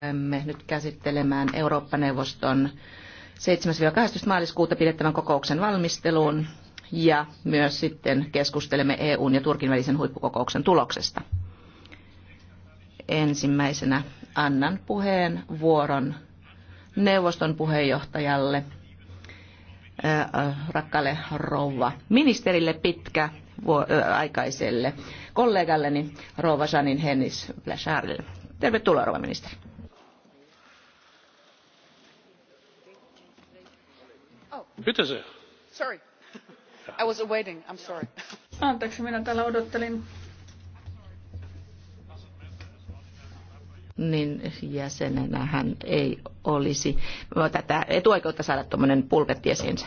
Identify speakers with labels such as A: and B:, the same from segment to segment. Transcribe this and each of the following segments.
A: Tulemme nyt käsittelemään Eurooppa-neuvoston 7 12 maaliskuuta pidettävän kokouksen valmisteluun ja myös sitten keskustelemme EUn ja Turkin välisen huippukokouksen tuloksesta. Ensimmäisenä annan puheen vuoron neuvoston puheenjohtajalle, rakkaalle rouva ministerille pitkä aikaiselle kollegalleni rouva Janin Hennis Blasharille. Tervetuloa rouva ministeri.
B: Anteeksi, minä täällä odottelin.
A: niin jäsenenä hän ei olisi tätä etuoikeutta saada tuommoinen pulpetti esiinsä.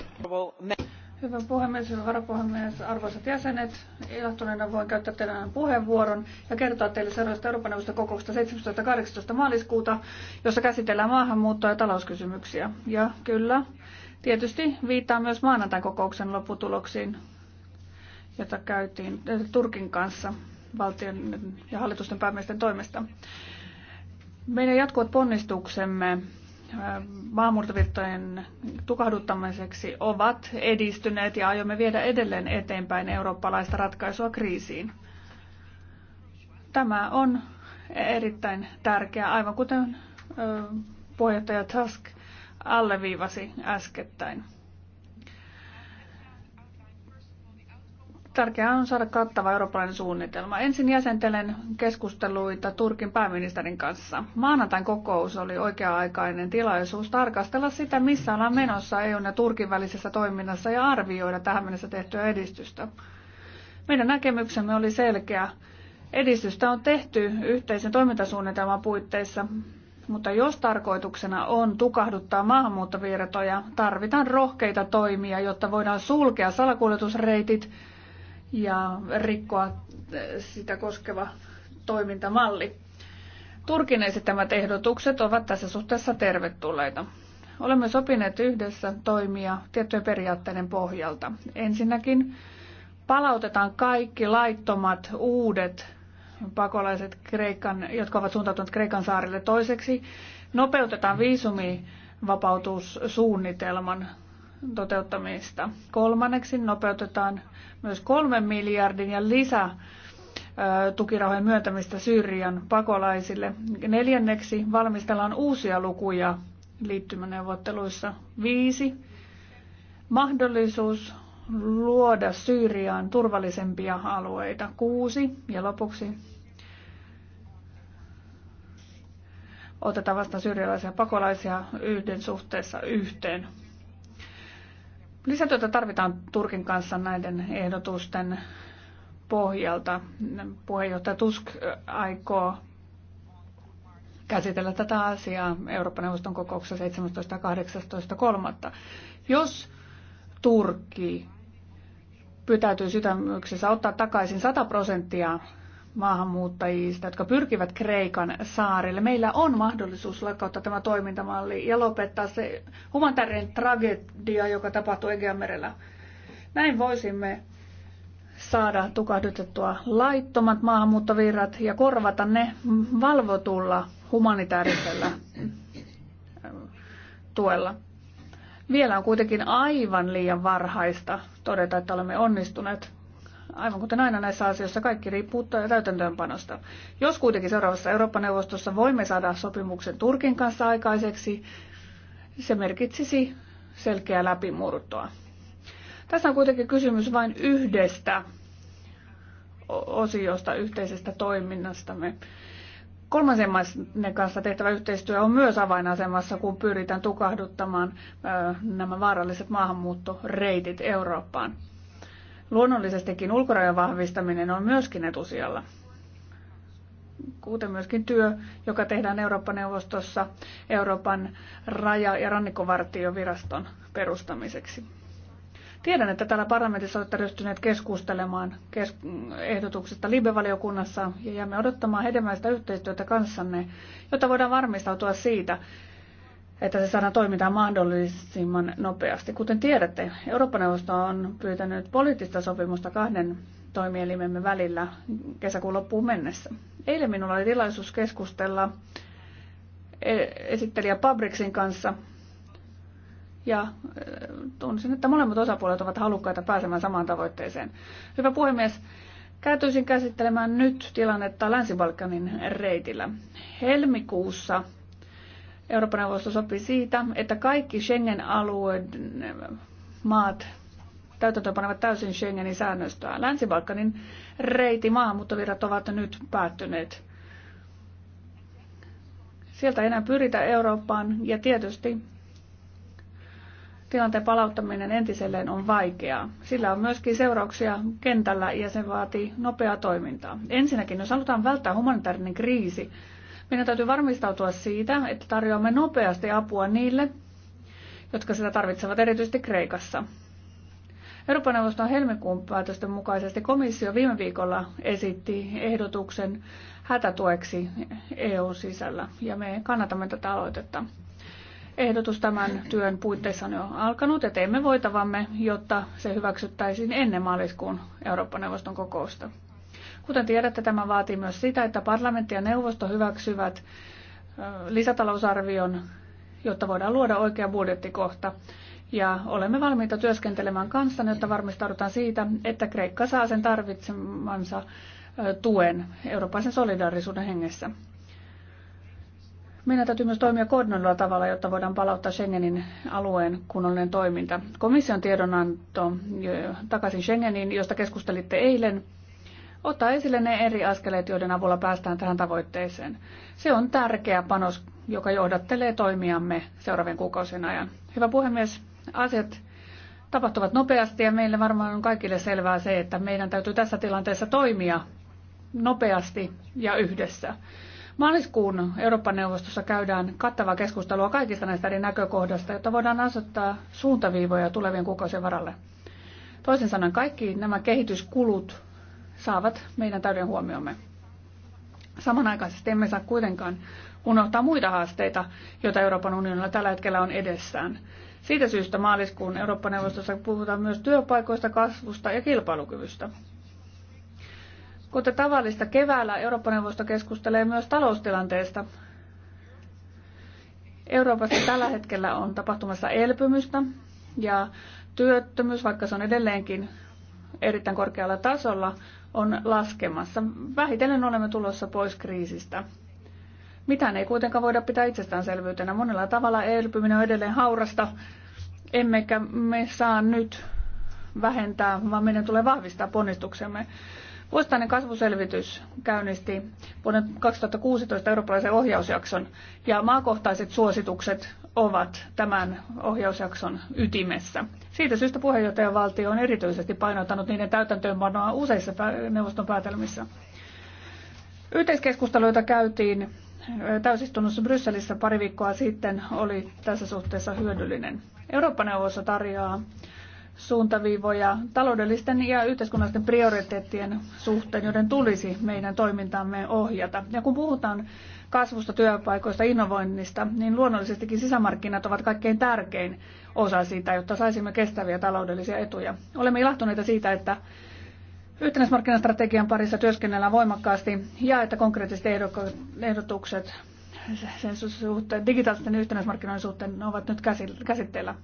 B: Hyvä puhemies, hyvä varapuhemies, arvoisat jäsenet. Ilahtuneena voin käyttää tänään puheenvuoron ja kertoa teille seuraavasta Euroopan neuvoston kokousta 17.18. maaliskuuta, jossa käsitellään maahanmuuttoa ja talouskysymyksiä. Ja kyllä, Tietysti viittaa myös maanantain kokouksen lopputuloksiin, jota käytiin äh, Turkin kanssa valtion ja hallitusten päämiesten toimesta. Meidän jatkuvat ponnistuksemme äh, maahanmuuttovirtojen tukahduttamiseksi ovat edistyneet ja aiomme viedä edelleen eteenpäin eurooppalaista ratkaisua kriisiin. Tämä on erittäin tärkeää, aivan kuten äh, puheenjohtaja Tusk alleviivasi äskettäin. Tärkeää on saada kattava eurooppalainen suunnitelma. Ensin jäsentelen keskusteluita Turkin pääministerin kanssa. Maanantain kokous oli oikea-aikainen tilaisuus tarkastella sitä, missä ollaan menossa EUn ja Turkin välisessä toiminnassa ja arvioida tähän mennessä tehtyä edistystä. Meidän näkemyksemme oli selkeä. Edistystä on tehty yhteisen toimintasuunnitelman puitteissa, mutta jos tarkoituksena on tukahduttaa maahanmuuttovirtoja, tarvitaan rohkeita toimia, jotta voidaan sulkea salakuljetusreitit ja rikkoa eh, sitä koskeva toimintamalli. Turkin esittämät ehdotukset ovat tässä suhteessa tervetulleita. Olemme sopineet yhdessä toimia tiettyjen periaatteiden pohjalta. Ensinnäkin palautetaan kaikki laittomat uudet pakolaiset, Kreikan, jotka ovat suuntautuneet Kreikan saarille toiseksi. Nopeutetaan viisumivapautussuunnitelman toteuttamista. Kolmanneksi nopeutetaan myös kolmen miljardin ja lisä tukirahojen myöntämistä Syyrian pakolaisille. Neljänneksi valmistellaan uusia lukuja liittymäneuvotteluissa. Viisi. Mahdollisuus luoda Syyriaan turvallisempia alueita. Kuusi. Ja lopuksi otetaan vastaan syyrialaisia pakolaisia yhden suhteessa yhteen. Lisätyötä tarvitaan Turkin kanssa näiden ehdotusten pohjalta. Puheenjohtaja Tusk aikoo käsitellä tätä asiaa Euroopan neuvoston kokouksessa 17. ja 18.3. Jos Turkki pytäytyy sydämyksessä ottaa takaisin 100 prosenttia maahanmuuttajista, jotka pyrkivät Kreikan saarille. Meillä on mahdollisuus lakkauttaa tämä toimintamalli ja lopettaa se humanitaarinen tragedia, joka tapahtui Egeanmerellä. Näin voisimme saada tukahdutettua laittomat maahanmuuttovirrat ja korvata ne valvotulla humanitaarisella
C: äh,
B: tuella. Vielä on kuitenkin aivan liian varhaista todeta, että olemme onnistuneet Aivan kuten aina näissä asioissa, kaikki riippuu täytäntöönpanosta. Jos kuitenkin seuraavassa Eurooppa-neuvostossa voimme saada sopimuksen Turkin kanssa aikaiseksi, se merkitsisi selkeää läpimurtoa. Tässä on kuitenkin kysymys vain yhdestä osiosta yhteisestä toiminnastamme. Kolmansien maiden kanssa tehtävä yhteistyö on myös avainasemassa, kun pyritään tukahduttamaan nämä vaaralliset maahanmuuttoreitit Eurooppaan. Luonnollisestikin ulkorajan vahvistaminen on myöskin etusijalla, kuten myöskin työ, joka tehdään Euroopan neuvostossa Euroopan raja- ja rannikkovartioviraston perustamiseksi. Tiedän, että täällä parlamentissa olette ryhtyneet keskustelemaan kes- ehdotuksesta Libe-valiokunnassa ja jäämme odottamaan hedelmällistä yhteistyötä kanssanne, jotta voidaan varmistautua siitä, että se saadaan toimintaan mahdollisimman nopeasti. Kuten tiedätte, Eurooppa-neuvosto on pyytänyt poliittista sopimusta kahden toimielimemme välillä kesäkuun loppuun mennessä. Eilen minulla oli tilaisuus keskustella e- esittelijä Pabriksin kanssa ja e, tunsin, että molemmat osapuolet ovat halukkaita pääsemään samaan tavoitteeseen. Hyvä puhemies, käytyisin käsittelemään nyt tilannetta Länsi-Balkanin reitillä. Helmikuussa Euroopan neuvosto sopi siitä, että kaikki Schengen-alueen maat täytäntöönpanevat täysin Schengenin säännöstöä. Länsi-Balkanin reiti maahanmuuttovirrat ovat nyt päättyneet. Sieltä ei enää pyritä Eurooppaan ja tietysti tilanteen palauttaminen entiselleen on vaikeaa. Sillä on myöskin seurauksia kentällä ja se vaatii nopeaa toimintaa. Ensinnäkin, jos halutaan välttää humanitaarinen kriisi, meidän täytyy varmistautua siitä, että tarjoamme nopeasti apua niille, jotka sitä tarvitsevat erityisesti Kreikassa. Euroopan neuvoston helmikuun päätösten mukaisesti komissio viime viikolla esitti ehdotuksen hätätueksi EU-sisällä, ja me kannatamme tätä aloitetta. Ehdotus tämän työn puitteissa on jo alkanut, ja teemme voitavamme, jotta se hyväksyttäisiin ennen maaliskuun Euroopan neuvoston kokousta. Kuten tiedätte, tämä vaatii myös sitä, että parlamentti ja neuvosto hyväksyvät lisätalousarvion, jotta voidaan luoda oikea budjettikohta. Ja olemme valmiita työskentelemään kanssa, jotta varmistaudutaan siitä, että Kreikka saa sen tarvitsemansa tuen eurooppalaisen solidaarisuuden hengessä. Meidän täytyy myös toimia koordinoidulla tavalla, jotta voidaan palauttaa Schengenin alueen kunnollinen toiminta. Komission tiedonanto takaisin Schengeniin, josta keskustelitte eilen, ottaa esille ne eri askeleet, joiden avulla päästään tähän tavoitteeseen. Se on tärkeä panos, joka johdattelee toimiamme seuraavien kuukausien ajan. Hyvä puhemies, asiat tapahtuvat nopeasti ja meille varmaan on kaikille selvää se, että meidän täytyy tässä tilanteessa toimia nopeasti ja yhdessä. Maaliskuun Euroopan neuvostossa käydään kattavaa keskustelua kaikista näistä eri näkökohdasta, jotta voidaan asettaa suuntaviivoja tulevien kuukausien varalle. Toisin sanoen kaikki nämä kehityskulut saavat meidän täyden huomiomme. Samanaikaisesti emme saa kuitenkaan unohtaa muita haasteita, joita Euroopan unionilla tällä hetkellä on edessään. Siitä syystä maaliskuun Eurooppa-neuvostossa puhutaan myös työpaikoista, kasvusta ja kilpailukyvystä. Kuten tavallista keväällä Eurooppa-neuvosto keskustelee myös taloustilanteesta. Euroopassa tällä hetkellä on tapahtumassa elpymystä ja työttömyys, vaikka se on edelleenkin erittäin korkealla tasolla, on laskemassa. Vähitellen olemme tulossa pois kriisistä. Mitään ei kuitenkaan voida pitää itsestäänselvyytenä. Monella tavalla elpyminen on edelleen haurasta, emmekä me saa nyt vähentää, vaan meidän tulee vahvistaa ponnistuksemme. Vuosittainen kasvuselvitys käynnisti vuoden 2016 eurooppalaisen ohjausjakson ja maakohtaiset suositukset ovat tämän ohjausjakson ytimessä. Siitä syystä puheenjohtajavaltio on erityisesti painottanut niiden täytäntöönpanoa useissa neuvoston päätelmissä. Yhteiskeskusteluita käytiin täysistunnossa Brysselissä pari viikkoa sitten oli tässä suhteessa hyödyllinen. Eurooppa-neuvosto tarjoaa suuntaviivoja taloudellisten ja yhteiskunnallisten prioriteettien suhteen, joiden tulisi meidän toimintaamme ohjata. Ja kun puhutaan kasvusta, työpaikoista, innovoinnista, niin luonnollisestikin sisämarkkinat ovat kaikkein tärkein osa siitä, jotta saisimme kestäviä taloudellisia etuja. Olemme ilahtuneita siitä, että yhtenäismarkkinastrategian parissa työskennellään voimakkaasti ja että konkreettiset ehdotukset sen suhteen, digitaalisten yhtenäismarkkinoiden suhteen ovat nyt käsitteillä.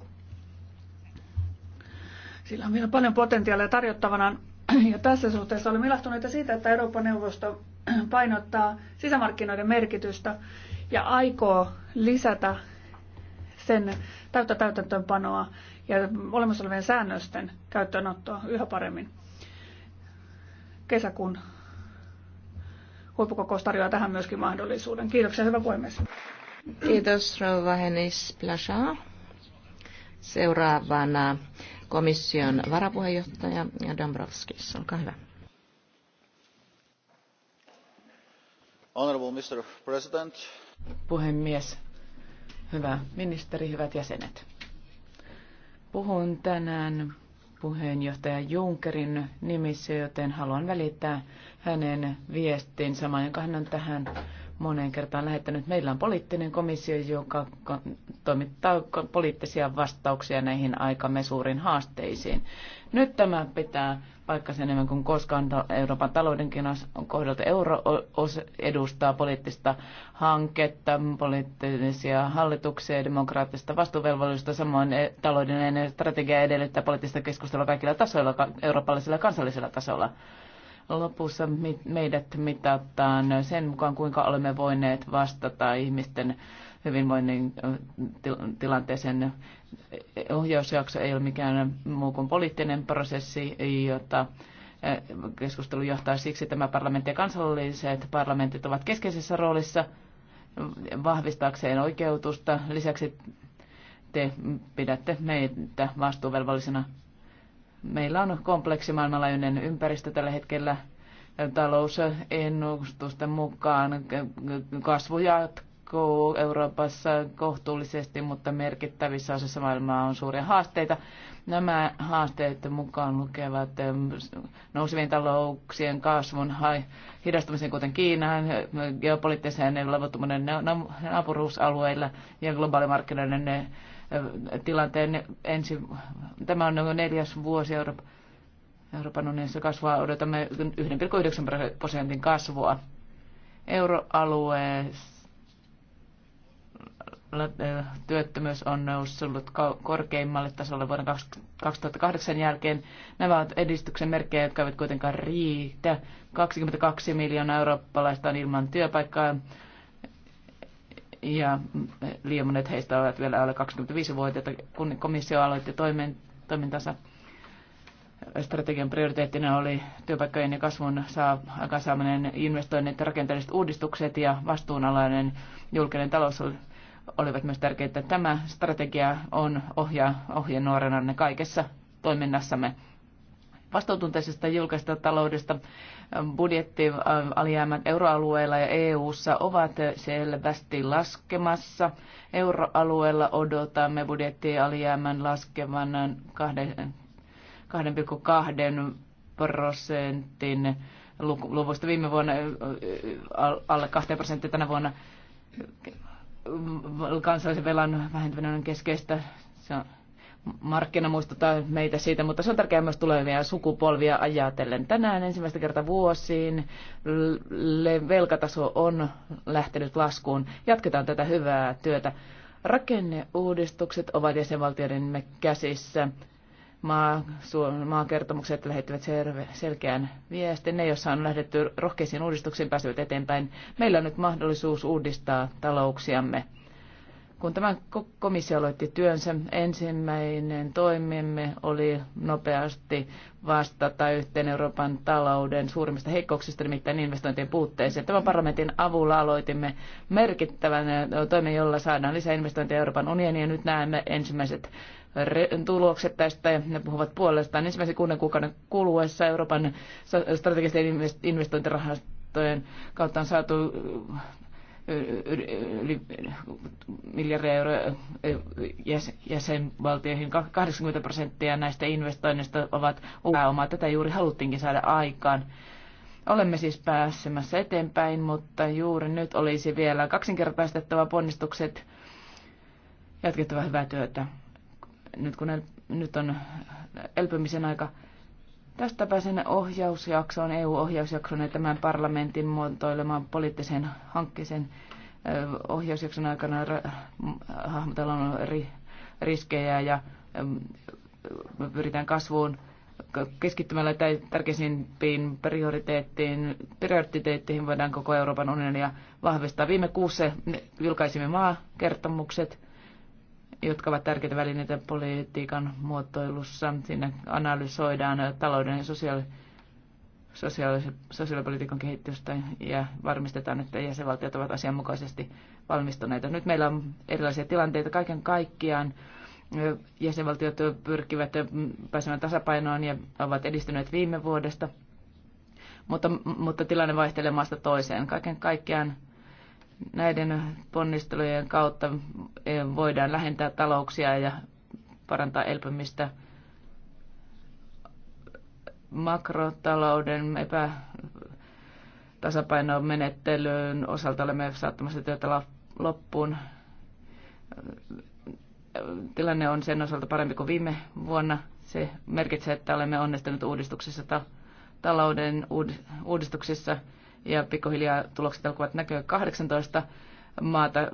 B: Sillä on vielä paljon potentiaalia tarjottavanaan. Ja tässä suhteessa olemme ilahtuneita siitä, että Euroopan neuvosto painottaa sisämarkkinoiden merkitystä ja aikoo lisätä sen täyttä täytäntöönpanoa ja olemassa olevien säännösten käyttöönottoa yhä paremmin. Kesäkuun huippukokous tarjoaa tähän myöskin mahdollisuuden. Kiitoksia, hyvä puhemies.
A: Kiitos, rouva Henis Plasha. Seuraavana komission varapuheenjohtaja Dombrovskis. Olkaa hyvä.
D: Honorable Mr. President.
E: Puhemies, hyvä ministeri, hyvät jäsenet. Puhun tänään puheenjohtaja Junckerin nimissä, joten haluan välittää hänen viestin saman, jonka hän on tähän moneen kertaan lähettänyt. Meillä on poliittinen komissio, joka toimittaa poliittisia vastauksia näihin aikamme suurin haasteisiin. Nyt tämä pitää vaikka sen enemmän kuin koskaan Euroopan taloudenkin kohdalta euro edustaa poliittista hanketta, poliittisia hallituksia ja demokraattista vastuuvelvollisuutta. Samoin eh, taloudellinen strategia edellyttää poliittista keskustelua kaikilla tasoilla, eurooppalaisella ja kansallisella tasolla lopussa meidät mitataan sen mukaan, kuinka olemme voineet vastata ihmisten hyvinvoinnin tilanteeseen. Ohjausjakso ei ole mikään muu kuin poliittinen prosessi, jota keskustelu johtaa siksi tämä parlamentti ja kansalliset parlamentit ovat keskeisessä roolissa vahvistaakseen oikeutusta. Lisäksi te pidätte meitä vastuuvelvollisena Meillä on kompleksi maailmanlaajuinen ympäristö tällä hetkellä. Talousennustusten mukaan kasvu jatkuu Euroopassa kohtuullisesti, mutta merkittävissä osissa maailmaa on suuria haasteita. Nämä haasteet mukaan lukevat nousevien talouksien kasvun hidastumisen, kuten Kiinaan, geopoliittisen levottomuuden naapuruusalueilla ja globaalimarkkinoiden tilanteen ensi, tämä on noin neljäs vuosi Euroopan, Euroopan unionissa kasvaa, odotamme 1,9 prosentin kasvua. Euroalueessa eh, työttömyys on noussut korkeimmalle tasolle vuoden 2008 jälkeen. Nämä ovat edistyksen merkkejä, jotka eivät kuitenkaan riitä. 22 miljoonaa eurooppalaista on ilman työpaikkaa ja liian monet heistä ovat vielä alle 25-vuotiaita, kun komissio aloitti toimen, toimintansa. Strategian prioriteettina oli työpaikkojen ja kasvun saa, aikaansaaminen, investoinnit, rakenteelliset uudistukset ja vastuunalainen julkinen talous olivat myös tärkeitä. Tämä strategia on ohja, ohjenuorana kaikessa toiminnassamme vastautuntaisesta julkaista taloudesta budjettialijäämät äh, euroalueella ja EU:ssa ovat selvästi laskemassa. Euroalueella odotamme budjettialijäämän laskevan 2,2 prosentin luvusta viime vuonna alle 2 prosenttia tänä vuonna. Kansallisen velan vähentäminen on keskeistä. Se on markkina muistuttaa meitä siitä, mutta se on tärkeää myös tulevia sukupolvia ajatellen. Tänään ensimmäistä kertaa vuosiin velkataso on lähtenyt laskuun. Jatketaan tätä hyvää työtä. Rakenneuudistukset ovat jäsenvaltioiden käsissä. Maa, maakertomukset lähettävät selkeän viestin. Ne, joissa on lähdetty rohkeisiin uudistuksiin, pääsevät eteenpäin. Meillä on nyt mahdollisuus uudistaa talouksiamme kun tämä komissio aloitti työnsä, ensimmäinen toimimme oli nopeasti vastata yhteen Euroopan talouden suurimmista heikkouksista, nimittäin investointien puutteeseen. Tämän parlamentin avulla aloitimme merkittävän toimen, jolla saadaan lisää investointeja Euroopan unioniin, ja nyt näemme ensimmäiset tulokset tästä, ja ne puhuvat puolestaan. Ensimmäisen kuuden kuukauden kuluessa Euroopan strategisten investointirahastojen kautta on saatu yli miljardia euroa jäsenvaltioihin. 80 prosenttia näistä investoinneista ovat pääomaa. Tätä juuri haluttiinkin saada aikaan. Olemme siis pääsemässä eteenpäin, mutta juuri nyt olisi vielä kaksinkertaistettava ponnistukset jatkettava hyvää työtä. Nyt kun el- nyt on elpymisen aika, Tästä pääsen ohjausjaksoon, EU-ohjausjaksoon ja tämän parlamentin muotoilemaan poliittisen hankkeeseen ohjausjakson aikana hahmotellaan ri, riskejä ja pyritään kasvuun keskittymällä tärkeisiin prioriteettiin, prioriteetteihin voidaan koko Euroopan unionia vahvistaa. Viime kuussa julkaisimme maakertomukset jotka ovat tärkeitä välineitä politiikan muotoilussa. Siinä analysoidaan talouden ja sosiaali- sosiaali- sosiaalipolitiikan kehitystä ja varmistetaan, että jäsenvaltiot ovat asianmukaisesti valmistuneita. Nyt meillä on erilaisia tilanteita kaiken kaikkiaan. Jäsenvaltiot pyrkivät pääsemään tasapainoon ja ovat edistyneet viime vuodesta, mutta, mutta tilanne vaihtelee maasta toiseen. Kaiken kaikkiaan Näiden ponnistelujen kautta e, voidaan lähentää talouksia ja parantaa elpymistä. Makrotalouden epä menettelyyn osalta olemme saattamassa työtä loppuun. Tilanne on sen osalta parempi kuin viime vuonna. Se merkitsee, että olemme onnistuneet uudistuksessa ta- talouden uud- uudistuksissa ja pikkuhiljaa tulokset alkoivat näkyä 18 maata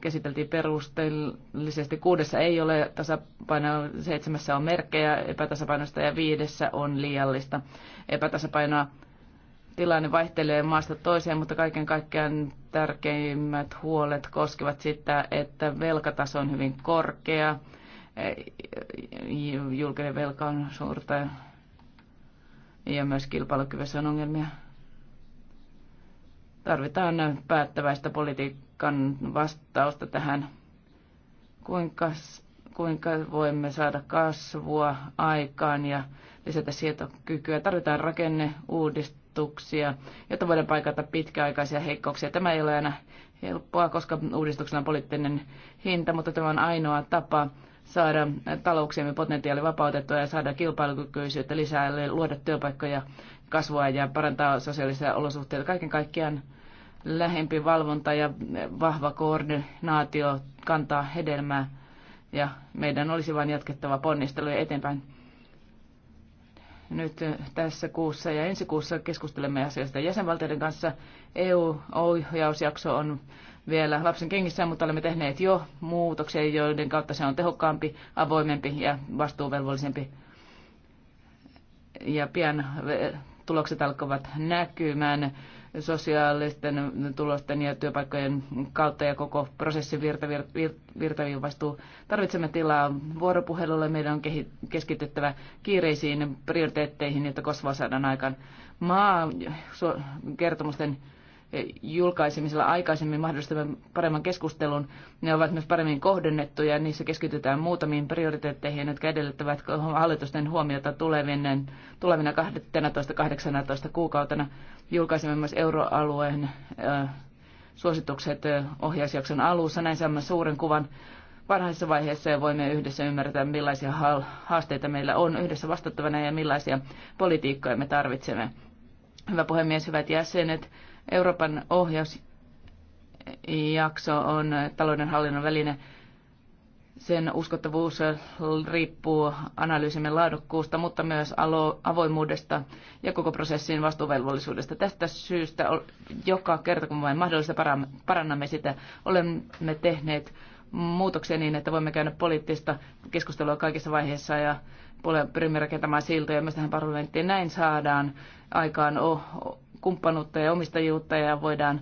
E: käsiteltiin perusteellisesti. Kuudessa ei ole tasapainoa, seitsemässä on merkkejä epätasapainosta ja viidessä on liiallista epätasapainoa. Tilanne vaihtelee maasta toiseen, mutta kaiken kaikkiaan tärkeimmät huolet koskevat sitä, että velkataso on hyvin korkea, julkinen velka on suurta ja myös kilpailukyvyssä on ongelmia. Tarvitaan päättäväistä politiikan vastausta tähän, kuinka, kuinka voimme saada kasvua aikaan ja lisätä sietokykyä. Tarvitaan rakenneuudistuksia, jotta voidaan paikata pitkäaikaisia heikkouksia. Tämä ei ole aina helppoa, koska uudistuksena on poliittinen hinta, mutta tämä on ainoa tapa saada talouksiemme potentiaali vapautettua ja saada kilpailukykyisyyttä lisää, luoda työpaikkoja kasvua ja parantaa sosiaalisia olosuhteita. Kaiken kaikkiaan lähempi valvonta ja vahva koordinaatio kantaa hedelmää ja meidän olisi vain jatkettava ponnisteluja eteenpäin. Nyt tässä kuussa ja ensi kuussa keskustelemme asiasta jäsenvaltioiden kanssa. EU-ohjausjakso on vielä lapsen kengissä, mutta olemme tehneet jo muutoksia, joiden kautta se on tehokkaampi, avoimempi ja vastuuvelvollisempi. Ja pian tulokset alkavat näkymään sosiaalisten tulosten ja työpaikkojen kautta ja koko prosessin virta, virtaviivastuu. Tarvitsemme tilaa vuoropuhelulle. Meidän on keskityttävä kiireisiin prioriteetteihin, jotta Kosvoa saadaan aikaan. Maa kertomusten julkaisemisella aikaisemmin mahdollistavan paremman keskustelun. Ne ovat myös paremmin kohdennettuja. Niissä keskitytään muutamiin prioriteetteihin, jotka edellyttävät hallitusten huomiota tulevina 12-18 kuukautena. Julkaisemme myös euroalueen suositukset ohjausjakson alussa. Näin saamme suuren kuvan varhaisessa vaiheessa ja voimme yhdessä ymmärtää, millaisia haasteita meillä on yhdessä vastattavana ja millaisia politiikkoja me tarvitsemme. Hyvä puhemies, hyvät jäsenet, Euroopan ohjausjakso on taloudenhallinnon väline. Sen uskottavuus riippuu analyysimme laadukkuusta, mutta myös avoimuudesta ja koko prosessin vastuuvelvollisuudesta. Tästä syystä joka kerta, kun vain mahdollista, parannamme sitä. Olemme tehneet muutoksia niin, että voimme käydä poliittista keskustelua kaikissa vaiheissa ja pyrimme rakentamaan siltoja myös tähän parlamenttiin. Näin saadaan aikaan kumppanuutta ja omistajuutta ja voidaan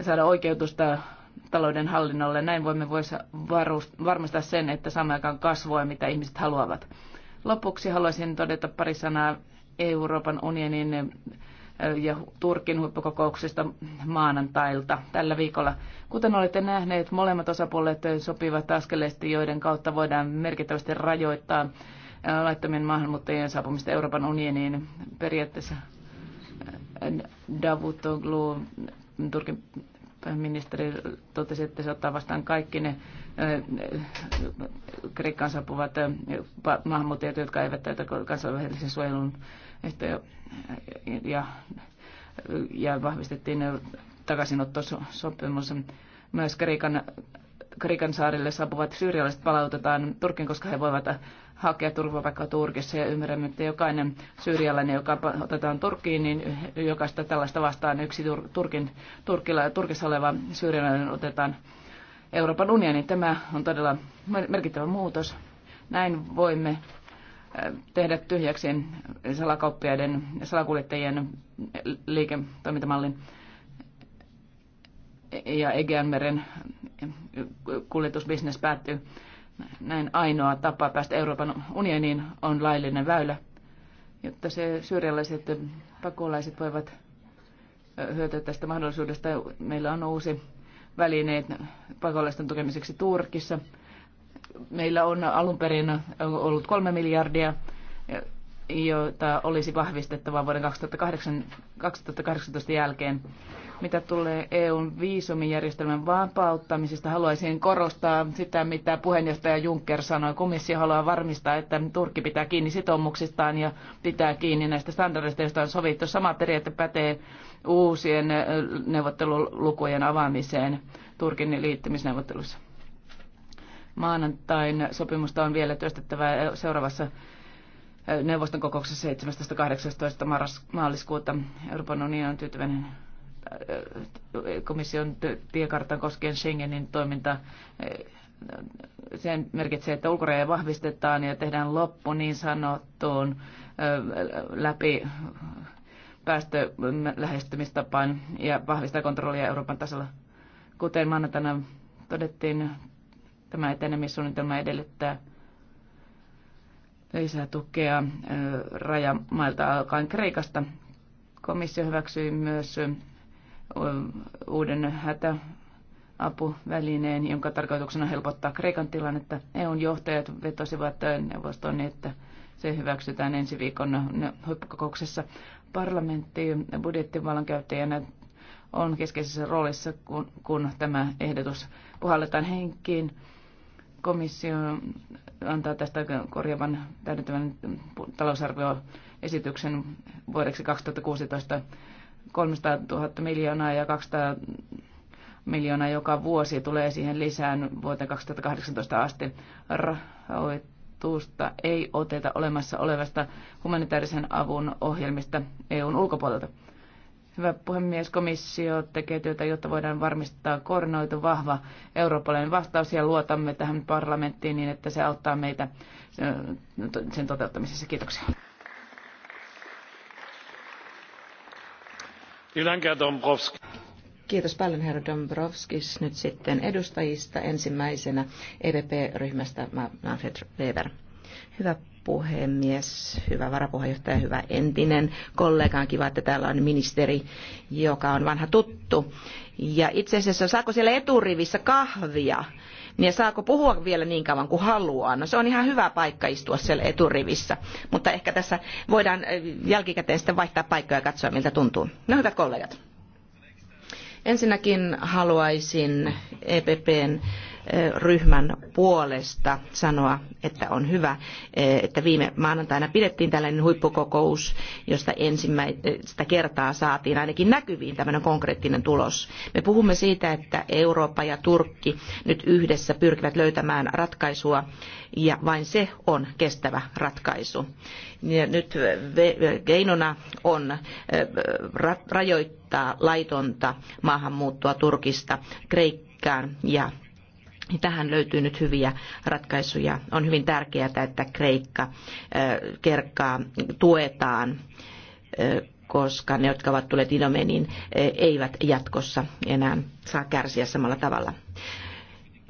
E: saada oikeutusta talouden hallinnolle. Näin voimme varmistaa sen, että saamme aikaan kasvua, mitä ihmiset haluavat. Lopuksi haluaisin todeta pari sanaa Euroopan unionin ja Turkin huippukokouksesta maanantailta tällä viikolla. Kuten olette nähneet, molemmat osapuolet sopivat askeleesti, joiden kautta voidaan merkittävästi rajoittaa laittomien maahanmuuttajien saapumista Euroopan unioniin. Periaatteessa Davutoglu, Turkin pääministeri, totesi, että se ottaa vastaan kaikki ne eh, Kreikkaan saapuvat eh, maahanmuuttajat, jotka eivät täytä kansainvälisen suojelun ehtoja eh, ja, ja vahvistettiin takaisinottosopimus. Myös Kreikan, Kreikan saarille saapuvat syyrialaiset palautetaan Turkin, koska he voivat hakea turvapaikkaa Turkissa ja ymmärrämme, että jokainen syyrialainen, joka otetaan Turkkiin, niin jokaista tällaista vastaan yksi Turkin, Turkilla, Turkissa oleva syyrialainen otetaan Euroopan unioniin. Tämä on todella merkittävä muutos. Näin voimme äh, tehdä tyhjäksi salakauppiaiden ja salakuljettajien liiketoimintamallin ja Egeanmeren kuljetusbisnes päättyy näin ainoa tapa päästä Euroopan unioniin on laillinen väylä, jotta se syyrialaiset pakolaiset voivat hyötyä tästä mahdollisuudesta. Meillä on uusi välineet pakolaisten tukemiseksi Turkissa. Meillä on alun perin ollut kolme miljardia, jota olisi vahvistettava vuoden 2008, 2018 jälkeen mitä tulee EUn viisumijärjestelmän vapauttamisesta, haluaisin korostaa sitä, mitä puheenjohtaja Juncker sanoi. Komissio haluaa varmistaa, että Turkki pitää kiinni sitoumuksistaan ja pitää kiinni näistä standardeista, joista on sovittu. Sama periaate pätee uusien neuvottelulukujen avaamiseen Turkin liittymisneuvotteluissa. Maanantain sopimusta on vielä työstettävä seuraavassa neuvoston kokouksessa 17.18. maaliskuuta. Euroopan unioni on tyytyväinen komission tiekartan koskien Schengenin toiminta sen merkitsee, että ulkorajoja vahvistetaan ja tehdään loppu niin sanottuun läpi päästölähestymistapaan ja vahvistaa kontrollia Euroopan tasolla. Kuten maanantaina todettiin, tämä etenemissuunnitelma edellyttää lisää tukea rajamailta alkaen Kreikasta. Komissio hyväksyi myös uuden hätä apuvälineen, jonka tarkoituksena helpottaa Kreikan tilannetta. EUn johtajat vetosivat neuvostoon, että se hyväksytään ensi viikon huippukokouksessa. Parlamentti budjettivallan käyttäjänä on keskeisessä roolissa, kun, kun tämä ehdotus puhalletaan henkiin. Komissio antaa tästä korjavan täydentävän talousarvioesityksen vuodeksi 2016 300 000 miljoonaa ja 200 miljoonaa joka vuosi tulee siihen lisään vuoteen 2018 asti. Rahoitusta ei oteta olemassa olevasta humanitaarisen avun ohjelmista EUn ulkopuolelta. Hyvä puhemies, komissio tekee työtä, jotta voidaan varmistaa koordinoitu vahva eurooppalainen vastaus ja luotamme tähän parlamenttiin niin, että se auttaa meitä sen toteuttamisessa.
F: Kiitoksia.
A: Kiitos paljon, herra Dombrovskis. Nyt sitten edustajista ensimmäisenä EVP-ryhmästä Manfred Weber. Hyvä puhemies, hyvä varapuheenjohtaja, hyvä entinen kollega. On kiva, että täällä on ministeri, joka on vanha tuttu. Ja itse asiassa saako siellä eturivissä kahvia? niin saako puhua vielä niin kauan kuin haluaa. No se on ihan hyvä paikka istua siellä eturivissä, mutta ehkä tässä voidaan eh, jälkikäteen sitten vaihtaa paikkoja ja katsoa miltä tuntuu. No hyvät kollegat. Ensinnäkin haluaisin EPPn ryhmän puolesta sanoa, että on hyvä, että viime maanantaina pidettiin tällainen huippukokous, josta ensimmäistä kertaa saatiin ainakin näkyviin tämmöinen konkreettinen tulos. Me puhumme siitä, että Eurooppa ja Turkki nyt yhdessä pyrkivät löytämään ratkaisua ja vain se on kestävä ratkaisu. Ja nyt keinona on rajoittaa laitonta maahanmuuttoa Turkista Kreikkaan ja Tähän löytyy nyt hyviä ratkaisuja. On hyvin tärkeää, että Kreikka kerkkaa tuetaan, koska ne, jotka ovat tulleet Idomeniin, eivät jatkossa enää saa kärsiä samalla tavalla.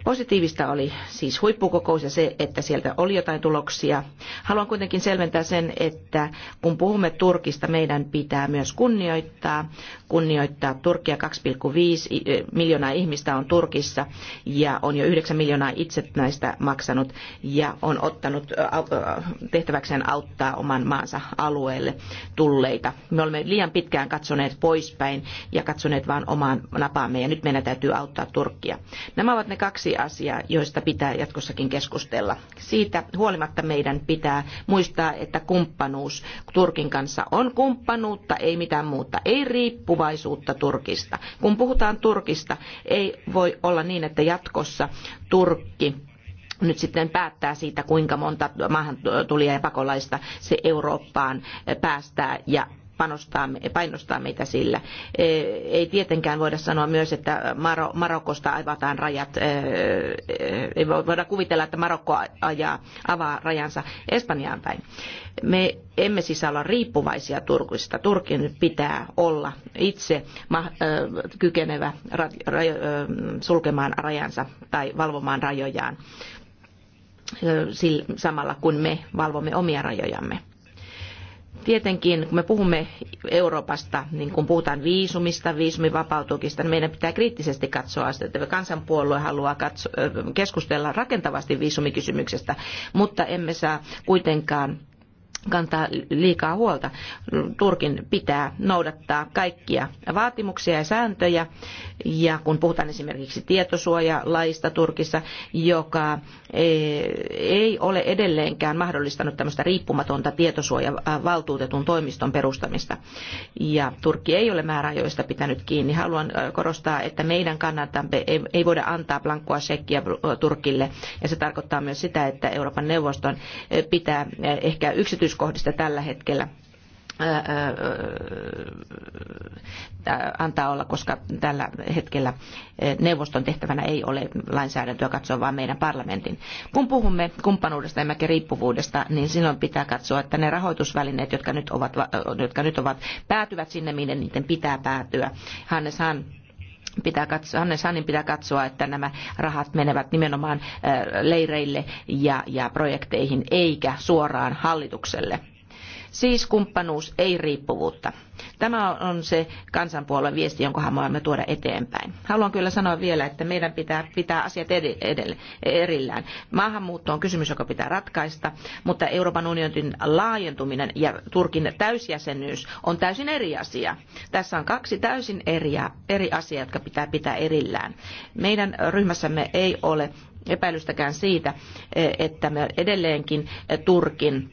A: Positiivista oli siis huippukokous ja se, että sieltä oli jotain tuloksia. Haluan kuitenkin selventää sen, että kun puhumme Turkista, meidän pitää myös kunnioittaa. Kunnioittaa Turkia 2,5 eh, miljoonaa ihmistä on Turkissa ja on jo 9 miljoonaa itse näistä maksanut ja on ottanut eh, eh, tehtäväkseen auttaa oman maansa alueelle tulleita. Me olemme liian pitkään katsoneet poispäin ja katsoneet vain omaan napaamme ja nyt meidän täytyy auttaa Turkkia. Nämä ovat ne kaksi asia, josta joista pitää jatkossakin keskustella. Siitä huolimatta meidän pitää muistaa, että kumppanuus Turkin kanssa on kumppanuutta, ei mitään muuta, ei riippuvaisuutta Turkista. Kun puhutaan Turkista, ei voi olla niin, että jatkossa Turkki nyt sitten päättää siitä, kuinka monta maahantulijaa ja pakolaista se Eurooppaan päästää ja painostaa meitä sillä. E, ei tietenkään voida sanoa myös, että Marokosta avataan rajat. E, e, ei voida kuvitella, että Marokko ajaa, avaa rajansa Espanjaan päin. Me emme siis olla riippuvaisia Turkista. Turkin pitää olla itse kykenevä sulkemaan rajansa tai valvomaan rajojaan samalla kun me valvomme omia rajojamme Tietenkin, kun me puhumme Euroopasta, niin kun puhutaan viisumista, viisumivapautukista, niin meidän pitää kriittisesti katsoa sitä, että kansanpuolue haluaa keskustella rakentavasti viisumikysymyksestä, mutta emme saa kuitenkaan kantaa liikaa huolta. Turkin pitää noudattaa kaikkia vaatimuksia ja sääntöjä. Ja kun puhutaan esimerkiksi tietosuojalaista Turkissa, joka e, ei ole edelleenkään mahdollistanut tämmöistä riippumatonta tietosuojavaltuutetun toimiston perustamista. Ja Turkki ei ole määräajoista pitänyt kiinni. Haluan korostaa, että meidän kannaltamme ei voida antaa blankkoa sekkiä Turkille. Ja se tarkoittaa myös sitä, että Euroopan neuvoston pitää ehkä yksityis yksityiskohdista tällä hetkellä antaa olla, koska tällä hetkellä neuvoston tehtävänä ei ole lainsäädäntöä katsoa, vaan meidän parlamentin. Kun puhumme kumppanuudesta emmekä riippuvuudesta, niin silloin pitää katsoa, että ne rahoitusvälineet, jotka nyt ovat, jotka nyt ovat päätyvät sinne, minne niiden pitää päätyä. Hannes Hahn pitää katsoa, Hannes Hannin pitää katsoa, että nämä rahat menevät nimenomaan äh, leireille ja, ja projekteihin eikä suoraan hallitukselle. Siis kumppanuus, ei riippuvuutta. Tämä on se kansanpuolueen viesti, jonka haluamme tuoda eteenpäin. Haluan kyllä sanoa vielä, että meidän pitää pitää asiat edelle, erillään. Maahanmuutto on kysymys, joka pitää ratkaista, mutta Euroopan unionin laajentuminen ja Turkin täysjäsenyys on täysin eri asia. Tässä on kaksi täysin eri, eri asiaa, jotka pitää pitää erillään. Meidän ryhmässämme ei ole epäilystäkään siitä, e- että me edelleenkin Turkin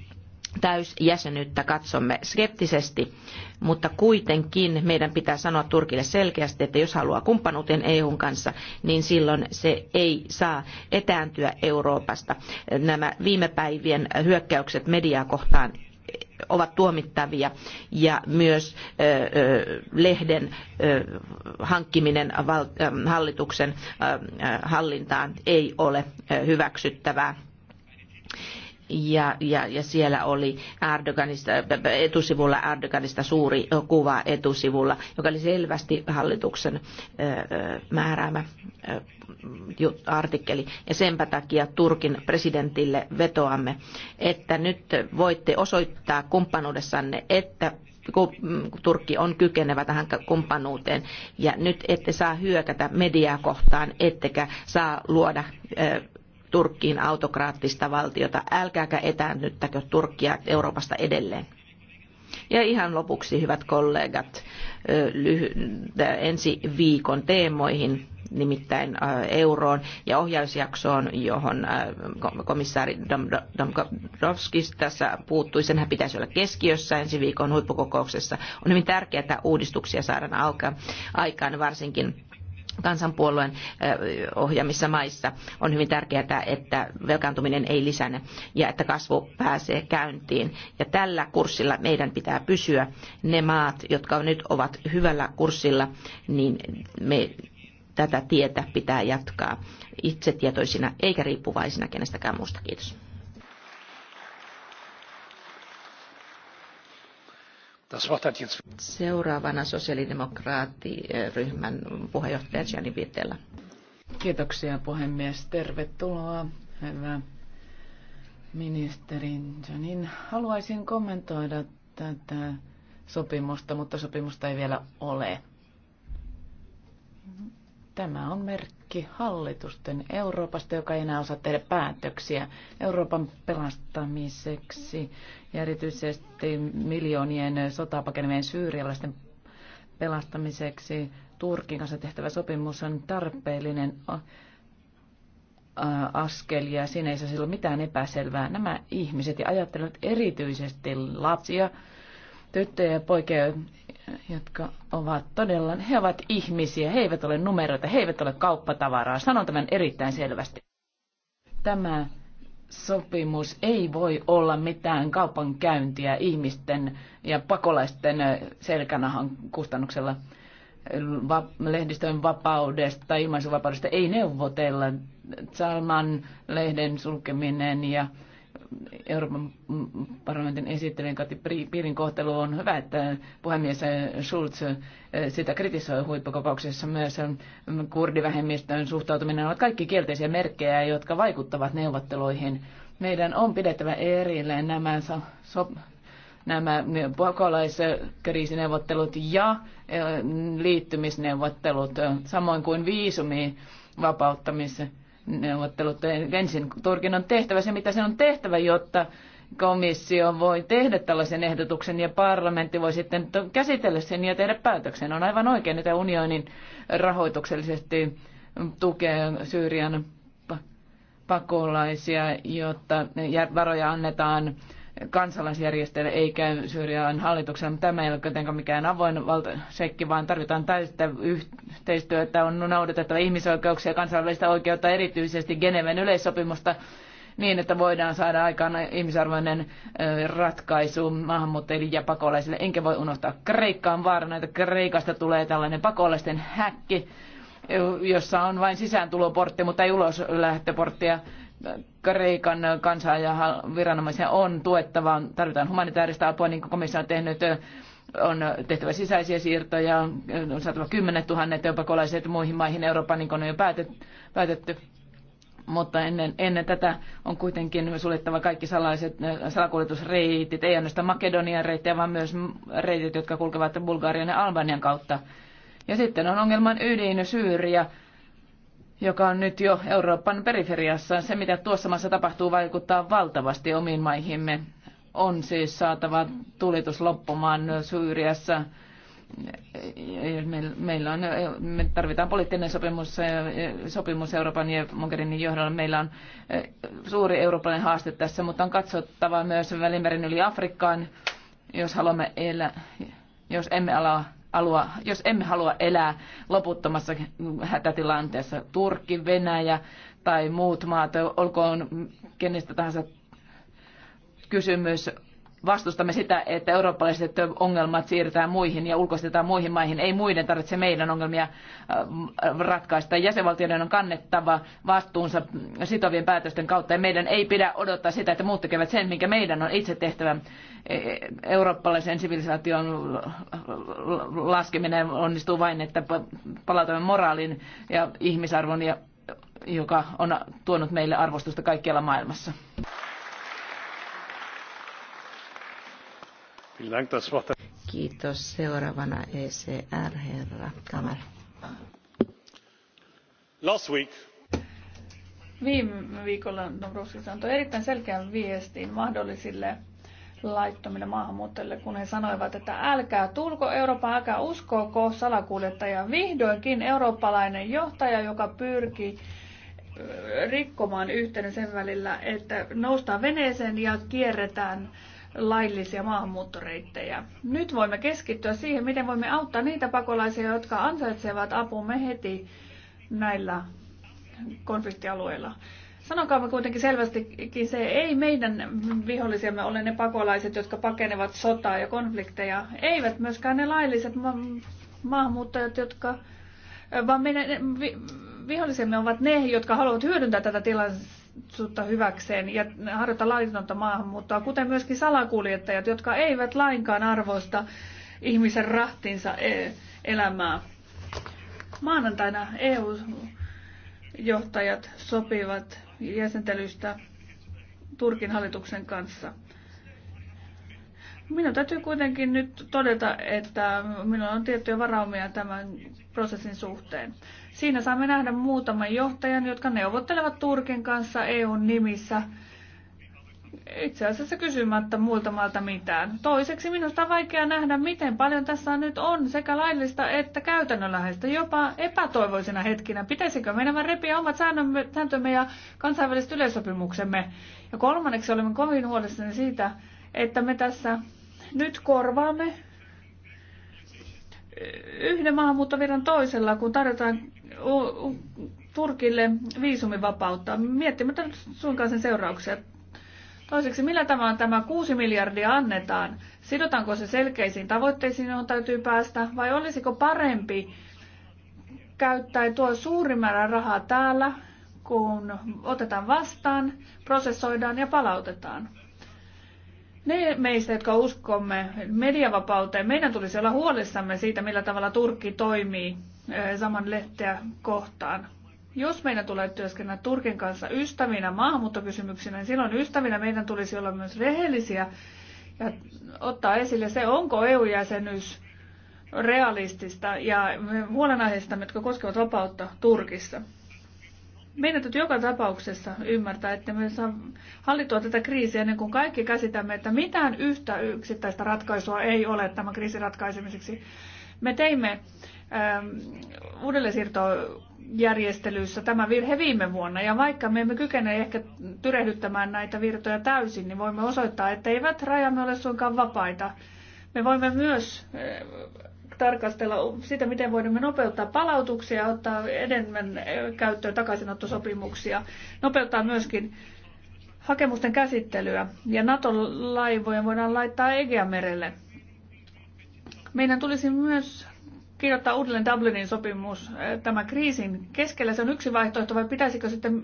A: täysjäsenyyttä katsomme skeptisesti, mutta kuitenkin meidän pitää sanoa Turkille selkeästi, että jos haluaa kumppanuuteen EUn kanssa, niin silloin se ei saa etääntyä Euroopasta. Nämä viime päivien hyökkäykset mediaa kohtaan ovat tuomittavia ja myös lehden hankkiminen hallituksen hallintaan ei ole hyväksyttävää ja, ja, ja siellä oli Erdoganista, etusivulla Erdoganista suuri kuva etusivulla, joka oli selvästi hallituksen määräämä artikkeli. Ja senpä takia Turkin presidentille vetoamme, että nyt voitte osoittaa kumppanuudessanne, että Turkki on kykenevä tähän kumppanuuteen. Ja nyt ette saa hyökätä mediaa kohtaan, ettekä saa luoda Turkkiin autokraattista valtiota. Älkääkä etäännyttäkö Turkkia Euroopasta edelleen. Ja ihan lopuksi, hyvät kollegat, äh, ensi viikon teemoihin, nimittäin äh, euroon ja ohjausjaksoon, johon äh, komissaari Domkovskis tässä puuttui. Senhän pitäisi olla keskiössä ensi viikon huippukokouksessa. On hyvin tärkeää, että uudistuksia saadaan aikaan, varsinkin kansanpuolueen ohjaamissa maissa on hyvin tärkeää, että velkaantuminen ei lisänne ja että kasvu pääsee käyntiin. Ja tällä kurssilla meidän pitää pysyä. Ne maat, jotka nyt ovat hyvällä kurssilla, niin me tätä tietä pitää jatkaa itsetietoisina eikä riippuvaisina kenestäkään muusta. Kiitos. Seuraavana sosiaalidemokraattiryhmän puheenjohtaja Gianni Pitellä. Kiitoksia puhemies.
E: Tervetuloa. Hyvä ministeri Janin. Haluaisin kommentoida tätä sopimusta, mutta sopimusta ei vielä ole. Tämä on merkki hallitusten Euroopasta, joka ei enää osaa tehdä päätöksiä Euroopan pelastamiseksi ja erityisesti miljoonien sotapakenevien syyrialaisten pelastamiseksi. Turkin kanssa tehtävä sopimus on tarpeellinen askel ja siinä ei saisi olla mitään epäselvää. Nämä ihmiset ja ajattelevat erityisesti lapsia, tyttöjä ja poikia jotka ovat todella, he ovat ihmisiä, he eivät ole numeroita, he eivät ole kauppatavaraa. Sanon tämän erittäin selvästi. Tämä sopimus ei voi olla mitään kaupankäyntiä ihmisten ja pakolaisten selkänahan kustannuksella. Va- lehdistön vapaudesta, ilmaisuvapaudesta ei neuvotella. Salman lehden sulkeminen ja Euroopan parlamentin esittelijän Kati Piirin kohtelu on hyvä, että puhemies Schulz eh, sitä kritisoi huippukokouksessa myös kurdivähemmistön suhtautuminen ovat kaikki kielteisiä merkkejä, jotka vaikuttavat neuvotteluihin. Meidän on pidettävä erilleen nämä so- nämä pakolaiskriisineuvottelut ja eh, liittymisneuvottelut, samoin kuin viisumi vapauttamisen neuvottelut. Ensin Turkin on tehtävä se, mitä se on tehtävä, jotta komissio voi tehdä tällaisen ehdotuksen ja parlamentti voi sitten käsitellä sen ja tehdä päätöksen. On aivan oikein, että unionin rahoituksellisesti tukee Syyrian pakolaisia, jotta varoja annetaan kansalaisjärjestöille eikä Syyrian hallitukselle. Tämä ei ole kuitenkaan mikään avoin valtasekki, vaan tarvitaan täyttä yhteistyötä. On noudatettava ihmisoikeuksia ja kansainvälistä oikeutta, erityisesti Geneven yleissopimusta, niin että voidaan saada aikaan ihmisarvoinen ratkaisu maahanmuuttajille ja pakolaisille. Enkä voi unohtaa Kreikkaan vaarana, että Kreikasta tulee tällainen pakolaisten häkki, jossa on vain sisääntuloportti, mutta ei ulos lähtöporttia Kreikan kansaa ja viranomaisia on tuettava. Tarvitaan humanitaarista apua, niin kuin komissio on tehnyt on tehtävä sisäisiä siirtoja, on saatava kymmenet tuhannet pakolaiset muihin maihin Euroopan, niin kuin on jo päätetty. Mutta ennen, ennen tätä on kuitenkin suljettava kaikki salaiset salakuljetusreitit, ei ainoastaan Makedonian reittejä, vaan myös reitit, jotka kulkevat Bulgarian ja Albanian kautta. Ja sitten on ongelman ydin Syyria joka on nyt jo Euroopan periferiassa. Se, mitä tuossa maassa tapahtuu, vaikuttaa valtavasti omiin maihimme. On siis saatava tulitus loppumaan Syyriassa. Meillä on, me tarvitaan poliittinen sopimus, sopimus Euroopan ja Mogherinin johdolla. Meillä on eh, suuri eurooppalainen haaste tässä, mutta on katsottava myös Välimeren yli Afrikkaan, jos haluamme elää, jos emme ala halua, jos emme halua elää loputtomassa hätätilanteessa, Turkki, Venäjä tai muut maat, olkoon kenestä tahansa kysymys, vastustamme sitä, että eurooppalaiset ongelmat siirretään muihin ja ulkoistetaan muihin maihin. Ei muiden tarvitse meidän ongelmia äh, ratkaista. Jäsenvaltioiden on kannettava vastuunsa sitovien päätösten kautta ja meidän ei pidä odottaa sitä, että muut tekevät sen, minkä meidän on itse tehtävä. E, eurooppalaisen sivilisaation laskeminen onnistuu vain, että palautamme moraalin ja ihmisarvon, joka on tuonut meille arvostusta kaikkialla maailmassa.
A: Kiitos. Seuraavana ECR, herra
F: Kamer. Last week.
B: Viime viikolla Dombrovskis antoi erittäin selkeän viestin mahdollisille laittomille maahanmuuttajille, kun he sanoivat, että älkää tulko Eurooppaan, älkää uskoko salakuljettajia. Vihdoinkin eurooppalainen johtaja, joka pyrkii rikkomaan yhteyden sen välillä, että noustaan veneeseen ja kierretään laillisia maahanmuuttoreittejä. Nyt voimme keskittyä siihen, miten voimme auttaa niitä pakolaisia, jotka ansaitsevat apumme heti näillä konfliktialueilla. Sanokaamme kuitenkin selvästikin se, ei meidän vihollisiamme ole ne pakolaiset, jotka pakenevat sotaa ja konflikteja. Eivät myöskään ne lailliset ma- maahanmuuttajat, jotka, vaan meidän vi- vihollisemme ovat ne, jotka haluavat hyödyntää tätä tilannetta tilaisuutta hyväkseen ja harjoita laitonta maahanmuuttoa, kuten myöskin salakuljettajat, jotka eivät lainkaan arvoista ihmisen rahtinsa e, elämää. Maanantaina EU-johtajat sopivat jäsentelystä Turkin hallituksen kanssa. Minun täytyy kuitenkin nyt todeta, että minulla on tiettyjä varaumia tämän prosessin suhteen. Siinä saamme nähdä muutaman johtajan, jotka neuvottelevat Turkin kanssa EUn nimissä itse asiassa kysymättä muutamalta mitään. Toiseksi minusta on vaikea nähdä, miten paljon tässä nyt on sekä laillista että käytännönläheistä, jopa epätoivoisina hetkinä. Pitäisikö meidän vain repiä omat sääntömme ja kansainväliset yleisopimuksemme? Ja kolmanneksi olemme kovin huolissani siitä, että me tässä nyt korvaamme yhden maahanmuuttoviran toisella, kun tarjotaan Turkille viisumivapautta, miettimättä suinkaan sen seurauksia. Toiseksi, millä tavalla tämä 6 miljardia annetaan? Sidotaanko se selkeisiin tavoitteisiin, joihin täytyy päästä, vai olisiko parempi käyttää tuo suuri määrä rahaa täällä, kun otetaan vastaan, prosessoidaan ja palautetaan? Ne meistä, jotka uskomme mediavapauteen, meidän tulisi olla huolissamme siitä, millä tavalla Turkki toimii saman lehteä kohtaan. Jos meidän tulee työskennellä Turkin kanssa ystävinä maahanmuuttokysymyksinä, niin silloin ystävinä meidän tulisi olla myös rehellisiä ja ottaa esille se, onko EU-jäsenyys realistista ja huolenaiheista, jotka koskevat vapautta Turkissa. Meidän täytyy joka tapauksessa ymmärtää, että me saa hallittua tätä kriisiä ennen kuin kaikki käsitämme, että mitään yhtä yksittäistä ratkaisua ei ole tämän kriisin ratkaisemiseksi. Me teimme Ähm, uudelleensiirtojärjestelyissä tämä virhe viime vuonna. Ja vaikka me emme kykene ehkä tyrehdyttämään näitä virtoja täysin, niin voimme osoittaa, että eivät rajamme ole suinkaan vapaita. Me voimme myös äh, tarkastella sitä, miten voimme nopeuttaa palautuksia ja ottaa enemmän äh, käyttöön takaisinottosopimuksia. Nopeuttaa myöskin hakemusten käsittelyä ja nato laivoja voidaan laittaa Egeanmerelle. Meidän tulisi myös kirjoittaa uudelleen Dublinin sopimus eh, tämän kriisin keskellä? Se on yksi vaihtoehto vai pitäisikö sitten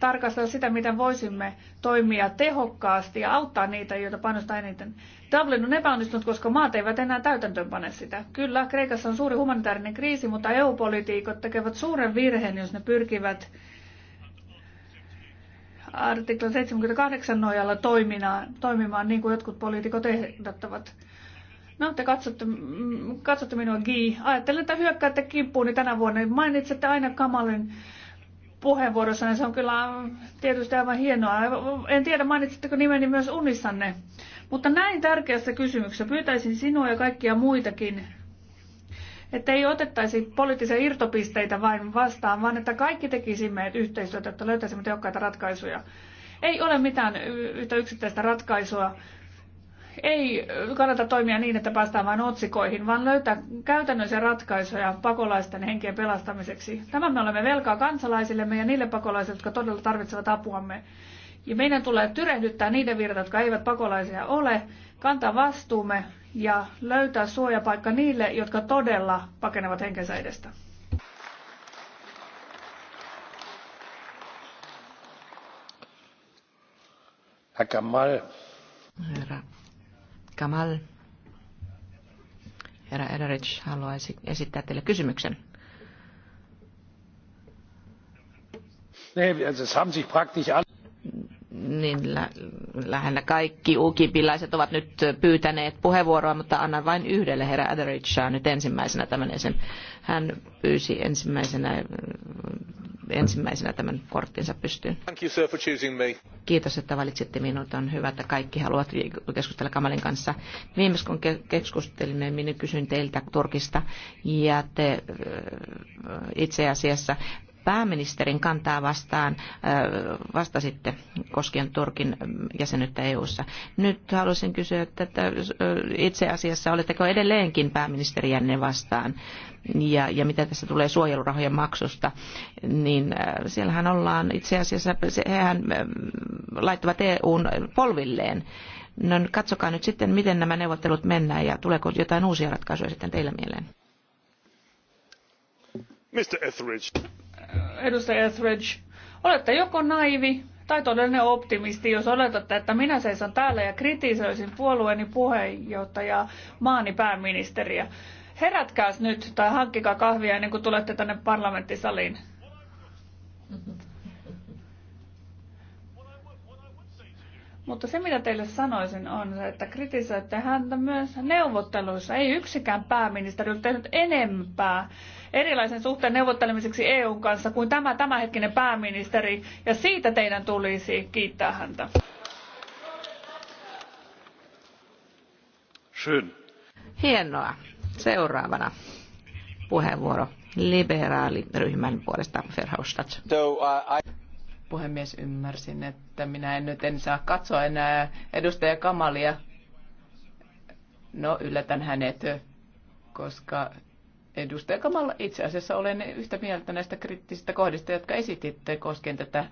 B: tarkastella sitä, miten voisimme toimia tehokkaasti ja auttaa niitä, joita panostaa eniten. Dublin on epäonnistunut, koska maat eivät enää täytäntöönpane sitä. Kyllä, Kreikassa on suuri humanitaarinen kriisi, mutta EU-politiikot tekevät suuren virheen, jos ne pyrkivät artikla 78 nojalla toimimaan niin kuin jotkut poliitikot ehdottavat. No, te katsotte, mm, katsotte minua, Gi. Ajattelen, että hyökkäätte kimppuuni niin tänä vuonna. Niin mainitsette aina kamalin puheenvuorossa, niin se on kyllä tietysti aivan hienoa. En tiedä, mainitsitteko nimeni myös unissanne. Mutta näin tärkeässä kysymyksessä pyytäisin sinua ja kaikkia muitakin, että ei otettaisi poliittisia irtopisteitä vain vastaan, vaan että kaikki tekisimme yhteistyötä, että löytäisimme tehokkaita ratkaisuja. Ei ole mitään yhtä yksittäistä ratkaisua, ei kannata toimia niin, että päästään vain otsikoihin, vaan löytää käytännöllisiä ratkaisuja pakolaisten henkien pelastamiseksi. Tämän me olemme velkaa kansalaisillemme ja niille pakolaisille, jotka todella tarvitsevat apuamme. Ja meidän tulee tyrehdyttää niiden virta, jotka eivät pakolaisia ole, kantaa vastuumme ja löytää suojapaikka niille, jotka todella pakenevat henkensä edestä. Herra
A: Kamal. Herra Ederich haluaisi esittää teille kysymyksen. Niin, lä- lähinnä kaikki ukipilaiset ovat nyt pyytäneet puheenvuoroa, mutta annan vain yhdelle herra Aderichia nyt ensimmäisenä tämän esim. Hän pyysi ensimmäisenä ensimmäisenä tämän korttinsa pystyyn.
C: Thank you, sir, for choosing me.
A: Kiitos, että valitsitte minut. On hyvä, että kaikki haluavat keskustella Kamalin kanssa. Viimeis kun keskustelimme, minä kysyin teiltä Turkista ja te itse asiassa pääministerin kantaa vastaan vastasitte koskien Turkin jäsenyyttä EU:ssa. Nyt haluaisin kysyä, että itse asiassa oletteko edelleenkin pääministeriänne vastaan? ja, ja mitä tässä tulee suojelurahojen maksusta, niin siellähän ollaan itse asiassa, hehän laittavat EUn polvilleen. No katsokaa nyt sitten, miten nämä neuvottelut mennään ja tuleeko jotain uusia ratkaisuja sitten teillä mieleen?
F: Mr. Etheridge
B: edustaja Etheridge, olette joko naivi tai todellinen optimisti, jos oletatte, että minä seison täällä ja kritisoisin puolueeni puheenjohtajaa, maani pääministeriä. Herätkääs nyt tai hankkikaa kahvia ennen kuin tulette tänne parlamenttisaliin. Mutta se, mitä teille sanoisin, on se, että kritisoitte häntä myös neuvotteluissa. Ei yksikään pääministeri ole tehnyt enempää erilaisen suhteen neuvottelemiseksi EUn kanssa kuin tämä tämänhetkinen pääministeri, ja siitä teidän tulisi kiittää häntä. Schön. Hienoa.
A: Seuraavana puheenvuoro liberaaliryhmän puolesta Verhofstadt.
F: So, uh, I...
E: Puhemies, ymmärsin, että minä en nyt en saa katsoa enää edustaja Kamalia. No, yllätän hänet, koska edustaja Kamala itse asiassa olen yhtä mieltä näistä kriittisistä kohdista, jotka esititte koskien tätä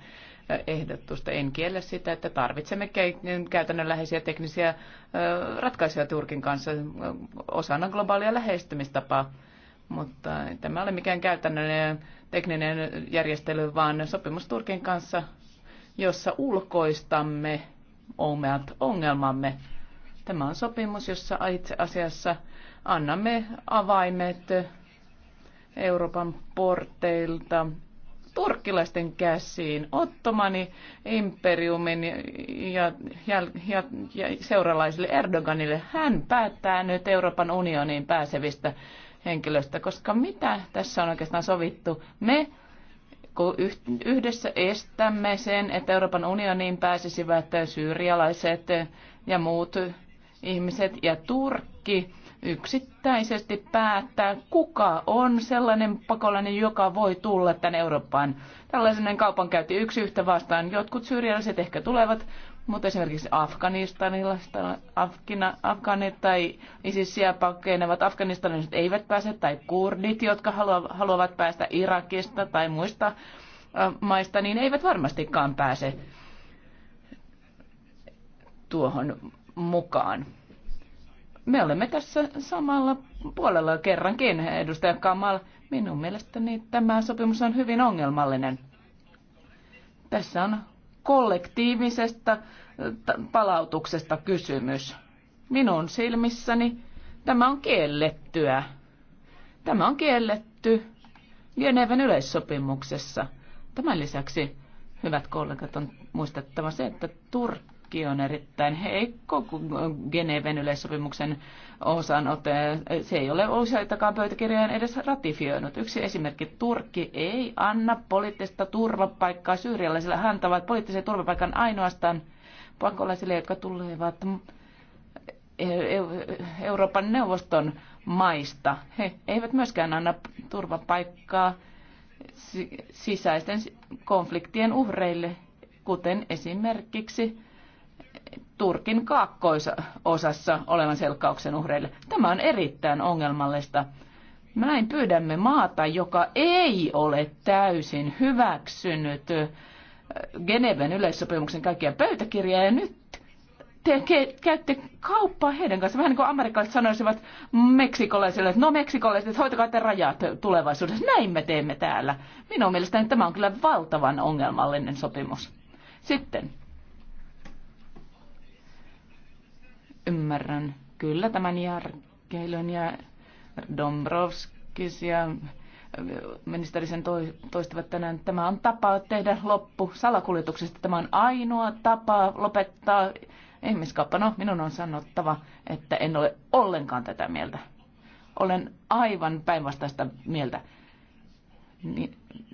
E: ehdotusta. En kiellä sitä, että tarvitsemme käytännönläheisiä teknisiä ratkaisuja Turkin kanssa osana globaalia lähestymistapaa mutta ei tämä ole mikään käytännöllinen tekninen järjestely, vaan sopimus Turkin kanssa, jossa ulkoistamme omat ongelmamme. Tämä on sopimus, jossa itse asiassa annamme avaimet Euroopan porteilta turkkilaisten käsiin, ottomani imperiumin ja, ja, ja, ja seuralaisille Erdoganille. Hän päättää nyt Euroopan unioniin pääsevistä henkilöstä, koska mitä tässä on oikeastaan sovittu? Me kun yhdessä estämme sen, että Euroopan unioniin pääsisivät syyrialaiset ja muut ihmiset ja Turkki yksittäisesti päättää, kuka on sellainen pakolainen, joka voi tulla tänne Eurooppaan. Tällaisen kaupankäynti yksi yhtä vastaan. Jotkut syyrialaiset ehkä tulevat, mutta esimerkiksi Afganistanilla, Afgina, Afgani tai ISISiä pakenevat afganistanilaiset eivät pääse, tai kurdit, jotka haluavat päästä Irakista tai muista maista, niin eivät varmastikaan pääse tuohon mukaan. Me olemme tässä samalla puolella kerrankin, edustaja Kamal. Minun mielestäni tämä sopimus on hyvin ongelmallinen. Tässä on kollektiivisesta palautuksesta kysymys. Minun silmissäni tämä on kiellettyä. Tämä on kielletty Geneven yleissopimuksessa. Tämän lisäksi, hyvät kollegat, on muistettava se, että Turkki riski on erittäin heikko, kun äh, Geneven yleissopimuksen osanotto, äh, se ei ole useitakaan pöytäkirjojen edes ratifioinut. Yksi esimerkki, Turkki ei anna poliittista turvapaikkaa syyrialaisille, hän antavat poliittisen turvapaikan ainoastaan pakolaisille, jotka tulevat äh, Euroopan neuvoston maista. He eivät myöskään anna turvapaikkaa sisäisten konfliktien uhreille, kuten esimerkiksi Turkin kaakkoisosassa olevan selkkauksen uhreille. Tämä on erittäin ongelmallista. Näin pyydämme maata, joka ei ole täysin hyväksynyt äh, Geneven yleissopimuksen kaikkia pöytäkirjaa ja nyt te ke- käytte kauppaa heidän kanssa. Vähän niin kuin amerikkalaiset sanoisivat meksikolaisille, että no meksikolaiset, hoitakaa te rajat tulevaisuudessa. Näin me teemme täällä. Minun mielestäni tämä on kyllä valtavan ongelmallinen sopimus. Sitten Ymmärrän kyllä tämän järkeilön ja Dombrovskis ja ministeri sen toistavat tänään. Tämä on tapa tehdä loppu salakuljetuksesta. Tämä on ainoa tapa lopettaa ihmiskauppa. No, minun on sanottava, että en ole ollenkaan tätä mieltä. Olen aivan päinvastaista mieltä.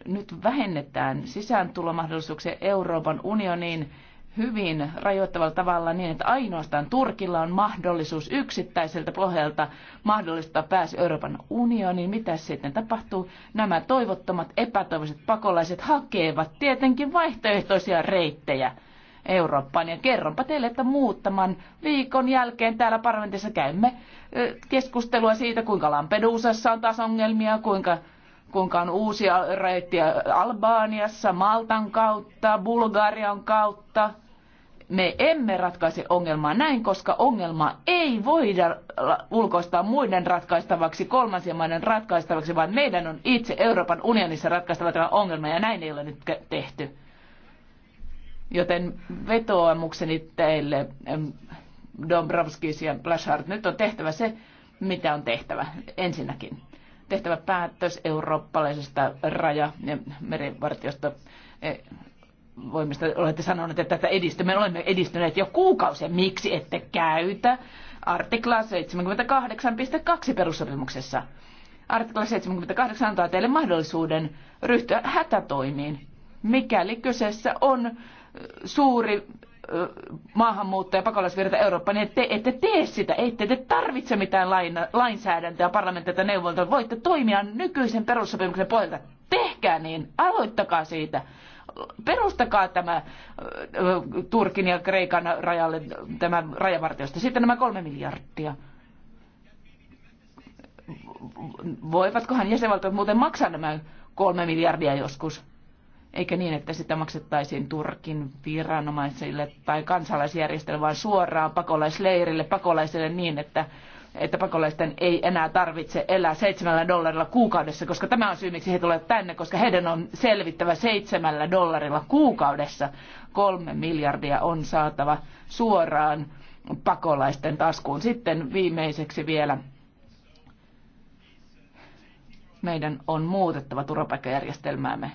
E: Nyt vähennetään sisääntulomahdollisuuksia Euroopan unioniin hyvin rajoittavalla tavalla niin, että ainoastaan Turkilla on mahdollisuus yksittäiseltä pohjalta mahdollistaa pääsy Euroopan unioniin. Mitä sitten tapahtuu? Nämä toivottomat, epätoivoiset pakolaiset hakevat tietenkin vaihtoehtoisia reittejä Eurooppaan. Ja kerronpa teille, että muutaman viikon jälkeen täällä parlamentissa käymme keskustelua siitä, kuinka Lampedusassa on taas ongelmia, kuinka kuinka on uusia reittejä Albaaniassa, Maltan kautta, Bulgarian kautta, me emme ratkaise ongelmaa näin, koska ongelma ei voida ulkoistaa muiden ratkaistavaksi, kolmansien maiden ratkaistavaksi, vaan meidän on itse Euroopan unionissa ratkaistava tämä ongelma, ja näin ei ole nyt tehty. Joten vetoamukseni teille, Dombrovskis ja Blashard, nyt on tehtävä se, mitä on tehtävä ensinnäkin. Tehtävä päätös eurooppalaisesta raja- ja merivartiosta e, voimme sitä, olette sanoneet, että tätä edistymme, me olemme edistyneet jo kuukausia. Miksi ette käytä artiklaa 78.2 perussopimuksessa? Artikla 78 antaa teille mahdollisuuden ryhtyä hätätoimiin, mikäli kyseessä on suuri maahanmuutto- ja pakolaisvirta Eurooppaan, niin te ette tee sitä, ette te tarvitse mitään lain, lainsäädäntöä parlamentilta neuvolta. Voitte toimia nykyisen perussopimuksen pohjalta. Tehkää niin, aloittakaa siitä perustakaa tämä Turkin ja Kreikan rajalle tämä rajavartiosta. Sitten nämä kolme miljardia. Voivatkohan jäsenvaltiot muuten maksaa nämä kolme miljardia joskus? Eikä niin, että sitä maksettaisiin Turkin viranomaisille tai kansalaisjärjestelmään suoraan pakolaisleirille, pakolaisille niin, että että pakolaisten ei enää tarvitse elää seitsemällä dollarilla kuukaudessa, koska tämä on syy, miksi he tulevat tänne, koska heidän on selvittävä seitsemällä dollarilla kuukaudessa. Kolme miljardia on saatava suoraan pakolaisten taskuun. Sitten viimeiseksi vielä meidän on muutettava turvapaikkajärjestelmäämme,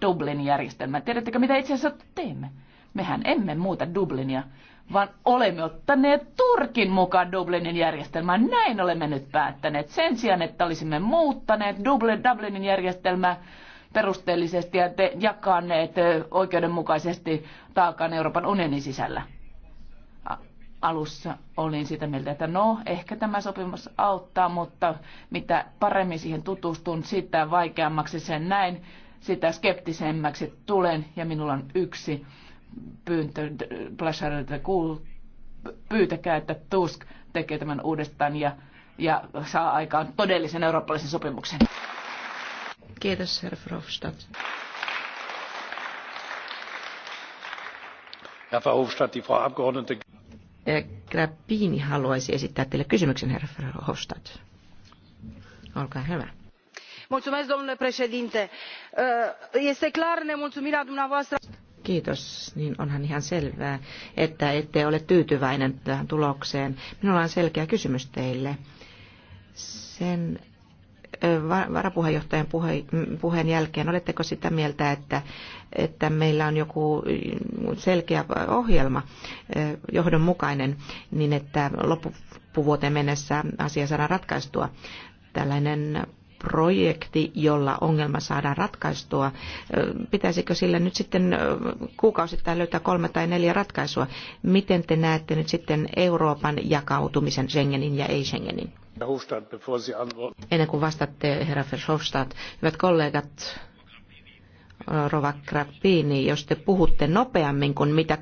E: Dublin-järjestelmää. Tiedättekö, mitä itse asiassa teemme? Mehän emme muuta Dublinia, vaan olemme ottaneet Turkin mukaan Dublinin järjestelmään. Näin olemme nyt päättäneet. Sen sijaan, että olisimme muuttaneet Dublinin järjestelmää perusteellisesti ja te jakaneet oikeudenmukaisesti taakan Euroopan unionin sisällä. Alussa olin sitä mieltä, että no, ehkä tämä sopimus auttaa, mutta mitä paremmin siihen tutustun, sitä vaikeammaksi sen näin, sitä skeptisemmäksi tulen ja minulla on yksi pyyntö Blasharilta, pyytäkää, että Tusk tekee tämän uudestaan ja, ja saa aikaan todellisen eurooppalaisen sopimuksen.
A: Kiitos, herra Verhofstadt.
F: Herr Verhofstadt, die Frau Abgeordnete
A: eh, Grappini haluaisi esittää teille kysymyksen, herra Verhofstadt. Olkaa hyvä domnule președinte eh, este clar nemulțumirea dumneavoastră. Kiitos. Niin onhan ihan selvää, että ette ole tyytyväinen tähän tulokseen. Minulla on selkeä kysymys teille. Sen varapuheenjohtajan puheen jälkeen, oletteko sitä mieltä, että, että meillä on joku selkeä ohjelma, johdonmukainen, niin että loppuvuoteen mennessä asia saadaan ratkaistua? Tällainen projekti, jolla ongelma saadaan ratkaistua. Pitäisikö sillä nyt sitten kuukausittain löytää kolme tai neljä ratkaisua? Miten te näette nyt sitten Euroopan jakautumisen Schengenin ja ei-Schengenin? Ennen kuin vastatte, herra Verhofstadt, hyvät kollegat, Rova Grappini, jos te puhutte nopeammin kuin mitä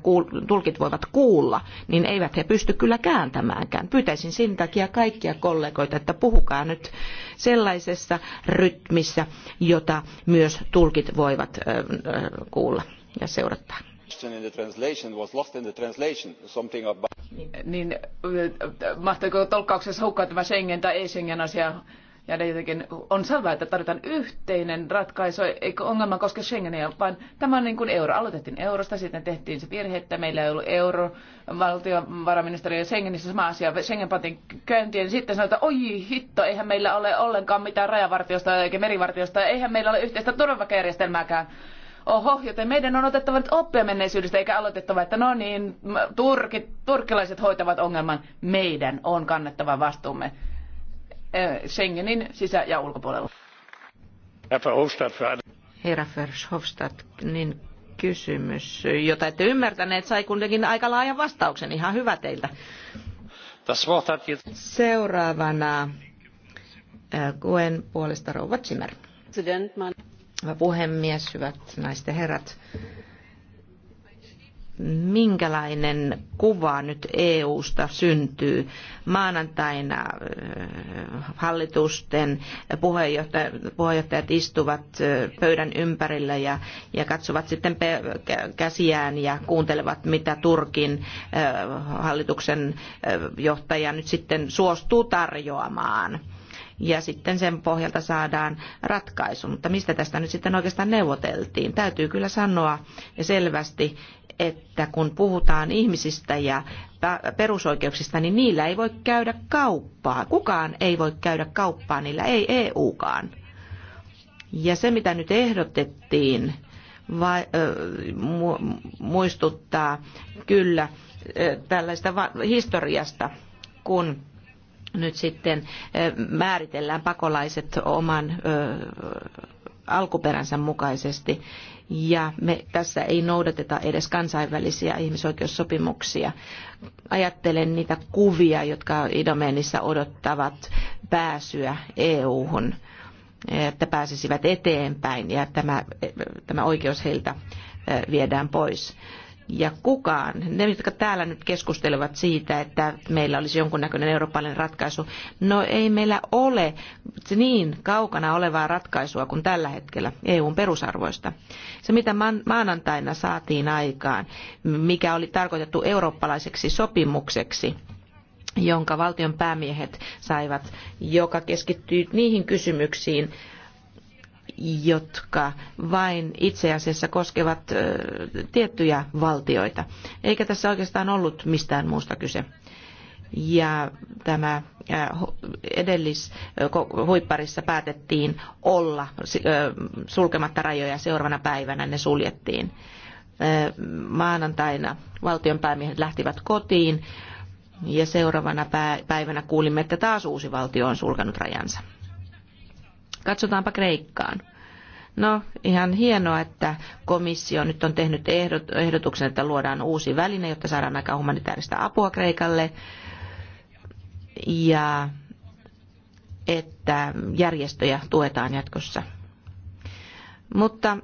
A: tulkit voivat kuulla, niin eivät he pysty kyllä kääntämäänkään. Pyytäisin sen takia kaikkia kollegoita, että puhukaa nyt sellaisessa rytmissä, jota myös tulkit voivat kuulla ja seurata.
F: Niin,
E: mahtaako tolkkauksessa hukkaa tämä Schengen tai ei Schengen asia? jäädä jotenkin, on selvää, että tarvitaan yhteinen ratkaisu, eikö ongelma koske Schengenia, vaan tämä on niin kuin euro. Aloitettiin eurosta, sitten tehtiin se virhe, että meillä ei ollut euro, ja Schengenissä sama asia, Schengen pantiin käyntiin, niin sitten sanotaan, oi hitto, eihän meillä ole ollenkaan mitään rajavartiosta eikä merivartiosta, eihän meillä ole yhteistä turvapaikkajärjestelmääkään. Oho, joten meidän on otettava nyt oppia menneisyydestä eikä aloitettava, että no niin, turkit, turkkilaiset hoitavat ongelman. Meidän on kannettava vastuumme. Eh, Schengenin sisä- ja ulkopuolella.
A: Herra Verhofstadt, niin kysymys, jota ette ymmärtäneet, sai kuitenkin aika laajan vastauksen. Ihan hyvä teiltä. Seuraavana Kuen eh, puolesta rouva Zimmer. Hyvä puhemies, hyvät naiset ja herrat minkälainen kuva nyt EU-sta syntyy maanantaina äh, hallitusten puheenjohtajat, istuvat äh, pöydän ympärillä ja, ja katsovat sitten käsiään ja kuuntelevat, mitä Turkin äh, hallituksen johtaja nyt sitten suostuu tarjoamaan ja sitten sen pohjalta saadaan ratkaisu. Mutta mistä tästä nyt sitten oikeastaan neuvoteltiin? Täytyy kyllä sanoa selvästi, että kun puhutaan ihmisistä ja perusoikeuksista, niin niillä ei voi käydä kauppaa. Kukaan ei voi käydä kauppaa niillä, ei EUkaan. Ja se, mitä nyt ehdotettiin, vai, muistuttaa kyllä tällaista historiasta, kun nyt sitten määritellään pakolaiset oman alkuperänsä mukaisesti ja me tässä ei noudateta edes kansainvälisiä ihmisoikeussopimuksia. Ajattelen niitä kuvia, jotka Idomeenissa odottavat pääsyä EU-hun, että pääsisivät eteenpäin ja tämä, tämä oikeus heiltä eh, viedään pois. Ja kukaan, ne jotka täällä nyt keskustelevat siitä, että meillä olisi jonkunnäköinen eurooppalainen ratkaisu, no ei meillä ole niin kaukana olevaa ratkaisua kuin tällä hetkellä EUn perusarvoista. Se mitä maanantaina saatiin aikaan, mikä oli tarkoitettu eurooppalaiseksi sopimukseksi, jonka valtion päämiehet saivat, joka keskittyy niihin kysymyksiin, jotka vain itse asiassa koskevat tiettyjä valtioita. Eikä tässä oikeastaan ollut mistään muusta kyse. Ja tämä edellis huipparissa päätettiin olla sulkematta rajoja seuraavana päivänä ne suljettiin. Maanantaina valtionpäämiehet lähtivät kotiin ja seuraavana päivänä kuulimme, että taas uusi valtio on sulkenut rajansa. Katsotaanpa Kreikkaan. No ihan hienoa, että komissio nyt on tehnyt ehdotuksen, että luodaan uusi väline, jotta saadaan aika humanitaarista apua Kreikalle. Ja että järjestöjä tuetaan jatkossa. Mutta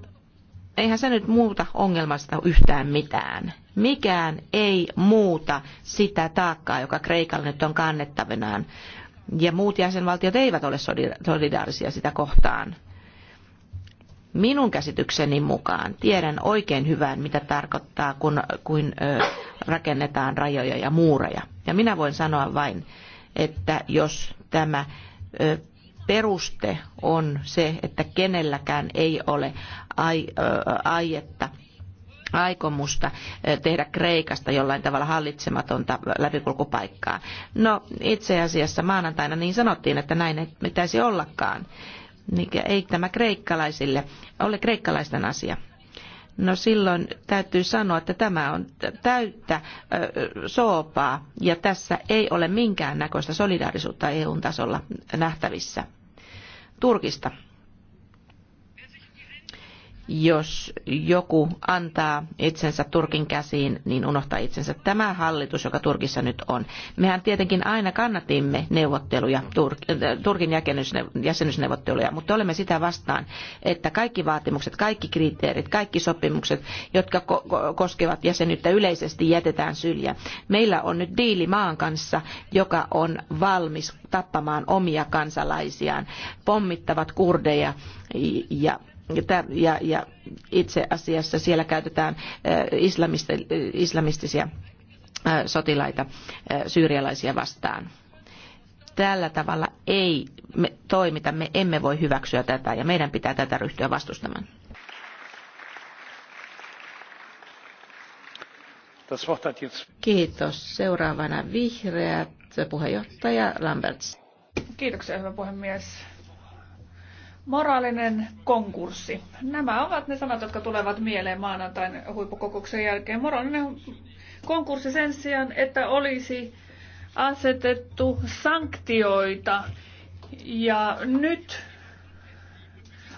A: eihän se nyt muuta ongelmasta yhtään mitään. Mikään ei muuta sitä taakkaa, joka Kreikalle nyt on kannettavanaan ja muut jäsenvaltiot eivät ole solidaarisia sitä kohtaan. Minun käsitykseni mukaan tiedän oikein hyvän, mitä tarkoittaa, kun, kun ö, rakennetaan rajoja ja muureja. Ja minä voin sanoa vain, että jos tämä ö, peruste on se, että kenelläkään ei ole ai, ö, aietta aikomusta eh, tehdä Kreikasta jollain tavalla hallitsematonta läpikulkupaikkaa. No itse asiassa maanantaina niin sanottiin, että näin ei pitäisi ollakaan. Niin ei tämä kreikkalaisille ole kreikkalaisten asia. No silloin täytyy sanoa, että tämä on täyttä soopaa ja tässä ei ole minkään näköistä solidaarisuutta EUn tasolla nähtävissä. Turkista jos joku antaa itsensä Turkin käsiin, niin unohtaa itsensä tämä hallitus, joka Turkissa nyt on. Mehän tietenkin aina kannatimme neuvotteluja, äh, Turkin jäsenyysneuvotteluja, mutta olemme sitä vastaan, että kaikki vaatimukset, kaikki kriteerit, kaikki sopimukset, jotka koskevat jäsenyyttä yleisesti, jätetään syljä. Meillä on nyt diili maan kanssa, joka on valmis tappamaan omia kansalaisiaan, pommittavat kurdeja ja ja, ja itse asiassa siellä käytetään islamistisia sotilaita syyrialaisia vastaan. Tällä tavalla ei me toimita, me emme voi hyväksyä tätä ja meidän pitää tätä ryhtyä vastustamaan. Kiitos. Seuraavana vihreät puheenjohtaja Lamberts.
B: Kiitoksia, hyvä puhemies Moraalinen konkurssi. Nämä ovat ne sanat, jotka tulevat mieleen maanantain huippukokouksen jälkeen. Moraalinen konkurssi sen sijaan, että olisi asetettu sanktioita ja nyt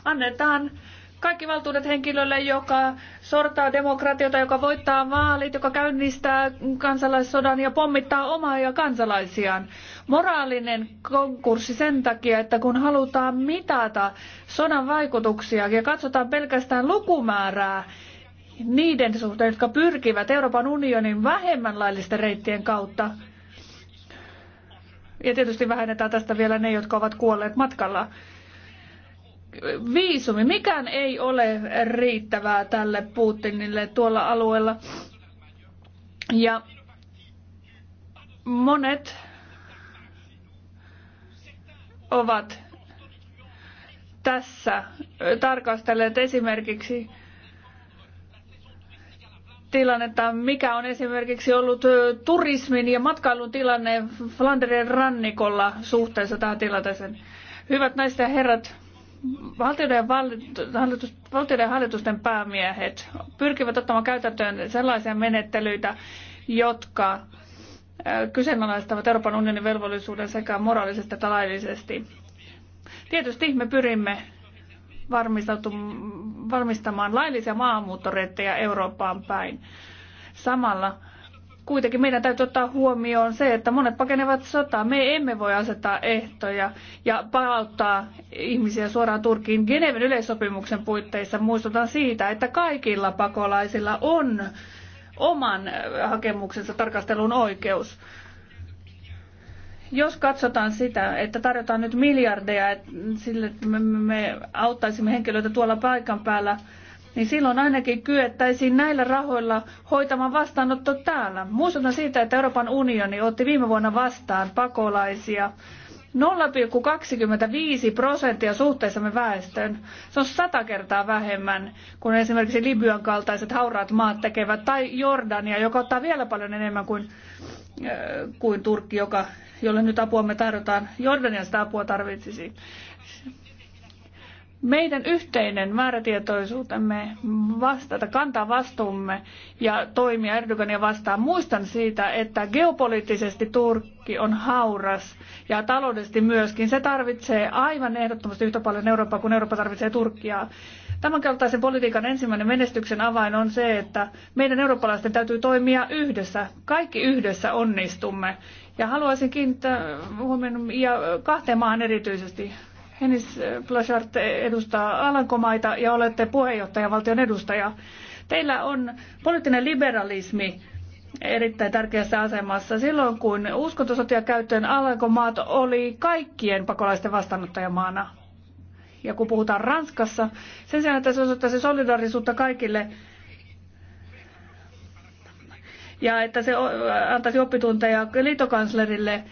B: annetaan kaikki valtuudet henkilölle, joka sortaa demokratiota, joka voittaa vaalit, joka käynnistää kansalaissodan ja pommittaa omaa ja kansalaisiaan. Moraalinen konkurssi sen takia, että kun halutaan mitata sodan vaikutuksia ja katsotaan pelkästään lukumäärää, niiden suhteen, jotka pyrkivät Euroopan unionin vähemmän laillisten reittien kautta. Ja tietysti vähennetään tästä vielä ne, jotka ovat kuolleet matkalla viisumi. Mikään ei ole riittävää tälle Putinille tuolla alueella. Ja monet ovat tässä tarkastelleet esimerkiksi tilannetta, mikä on esimerkiksi ollut turismin ja matkailun tilanne Flanderin rannikolla suhteessa tähän tilanteeseen. Hyvät naiset ja herrat, Valtioiden, hallitus, valtioiden hallitusten päämiehet pyrkivät ottamaan käytäntöön sellaisia menettelyitä, jotka äh, kyseenalaistavat Euroopan unionin velvollisuuden sekä moraalisesti että laillisesti. Tietysti me pyrimme varmistamaan laillisia maahanmuuttoreittejä Eurooppaan päin. Samalla kuitenkin meidän täytyy ottaa huomioon se, että monet pakenevat sotaa. Me emme voi asettaa ehtoja ja palauttaa ihmisiä suoraan Turkiin Geneven yleissopimuksen puitteissa. Muistutan siitä, että kaikilla pakolaisilla on oman äh, hakemuksensa tarkastelun oikeus. Jos katsotaan sitä, että tarjotaan nyt miljardeja sille, että me auttaisimme henkilöitä tuolla paikan päällä, niin silloin ainakin kyettäisiin näillä rahoilla hoitamaan vastaanotto täällä. Muistutan siitä, että Euroopan unioni otti viime vuonna vastaan pakolaisia 0,25 prosenttia suhteessa me väestöön. Se on sata kertaa vähemmän kuin esimerkiksi Libyan kaltaiset hauraat maat tekevät, tai Jordania, joka ottaa vielä paljon enemmän kuin, äh, kuin Turkki, joka, jolle nyt me tarjotaan. Jordania sitä apua tarvitsisi meidän yhteinen määrätietoisuutemme vastata, kantaa vastuumme ja toimia Erdogania vastaan. Muistan siitä, että geopoliittisesti Turkki on hauras ja taloudellisesti myöskin. Se tarvitsee aivan ehdottomasti yhtä paljon Eurooppaa kuin Eurooppa tarvitsee Turkkiaa. Tämän kaltaisen politiikan ensimmäinen menestyksen avain on se, että meidän eurooppalaisten täytyy toimia yhdessä. Kaikki yhdessä onnistumme. Ja haluaisin kiinnittää huomioon ja kahteen maahan erityisesti. Hennis Plashart edustaa Alankomaita ja olette valtion edustaja. Teillä on poliittinen liberalismi erittäin tärkeässä asemassa silloin, kun uskontosotia käyttöön Alankomaat oli kaikkien pakolaisten vastaanottajamaana. Ja kun puhutaan Ranskassa, sen sijaan, että se osoittaisi solidarisuutta kaikille ja että se antaisi oppitunteja liitokanslerille,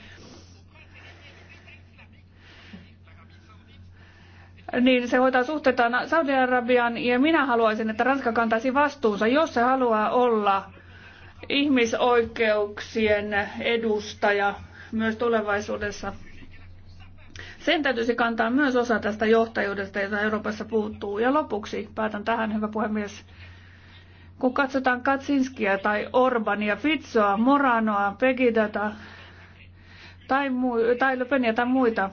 B: niin se hoitaa suhteitaan Saudi-Arabiaan ja minä haluaisin, että Ranska kantaisi vastuunsa, jos se haluaa olla ihmisoikeuksien edustaja myös tulevaisuudessa. Sen täytyisi kantaa myös osa tästä johtajuudesta, jota Euroopassa puuttuu. Ja lopuksi päätän tähän, hyvä puhemies. Kun katsotaan Katsinskia tai Orbania, Fitsoa, Moranoa, Pegidata tai, muu, tai Löpeniä tai muita,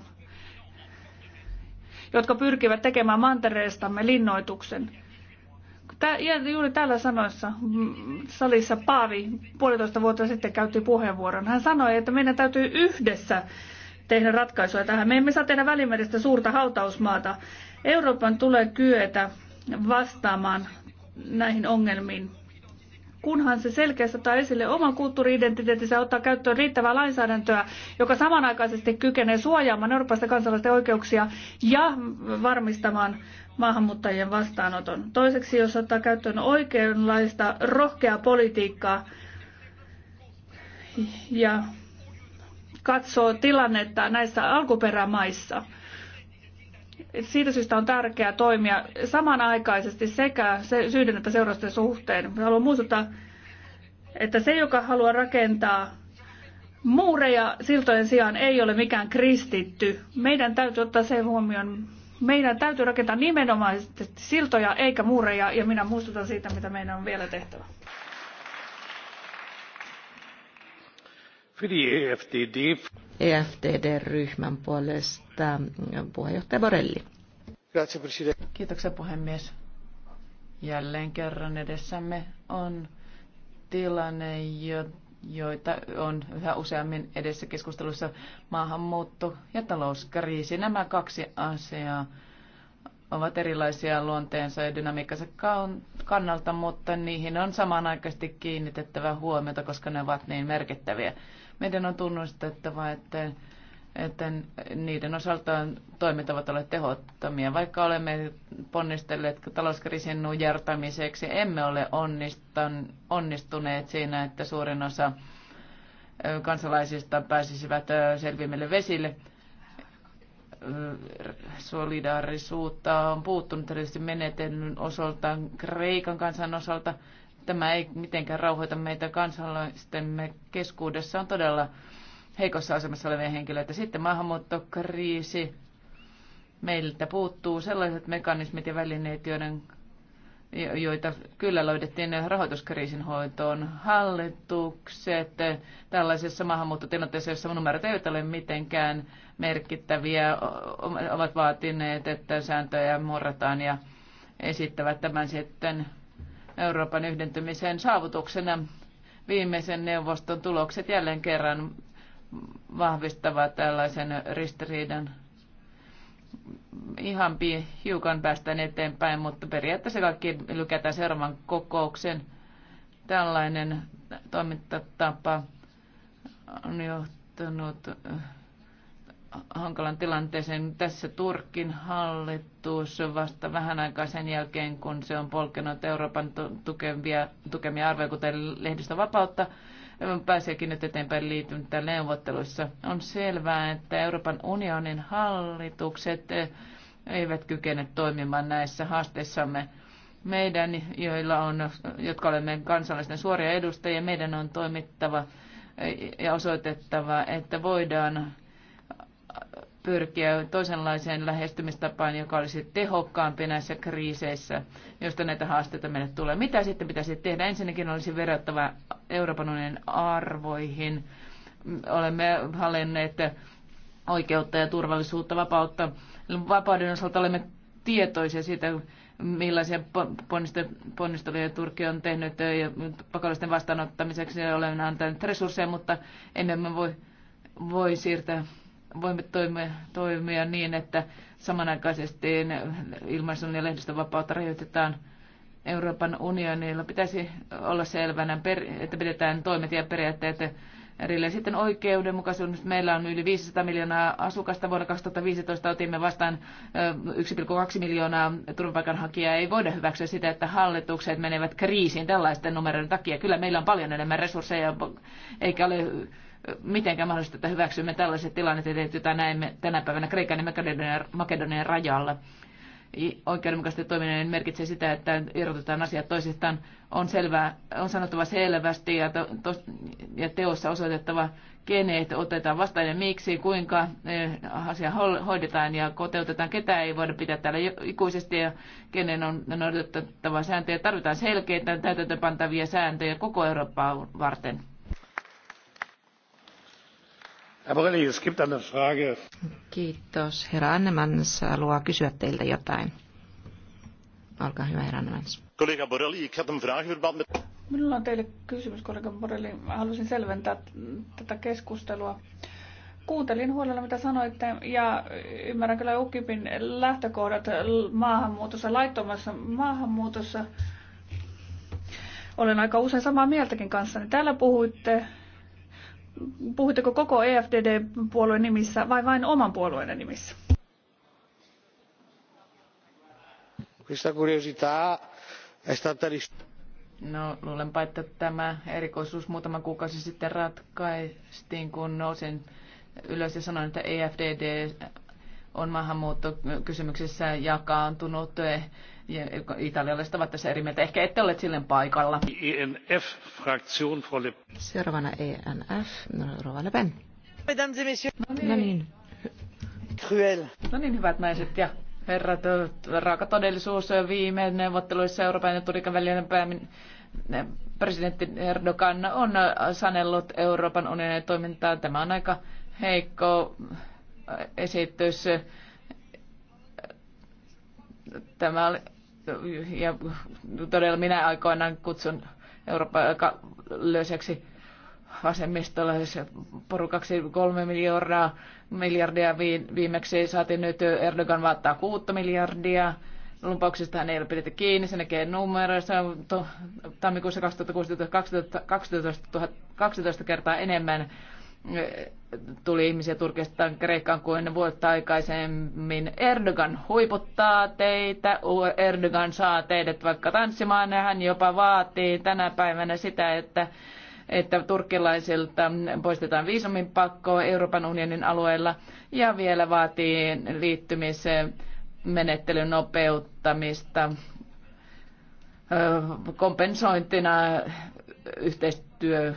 B: jotka pyrkivät tekemään mantereestamme linnoituksen. Tää, juuri täällä sanoissa mm, salissa Paavi puolitoista vuotta sitten käytti puheenvuoron. Hän sanoi, että meidän täytyy yhdessä tehdä ratkaisuja tähän. Me emme saa tehdä välimeristä suurta hautausmaata. Euroopan tulee kyetä vastaamaan näihin ongelmiin kunhan se selkeästi ottaa esille oman kulttuuriidentiteettinsä ja ottaa käyttöön riittävää lainsäädäntöä, joka samanaikaisesti kykenee suojaamaan eurooppalaisten kansalaisten oikeuksia ja varmistamaan maahanmuuttajien vastaanoton. Toiseksi, jos ottaa käyttöön oikeanlaista rohkeaa politiikkaa ja katsoo tilannetta näissä alkuperämaissa – siitä syystä on tärkeää toimia samanaikaisesti sekä syyden että seurausten suhteen. Haluan muistuttaa, että se, joka haluaa rakentaa muureja siltojen sijaan, ei ole mikään kristitty. Meidän täytyy ottaa se huomioon. Meidän täytyy rakentaa nimenomaisesti siltoja eikä muureja, ja minä muistutan siitä, mitä meidän on vielä tehtävä.
A: EFTD-ryhmän puolesta mm, puheenjohtaja Borelli.
E: Kiitoksia puhemies. Jälleen kerran edessämme on tilanne, joita on yhä useammin edessä keskustelussa maahanmuutto ja talouskriisi. Nämä kaksi asiaa ovat erilaisia luonteensa ja dynamiikkansa kannalta, mutta niihin on samanaikaisesti kiinnitettävä huomiota, koska ne ovat niin merkittäviä. Meidän on tunnustettava, että, että niiden osalta toimet ovat olleet tehottomia. Vaikka olemme ponnistelleet talouskriisin nujertamiseksi, emme ole onnistuneet siinä, että suurin osa kansalaisista pääsisivät selvimmille vesille solidaarisuutta on puuttunut erityisesti menetelmän osalta, Kreikan kansan osalta. Tämä ei mitenkään rauhoita meitä kansalaistemme keskuudessa. On todella heikossa asemassa olevia henkilöitä. Sitten maahanmuuttokriisi. Meiltä puuttuu sellaiset mekanismit ja välineet, joiden, joita kyllä löydettiin rahoituskriisin hoitoon. Hallitukset tällaisessa maahanmuuttotilanteessa, jossa numerot eivät ole mitenkään merkittäviä, ovat vaatineet, että sääntöjä murrataan ja esittävät tämän sitten Euroopan yhdentymisen saavutuksena. Viimeisen neuvoston tulokset jälleen kerran vahvistavat tällaisen ristiriidan. Ihan hiukan päästään eteenpäin, mutta periaatteessa kaikki lykätään seuraavan kokouksen. Tällainen toimintatapa on johtanut hankalan tilanteeseen. Tässä Turkin hallitus vasta vähän aikaa sen jälkeen, kun se on polkenut Euroopan tukemia, tukemia arvoja, kuten lehdistä vapautta, pääseekin nyt eteenpäin liittymättä neuvotteluissa. On selvää, että Euroopan unionin hallitukset eivät kykene toimimaan näissä haasteissamme. Meidän, joilla on, jotka olemme kansallisten suoria edustajia, meidän on toimittava ja osoitettava, että voidaan pyrkiä toisenlaiseen lähestymistapaan, joka olisi tehokkaampi näissä kriiseissä, josta näitä haasteita meille tulee. Mitä sitten pitäisi tehdä? Ensinnäkin olisi verrattava Euroopan unionin arvoihin. Olemme hallinneet oikeutta ja turvallisuutta, vapautta. Vapauden osalta olemme tietoisia siitä, millaisia ponnisteluja Turkki on tehnyt ja pakolaisten vastaanottamiseksi olemme antaneet resursseja, mutta emme voi, voi siirtää voimme toimia, toimia niin, että samanaikaisesti ilmaisun ja lehdistönvapautta rajoitetaan Euroopan unionilla. Pitäisi olla selvänä, että pidetään toimet ja periaatteet erilleen. Sitten oikeudenmukaisuus. Meillä on yli 500 miljoonaa asukasta. Vuonna 2015 otimme vastaan 1,2 miljoonaa turvapaikanhakijaa. Ei voida hyväksyä sitä, että hallitukset menevät kriisiin tällaisten numeroiden takia. Kyllä meillä on paljon enemmän resursseja, eikä ole mitenkään mahdollista, että hyväksymme tällaiset tilanteet, joita näemme tänä päivänä Kreikan ja Makedonian, Makedonian rajalla. Oikeudenmukaisesti toiminen merkitsee sitä, että irrotetaan asiat toisistaan. On, selvää, on sanottava selvästi ja, to, to, ja teossa osoitettava, kenet otetaan vastaan ja miksi, kuinka e, asia hoidetaan ja koteutetaan. Ketä ei voida pitää täällä ikuisesti ja kenen on noudatettava sääntöjä. Tarvitaan selkeitä täytäntöpantavia sääntöjä koko Eurooppaa varten.
A: Kiitos. Herra Annemans haluaa kysyä teiltä jotain. Olkaa hyvä, herra Annemans.
F: Kollega Borrelli, Minulla on teille
B: kysymys, kollega Borrelli. Halusin selventää tätä keskustelua. Kuuntelin huolella, mitä sanoitte, ja ymmärrän kyllä UKIPin lähtökohdat maahanmuutossa, laittomassa maahanmuutossa. Olen aika usein samaa mieltäkin kanssa. Täällä puhuitte puhutteko koko EFDD-puolueen nimissä vai vain oman puolueen nimissä?
E: No, luulenpa, että tämä erikoisuus muutama kuukausi sitten ratkaistiin, kun nousin ylös ja sanoin, että EFDD on maahanmuuttokysymyksessä jakaantunut italialaiset ovat tässä eri mieltä. Ehkä ette ole silloin paikalla.
F: ENF, fraktion, Frau Le
A: Seuraavana ENF, no, Rova Le Pen. Mesdames et messieurs.
C: No niin. No niin.
E: Cruel. No niin, hyvät naiset ja herrat, raaka todellisuus viime neuvotteluissa Euroopan ja Turikan välinen päämin, presidentti Erdogan on sanellut Euroopan unionin toimintaan. Tämä on aika heikko esitys Tämä oli, ja todella minä aikoinaan kutsun Euroopan aika löyseksi vasemmistolaisessa porukaksi kolme miljardia, miljardia viimeksi saatiin nyt Erdogan vaattaa kuutta miljardia. Lupauksista hän ei ole pidetty kiinni, se näkee numeroissa. Tammikuussa 2016 12, 12 kertaa enemmän tuli ihmisiä Turkista Kreikkaan kuin vuotta aikaisemmin. Erdogan huiputtaa teitä, Erdogan saa teidät vaikka tanssimaan ja hän jopa vaatii tänä päivänä sitä, että että turkkilaisilta poistetaan viisumin pakko Euroopan unionin alueella ja vielä vaatii menettelyn nopeuttamista kompensointina yhteistyö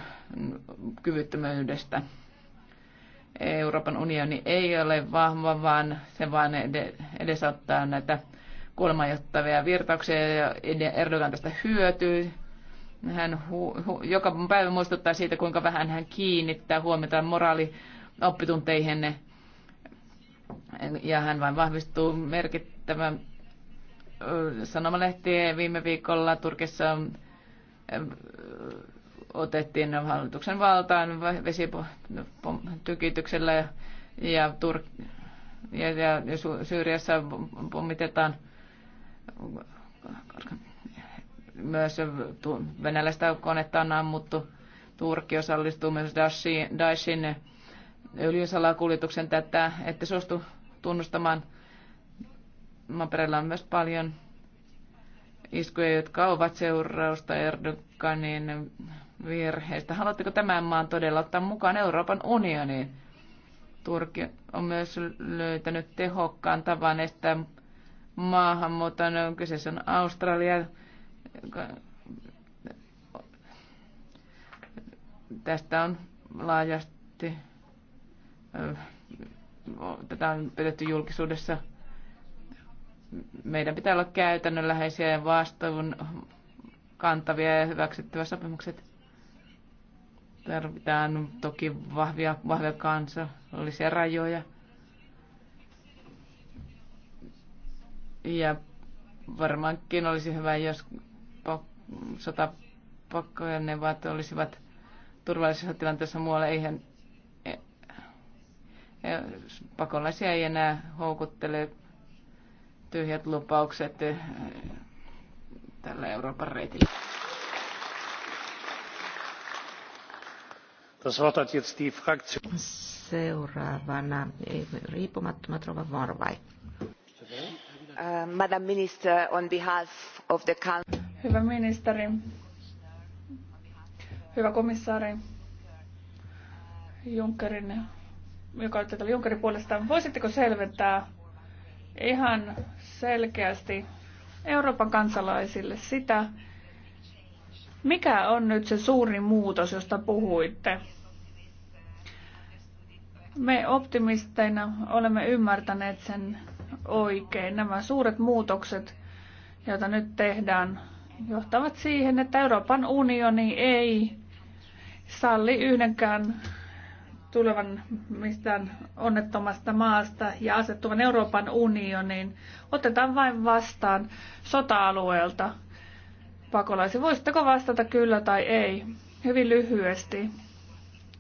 E: kyvyttömyydestä. Euroopan unioni ei ole vahva, vaan se vain edesauttaa näitä kuolemanjohtavia virtauksia ja Erdogan tästä hyötyy. Hän hu- hu- joka päivä muistuttaa siitä, kuinka vähän hän kiinnittää huomiota moraalioppitunteihin Ja hän vain vahvistuu merkittävän sanomalehtien viime viikolla Turkissa otettiin hallituksen valtaan vesitykityksellä ja, Tur- ja, ja Syyriassa pommitetaan myös venäläistä konetta on ammuttu. Turkki osallistuu myös Daeshin, Daeshin öljysalakuljetuksen tätä, että suostu tunnustamaan. Maperellä on myös paljon iskuja, jotka ovat seurausta Erdoganin virheistä. Haluatteko tämän maan todella ottaa mukaan Euroopan unioniin? Turkki on myös löytänyt tehokkaan tavan estää maahanmuuton. Kyseessä on Australia. Tästä on laajasti, tätä on pidetty julkisuudessa. Meidän pitää olla käytännönläheisiä ja vastuun kantavia ja hyväksyttävä sopimukset Tarvitaan toki vahvia, vahvia kansallisia rajoja. Ja varmaankin olisi hyvä, jos vaat olisivat turvallisessa tilanteessa muualla. Eihän e- e- pakolaisia ei enää houkuttele tyhjät lupaukset e- tällä Euroopan reitillä.
A: Seuraavana riippumattomat Rova uh,
G: Madam Minister, on behalf of the Council.
B: Hyvä ministeri, hyvä komissaari Junckerin, joka on tätä Junckerin puolesta, Voisitteko selventää ihan selkeästi Euroopan kansalaisille sitä, mikä on nyt se suuri muutos, josta puhuitte? Me optimisteina olemme ymmärtäneet sen oikein. Nämä suuret muutokset, joita nyt tehdään, johtavat siihen, että Euroopan unioni ei salli yhdenkään tulevan mistään onnettomasta maasta ja asettuvan Euroopan unioniin. Otetaan vain vastaan sota-alueelta pakolaisia. Voisitteko vastata kyllä tai ei? Hyvin lyhyesti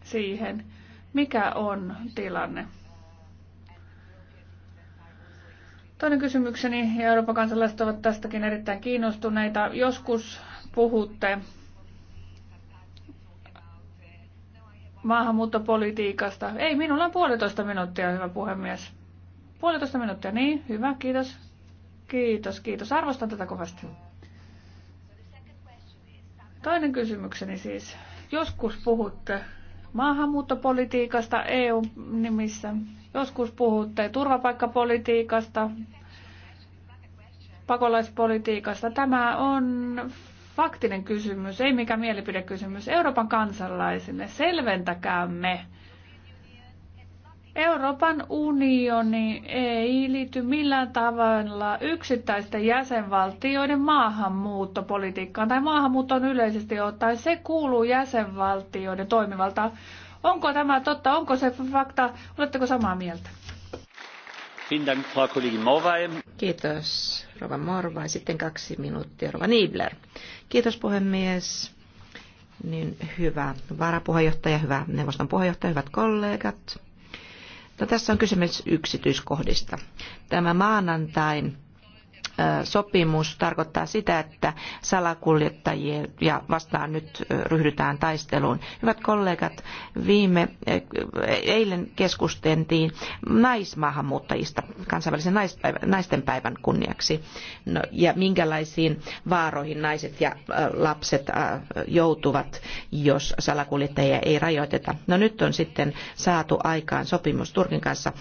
B: siihen. Mikä on tilanne? Toinen kysymykseni, ja Euroopan kansalaiset ovat tästäkin erittäin kiinnostuneita. Joskus puhutte maahanmuuttopolitiikasta. Ei, minulla on puolitoista minuuttia, hyvä puhemies. Puolitoista minuuttia, niin, hyvä, kiitos. Kiitos, kiitos. Arvostan tätä kovasti. Toinen kysymykseni siis. Joskus puhutte maahanmuuttopolitiikasta EU-nimissä. Joskus puhutte turvapaikkapolitiikasta, pakolaispolitiikasta. Tämä on faktinen kysymys, ei mikään mielipidekysymys. Euroopan kansalaisille selventäkäämme Euroopan unioni ei liity millään tavalla yksittäisten jäsenvaltioiden maahanmuuttopolitiikkaan tai maahanmuuttoon yleisesti ottaen. Se kuuluu jäsenvaltioiden toimivaltaan. Onko tämä totta? Onko se fakta? Oletteko samaa mieltä?
D: Kiitos, Rova
A: Morva. Sitten kaksi minuuttia, Rova Niibler. Kiitos, puhemies. Niin, hyvä varapuheenjohtaja, hyvä neuvoston puheenjohtaja, hyvät kollegat. No, tässä on kysymys yksityiskohdista. Tämä maanantain sopimus tarkoittaa sitä, että salakuljettajia ja vastaan nyt ryhdytään taisteluun. Hyvät kollegat, viime eilen keskusteltiin naismaahanmuuttajista kansainvälisen naistenpäivän kunniaksi no, ja minkälaisiin vaaroihin naiset ja lapset joutuvat, jos salakuljettajia ei rajoiteta. No nyt on sitten saatu aikaan sopimus Turkin kanssa,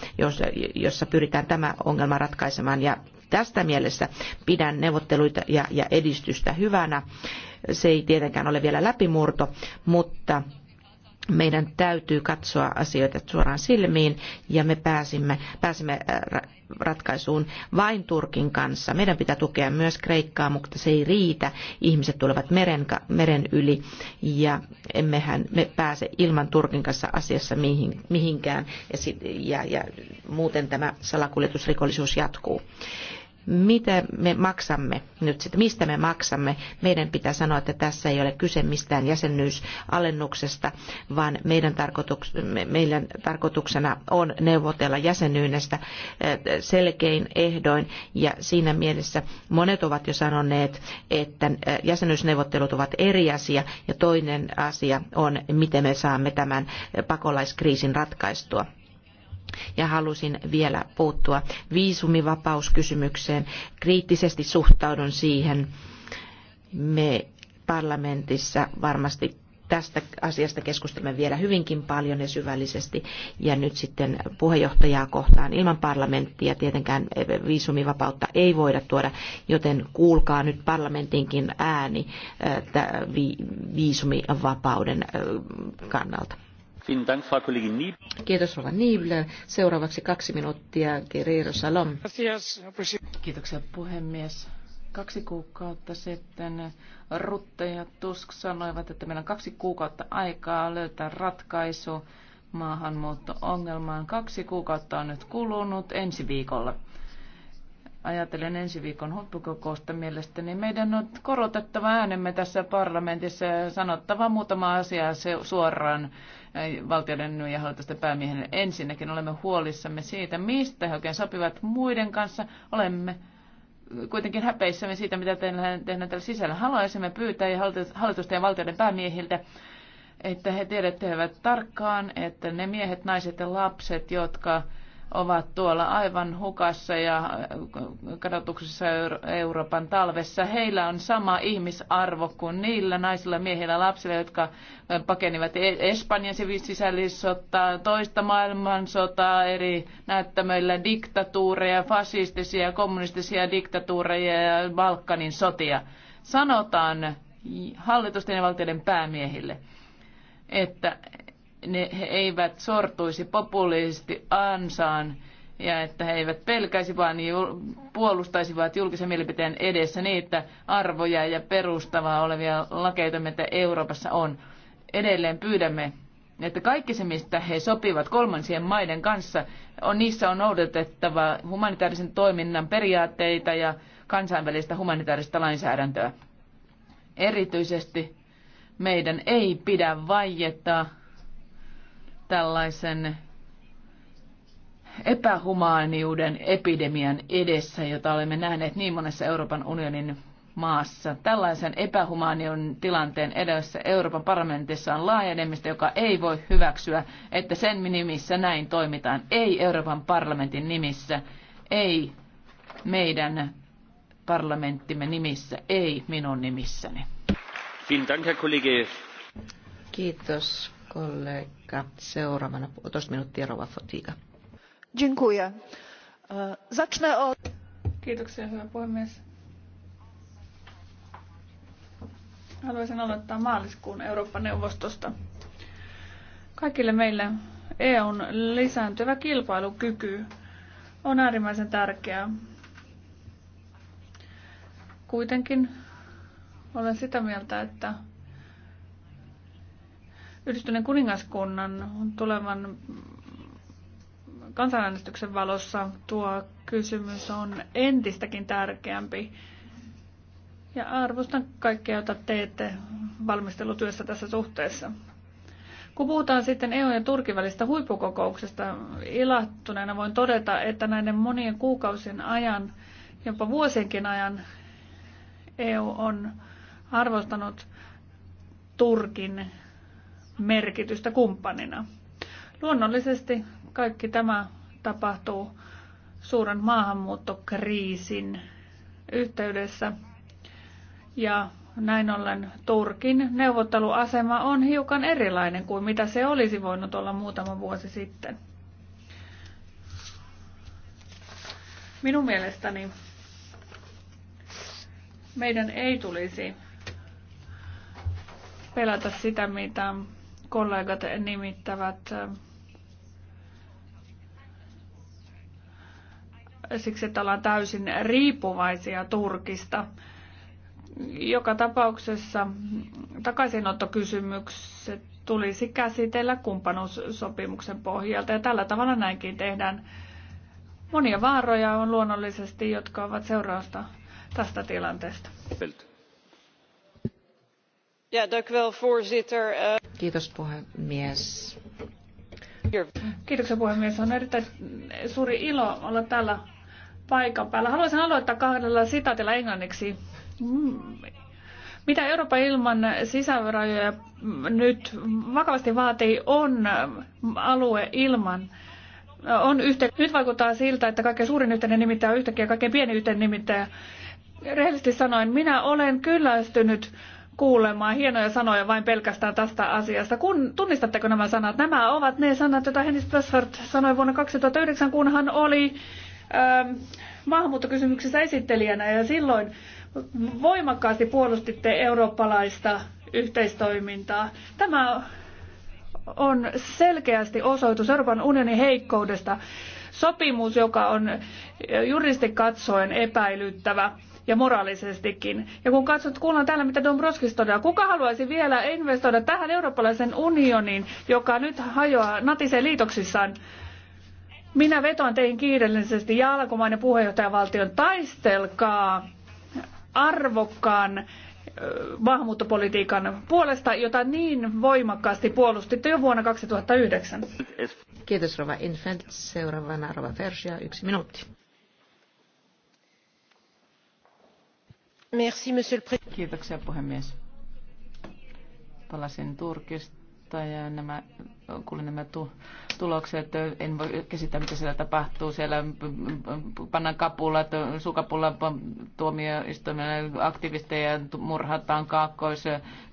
A: jossa pyritään tämä ongelma ratkaisemaan ja Tästä mielessä pidän neuvotteluita ja edistystä hyvänä. Se ei tietenkään ole vielä läpimurto, mutta meidän täytyy katsoa asioita suoraan silmiin ja me pääsimme, pääsimme äh, ratkaisuun vain Turkin kanssa. Meidän pitää tukea myös Kreikkaa, mutta se ei riitä. Ihmiset tulevat meren, meren yli ja emmehän me pääse ilman Turkin kanssa asiassa mihinkään ja, ja, ja muuten tämä salakuljetusrikollisuus jatkuu mitä me maksamme nyt sitten, mistä me maksamme. Meidän pitää sanoa, että tässä ei ole kyse mistään jäsenyysalennuksesta, vaan meidän, tarkoituks- meidän tarkoituksena on neuvotella jäsenyydestä äh, selkein ehdoin. Ja siinä mielessä monet ovat jo sanoneet, että äh, jäsenyysneuvottelut ovat eri asia ja toinen asia on, miten me saamme tämän pakolaiskriisin ratkaistua ja halusin vielä puuttua viisumivapauskysymykseen. Kriittisesti suhtaudun siihen. Me parlamentissa varmasti tästä asiasta keskustelemme vielä hyvinkin paljon ja syvällisesti. Ja nyt sitten puheenjohtajaa kohtaan ilman parlamenttia tietenkään viisumivapautta ei voida tuoda, joten kuulkaa nyt parlamentinkin ääni äh, viisumivapauden äh, kannalta. Kiitos Rova Niebler. Seuraavaksi kaksi minuuttia Guerrero Salom.
E: Kiitoksia puhemies. Kaksi kuukautta sitten Rutte ja Tusk sanoivat, että meillä on kaksi kuukautta aikaa löytää ratkaisu maahanmuutto-ongelmaan. Kaksi kuukautta on nyt kulunut ensi viikolla. Ajatellen ensi viikon huippukokousta mielestäni meidän on korotettava äänemme tässä parlamentissa ja sanottava muutama asia suoraan valtioiden ja hallitusten päämiehen. Ensinnäkin olemme huolissamme siitä, mistä he oikein sopivat muiden kanssa. Olemme kuitenkin häpeissämme siitä, mitä tehdään täällä sisällä. Haluaisimme pyytää ja hallitusten ja valtioiden päämiehiltä, että he tiedettävät tarkkaan, että ne miehet, naiset ja lapset, jotka ovat tuolla aivan hukassa ja kadotuksessa Euroopan talvessa. Heillä on sama ihmisarvo kuin niillä naisilla, miehillä, lapsilla, jotka pakenivat e- Espanjan sisällissottaa, toista maailmansotaa eri näyttämöillä, diktatuureja, fasistisia, kommunistisia diktatuureja ja Balkanin sotia. Sanotaan hallitusten ja valtioiden päämiehille, että ne, he eivät sortuisi populisti ansaan ja että he eivät pelkäisi, vaan puolustaisivat julkisen mielipiteen edessä niitä arvoja ja perustavaa olevia lakeita, mitä Euroopassa on. Edelleen pyydämme, että kaikki se, mistä he sopivat kolmansien maiden kanssa, on, niissä on noudatettava humanitaarisen toiminnan periaatteita ja kansainvälistä humanitaarista lainsäädäntöä. Erityisesti meidän ei pidä vaijettaa tällaisen epähumaaniuden epidemian edessä, jota olemme nähneet niin monessa Euroopan unionin maassa. Tällaisen epähumaanion tilanteen edessä Euroopan parlamentissa on laajenemista, joka ei voi hyväksyä, että sen nimissä näin toimitaan. Ei Euroopan parlamentin nimissä, ei meidän
A: parlamenttimme nimissä, ei minun nimissäni. Kiitos kollegi. Seuraavana puolitoista minuuttia Rova
B: Dziękuję. E, zacznę od... Kiitoksia, hyvä puhemies. Haluaisin aloittaa maaliskuun Eurooppa-neuvostosta. Kaikille meille EUn lisääntyvä kilpailukyky on äärimmäisen tärkeää. Kuitenkin olen sitä mieltä, että Yhdistyneen kuningaskunnan tulevan kansanäänestyksen valossa tuo kysymys on entistäkin tärkeämpi. Ja arvostan kaikkea, jota teette valmistelutyössä tässä suhteessa. Kun puhutaan sitten EU- ja Turkin välistä huippukokouksesta, ilahtuneena voin todeta, että näiden monien kuukausien ajan, jopa vuosienkin ajan, EU on arvostanut Turkin merkitystä kumppanina. Luonnollisesti kaikki tämä tapahtuu suuren maahanmuuttokriisin yhteydessä ja näin ollen Turkin neuvotteluasema on hiukan erilainen kuin mitä se olisi voinut olla muutama vuosi sitten. Minun mielestäni meidän ei tulisi pelätä sitä, mitä kollegat nimittävät äh, siksi, että ollaan täysin riippuvaisia Turkista. Joka tapauksessa takaisinottokysymykset tulisi käsitellä kumppanuussopimuksen pohjalta ja tällä tavalla näinkin tehdään. Monia vaaroja on luonnollisesti, jotka ovat seurausta tästä tilanteesta. Pelty.
H: Eh,
B: Kiitos puhemies. Kiitoksia puhemies. On erittäin suuri ilo olla täällä paikan päällä. Haluaisin aloittaa kahdella sitaatilla englanniksi. Mitä Eurooppa ilman sisärajoja nyt vakavasti vaatii on alue ilman on yhtä, nyt vaikuttaa siltä, että kaikkein suurin yhteinen nimittäjä on yhtäkkiä kaikkein pieni yhteinen nimittäjä. Rehellisesti sanoen, minä olen kyllästynyt kuulemaan hienoja sanoja vain pelkästään tästä asiasta. Kun, tunnistatteko nämä sanat? Nämä ovat ne sanat, joita Hennis Westford sanoi vuonna 2009, kun hän oli ähm, maahanmuuttokysymyksessä esittelijänä ja silloin voimakkaasti puolustitte eurooppalaista yhteistoimintaa. Tämä on selkeästi osoitus Euroopan unionin heikkoudesta. Sopimus, joka on juristi katsoen epäilyttävä ja moraalisestikin. Ja kun katsot, kuullaan täällä, mitä Dombrovskis todella, kuka haluaisi vielä investoida tähän eurooppalaisen unioniin, joka nyt hajoaa natisee liitoksissaan, minä vetoan teihin kiireellisesti ja alkomainen puheenjohtajavaltion taistelkaa arvokkaan maahanmuuttopolitiikan puolesta, jota niin voimakkaasti puolustitte jo vuonna 2009.
A: Kiitos Rova Infant. Seuraavana Rova Fersia, yksi minuutti. Merci, Kiitoksia puhemies. Palasin
E: Turkista ja nämä, kuulin nämä tulokset. En voi käsittää, mitä siellä tapahtuu. Siellä pannaan kapulat, sukapulla tuomioistuimella aktivisteja murhataan kaakkois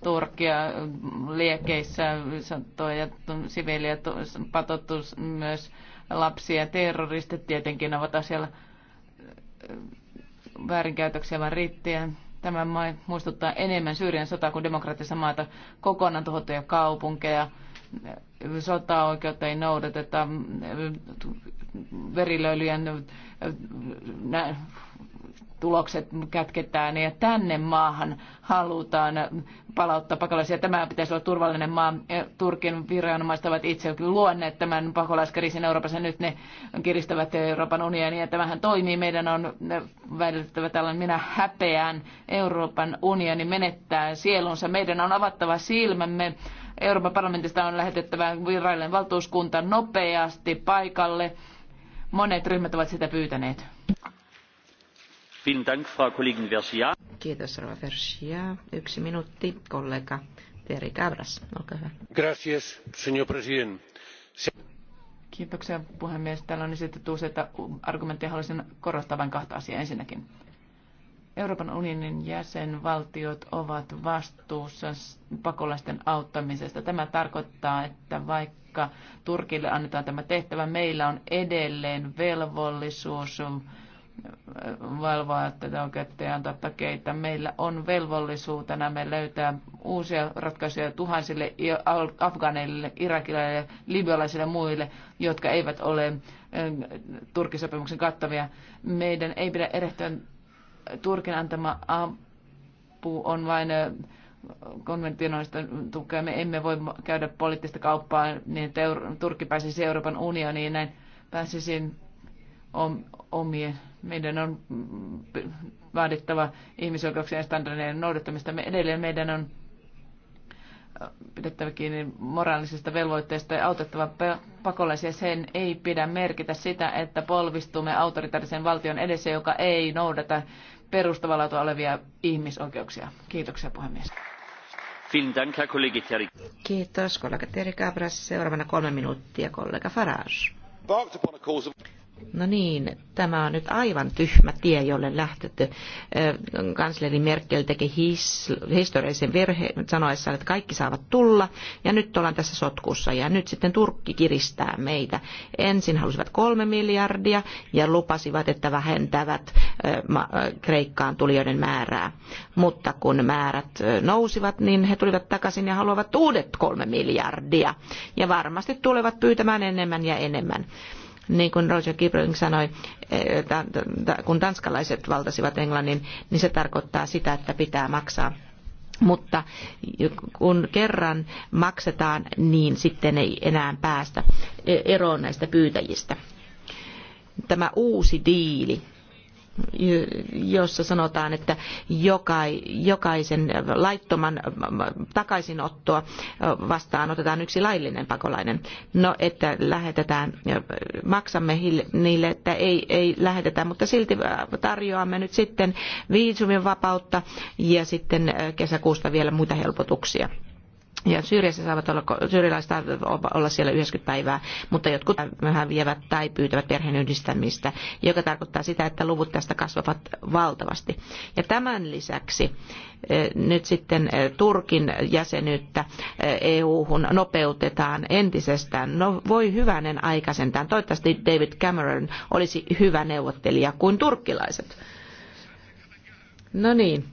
E: Turkia liekkeissä. Satoja siviiliä patottu myös lapsia. Terroristit tietenkin ovat siellä väärinkäytöksiä, vaan riittiä. Tämä muistuttaa enemmän Syyrian sotaa kuin demokraattista maata, kokonaan tuhottuja kaupunkeja, sotaoikeutta ei noudateta, verilöylyjen tulokset kätketään ja tänne maahan halutaan palauttaa pakolaisia. Tämä pitäisi olla turvallinen maa. Turkin viranomaiset ovat itse luonneet tämän pakolaiskriisin Euroopassa. Nyt ne kiristävät Euroopan unionia ja tämähän toimii. Meidän on väitettävä tällainen minä häpeään. Euroopan unioni menettää sielunsa. Meidän on avattava silmämme. Euroopan parlamentista on lähetettävä virallinen valtuuskunta nopeasti paikalle.
A: Monet ryhmät ovat sitä pyytäneet. Kiitos, Rova Versia. Yksi minuutti, kollega Terry Cabras.
F: Olkaa hyvä. Gracias, señor presidente.
A: Kiitoksia, puhemies.
E: Täällä on esitetty useita argumentteja. Haluaisin korostaa vain kahta asiaa ensinnäkin. Euroopan unionin jäsenvaltiot ovat vastuussa pakolaisten auttamisesta. Tämä tarkoittaa, että vaikka Turkille annetaan tämä tehtävä, meillä on edelleen velvollisuus valvoa että oikeutta ja antaa takeita. Meillä on velvollisuutena me löytää uusia ratkaisuja tuhansille afgaaneille, irakilaisille, libyalaisille ja muille, jotka eivät ole Turkisopimuksen kattavia. Meidän ei pidä erehtyä Turkin antama apu on vain konventionaalista tukea. Me emme voi käydä poliittista kauppaa niin, että Turkki pääsisi Euroopan unioniin ja näin pääsisi omien meidän on mm, vaadittava ihmisoikeuksien standardien noudattamista. Me edelleen meidän on pidettävä kiinni moraalisista velvoitteista ja autettava pakolaisia. Sen ei pidä merkitä sitä, että polvistumme autoritaarisen valtion edessä, joka ei noudata perustavalla
A: olevia ihmisoikeuksia. Kiitoksia puhemies. Kiitos kollega Terry Cabras. Seuraavana kolme minuuttia kollega Farage. No niin, tämä on nyt aivan tyhmä tie, jolle lähtette. Kansleri Merkel teki his, historiallisen virhe sanoessaan, että kaikki saavat tulla, ja nyt ollaan tässä sotkussa, ja nyt sitten Turkki kiristää meitä. Ensin halusivat kolme miljardia, ja lupasivat, että vähentävät Kreikkaan tulijoiden määrää. Mutta kun määrät nousivat, niin he tulivat takaisin ja haluavat uudet kolme miljardia, ja varmasti tulevat pyytämään enemmän ja enemmän niin kuin Roger Kipling sanoi, eh, kun tanskalaiset valtasivat Englannin, niin se tarkoittaa sitä, että pitää maksaa mutta kun kerran maksetaan, niin sitten ei enää päästä e- eroon näistä pyytäjistä. Tämä uusi diili jossa sanotaan, että jokaisen laittoman takaisinottoa vastaan otetaan yksi laillinen pakolainen. No, että lähetetään, maksamme niille, että ei, ei lähetetä, mutta silti tarjoamme nyt sitten viisumin vapautta ja sitten kesäkuusta vielä muita helpotuksia ja Syyriassa saavat olla, syyrialaiset olla siellä 90 päivää, mutta jotkut häviävät tai pyytävät perheen yhdistämistä, joka tarkoittaa sitä, että luvut tästä kasvavat valtavasti. Ja tämän lisäksi eh, nyt sitten eh, Turkin jäsenyyttä EU-hun eh, e nopeutetaan entisestään. No voi hyvänen aikaisentään. Toivottavasti David Cameron olisi hyvä neuvottelija kuin turkkilaiset. No niin,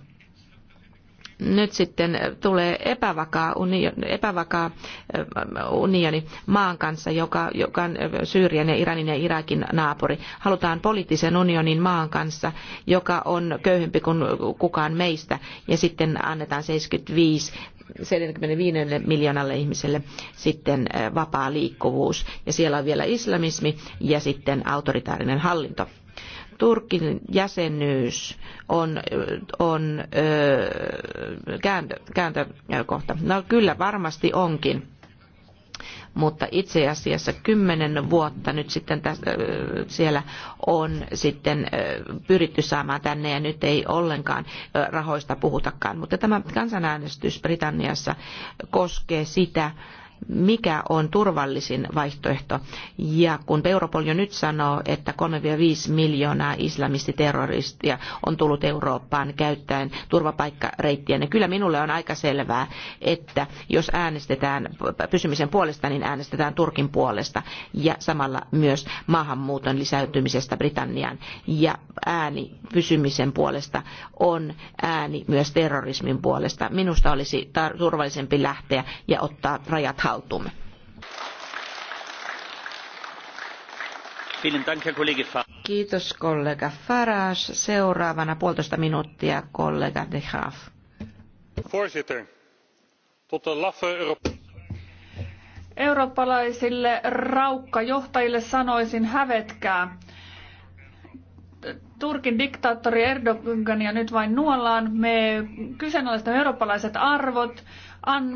A: nyt sitten tulee epävakaa, unioni, epävakaa unioni maan kanssa, joka, joka on Syyrian ja Iranin ja Irakin naapuri. Halutaan poliittisen unionin maan kanssa, joka on köyhempi kuin kukaan meistä, ja sitten annetaan 75 75 miljoonalle ihmiselle sitten vapaa liikkuvuus. Ja siellä on vielä islamismi ja sitten autoritaarinen hallinto. Turkin jäsenyys on, on kääntö, kääntökohta. No kyllä varmasti onkin mutta itse asiassa kymmenen vuotta nyt sitten tästä, siellä on sitten pyritty saamaan tänne ja nyt ei ollenkaan rahoista puhutakaan. Mutta tämä kansanäänestys Britanniassa koskee sitä, mikä on turvallisin vaihtoehto. Ja kun Europol jo nyt sanoo, että 3-5 miljoonaa islamistiterroristia on tullut Eurooppaan käyttäen turvapaikkareittiä, niin kyllä minulle on aika selvää, että jos äänestetään pysymisen puolesta, niin äänestetään Turkin puolesta ja samalla myös maahanmuuton lisäytymisestä Britanniaan. Ja ääni pysymisen puolesta on ääni myös terrorismin puolesta. Minusta olisi turvallisempi lähteä ja ottaa rajat haltuumme.
D: Kiitos kollega
A: Farage. Seuraavana puolitoista minuuttia kollega De Graaf.
D: Voorzitter, tot de laffe
B: Eurooppalaisille raukkajohtajille sanoisin hävetkää. Turkin diktaattori Erdogania nyt vain nuollaan. Me kyseenalaistamme eurooppalaiset arvot an,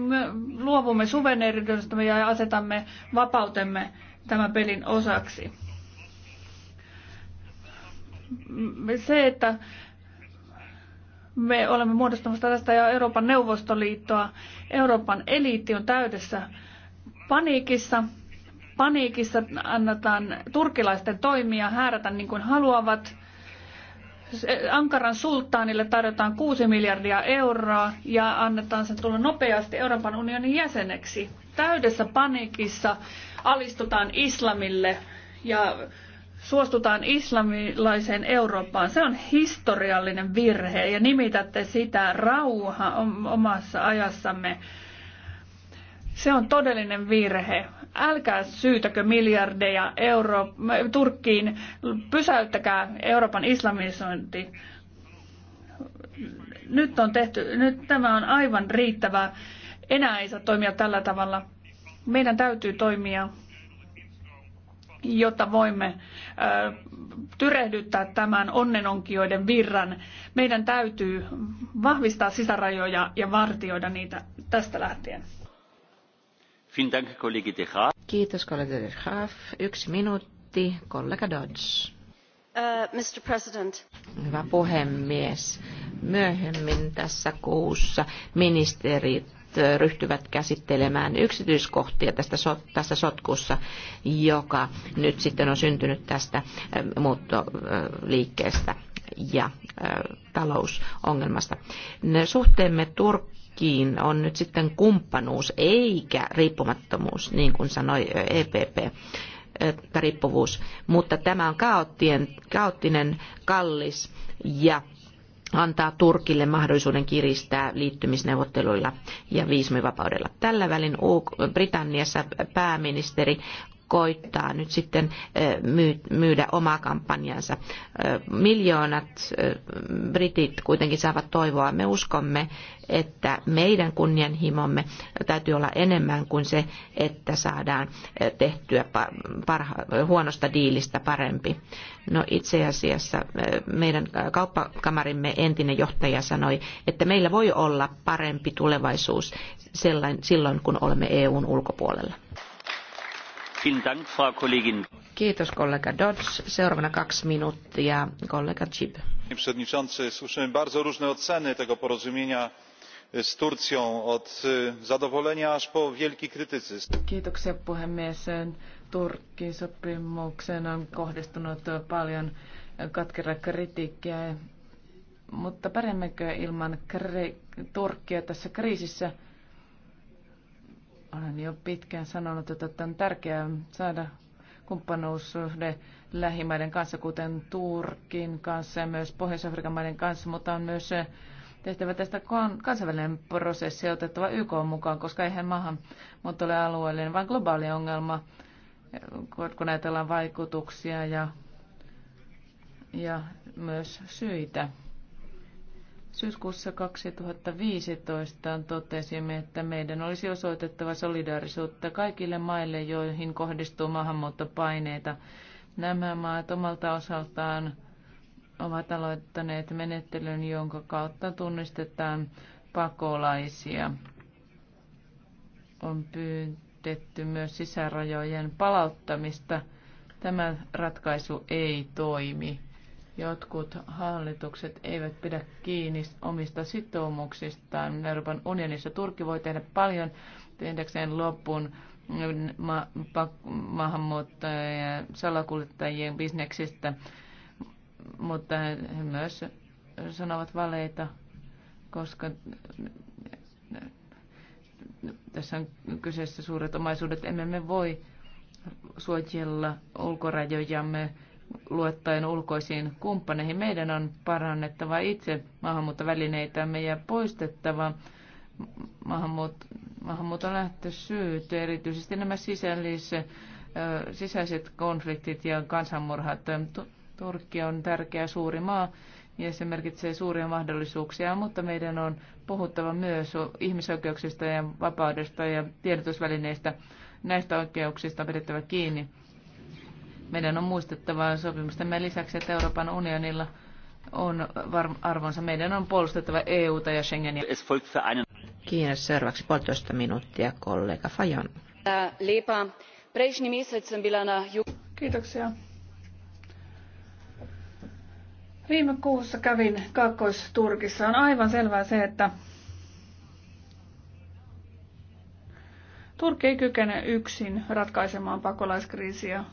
B: luovumme suveneeridöstämme ja asetamme vapautemme tämän pelin osaksi. Se, että me olemme muodostamassa tästä ja Euroopan neuvostoliittoa, Euroopan eliitti on täydessä paniikissa. Paniikissa annetaan turkilaisten toimia, häärätä niin kuin haluavat. Ankaran sulttaanille tarjotaan 6 miljardia euroa ja annetaan sen tulla nopeasti Euroopan unionin jäseneksi. Täydessä paniikissa alistutaan islamille ja suostutaan islamilaiseen Eurooppaan. Se on historiallinen virhe ja nimitätte sitä rauha omassa ajassamme. Se on todellinen virhe älkää syytäkö miljardeja Euro- Turkkiin, pysäyttäkää Euroopan islamisointi. Nyt, on tehty, nyt tämä on aivan riittävää. Enää ei saa toimia tällä tavalla. Meidän täytyy toimia, jotta voimme ö, tyrehdyttää tämän onnenonkijoiden virran. Meidän täytyy vahvistaa sisärajoja ja vartioida niitä tästä lähtien.
A: Kiitos kollega De Graaf. Yksi minuutti, kollega Dodds.
F: Uh, Mr. President.
A: Hyvä puhemies. Myöhemmin tässä kuussa ministerit ryhtyvät käsittelemään yksityiskohtia tästä, tässä sotkussa, joka nyt sitten on syntynyt tästä äh, muuttoliikkeestä äh, ja äh, talousongelmasta. Suhteemme Turkkiin riskiin on nyt sitten kumppanuus eikä riippumattomuus, niin kuin sanoi EPP että riippuvuus, mutta tämä on kaoottien, kaoottinen, kallis ja antaa Turkille mahdollisuuden kiristää liittymisneuvotteluilla ja viisumivapaudella. Tällä välin Britanniassa pääministeri koittaa nyt sitten eh, myydä omaa kampanjansa. Eh, miljoonat eh, britit kuitenkin saavat toivoa. Me uskomme, että meidän kunnianhimomme täytyy olla enemmän kuin se, että saadaan tehtyä parha- huonosta diilistä parempi. No itse asiassa meidän kauppakamarimme entinen johtaja sanoi, että meillä voi olla parempi tulevaisuus silloin, kun olemme EUn ulkopuolella. Kiitos kollega Dodds. Seuraavana kaksi minuuttia kollega Chib.
F: przewodniczący, słyszymy bardzo różne oceny tego porozumienia z Turcją od zadowolenia aż po wielki krytycyzm.
E: Kiitoksia puhemies. Turkin sopimukseen on kohdistunut paljon katkeraa kritiikkiä, mutta pärjäämmekö ilman Turkkia tässä kriisissä? Olen jo pitkään sanonut, että on tärkeää saada kumppanuussuhde lähimaiden kanssa, kuten Turkin kanssa ja myös Pohjois-Afrikan maiden kanssa, mutta on myös tehtävä tästä kansainvälinen prosessi otettava YK mukaan, koska eihän maahan mutta ole alueellinen, vaan globaali ongelma, kun ajatellaan vaikutuksia ja, ja myös syitä. Syyskuussa 2015 totesimme, että meidän olisi osoitettava solidaarisuutta kaikille maille, joihin kohdistuu maahanmuuttopaineita. Nämä maat omalta osaltaan ovat aloittaneet menettelyn, jonka kautta tunnistetaan pakolaisia. On pyydetty myös sisärajojen palauttamista. Tämä ratkaisu ei toimi jotkut hallitukset eivät pidä kiinni omista sitoumuksistaan. Euroopan unionissa Turkki voi tehdä paljon tehdäkseen loppuun ma- pa- maahanmuuttajien, salakuljettajien bisneksistä, mutta he myös sanovat valeita, koska tässä on kyseessä suuret omaisuudet. Emme me voi suojella ulkorajojamme luettaen ulkoisiin kumppaneihin. Meidän on parannettava itse maahanmuuttovälineitämme ja poistettava maahanmuut, maahanmuuton lähtösyyt, erityisesti nämä sisällis, sisäiset konfliktit ja kansanmurhat. Turkki on tärkeä suuri maa ja se merkitsee suuria mahdollisuuksia, mutta meidän on puhuttava myös ihmisoikeuksista ja vapaudesta ja tiedotusvälineistä. Näistä oikeuksista on pidettävä kiinni meidän on muistettava sopimustemme lisäksi, että Euroopan unionilla on arvonsa. Meidän on puolustettava EUta ja Schengenia.
A: Kiitos. Seuraavaksi puolitoista minuuttia kollega
B: Fajan. Äh, Kiitoksia. Viime kuussa kävin Kaakkois-Turkissa. On aivan selvää se, että Turkki ei kykene yksin ratkaisemaan pakolaiskriisiä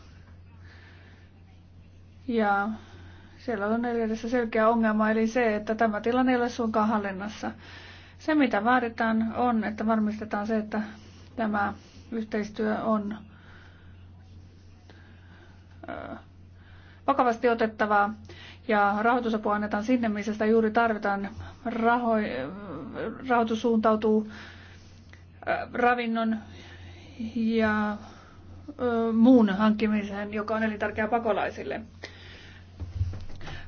B: ja siellä on edessä selkeä ongelma, eli se, että tämä tilanne ei ole suinkaan hallinnassa. Se, mitä vaaditaan, on, että varmistetaan se, että tämä yhteistyö on vakavasti otettavaa ja rahoitusapua annetaan sinne, missä sitä juuri tarvitaan. Raho, rahoitus suuntautuu ravinnon ja muun hankkimiseen, joka on elintärkeää pakolaisille.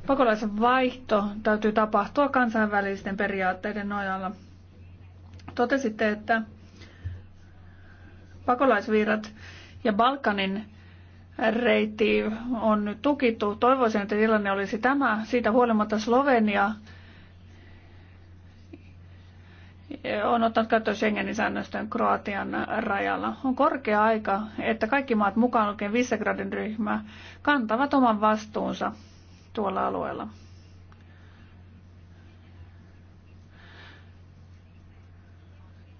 B: Pakolaisen vaihto täytyy tapahtua kansainvälisten periaatteiden nojalla. Totesitte, että pakolaisvirrat ja Balkanin reitti on nyt tukittu. Toivoisin, että tilanne olisi tämä. Siitä huolimatta Slovenia on ottanut käyttöön Schengenin säännöstön Kroatian rajalla. On korkea aika, että kaikki maat mukaan lukien Visegradin ryhmä kantavat oman vastuunsa tuolla alueella.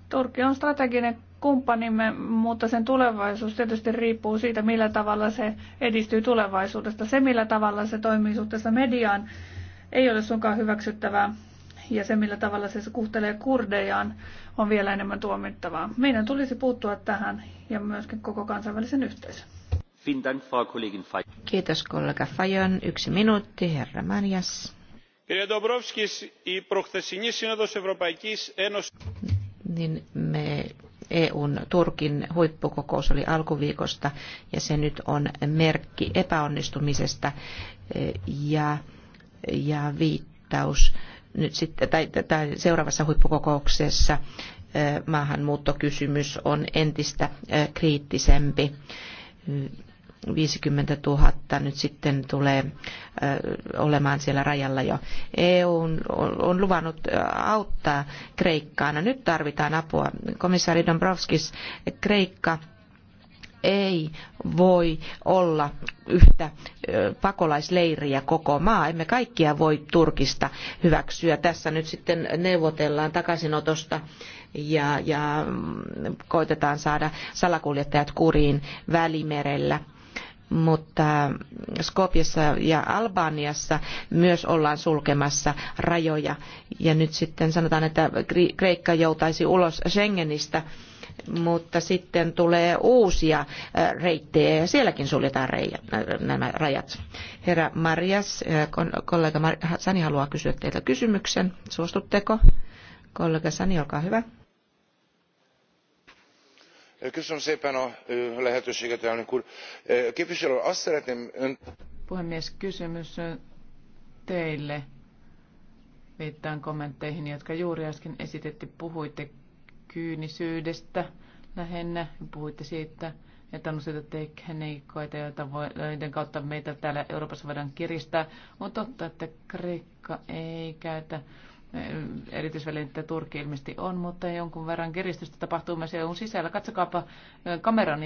B: Turkki on strateginen kumppanimme, mutta sen tulevaisuus tietysti riippuu siitä, millä tavalla se edistyy tulevaisuudesta. Se, millä tavalla se toimii suhteessa mediaan, ei ole suinkaan hyväksyttävää. Ja se, millä tavalla se kuhtelee kurdejaan, on vielä enemmän tuomittavaa. Meidän tulisi puuttua tähän ja myöskin koko kansainvälisen yhteisön. Kiitos
A: kollega Fajon. Yksi minuutti, herra Manias. Niin me EUn Turkin huippukokous oli alkuviikosta ja se nyt on merkki epäonnistumisesta eh, ja, ja viittaus nyt sitten, tai, tai seuraavassa huippukokouksessa eh, maahanmuuttokysymys on entistä eh, kriittisempi 50 000 nyt sitten tulee olemaan siellä rajalla jo. EU on luvannut auttaa Kreikkaa. No, nyt tarvitaan apua. Komissaari Dombrovskis, Kreikka ei voi olla yhtä pakolaisleiriä koko maa. Emme kaikkia voi Turkista hyväksyä. Tässä nyt sitten neuvotellaan takaisinotosta ja, ja koitetaan saada salakuljettajat kuriin välimerellä mutta Skopjessa ja Albaniassa myös ollaan sulkemassa rajoja. Ja nyt sitten sanotaan, että Kreikka joutaisi ulos Schengenistä, mutta sitten tulee uusia äh, reittejä ja sielläkin suljetaan reijat, äh, nämä rajat. Herra Marias, äh, kollega Sani haluaa kysyä teiltä kysymyksen. Suostutteko? Kollega Sani, olkaa hyvä
F: úr. azt szeretném
E: Puhemies, kysymys teille. Viittaan kommentteihin, jotka juuri äsken esitettiin Puhuitte kyynisyydestä lähinnä. Puhuitte siitä, että on useita tekniikoita, joiden kautta meitä täällä Euroopassa voidaan kiristää. On totta, että Kreikka ei käytä erityisvälineitä Turkki ilmeisesti on, mutta jonkun verran kiristystä tapahtuu myös EUn sisällä. Katsokaapa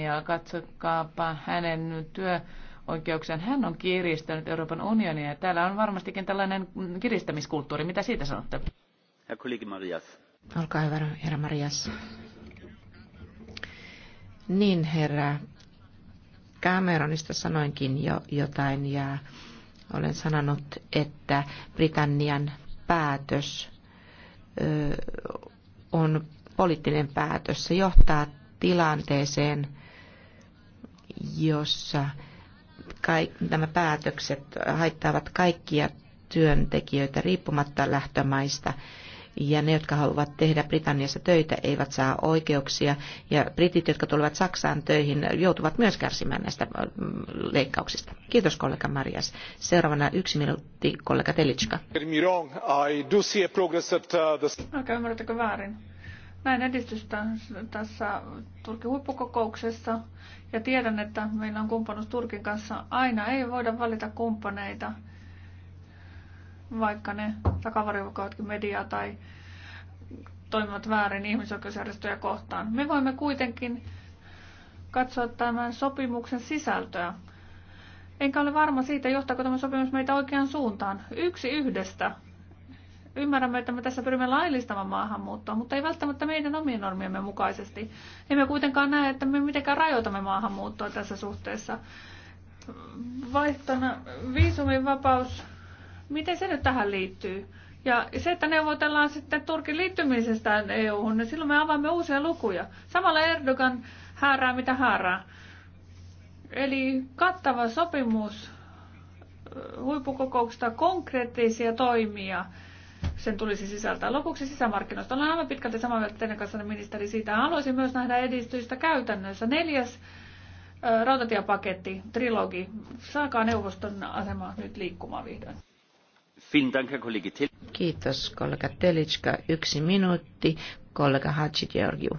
E: ja katsokaapa hänen työ työoikeuksiaan. Hän on kiristänyt Euroopan unionia. Täällä on varmastikin tällainen kiristämiskulttuuri. Mitä siitä sanotte?
D: Herr Kollege Marias.
A: Olkaa hyvä, herra Marias. Niin, herra Cameronista sanoinkin jo jotain ja olen sanonut, että Britannian päätös on poliittinen päätös. Se johtaa tilanteeseen, jossa nämä päätökset haittaavat kaikkia työntekijöitä riippumatta lähtömaista ja ne, jotka haluavat tehdä Britanniassa töitä, eivät saa oikeuksia. Ja britit, jotka tulevat Saksaan töihin, joutuvat myös kärsimään näistä mm, leikkauksista. Kiitos kollega Marias. Seuraavana yksi minuutti kollega Telitska.
B: Älkää ymmärtäkö väärin. Näin edistystä tässä Turkin huippukokouksessa ja tiedän, että meillä on kumppanuus Turkin kanssa. Aina ei voida valita kumppaneita vaikka ne takavarikoivatkin mediaa tai toimivat väärin ihmisoikeusjärjestöjä kohtaan. Me voimme kuitenkin katsoa tämän sopimuksen sisältöä. Enkä ole varma siitä, johtaako tämä sopimus meitä oikeaan suuntaan. Yksi yhdestä. Ymmärrämme, että me tässä pyrimme laillistamaan maahanmuuttoa, mutta ei välttämättä meidän omien normiemme mukaisesti. Emme kuitenkaan näe, että me mitenkään rajoitamme maahanmuuttoa tässä suhteessa. Vaihtona viisumin vapaus Miten se nyt tähän liittyy? Ja se, että neuvotellaan sitten Turkin liittymisestä EU-hun, niin silloin me avaamme uusia lukuja. Samalla Erdogan häärää mitä häärää. Eli kattava sopimus huippukokouksesta konkreettisia toimia sen tulisi sisältää. Lopuksi sisämarkkinoista. Olen aivan pitkälti samaa mieltä teidän kanssa ministeri siitä. Haluaisin myös nähdä edistystä käytännössä. Neljäs rautatiepaketti, trilogi. Saakaa neuvoston asema nyt liikkumaan vihdoin.
D: Kiitos kollega
A: Telitska. Yksi minuutti. Kollega Hatsi Georgiou.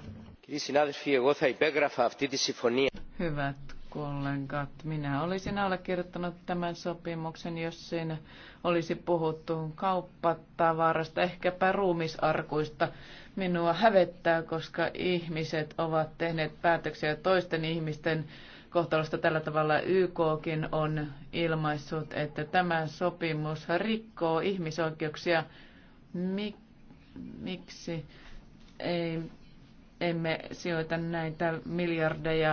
A: Hyvät kollegat, minä olisin
E: allekirjoittanut tämän sopimuksen, jos siinä olisi puhuttu kauppatavarasta, ehkäpä ruumisarkuista. Minua hävettää, koska ihmiset ovat tehneet päätöksiä toisten ihmisten kohtalosta tällä tavalla. YKkin on ilmaissut, että tämä sopimus rikkoo ihmisoikeuksia. Mik, miksi ei, emme sijoita näitä miljardeja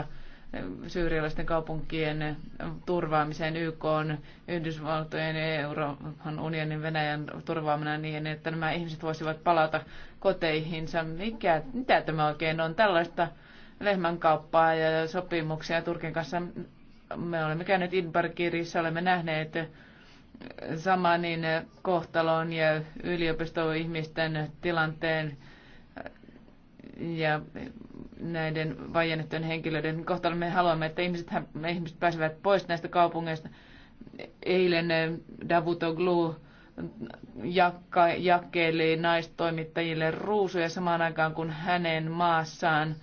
E: eh, syyrialaisten kaupunkien turvaamiseen YK on Yhdysvaltojen, Euroopan unionin, Venäjän turvaamana niin, että nämä ihmiset voisivat palata koteihinsa. Mikä, mitä tämä oikein on? Tällaista lehmänkauppaa ja sopimuksia Turkin kanssa. Me olemme käyneet Idbar-kirjassa, olemme nähneet Samanin kohtalon ja yliopistoihmisten tilanteen ja näiden vajennettujen henkilöiden kohtalon. Me haluamme, että ihmiset, ihmiset pääsevät pois näistä kaupungeista. Eilen Davutoglu jakka, naistoimittajille ruusuja samaan aikaan, kun hänen maassaan –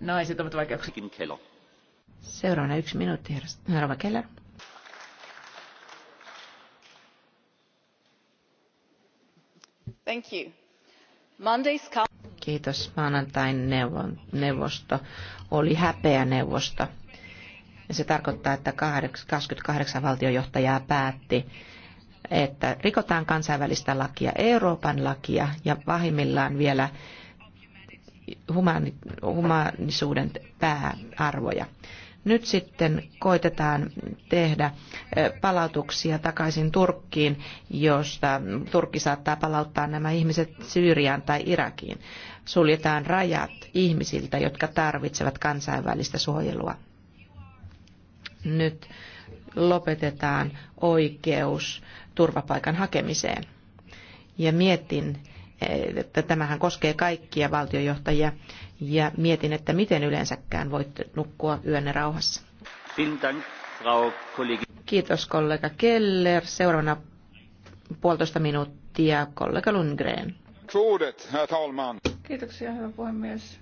E: naiset ovat vaikeuksissa.
A: Seuraavana yksi minuutti, herra Keller.
G: Thank you. Monday's...
A: Kiitos. Maanantain neuvosto oli häpeä neuvosto. Ja se tarkoittaa, että 28 valtiojohtajaa päätti, että rikotaan kansainvälistä lakia, Euroopan lakia ja vahimmillaan vielä humani humanisuuden pääarvoja. Nyt sitten koitetaan tehdä palautuksia takaisin Turkkiin, josta Turkki saattaa palauttaa nämä ihmiset Syyriaan tai Irakiin. Suljetaan rajat ihmisiltä, jotka tarvitsevat kansainvälistä suojelua. Nyt lopetetaan oikeus turvapaikan hakemiseen. Ja mietin, että tämähän koskee kaikkia valtiojohtajia ja mietin, että miten yleensäkään voitte nukkua yönne rauhassa. Kiitos kollega Keller. Seuraavana puolitoista minuuttia kollega Lundgren.
B: Kiitoksia, hyvä puhemies.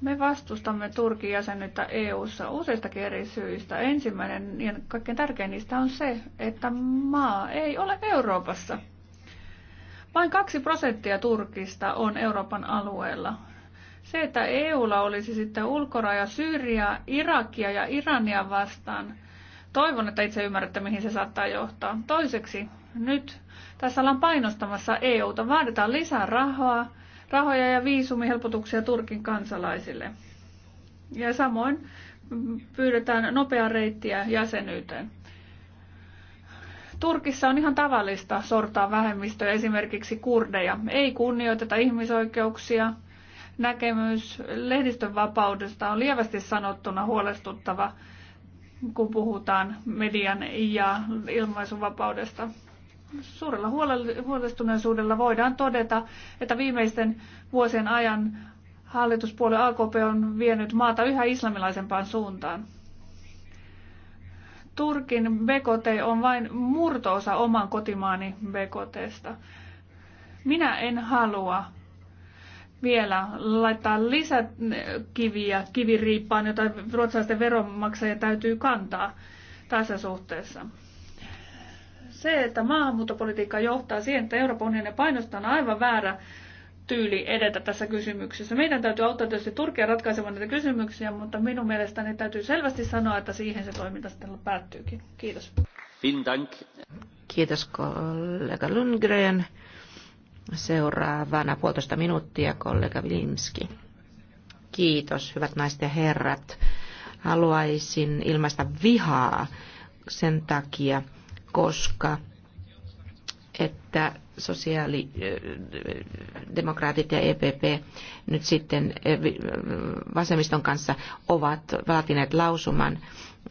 B: Me vastustamme Turkin jäsenyyttä EU-ssa useistakin eri syistä. Ensimmäinen ja kaikkein tärkein niistä on se, että maa ei ole Euroopassa – vain kaksi prosenttia Turkista on Euroopan alueella. Se, että EUlla olisi sitten ulkoraja Syyriä, Irakia ja Irania vastaan, toivon, että itse ymmärrätte, mihin se saattaa johtaa. Toiseksi, nyt tässä ollaan painostamassa EUta. Vaaditaan lisää rahaa, rahoja ja viisumihelpotuksia Turkin kansalaisille. Ja samoin mm, pyydetään nopeaa reittiä jäsenyyteen. Turkissa on ihan tavallista sortaa vähemmistöjä, esimerkiksi kurdeja. Ei kunnioiteta ihmisoikeuksia. Näkemys lehdistön vapaudesta on lievästi sanottuna huolestuttava, kun puhutaan median ja ilmaisuvapaudesta. Suurella huolestuneisuudella voidaan todeta, että viimeisten vuosien ajan hallituspuolue AKP on vienyt maata yhä islamilaisempaan suuntaan. Turkin BKT on vain murtoosa oman kotimaani BKTsta. Minä en halua vielä laittaa lisäkiviä kiviriippaan, jota ruotsalaisten veronmaksajia täytyy kantaa tässä suhteessa. Se, että maahanmuuttopolitiikka johtaa siihen, että Euroopan unionin painostaa on aivan väärä tyyli edetä tässä kysymyksessä. Meidän täytyy auttaa tietysti Turkia ratkaisemaan näitä kysymyksiä, mutta minun mielestäni täytyy selvästi sanoa, että siihen se toiminta sitten päättyykin. Kiitos.
D: Dank.
A: Kiitos kollega Lundgren. Seuraavana puolitoista minuuttia kollega Vilimski. Kiitos, hyvät naiset ja herrat. Haluaisin ilmaista vihaa sen takia, koska että sosiaalidemokraatit ja EPP nyt sitten eh, vasemmiston kanssa ovat vaatineet lausuman,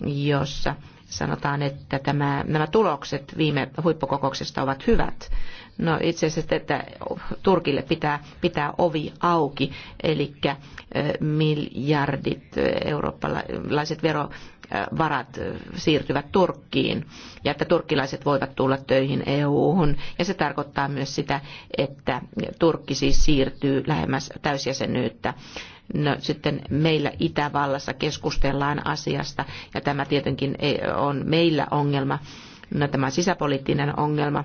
A: jossa sanotaan, että tämä, nämä tulokset viime huippukokouksesta ovat hyvät. No itse asiassa, että Turkille pitää pitää ovi auki, eli eh, miljardit eurooppalaiset vero, varat siirtyvät Turkkiin ja että turkkilaiset voivat tulla töihin EU-hun. Ja se tarkoittaa myös sitä, että Turkki siis siirtyy lähemmäs täysjäsenyyttä. No, sitten meillä Itävallassa keskustellaan asiasta ja tämä tietenkin on meillä ongelma. No, tämä on sisäpoliittinen ongelma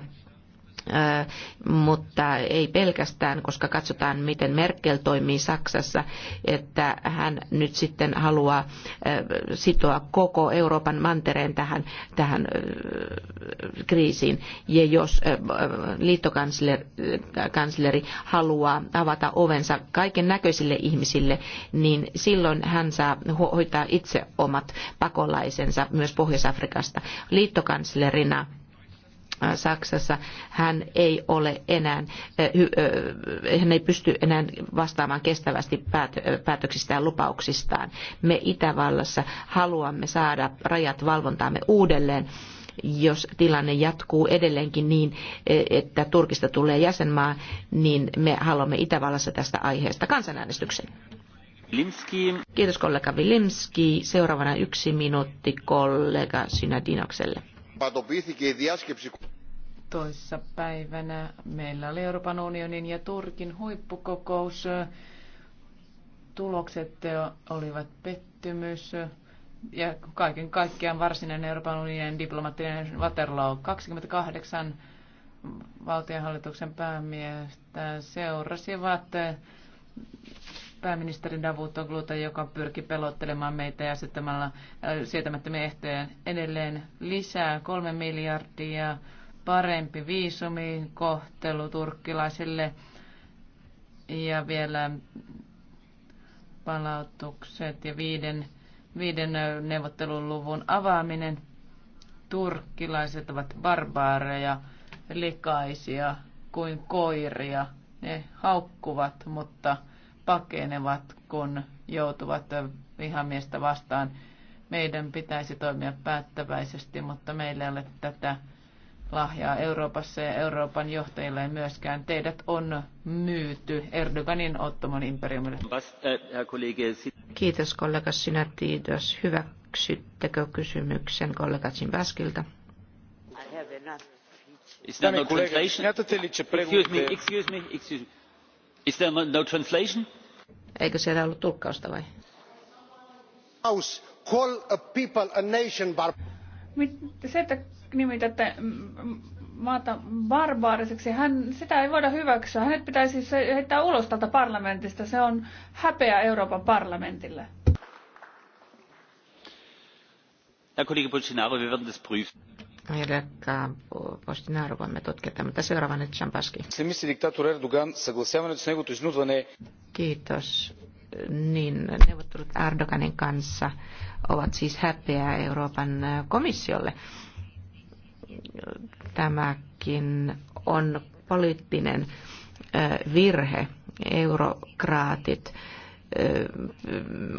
A: mutta ei pelkästään, koska katsotaan, miten Merkel toimii Saksassa, että hän nyt sitten haluaa sitoa koko Euroopan mantereen tähän, tähän kriisiin. Ja jos liittokansleri haluaa avata ovensa kaiken näköisille ihmisille, niin silloin hän saa hoitaa itse omat pakolaisensa myös Pohjois-Afrikasta. Liittokanslerina Äh, Saksassa hän ei ole enää, äh, äh, hän ei pysty enää vastaamaan kestävästi päätöksistään lupauksistaan. Me Itävallassa haluamme saada rajat valvontaamme uudelleen jos tilanne jatkuu edelleenkin niin, että Turkista tulee jäsenmaa, niin me haluamme Itävallassa tästä aiheesta kansanäänestyksen.
D: Limski.
A: Kiitos kollega Vilimski. Seuraavana yksi minuutti kollega Synadinokselle
E: Toissa päivänä meillä oli Euroopan unionin ja Turkin huippukokous. Tulokset olivat pettymys ja kaiken kaikkiaan varsinainen Euroopan unionin diplomaattinen Waterloo 28 valtionhallituksen päämiestä seurasivat pääministeri Davutogluta, joka pyrki pelottelemaan meitä ja asettamalla äh, sietämättömiä ehtoja edelleen lisää kolme miljardia, parempi viisumin kohtelu turkkilaisille ja vielä palautukset ja viiden, viiden neuvottelun luvun avaaminen. Turkkilaiset ovat barbaareja, likaisia kuin koiria. Ne haukkuvat, mutta pakenevat, kun joutuvat vihamiestä vastaan. Meidän pitäisi toimia päättäväisesti, mutta meillä ei ole tätä lahjaa Euroopassa ja Euroopan johtajille ei myöskään. Teidät
A: on myyty Erdoganin ottoman imperiumille. Kiitos kollega Sinatidos. Hyväksyttekö kysymyksen kollega Zimbaskilta?
D: Excuse me, excuse me, excuse me No, no
A: Eikö siellä ollut tulkkausta vai?
F: House, call a people a nation
B: se, että nimitätte maata barbaariseksi, hän, sitä ei voida hyväksyä. Hänet pitäisi heittää ulos tältä parlamentista. Se on häpeä Euroopan parlamentille.
D: Herr Kollege Bolsonaro, wir werden das prüfen.
A: Рядка Пощинарова методката, mutta seuraava nyt Champaski.
F: Islamistinen diktaattori Erdogan, съгласяването с неговото изнудване...
A: Kiitos. Niin, neuvottelut Erdoganin kanssa ovat siis häpeää Euroopan komissiolle. Tämäkin on poliittinen virhe. Eurokraatit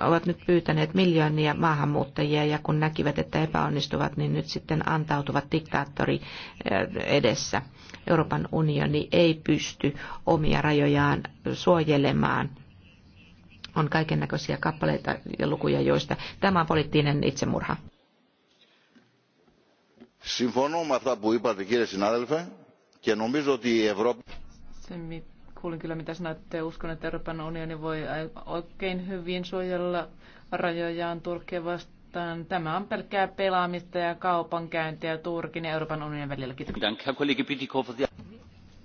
A: ovat nyt pyytäneet miljoonia maahanmuuttajia ja kun näkivät, että epäonnistuvat, niin nyt sitten antautuvat diktaattori edessä. Euroopan unioni ei pysty omia rajojaan suojelemaan on kaiken näköisiä kappaleita ja lukuja, joista tämä on poliittinen itsemurha.
F: Συμφωνώ με αυτά που είπατε κύριε συνάδελφε και νομίζω ότι η Ευρώπη...
A: Se,
E: kuulin kyllä mitä sanoitte. Uskon, että Euroopan unioni voi oikein hyvin suojella rajojaan Turkkia vastaan. Tämä on pelkkää pelaamista ja kaupankäyntiä
D: Turkin ja Euroopan unionin välillä. Kiitos.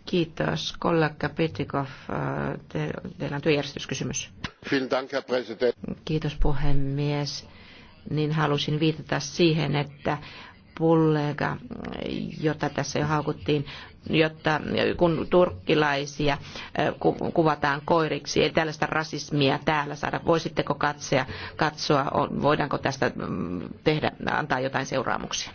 A: Kiitos. Kollega Petikov, te, teillä on työjärjestyskysymys. Kiitos puhemies. Niin halusin viitata siihen, että pullega, jota tässä jo haukuttiin, jotta kun turkkilaisia eh, kuvataan koiriksi, ei tällaista rasismia täällä saada. Voisitteko katsoa, katsoa, voidaanko tästä mm, tehdä, antaa jotain seuraamuksia?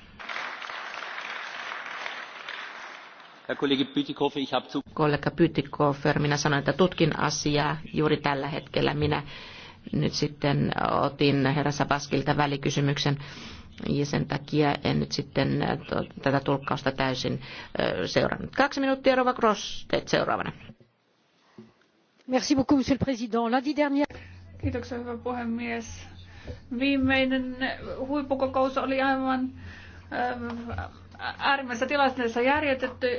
A: Kollega Pytikofer, minä sanoin, että tutkin asiaa juuri tällä hetkellä. Minä nyt sitten otin herra Sabaskilta välikysymyksen ja sen takia en nyt sitten äh, tätä tulkkausta täysin äh, seurannut. Kaksi minuuttia, Rova Gross, teet seuraavana.
B: Merci beaucoup, monsieur le président. Lundi dernier... Kiitoksia, hyvä puhemies. Viimeinen huippukokous oli aivan äh, äärimmäisessä tilanteessa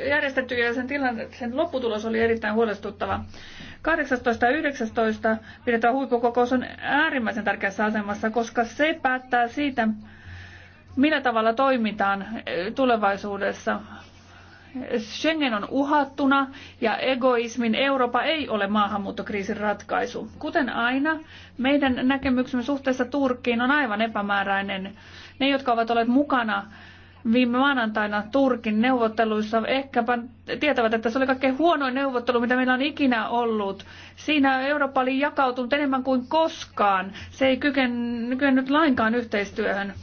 B: järjestetty, ja sen, tilanne, sen lopputulos oli erittäin huolestuttava. 18. ja 19. pidetään huippukokous on äärimmäisen tärkeässä asemassa, koska se päättää siitä, millä tavalla toimitaan eh, tulevaisuudessa. Schengen on uhattuna ja egoismin Eurooppa ei ole maahanmuuttokriisin ratkaisu. Kuten aina, meidän näkemyksemme suhteessa Turkkiin on aivan epämääräinen. Ne, jotka ovat olleet mukana viime maanantaina Turkin neuvotteluissa ehkäpä tietävät, että se oli kaikkein huonoin neuvottelu, mitä meillä on ikinä ollut. Siinä Eurooppa oli jakautunut enemmän kuin koskaan. Se ei kykennyt lainkaan yhteistyöhön.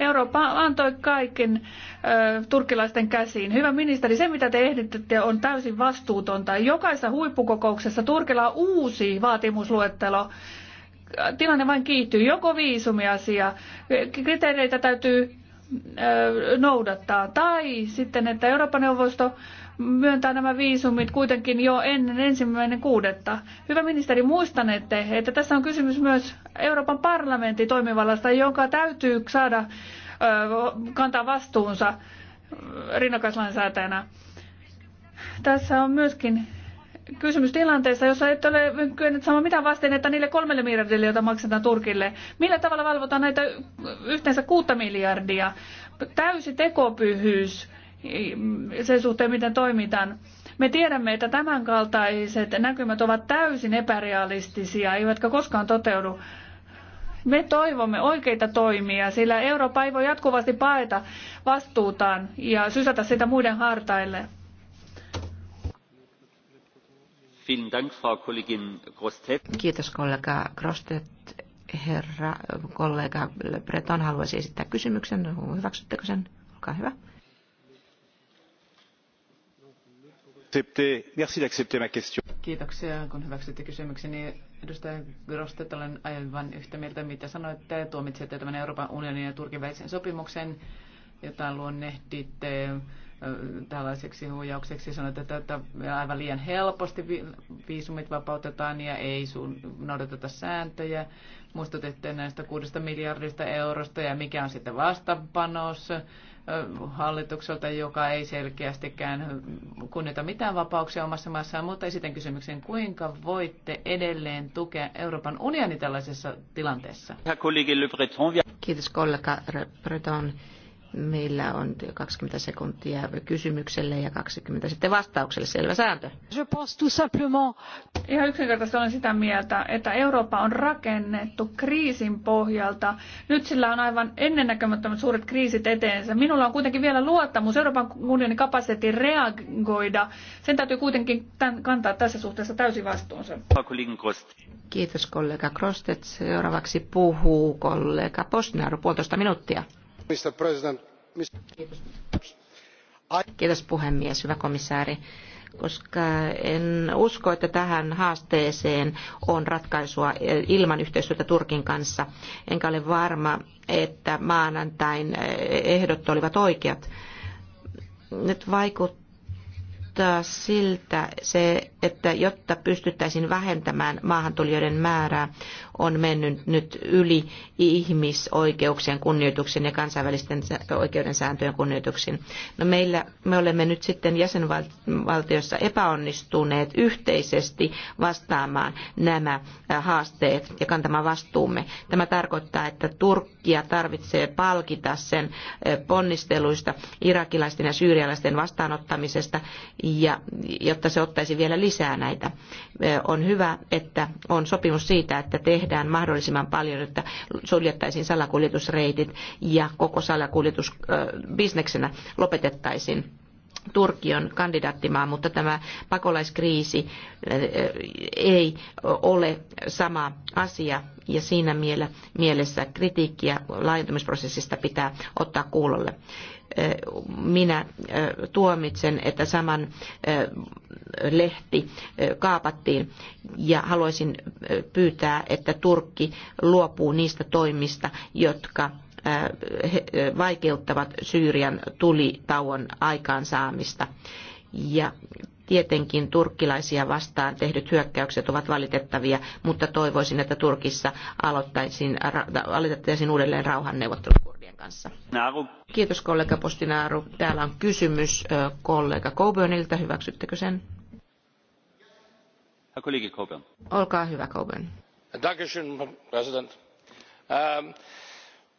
B: Eurooppa antoi kaiken ö, turkkilaisten käsiin. Hyvä ministeri, se mitä te ehditte on täysin vastuutonta. Jokaisessa huippukokouksessa Turkilla on uusi vaatimusluettelo tilanne vain kiihtyy. Joko viisumiasia, kriteereitä täytyy noudattaa, tai sitten, että Euroopan neuvosto myöntää nämä viisumit kuitenkin jo ennen ensimmäinen kuudetta. Hyvä ministeri, muistanette, että tässä on kysymys myös Euroopan parlamentin toimivallasta, jonka täytyy saada kantaa vastuunsa rinnakkaislainsäätäjänä. Tässä on myöskin kysymys tilanteessa, jossa et ole kyennyt saamaan mitään vasten, että niille kolmelle miljardille, joita maksetaan Turkille, millä tavalla valvotaan näitä yhteensä kuutta miljardia? Täysi tekopyhyys sen suhteen, miten toimitaan. Me tiedämme, että tämänkaltaiset näkymät ovat täysin epärealistisia, eivätkä koskaan toteudu. Me toivomme oikeita toimia, sillä Eurooppa ei voi jatkuvasti paeta vastuutaan ja sysätä sitä muiden hartaille.
D: Kiitos
A: kollega Grostet. Herra kollega Breton haluaisi esittää kysymyksen. Hyväksyttekö sen? Olkaa hyvä.
C: Merci d'accepter ma question.
E: Kiitoksia, kun hyväksytte kysymykseni. Edustaja Grostet, olen aivan yhtä mieltä, mitä sanoitte. Tuomitsette tämän Euroopan unionin ja Turkin välisen sopimuksen, jota luonnehditte tällaiseksi huijaukseksi. Sanoitte, että aivan liian helposti viisumit vapautetaan ja ei noudateta sääntöjä. Muistutitte näistä kuudesta miljardista eurosta ja mikä on sitten vastapanos hallitukselta, joka ei selkeästikään kunnioita mitään vapauksia omassa maassaan, mutta esitän kysymyksen, kuinka voitte edelleen tukea Euroopan unioni tällaisessa
A: tilanteessa?
D: Kiitos kollega
A: Breton. Meillä on 20 sekuntia kysymykselle ja 20 sitten vastaukselle. Selvä sääntö.
B: Je pense tout simplement. Ihan yksinkertaisesti olen sitä mieltä, että Eurooppa on rakennettu kriisin pohjalta. Nyt sillä on aivan ennennäkemättömät suuret kriisit eteensä. Minulla on kuitenkin vielä luottamus Euroopan unionin kapasiteettiin reagoida. Sen täytyy kuitenkin tämän kantaa tässä suhteessa täysin vastuunsa.
A: Kiitos kollega Krostet. Seuraavaksi puhuu kollega Postnaru puolitoista minuuttia. Kiitos puhemies, hyvä komissaari koska en usko, että tähän haasteeseen on ratkaisua ilman yhteistyötä Turkin kanssa. Enkä ole varma, että maanantain ehdot olivat oikeat. Nyt vaikuttaa siltä että jotta pystyttäisiin vähentämään maahantulijoiden määrää, on mennyt nyt yli ihmisoikeuksien kunnioituksen ja kansainvälisten oikeuden sääntöjen kunnioituksen. No meillä, me olemme nyt sitten jäsenvaltiossa epäonnistuneet yhteisesti vastaamaan nämä haasteet ja kantamaan vastuumme. Tämä tarkoittaa, että Turkkia tarvitsee palkita sen ponnisteluista irakilaisten ja syyrialaisten vastaanottamisesta, ja, jotta se ottaisi vielä lisää näitä. On hyvä, että on sopimus siitä, että tehdään tehdään mahdollisimman paljon, että suljettaisiin salakuljetusreitit ja koko salakuljetus bisneksenä lopetettaisiin. Turkki on kandidaattimaa, mutta tämä pakolaiskriisi äh, äh, ei ole sama asia ja siinä mielessä kritiikkiä laajentumisprosessista pitää ottaa kuulolle minä tuomitsen, että saman lehti kaapattiin ja haluaisin pyytää, että Turkki luopuu niistä toimista, jotka vaikeuttavat Syyrian tulitauon aikaansaamista. Ja Tietenkin turkkilaisia vastaan tehdyt hyökkäykset ovat valitettavia, mutta toivoisin, että Turkissa aloittaisiin, uudelleen rauhanneuvottelut kurdien kanssa. Kiitos kollega Postinaaru. Täällä on kysymys kollega Coburnilta. Hyväksyttekö sen? Olkaa hyvä, Coburn.
D: Dankeschön, President.
F: Um, ähm,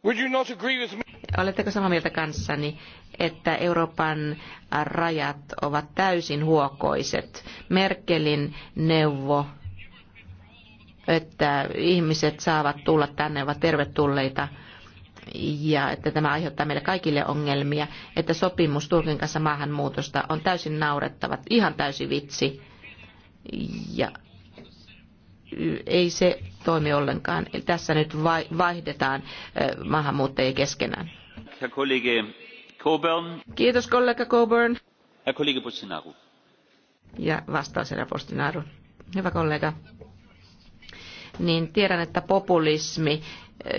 F: would you not agree with
A: Oletteko samaa mieltä kanssani, että Euroopan rajat ovat täysin huokoiset? Merkelin neuvo, että ihmiset saavat tulla tänne, ovat tervetulleita ja että tämä aiheuttaa meille kaikille ongelmia, että sopimus Turkin kanssa maahanmuutosta on täysin naurettava, ihan täysi vitsi. Ja ei se toimi ollenkaan. tässä nyt vaihdetaan maahanmuuttajia keskenään. Kiitos kollega Coburn. Kollege Ja vastaus herra Postinaru. Hyvä kollega. Niin tiedän, että populismi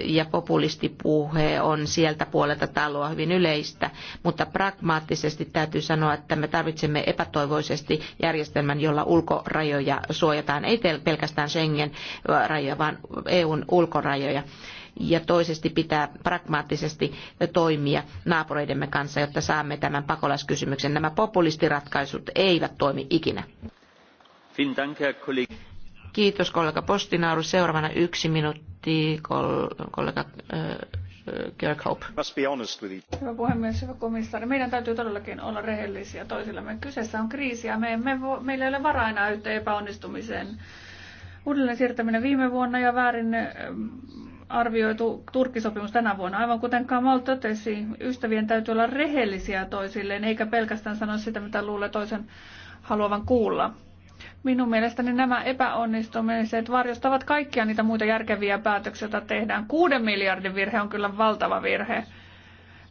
A: ja populistipuhe on sieltä puolelta taloa hyvin yleistä, mutta pragmaattisesti täytyy sanoa, että me tarvitsemme epätoivoisesti järjestelmän, jolla ulkorajoja suojataan, ei pelkästään Schengen-rajoja, vaan EUn ulkorajoja ja toisesti pitää pragmaattisesti toimia naapureidemme kanssa, jotta saamme tämän pakolaiskysymyksen. Nämä populistiratkaisut eivät toimi ikinä. Kiitos kollega Postinaaru. Seuraavana yksi minuutti kommentti kollega äh, Gerkhope.
B: Hyvä puhemies, hyvä komissaari. Meidän täytyy todellakin olla rehellisiä toisillemme. Kyseessä on kriisi ja me emme meillä ei ole varaa enää yhteen epäonnistumiseen. Uudelleen siirtäminen viime vuonna ja väärin äh, arvioitu Turkisopimus tänä vuonna. Aivan kuten Kamal totesi, ystävien täytyy olla rehellisiä toisilleen, eikä pelkästään sanoa sitä, mitä luulee toisen haluavan kuulla. Minun mielestäni nämä epäonnistumiset varjostavat kaikkia niitä muita järkeviä päätöksiä, joita tehdään. Kuuden miljardin virhe on kyllä valtava virhe.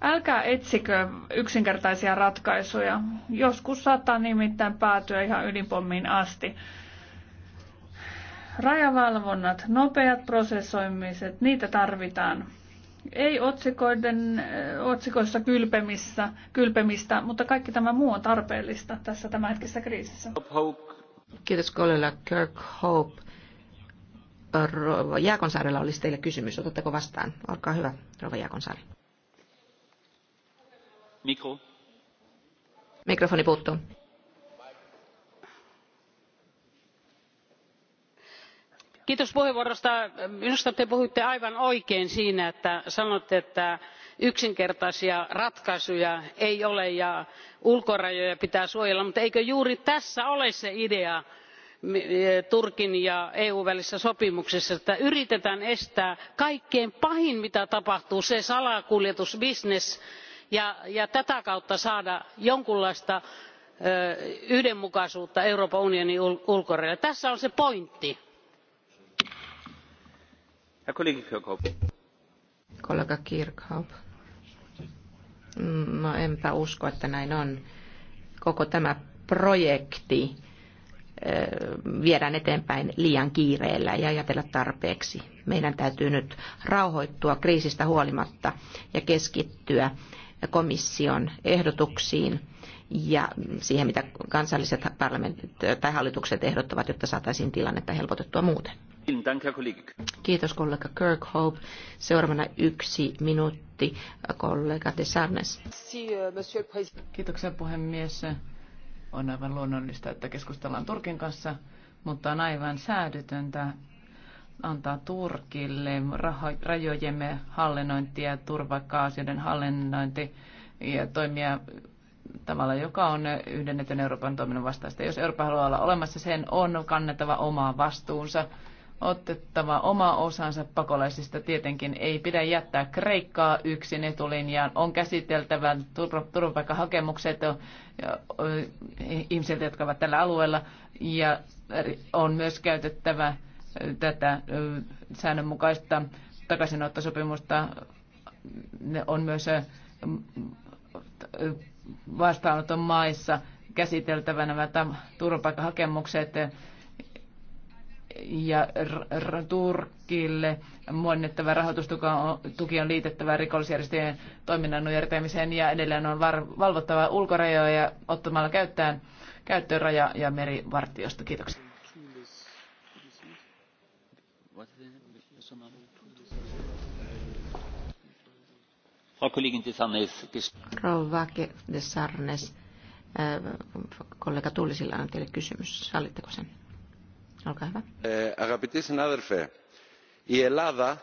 B: Älkää etsikö yksinkertaisia ratkaisuja. Joskus saattaa nimittäin päätyä ihan ydinpommiin asti. Rajavalvonnat, nopeat prosessoimiset, niitä tarvitaan. Ei otsikoiden, otsikoissa kylpemistä, mutta kaikki tämä muu on tarpeellista tässä tämänhetkisessä kriisissä.
D: Hope,
A: Kiitos kollega Kirk Hope. Rova Jaakonsaarella olisi teille kysymys. Otatteko vastaan? Olkaa hyvä, Rova Jaakonsaari. Mikro. Mikrofoni puuttuu.
B: Kiitos puheenvuorosta. Minusta te puhuitte
H: aivan oikein siinä, että sanotte, että yksinkertaisia ratkaisuja ei ole ja ulkorajoja pitää suojella mutta eikö juuri tässä ole se idea turkin ja eu n välisessä sopimuksessa että yritetään estää kaikkein pahin mitä tapahtuu se salakuljetusbisnes ja tätä kautta saada jonkunlaista yhdenmukaisuutta euroopan unionin
G: ulkorajoille. tässä on se pointti.
A: kollega kirkhope No enpä usko, että näin on. Koko tämä projekti viedään eteenpäin liian kiireellä ja ajatella tarpeeksi. Meidän täytyy nyt rauhoittua kriisistä huolimatta ja keskittyä komission ehdotuksiin ja siihen, mitä kansalliset parlamentit tai hallitukset ehdottavat, jotta saataisiin tilannetta helpotettua muuten. Kiitos kollega Kirkhope. Seuraavana yksi minuutti kollega de Sarnes.
E: Kiitoksia puhemies. On aivan luonnollista, että keskustellaan Turkin kanssa, mutta on aivan säädytöntä antaa Turkille rajojemme ja turvakaasioiden hallinnointi ja toimia tavalla, joka on yhdennetyn Euroopan toiminnan vastaista. Jos Eurooppa haluaa olla olemassa, sen on kannettava omaa vastuunsa otettava oma osansa pakolaisista. Tietenkin ei pidä jättää Kreikkaa yksin etulinjaan. On käsiteltävä turvapaikkahakemukset ihmisiltä, jotka ovat tällä alueella. Ja on myös käytettävä tätä säännönmukaista takaisinottosopimusta. On myös vastaanoton maissa käsiteltävä nämä turvapaikkahakemukset ja Turkille myönnettävä rahoitustuki on liitettävä rikollisjärjestöjen toiminnan nujertamiseen ja edelleen on valvottava ulkorajoja ottamalla käyttöön, käyttöön raja- ja merivartiosta. Kiitoksia.
D: Rouva
A: de Sarnes, äh, kollega Tullisilla on teille kysymys. Sallitteko
F: sen? Αγαπητοί συνάδελφοι η Ελλάδα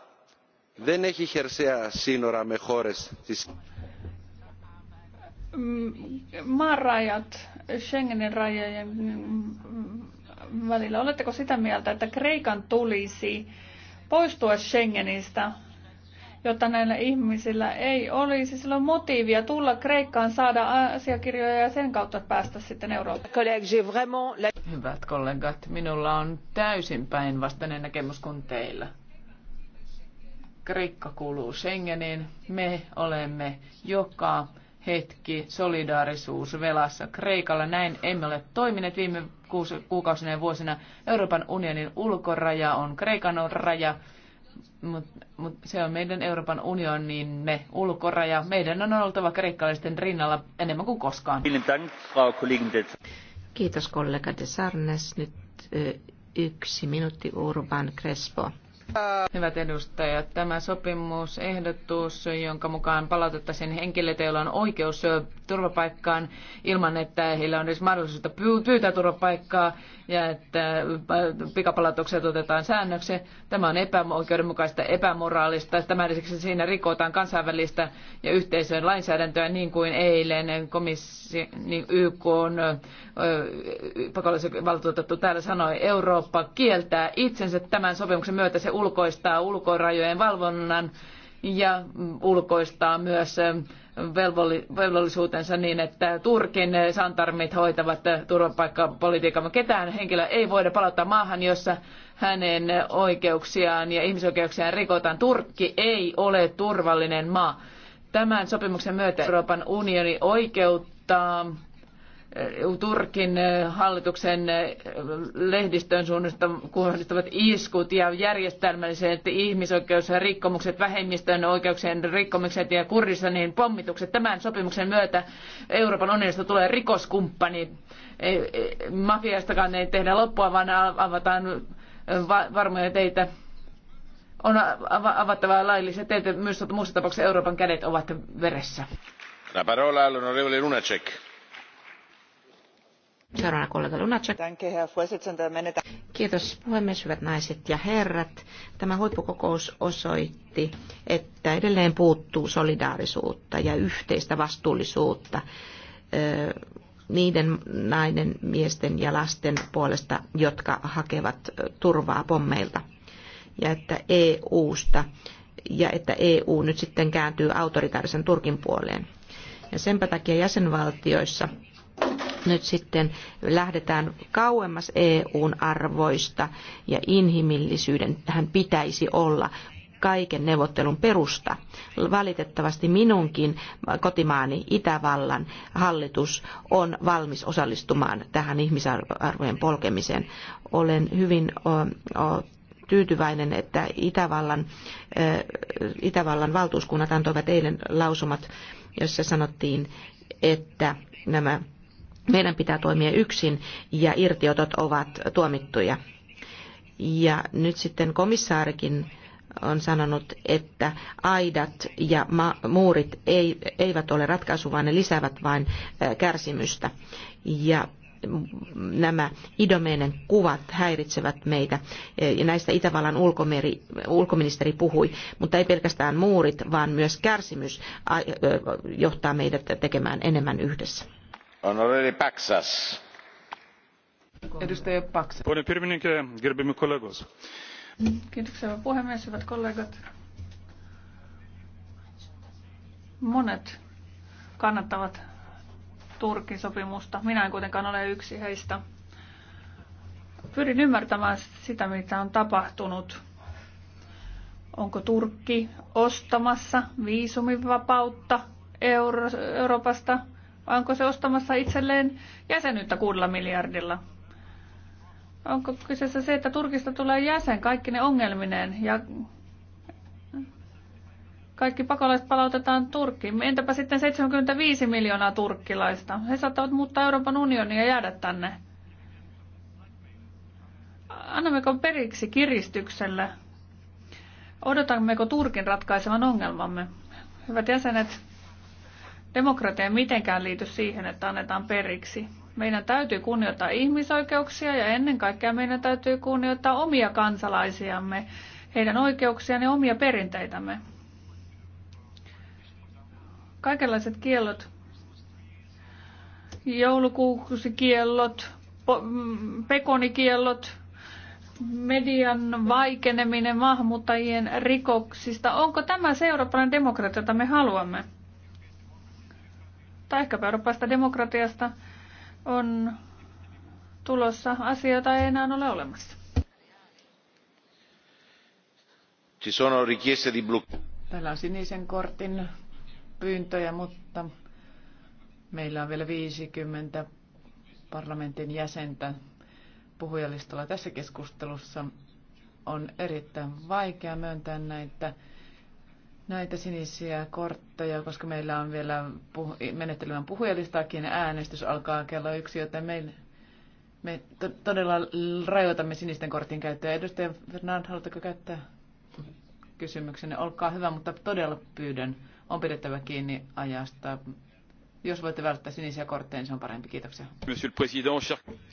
F: δεν έχει χερσαία σύνορα με χώρες της...
B: Maarajat Schengenin rajojen välillä. Oletteko sitä mieltä, että Kreikan tulisi poistua Schengenistä jotta näillä ihmisillä ei olisi silloin motiivia tulla Kreikkaan, saada asiakirjoja ja sen kautta päästä sitten Eurooppaan. Hyvät
E: kollegat, minulla on täysin päinvastainen näkemys kuin teillä. Kreikka kuuluu Schengeniin. Me olemme joka hetki solidaarisuusvelassa Kreikalla. Näin emme ole toimineet viime kuukausina ja vuosina. Euroopan unionin ulkoraja on Kreikan raja mutta mut se on meidän Euroopan unionin me ulkoraja. Meidän on oltava kreikkalaisten
A: rinnalla enemmän kuin koskaan. Kiitos kollega de Sarnes. Nyt yksi minuutti Urban Crespo.
E: Hyvät edustajat, tämä sopimusehdotus, jonka mukaan palautettaisiin henkilöitä, joilla on oikeus turvapaikkaan ilman, että heillä on edes mahdollisuutta pyytää turvapaikkaa ja että äh, pikapalautukset otetaan säännöksen. Tämä on epäoikeudenmukaista, epämoraalista. Tämän lisäksi siinä rikotaan kansainvälistä ja yhteisöjen lainsäädäntöä niin kuin eilen komissi, niin YK on äh, pakolaisvaltuutettu täällä sanoi, Eurooppa kieltää itsensä tämän sopimuksen myötä. Se ulkoistaa ulkorajojen valvonnan ja ulkoistaa myös äh, velvollisuutensa niin, että Turkin santarmit hoitavat turvapaikkapolitiikan. Ketään henkilöä ei voida palauttaa maahan, jossa hänen oikeuksiaan ja ihmisoikeuksiaan rikotaan. Turkki ei ole turvallinen maa. Tämän sopimuksen myötä Euroopan unioni oikeuttaa Turkin eh, hallituksen eh, lehdistön suunnasta kohdistuvat iskut ja järjestelmälliset ihmisoikeusrikkomukset, vähemmistön oikeuksien rikkomukset ja Kurdistanin pommitukset. Tämän sopimuksen myötä Euroopan unionista tulee rikoskumppani. Mafiastakaan ei tehdä loppua, vaan avataan eh, varmoja teitä. On avattava laillisia teitä. Myös muussa tapauksessa Euroopan kädet ovat veressä.
F: La parola all'onorevole Lunacek Seuraavana kollega
A: Lunacek. Kiitos puhemies, hyvät naiset ja herrat. Tämä huippukokous osoitti, että edelleen puuttuu solidaarisuutta ja yhteistä vastuullisuutta niiden nainen, miesten ja lasten puolesta, jotka hakevat turvaa pommeilta. Ja että EUsta ja että EU nyt sitten kääntyy autoritaarisen Turkin puoleen. Ja senpä takia jäsenvaltioissa nyt sitten lähdetään kauemmas EUn arvoista ja inhimillisyyden tähän pitäisi olla kaiken neuvottelun perusta. Valitettavasti minunkin kotimaani Itävallan hallitus on valmis osallistumaan tähän ihmisarvojen polkemiseen. Olen hyvin tyytyväinen, että Itävallan, Itävallan valtuuskunnat antoivat eilen lausumat, jossa sanottiin, että nämä meidän pitää toimia yksin ja irtiotot ovat tuomittuja. Ja nyt sitten komissaarikin on sanonut, että aidat ja muurit ei, eivät ole ratkaisu, vaan ne lisäävät vain kärsimystä. Ja nämä idomeinen kuvat häiritsevät meitä. E, ja näistä Itävallan ulkomeri, ulkoministeri puhui, mutta ei pelkästään muurit, vaan myös kärsimys johtaa meidät tekemään enemmän yhdessä
F: pone pirmininke gerbiami kolegos
B: arvoisa puhemies hyvät kollegat monet kannattavat turkin sopimusta minä en kuitenkaan ole yksi heistä. pyrin ymmärtämään sitä mitä on tapahtunut. onko turkki ostamassa viisumivapautta euroopasta? vai onko se ostamassa itselleen jäsenyyttä kuudella miljardilla? Onko kyseessä se, että Turkista tulee jäsen kaikki ne ongelmineen ja kaikki pakolaiset palautetaan Turkkiin. Entäpä sitten 75 miljoonaa turkkilaista? He saattavat muuttaa Euroopan unionia ja jäädä tänne. Annammeko periksi kiristykselle? Odotammeko Turkin ratkaisevan ongelmamme? Hyvät jäsenet, Demokratia mitenkään liity siihen, että annetaan periksi. Meidän täytyy kunnioittaa ihmisoikeuksia ja ennen kaikkea meidän täytyy kunnioittaa omia kansalaisiamme, heidän oikeuksiaan ja omia perinteitämme. Kaikenlaiset kiellot, joulukuusikiellot, pekonikiellot, median vaikeneminen maahanmuuttajien rikoksista. Onko tämä se eurooppalainen demokratia, jota me haluamme? tai ehkäpä eurooppaista demokratiasta on tulossa asia, jota ei enää ole olemassa.
E: Täällä on sinisen kortin pyyntöjä, mutta meillä on vielä 50 parlamentin jäsentä puhujalistalla tässä keskustelussa. On erittäin vaikea myöntää näitä näitä sinisiä kortteja, koska meillä on vielä puh- menettelyvän puhujalistaakin äänestys alkaa kello yksi, joten me, me to- todella rajoitamme sinisten kortin käyttöä. Edustaja Fernand, haluatteko käyttää kysymyksenne? Olkaa hyvä, mutta todella pyydän, on pidettävä kiinni ajasta. Jos voitte välttää sinisiä kortteja, niin se on parempi. Kiitoksia.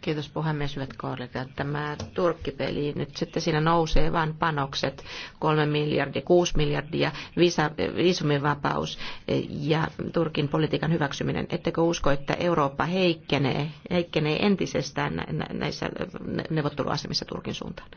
A: Kiitos puhemies, hyvät kollegat. Tämä turkkipeli, nyt sitten siinä nousee vain panokset. kolme miljardia, kuusi miljardia, visa, visumivapaus ja Turkin politiikan hyväksyminen. Ettekö usko, että Eurooppa heikkenee, heikkenee entisestään näissä neuvotteluasemissa Turkin suuntaan?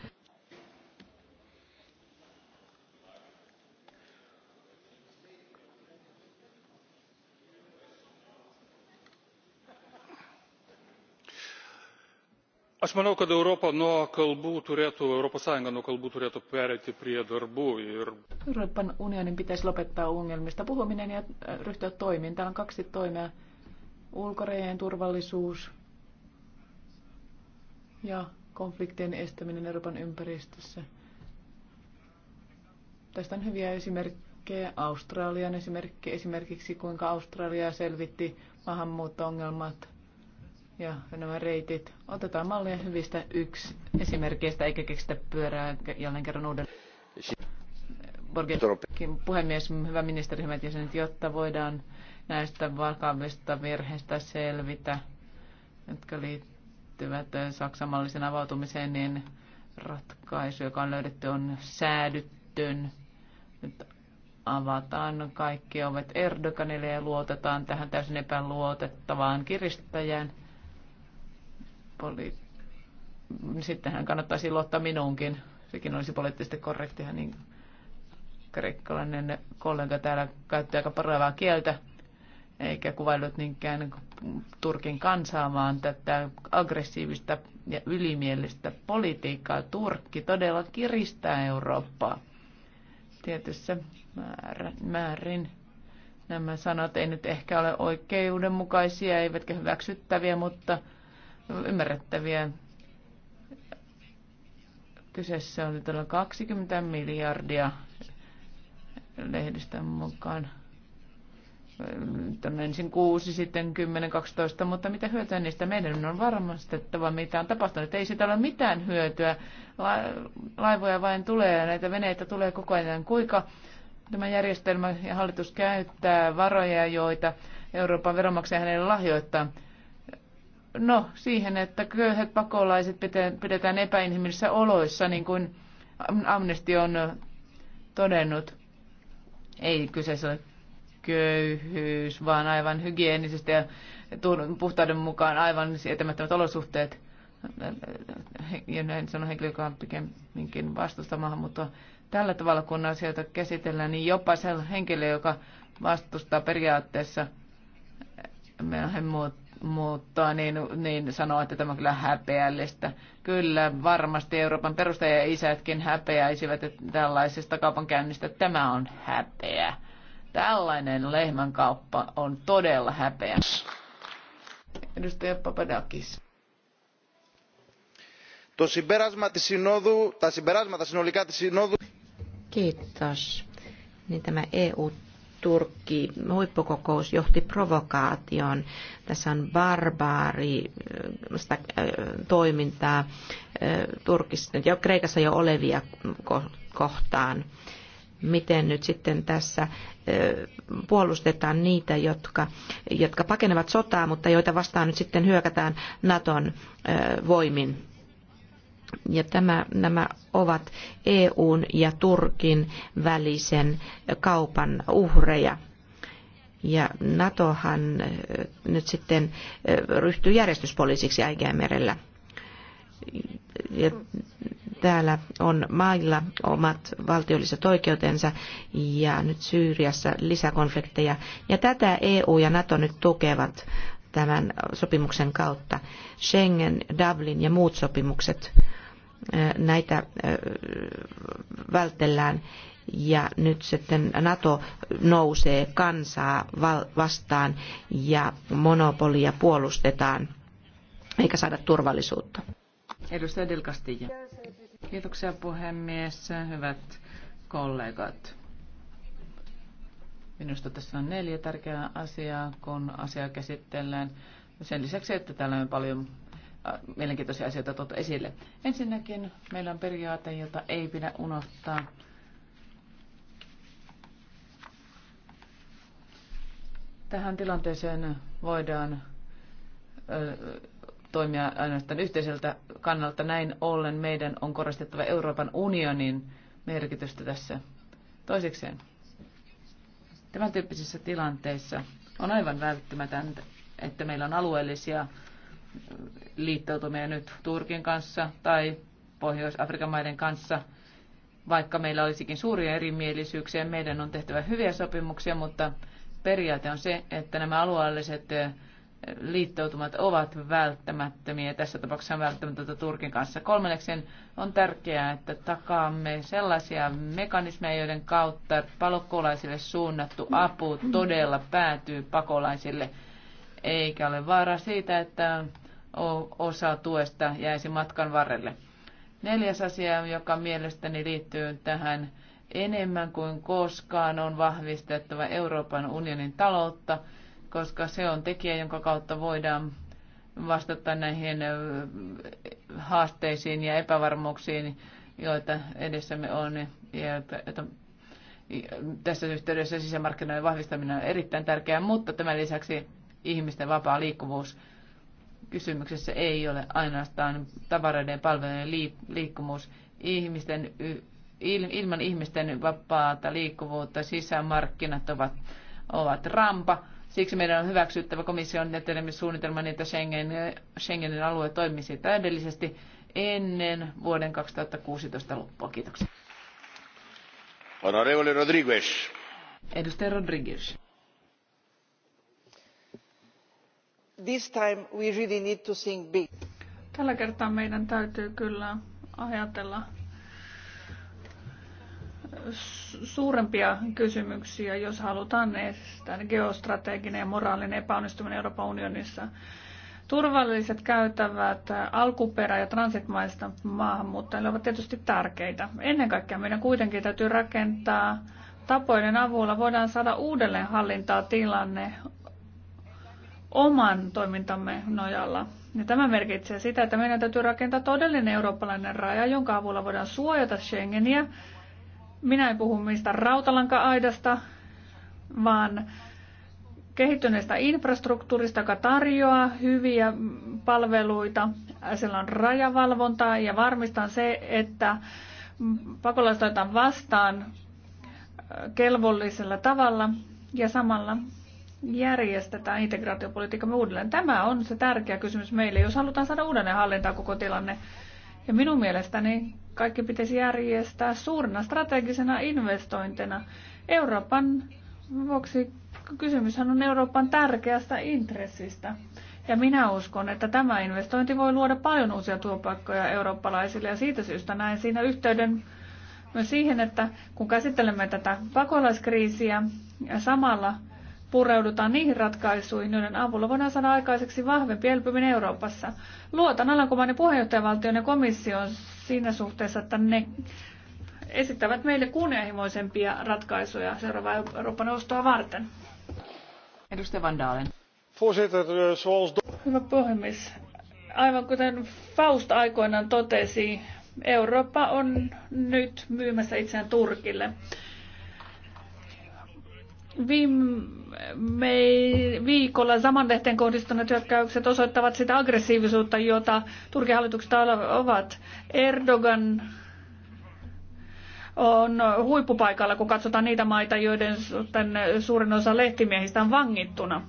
B: aš manau kad europa nuo kalbų turėtų europos sąjunga nuo kalbų turėtų pereiti prie darbų ir
E: Euroopan unionin pitäisi lopettaa ongelmista puhuminen ja äh, ryhtyä toimiin. Täällä on kaksi toimea. Ulkorajojen turvallisuus ja konfliktien estäminen Euroopan ympäristössä. Tästä on hyviä esimerkkejä. Australian esimerkki esimerkiksi, kuinka Australia selvitti maahanmuutto-ongelmat – ja nämä reitit. Otetaan mallia hyvistä yksi esimerkkeistä, eikä keksitä pyörää jälleen kerran uudelleen. Borgekin puhemies, hyvä ministeri, hyvät jäsenet, jotta voidaan näistä vakavista virheistä selvitä, jotka liittyvät Saksan mallisen avautumiseen, niin ratkaisu, joka on löydetty, on säädyttyn. Nyt avataan kaikki ovet Erdoganille ja luotetaan tähän täysin epäluotettavaan kiristäjään – poli... Niin sitten hän kannattaisi luottaa minuunkin. Sekin olisi poliittisesti korrekti. niin kreikkalainen kollega täällä käytti aika parhaavaa kieltä, eikä kuvailut niinkään Turkin kansaa, vaan tätä aggressiivista ja ylimielistä politiikkaa. Turkki todella kiristää Eurooppaa tietyssä määrä, määrin. Nämä sanat ei nyt ehkä ole oikeudenmukaisia eivätkä hyväksyttäviä, mutta ymmärrettäviä. Kyseessä on todella 20 miljardia lehdistön mukaan. On ensin kuusi, sitten 10, 12, mutta mitä hyötyä niistä meidän on varmastettava, mitä on tapahtunut. Ei siitä ole mitään hyötyä. laivoja vain tulee ja näitä veneitä tulee koko ajan. Kuinka tämä järjestelmä ja hallitus käyttää varoja, joita Euroopan veronmaksaja hänelle lahjoittaa? No, siihen, että köyhät pakolaiset pidetään epäinhimillisissä oloissa, niin kuin Amnesty on todennut. Ei kyseessä ole köyhyys, vaan aivan hygienisesti ja puhtauden mukaan aivan sietämättömät olosuhteet. Ja näin sanon henkilö, joka on pikemminkin vastusta mutta Tällä tavalla, kun asioita käsitellään, niin jopa se henkilö, joka vastustaa periaatteessa muut mutta niin, niin sanoa, että tämä on kyllä häpeällistä. Kyllä, varmasti Euroopan perustaja-isätkin häpeäisivät että tällaisesta kaupankäynnistä. Tämä on häpeä. Tällainen kauppa on todella häpeä.
F: Edustaja Papadakis.
A: Kiitos. Niin tämä EU Turkki huippukokous johti provokaatioon. Tässä on barbaarista äh, äh, toimintaa äh, Turkissa jo Kreikassa jo olevia kohtaan. Miten nyt sitten tässä puolustetaan niitä, jotka, jotka pakenevat sotaa, mutta joita vastaan nyt sitten hyökätään Naton voimin ja tämä, nämä ovat EUn ja Turkin välisen kaupan uhreja. Ja NATOhan nyt sitten ryhtyy järjestyspoliisiksi Äikeämerellä. Ja täällä on mailla omat valtiolliset oikeutensa ja nyt Syyriassa lisäkonflikteja. Ja tätä EU ja NATO nyt tukevat tämän sopimuksen kautta. Schengen, Dublin ja muut sopimukset näitä vältellään ja nyt sitten NATO nousee kansaa vastaan ja monopolia puolustetaan eikä saada turvallisuutta.
C: Edustaja
E: Del Castillo. Kiitoksia puhemies, hyvät kollegat. Minusta tässä on neljä tärkeää asiaa, kun asiaa käsitellään. Sen lisäksi, että täällä on paljon mielenkiintoisia asioita tuota esille. Ensinnäkin meillä on periaate, jota ei pidä unohtaa. Tähän tilanteeseen voidaan toimia ainoastaan yhteiseltä kannalta. Näin ollen meidän on korostettava Euroopan unionin merkitystä tässä. Toisekseen, tämän tyyppisissä tilanteissa on aivan välttämätöntä, että meillä on alueellisia liittoutumia nyt Turkin kanssa tai Pohjois-Afrikan maiden kanssa. Vaikka meillä olisikin suuria erimielisyyksiä, meidän on tehtävä hyviä sopimuksia, mutta periaate on se, että nämä alueelliset liittoutumat ovat välttämättömiä. Tässä tapauksessa on välttämätöntä Turkin kanssa. Kolmanneksi on tärkeää, että takaamme sellaisia mekanismeja, joiden kautta palokkolaisille suunnattu apu todella päätyy pakolaisille. Eikä ole vaara siitä, että osa tuesta jäisi matkan varrelle. Neljäs asia, joka mielestäni liittyy tähän enemmän kuin koskaan, on vahvistettava Euroopan unionin taloutta, koska se on tekijä, jonka kautta voidaan vastata näihin haasteisiin ja epävarmuuksiin, joita edessämme on. Ja tässä yhteydessä sisämarkkinoiden vahvistaminen on erittäin tärkeää, mutta tämän lisäksi ihmisten vapaa liikkuvuus kysymyksessä ei ole ainoastaan tavaroiden ja palvelujen liikkumus. Ihmisten, ilman ihmisten vapaata liikkuvuutta sisämarkkinat ovat, ovat rampa. Siksi meidän on hyväksyttävä komission etenemissuunnitelma niin, että Schengen, Schengenin alue toimisi täydellisesti ennen vuoden 2016 loppua.
F: Kiitoksia. Honorevole Rodriguez. Edustaja Rodriguez
B: this time we really need to think big. Tällä kertaa meidän täytyy kyllä ajatella suurempia kysymyksiä, jos halutaan estää geostrateginen ja moraalinen epäonnistuminen Euroopan unionissa. Turvalliset käytävät alkuperä- ja transitmaista maahanmuuttajille ovat tietysti tärkeitä. Ennen kaikkea meidän kuitenkin täytyy rakentaa tapojen avulla voidaan saada uudelleen hallintaa tilanne oman toimintamme nojalla. Ja tämä merkitsee sitä, että meidän täytyy rakentaa todellinen eurooppalainen raja, jonka avulla voidaan suojata Schengeniä. Minä en puhu mistä rautalanka-aidasta, vaan kehittyneestä infrastruktuurista, joka tarjoaa hyviä palveluita. Siellä on rajavalvontaa ja varmistan se, että pakolaiset otetaan vastaan äh, kelvollisella tavalla ja samalla järjestetään integraatiopolitiikka uudelleen? Tämä on se tärkeä kysymys meille, jos halutaan saada uudelleen hallintaan koko tilanne. Ja minun mielestäni kaikki pitäisi järjestää suurena strategisena investointina. Euroopan vuoksi kysymyshän on Euroopan tärkeästä intressistä. Ja minä uskon, että tämä investointi voi luoda paljon uusia työpaikkoja eurooppalaisille ja siitä syystä näen siinä yhteyden myös siihen, että kun käsittelemme tätä pakolaiskriisiä ja samalla pureudutaan niihin ratkaisuihin, joiden avulla voidaan saada aikaiseksi vahvempi elpyminen Euroopassa. Luotan Alankomainen puheenjohtajavaltion ja komission siinä suhteessa, että ne esittävät meille kunnianhimoisempia ratkaisuja seuraavaa Euroopan neuvostoa varten. Edustaja Van Dalen.
F: Eh,
B: Hyvä puhemies. Aivan kuten Faust aikoinaan totesi, Eurooppa on nyt myymässä itseään Turkille. Viime viikolla lehteen kohdistuneet hyökkäykset osoittavat sitä aggressiivisuutta, jota Turkin hallitukset ovat. Erdogan on huippupaikalla, kun katsotaan niitä maita, joiden suurin osa lehtimiehistä on vangittuna.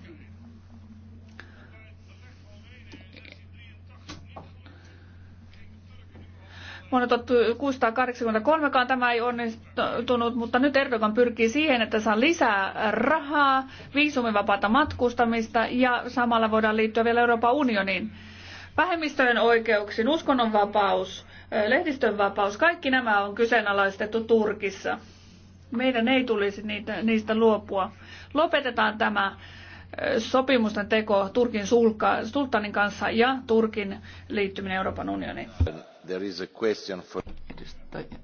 B: Vuonna 1683 tämä ei onnistunut, mutta nyt Erdogan pyrkii siihen, että saa lisää rahaa, viisumivapaata matkustamista ja samalla voidaan liittyä vielä Euroopan unioniin. Vähemmistöjen oikeuksiin, uskonnonvapaus, lehdistönvapaus, kaikki nämä on kyseenalaistettu Turkissa. Meidän ei tulisi niitä, niistä luopua. Lopetetaan tämä sopimusten teko Turkin sulka, sultanin kanssa ja Turkin liittyminen Euroopan unioniin.
F: There is a question for...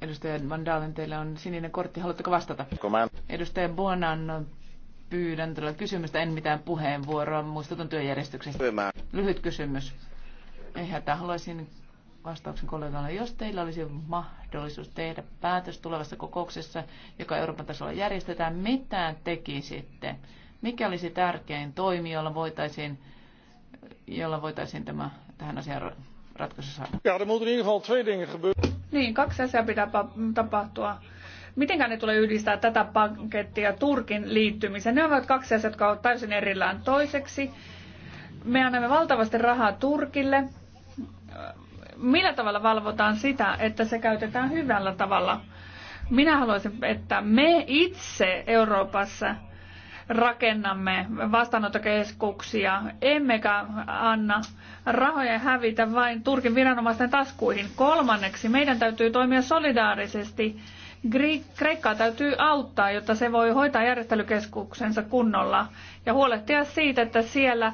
B: Edustaja, Van Dalen, teillä on sininen kortti. Haluatteko vastata?
F: Command.
E: Edustaja Buonan, pyydän tällä kysymystä. En mitään puheenvuoroa. Muistutan työjärjestyksestä. Lyhyt kysymys. Ei hätää. Haluaisin vastauksen kollegalle. Jos teillä olisi mahdollisuus tehdä päätös tulevassa kokouksessa, joka Euroopan tasolla järjestetään, mitä tekisitte? Mikä olisi tärkein toimi, jolla voitaisiin, jolla voitaisiin tämä, tähän asiaan
A: ratkaisu saada.
B: Er niin, kaksi asiaa pitää tapahtua. Mitenkään ne tulee yhdistää tätä pakettia Turkin liittymiseen? Ne ovat kaksi asiaa, jotka ovat täysin erillään. Toiseksi, me annamme valtavasti rahaa Turkille. Millä tavalla valvotaan sitä, että se käytetään hyvällä tavalla? Minä haluaisin, että me itse Euroopassa rakennamme vastaanottokeskuksia, emmekä anna rahoja hävitä vain Turkin viranomaisten taskuihin. Kolmanneksi meidän täytyy toimia solidaarisesti. Kreikkaa täytyy auttaa, jotta se voi hoitaa järjestelykeskuksensa kunnolla ja huolehtia siitä, että siellä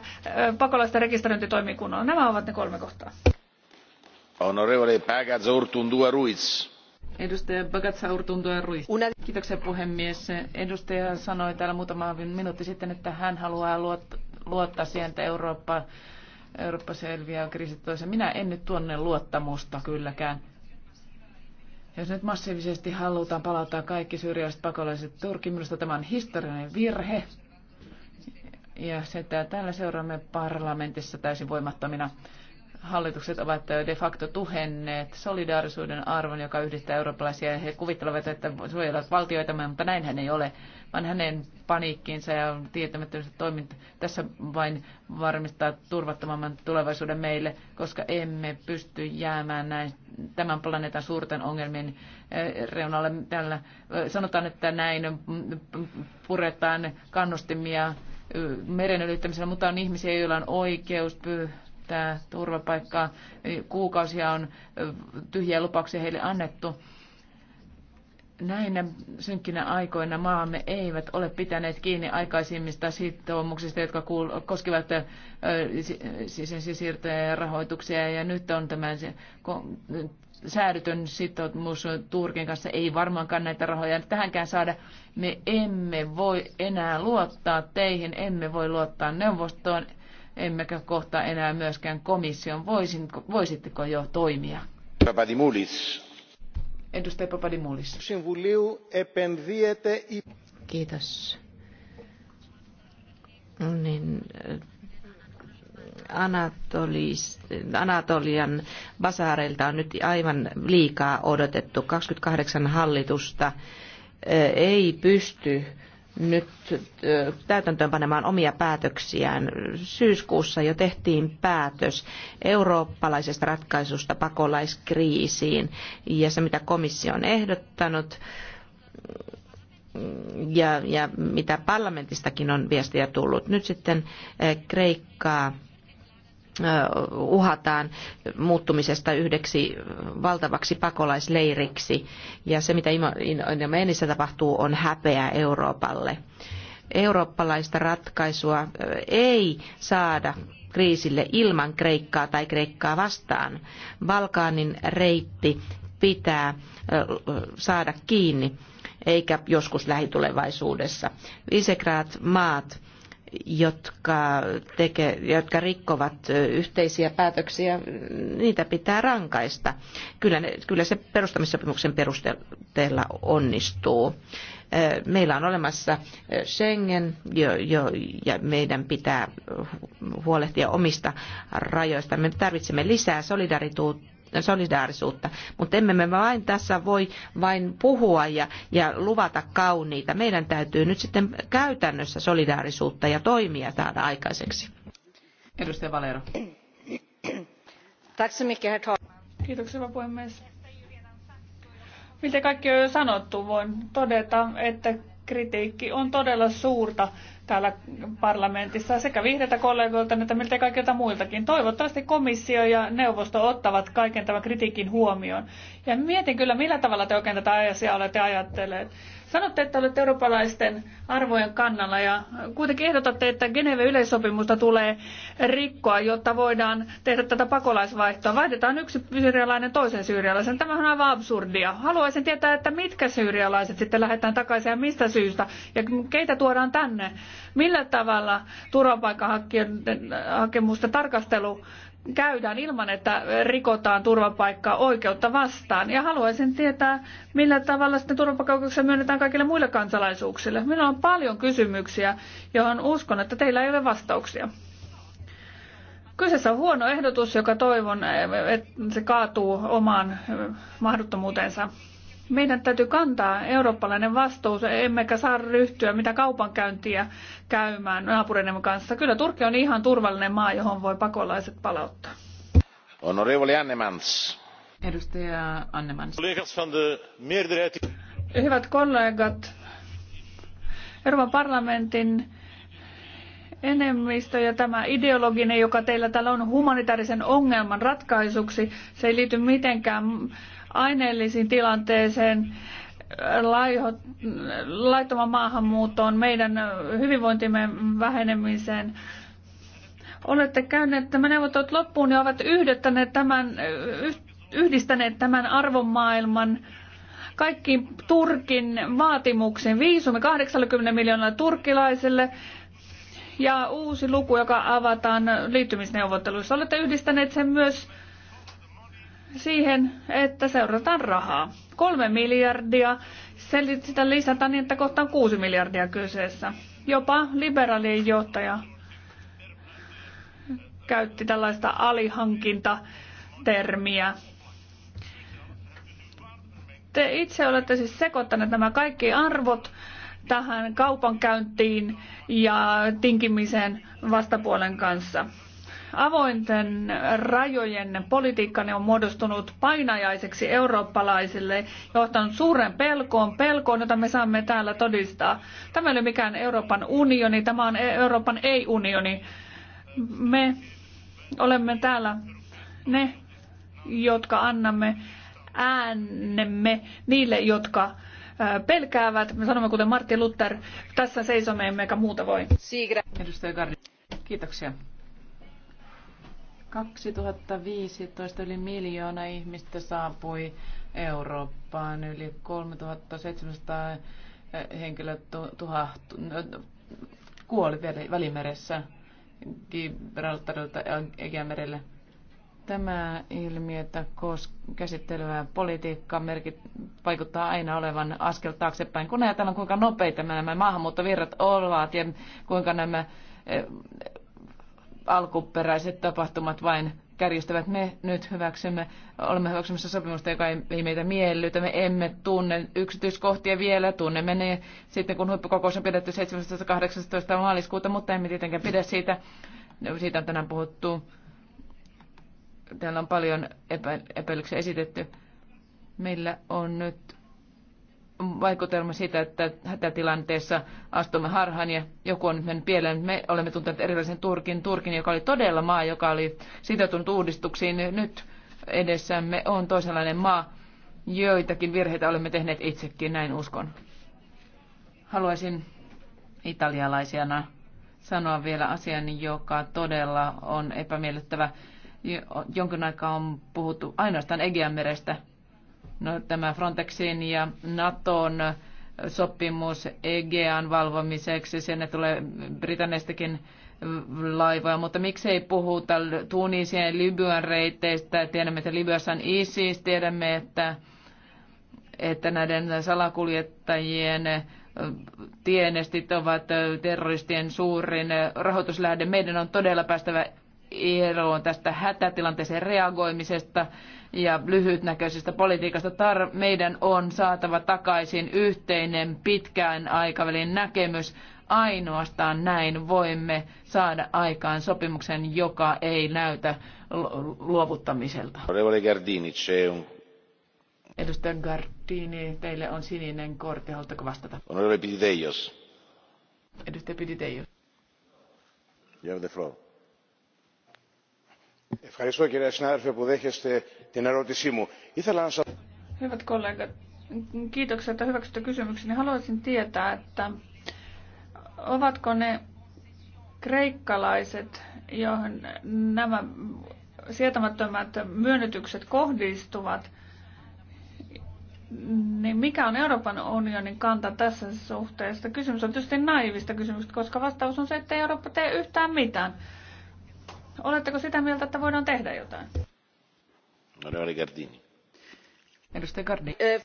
B: pakolaisten rekisteröinti toimii kunnolla. Nämä ovat ne kolme kohtaa.
F: Onorevole Paga Zortundua Ruiz
B: Edustaja Bagatsaur tuntuen Ruiz. Kiitoksia puhemies.
E: Edustaja sanoi täällä muutama minuutti sitten, että hän haluaa luottaa siihen, että Eurooppa, Eurooppa selviää kriisit toisen. Minä en nyt tuonne luottamusta kylläkään. Jos nyt massiivisesti halutaan palauttaa kaikki syrjäiset pakolaiset Turkiin, minusta tämä on historiallinen virhe. Ja sitä täällä seuraamme parlamentissa täysin voimattomina hallitukset ovat de facto tuhenneet solidaarisuuden arvon, joka yhdistää eurooppalaisia. He kuvittelevat, että suojelevat valtioita, mutta näinhän ei ole, vaan hänen paniikkiinsa ja tietämättömyys toiminta tässä vain varmistaa turvattomamman tulevaisuuden meille, koska emme pysty jäämään näin tämän planeetan suurten ongelmien eh, reunalle. Tällä eh, sanotaan, että näin mm, puretaan kannustimia eh, meren ylittämisellä, mutta on ihmisiä, joilla on oikeus pyytää turvapaikkaa. Kuukausia on tyhjiä lupauksia heille annettu. Näinä synkkinä aikoina maamme eivät ole pitäneet kiinni aikaisimmista sitoumuksista, jotka kuul- koskevat sisäisiä siirtoja ja rahoituksia. Ja nyt on tämä säädytön sitoumus Turkin kanssa. Ei varmaankaan näitä rahoja tähänkään saada. Me emme voi enää luottaa teihin, emme voi luottaa neuvostoon, emmekä kohta enää myöskään komission. Voisin, voisitteko jo toimia?
F: Papadimoulis.
E: Edustaja Papadimoulis.
A: Kiitos. Niin, Anatolis, Anatolian basaareilta on nyt aivan liikaa odotettu. 28 hallitusta eh, ei pysty nyt täytäntöönpanemaan omia päätöksiään. Syyskuussa jo tehtiin päätös eurooppalaisesta ratkaisusta pakolaiskriisiin ja se mitä komissio on ehdottanut ja, ja mitä parlamentistakin on viestiä tullut. Nyt sitten Kreikkaa uhataan muuttumisesta yhdeksi valtavaksi pakolaisleiriksi. Ja se, mitä Inomenissä tapahtuu, on häpeä Euroopalle. Eurooppalaista ratkaisua ei saada kriisille ilman Kreikkaa tai Kreikkaa vastaan. Balkanin reitti pitää saada kiinni, eikä joskus lähitulevaisuudessa. Visegrad maat jotka, teke, jotka rikkovat yhteisiä päätöksiä, niitä pitää rankaista. Kyllä, ne, kyllä se perustamissopimuksen perusteella onnistuu. Meillä on olemassa Schengen jo, jo, ja meidän pitää huolehtia omista rajoista. Me tarvitsemme lisää solidarituutta solidaarisuutta. Mutta emme me vain tässä voi vain puhua ja, ja luvata kauniita. Meidän täytyy nyt sitten käytännössä solidaarisuutta ja toimia saada aikaiseksi.
E: Edustaja Valero.
B: Kiitoksia, puhemies. Mitä kaikki on jo sanottu, voin todeta, että kritiikki on todella suurta täällä parlamentissa sekä vihreitä kollegoilta että miltei kaikilta muiltakin. Toivottavasti komissio ja neuvosto ottavat kaiken tämän kritiikin huomioon. Ja mietin kyllä, millä tavalla te oikein tätä asiaa olette ajatelleet. Sanotte, että olette eurooppalaisten arvojen kannalla ja kuitenkin ehdotatte, että Geneve yleissopimusta tulee rikkoa, jotta voidaan tehdä tätä pakolaisvaihtoa. Vaihdetaan yksi syyrialainen toisen syyrialaisen. Tämähän on aivan absurdia. Haluaisin tietää, että mitkä syyrialaiset sitten lähdetään takaisin ja mistä syystä ja keitä tuodaan tänne. Millä tavalla turvapaikanhakemusta äh, tarkastelu käydään ilman, että rikotaan turvapaikka-oikeutta vastaan. Ja haluaisin tietää, millä tavalla sitten turvapaikkaoikeuksia myönnetään kaikille muille kansalaisuuksille. Minulla on paljon kysymyksiä, johon uskon, että teillä ei ole vastauksia. Kyseessä on huono ehdotus, joka toivon, että se kaatuu omaan mahdottomuuteensa. Meidän täytyy kantaa eurooppalainen vastuu, emmekä saa ryhtyä mitä kaupankäyntiä käymään naapureidemme kanssa. Kyllä Turkki on ihan turvallinen maa, johon voi pakolaiset palauttaa.
F: Honorevoli Annemans.
B: Edustaja Annemans. Hyvät kollegat, Euroopan parlamentin enemmistö ja tämä ideologinen, joka teillä täällä on humanitaarisen ongelman ratkaisuksi, se ei liity mitenkään aineellisiin tilanteeseen, laittoman maahanmuuttoon, meidän hyvinvointimme vähenemiseen. Olette käyneet tämän neuvottelut loppuun ja ovat yhdistäneet tämän, yhdistäneet tämän arvomaailman kaikkiin Turkin vaatimuksiin. Viisumi 80 miljoonalle turkkilaiselle ja uusi luku, joka avataan liittymisneuvotteluissa. Olette yhdistäneet sen myös siihen, että seurataan rahaa. Kolme miljardia, sitä lisätään niin, että kohta on kuusi miljardia kyseessä. Jopa liberaalien johtaja käytti tällaista alihankintatermiä. Te itse olette siis sekoittaneet nämä kaikki arvot tähän kaupankäyntiin ja tinkimiseen vastapuolen kanssa avointen rajojen politiikka on muodostunut painajaiseksi eurooppalaisille, johtanut suuren pelkoon, pelkoon, jota me saamme täällä todistaa. Tämä ei ole mikään Euroopan unioni, tämä on Euroopan ei-unioni. Me olemme täällä ne, jotka annamme äänemme niille, jotka pelkäävät. Me sanomme kuten Martti Luther, tässä seisomme emmekä muuta voi. Kiitoksia.
E: 2015 yli miljoona ihmistä saapui Eurooppaan, yli 3700 eh, henkilöä tuhahtu, no, kuoli Välimeressä, Gibraltarilta Egeamerelle. Tämä että kos- käsittelevä politiikka merkit, vaikuttaa aina olevan askel taaksepäin, kun ajatellaan kuinka nopeita nämä maahanmuuttovirrat ovat ja kuinka nämä eh, alkuperäiset tapahtumat vain kärjistävät. Me nyt hyväksymme, olemme hyväksymässä sopimusta, joka ei, ei meitä miellytä. Me emme tunne yksityiskohtia vielä, tunne. menee sitten, kun huippukokous on pidetty 17.18. maaliskuuta, mutta emme tietenkään pidä siitä. Siitä on tänään puhuttu. Täällä on paljon epä, epäilyksiä esitetty. Meillä on nyt vaikutelma siitä, että hätätilanteessa astumme harhaan ja joku on nyt mennyt pieleen. Me olemme tunteneet erilaisen Turkin, Turkin, joka oli todella maa, joka oli sitoutunut uudistuksiin. Nyt edessämme on toisenlainen maa. Joitakin virheitä olemme tehneet itsekin, näin uskon. Haluaisin italialaisena sanoa vielä asian, joka todella on epämiellyttävä. Jonkin aikaa on puhuttu ainoastaan Egeanmerestä No, tämä Frontexin ja Naton sopimus Egean valvomiseksi, sinne tulee Britanniastakin laivoja, mutta miksei puhuta Tunisien ja Libyan reiteistä. Tiedämme, että Libyassa on ISIS, tiedämme, että, että näiden salakuljettajien tienestit ovat terroristien suurin rahoituslähde. Meidän on todella päästävä eroon tästä hätätilanteeseen reagoimisesta ja lyhytnäköisestä politiikasta. Tar- meidän on saatava takaisin yhteinen pitkään aikavälin näkemys. Ainoastaan näin voimme saada aikaan sopimuksen, joka ei näytä luovuttamiselta. Edustaja Gardini, teille on sininen kortti. Haluatteko vastata?
F: Onorevole Piditeios. Edustaja Piditeios. You have the floor. Ευχαριστώ κύριε συνάδελφε που δέχεστε την ερώτησή μου. Ήθελα να σας...
B: Hyvät kollegat, kiitoksia, että hyväksytte kysymykseni. Haluaisin tietää, että ovatko ne kreikkalaiset, joihin nämä sietämättömät myönnytykset kohdistuvat, niin mikä on Euroopan unionin kanta tässä suhteessa? Kysymys on tietysti naivista kysymystä, koska vastaus on se, että Eurooppa tee yhtään mitään. Oletteko sitä mieltä, että voidaan tehdä jotain?
E: Edustaja Gardini. Eh.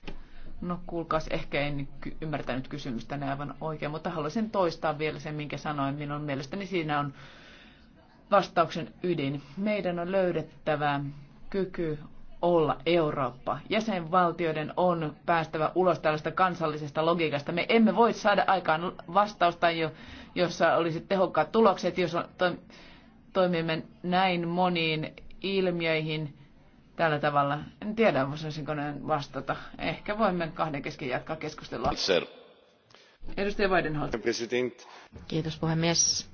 E: No kuulkaas, ehkä en ymmärtänyt kysymystä aivan oikein, mutta haluaisin toistaa vielä sen, minkä sanoin. Minun mielestäni siinä on vastauksen ydin. Meidän on löydettävä kyky olla Eurooppa. Jäsenvaltioiden on päästävä ulos tällaista kansallisesta logiikasta. Me emme voi saada aikaan vastausta, jossa olisi tehokkaat tulokset, jos toimimme näin moniin ilmiöihin – tällä tavalla. En tiedä, voisinko ne vastata. Ehkä voimme kahden kesken jatkaa keskustelua. Sir. Edustaja Weidenholt.
A: Kiitos puhemies.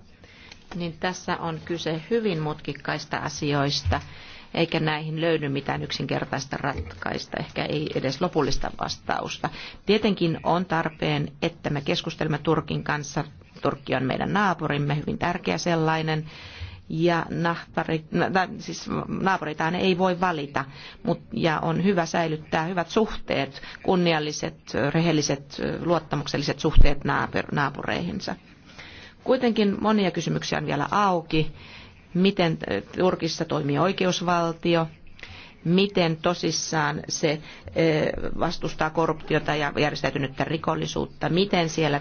A: Niin tässä on kyse hyvin mutkikkaista asioista, eikä näihin löydy mitään yksinkertaista ratkaista, ehkä ei edes lopullista vastausta. Tietenkin on tarpeen, että me keskustelemme Turkin kanssa. Turkki on meidän naapurimme, hyvin tärkeä sellainen ja nahpari, na, siis naapureitaan ei voi valita. Mut, ja on hyvä säilyttää hyvät suhteet, kunnialliset, rehelliset, luottamukselliset suhteet naapureihinsa. Kuitenkin monia kysymyksiä on vielä auki. Miten äh, Turkissa toimii oikeusvaltio? miten tosissaan se eh, vastustaa korruptiota ja järjestäytynyttä rikollisuutta, miten siellä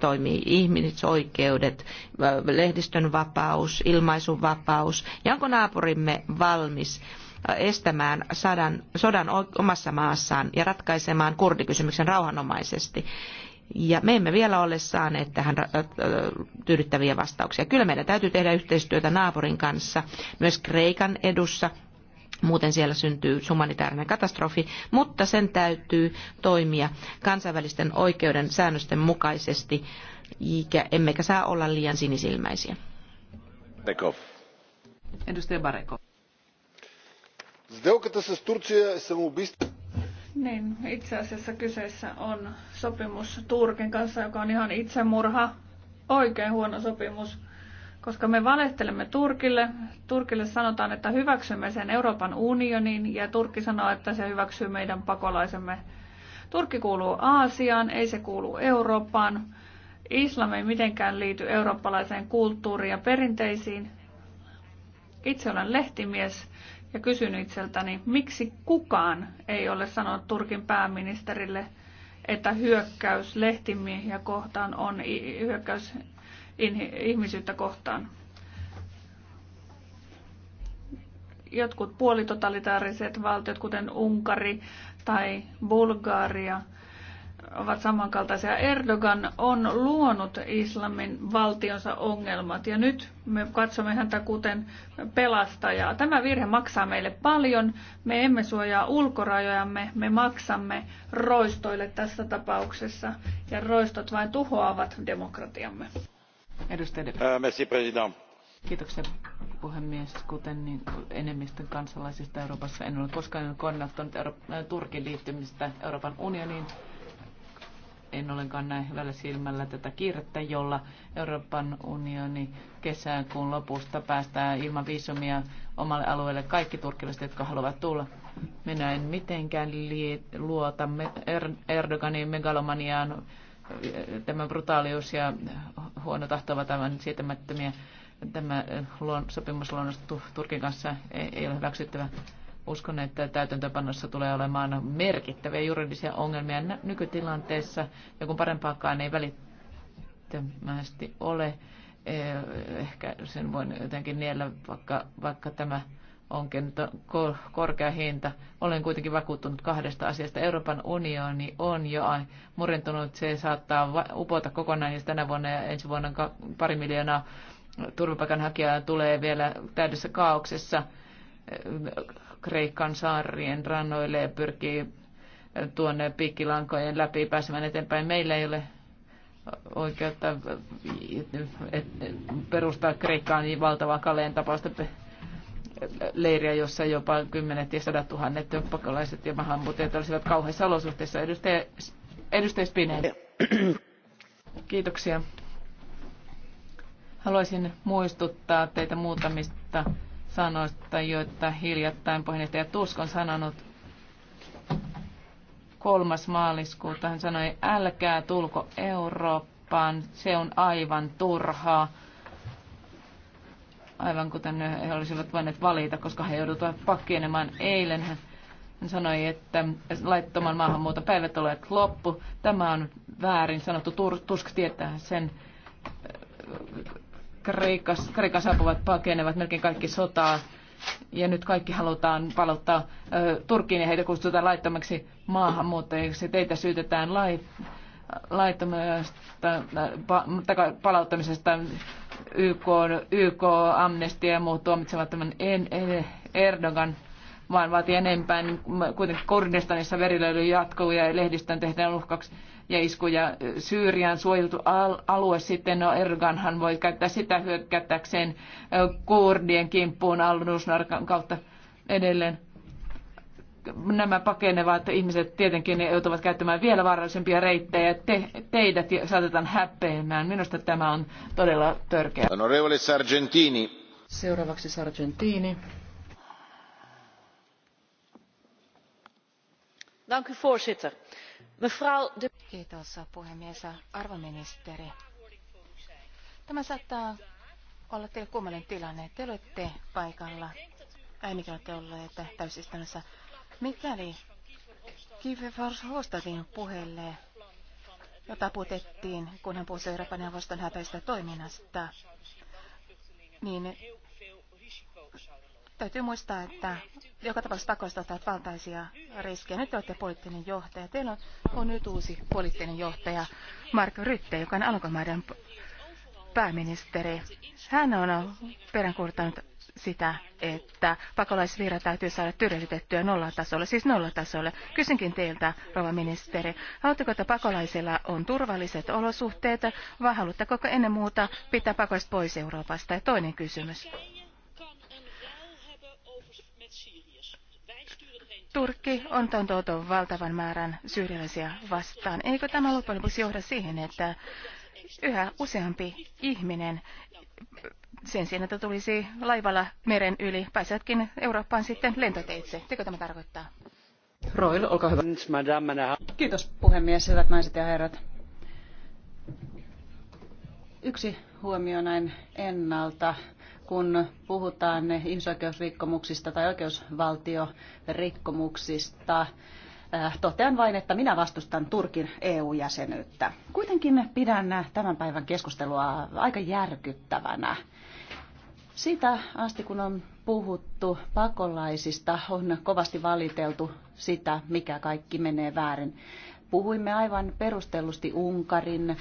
A: toimii ihmisoikeudet, eh, lehdistön vapaus, ilmaisun vapaus ja onko naapurimme valmis eh, estämään sadan, sodan omassa maassaan ja ratkaisemaan kurdikysymyksen rauhanomaisesti. Ja me emme vielä ole saaneet tähän tyydyttäviä vastauksia. Kyllä meidän täytyy tehdä yhteistyötä naapurin kanssa, myös Kreikan edussa, Muuten siellä syntyy humanitaarinen katastrofi, mutta sen täytyy toimia kansainvälisten oikeuden säännösten mukaisesti, emmekä saa olla liian sinisilmäisiä. Bareko. Edustaja Bareko.
C: Сделката с Турция е
B: Niin, itse asiassa kyseessä on sopimus Turkin kanssa, joka on ihan itsemurha. Oikein huono sopimus koska me valehtelemme Turkille. Turkille sanotaan, että hyväksymme sen Euroopan unionin ja Turkki sanoo, että se hyväksyy meidän pakolaisemme. Turkki kuuluu Aasiaan, ei se kuulu Eurooppaan. Islam ei mitenkään liity eurooppalaiseen kulttuuriin ja perinteisiin. Itse olen lehtimies ja kysyn itseltäni, miksi kukaan ei ole sanonut Turkin pääministerille, että hyökkäys lehtimiehiä kohtaan on hyökkäys ihmisyyttä kohtaan. Jotkut puolitotalitaariset valtiot, kuten Unkari tai Bulgaria, ovat samankaltaisia. Erdogan on luonut islamin valtionsa ongelmat ja nyt me katsomme häntä kuten pelastajaa. Tämä virhe maksaa meille paljon. Me emme suojaa ulkorajojamme, me maksamme roistoille tässä tapauksessa ja roistot vain tuhoavat demokratiamme
F: arvoisa De.
E: puhemies. Kuten niin, enemmistön kansalaisista Euroopassa en ole koskaan kannattanut äh, Turkin liittymistä Euroopan unioniin. En ollenkaan näe hyvällä silmällä tätä kiirettä, jolla Euroopan unioni kesäkuun lopusta päästään ilman viisumia omalle alueelle kaikki turkilaiset, jotka haluavat tulla. Minä en mitenkään luota er-, Erdoganin megalomaniaan tämä brutaalius ja huono tahtova tämän sietämättömiä tämä luon, luonnostettu Turkin kanssa ei, ei ole hyväksyttävä. Uskon, että täytäntöpannossa tulee olemaan merkittäviä juridisia ongelmia nykytilanteessa, ja kun parempaakaan ei välittömästi ole, eh, ehkä sen voin jotenkin niellä, vaikka, vaikka tämä onkin korkea hinta. Olen kuitenkin vakuuttunut kahdesta asiasta. Euroopan unioni on jo murentunut. Se saattaa upota kokonaan, jos tänä vuonna ja ensi vuonna pari miljoonaa turvapaikanhakijaa tulee vielä täydessä kaauksessa Kreikan saarien rannoille ja pyrkii tuonne piikkilankojen läpi pääsemään eteenpäin. Meillä ei ole oikeutta perustaa Kreikkaan valtavaa kaleen tapausta leiriä, jossa jopa kymmenet ja sadat tuhannet pakolaiset ja mahanmuuttajat olisivat kauheissa olosuhteissa. Edustaja, edustaja Spinelli. Kiitoksia. Haluaisin muistuttaa teitä muutamista sanoista, joita hiljattain puheenjohtaja Tusk on sanonut. Kolmas maaliskuuta hän sanoi, älkää tulko Eurooppaan, se on aivan turhaa aivan kuten he olisivat voineet valita, koska he joutuivat pakkienemaan eilen. Hän sanoi, että laittoman maahanmuuton päivät olivat loppu. Tämä on väärin sanottu. Tusk tietää sen. Kreikas, Kreikas saapuvat pakenevat melkein kaikki sotaa. Ja nyt kaikki halutaan palauttaa Turkkiin ja heitä kutsutaan laittomaksi maahanmuuttajiksi. Teitä syytetään lait, laittomasta palauttamisesta YK, YK Amnesty ja muut tuomitsevat tämän Erdogan maan vaatii enempää, niin kuitenkin Kurdistanissa verilöily jatkuu ja lehdistön tehdään uhkaksi ja iskuja. Syyrian suojeltu alue sitten, no Erdoganhan voi käyttää sitä hyökkäyttäkseen kurdien kimppuun alunusnarkan kautta edelleen nämä pakenevat ihmiset tietenkin ne joutuvat käyttämään vielä vaarallisempia reittejä. Te, teidät saatetaan häpeämään. Minusta tämä on todella törkeä.
F: Onorevole Sargentini.
E: Seuraavaksi
I: Sargentini.
G: Dank u voorzitter. Mevrouw de... Kiitos puhemies. Arvoministeri. Tämä saattaa olla teille kummallinen tilanne. Te olette paikalla. Ainakin olette olleet täysistunnossa Mikäli Kivefors hofstadin puheelle, jota putettiin, kun hän puhui Euroopan neuvoston hätäistä toiminnasta, niin täytyy muistaa, että joka tapauksessa pakosta valtaisia riskejä. Nyt te olette poliittinen johtaja. Teillä on, on nyt uusi poliittinen johtaja, Mark Rytte, joka on alkomaiden pääministeri. Hän on peräänkuuluttanut sitä, että pakolaisvirra täytyy saada tyrehdytettyä nollatasolle, siis nollatasolle. Kysynkin teiltä, rouva ministeri, haluatteko, että pakolaisilla on turvalliset olosuhteet, vai haluatteko ennen muuta pitää pakolaiset pois Euroopasta? Ja toinen kysymys. Turkki on tontoutunut valtavan määrän syyrialaisia vastaan. Eikö tämä loppujen lopuksi johda siihen, että yhä useampi ihminen sen sijaan, että tulisi laivalla meren yli, pääsevätkin Eurooppaan sitten lentoteitse. Mitä tämä tarkoittaa?
H: Roil, olkaa hyvä. Kiitos puhemies, hyvät naiset ja herrat. Yksi huomio näin ennalta, kun puhutaan ihmisoikeusrikkomuksista tai oikeusvaltiorikkomuksista. Äh, totean vain, että minä vastustan Turkin EU-jäsenyyttä. Kuitenkin pidän tämän päivän keskustelua aika järkyttävänä. Sitä asti, kun on puhuttu pakolaisista, on kovasti valiteltu sitä, mikä kaikki menee väärin. Puhuimme aivan perustellusti Unkarin eh,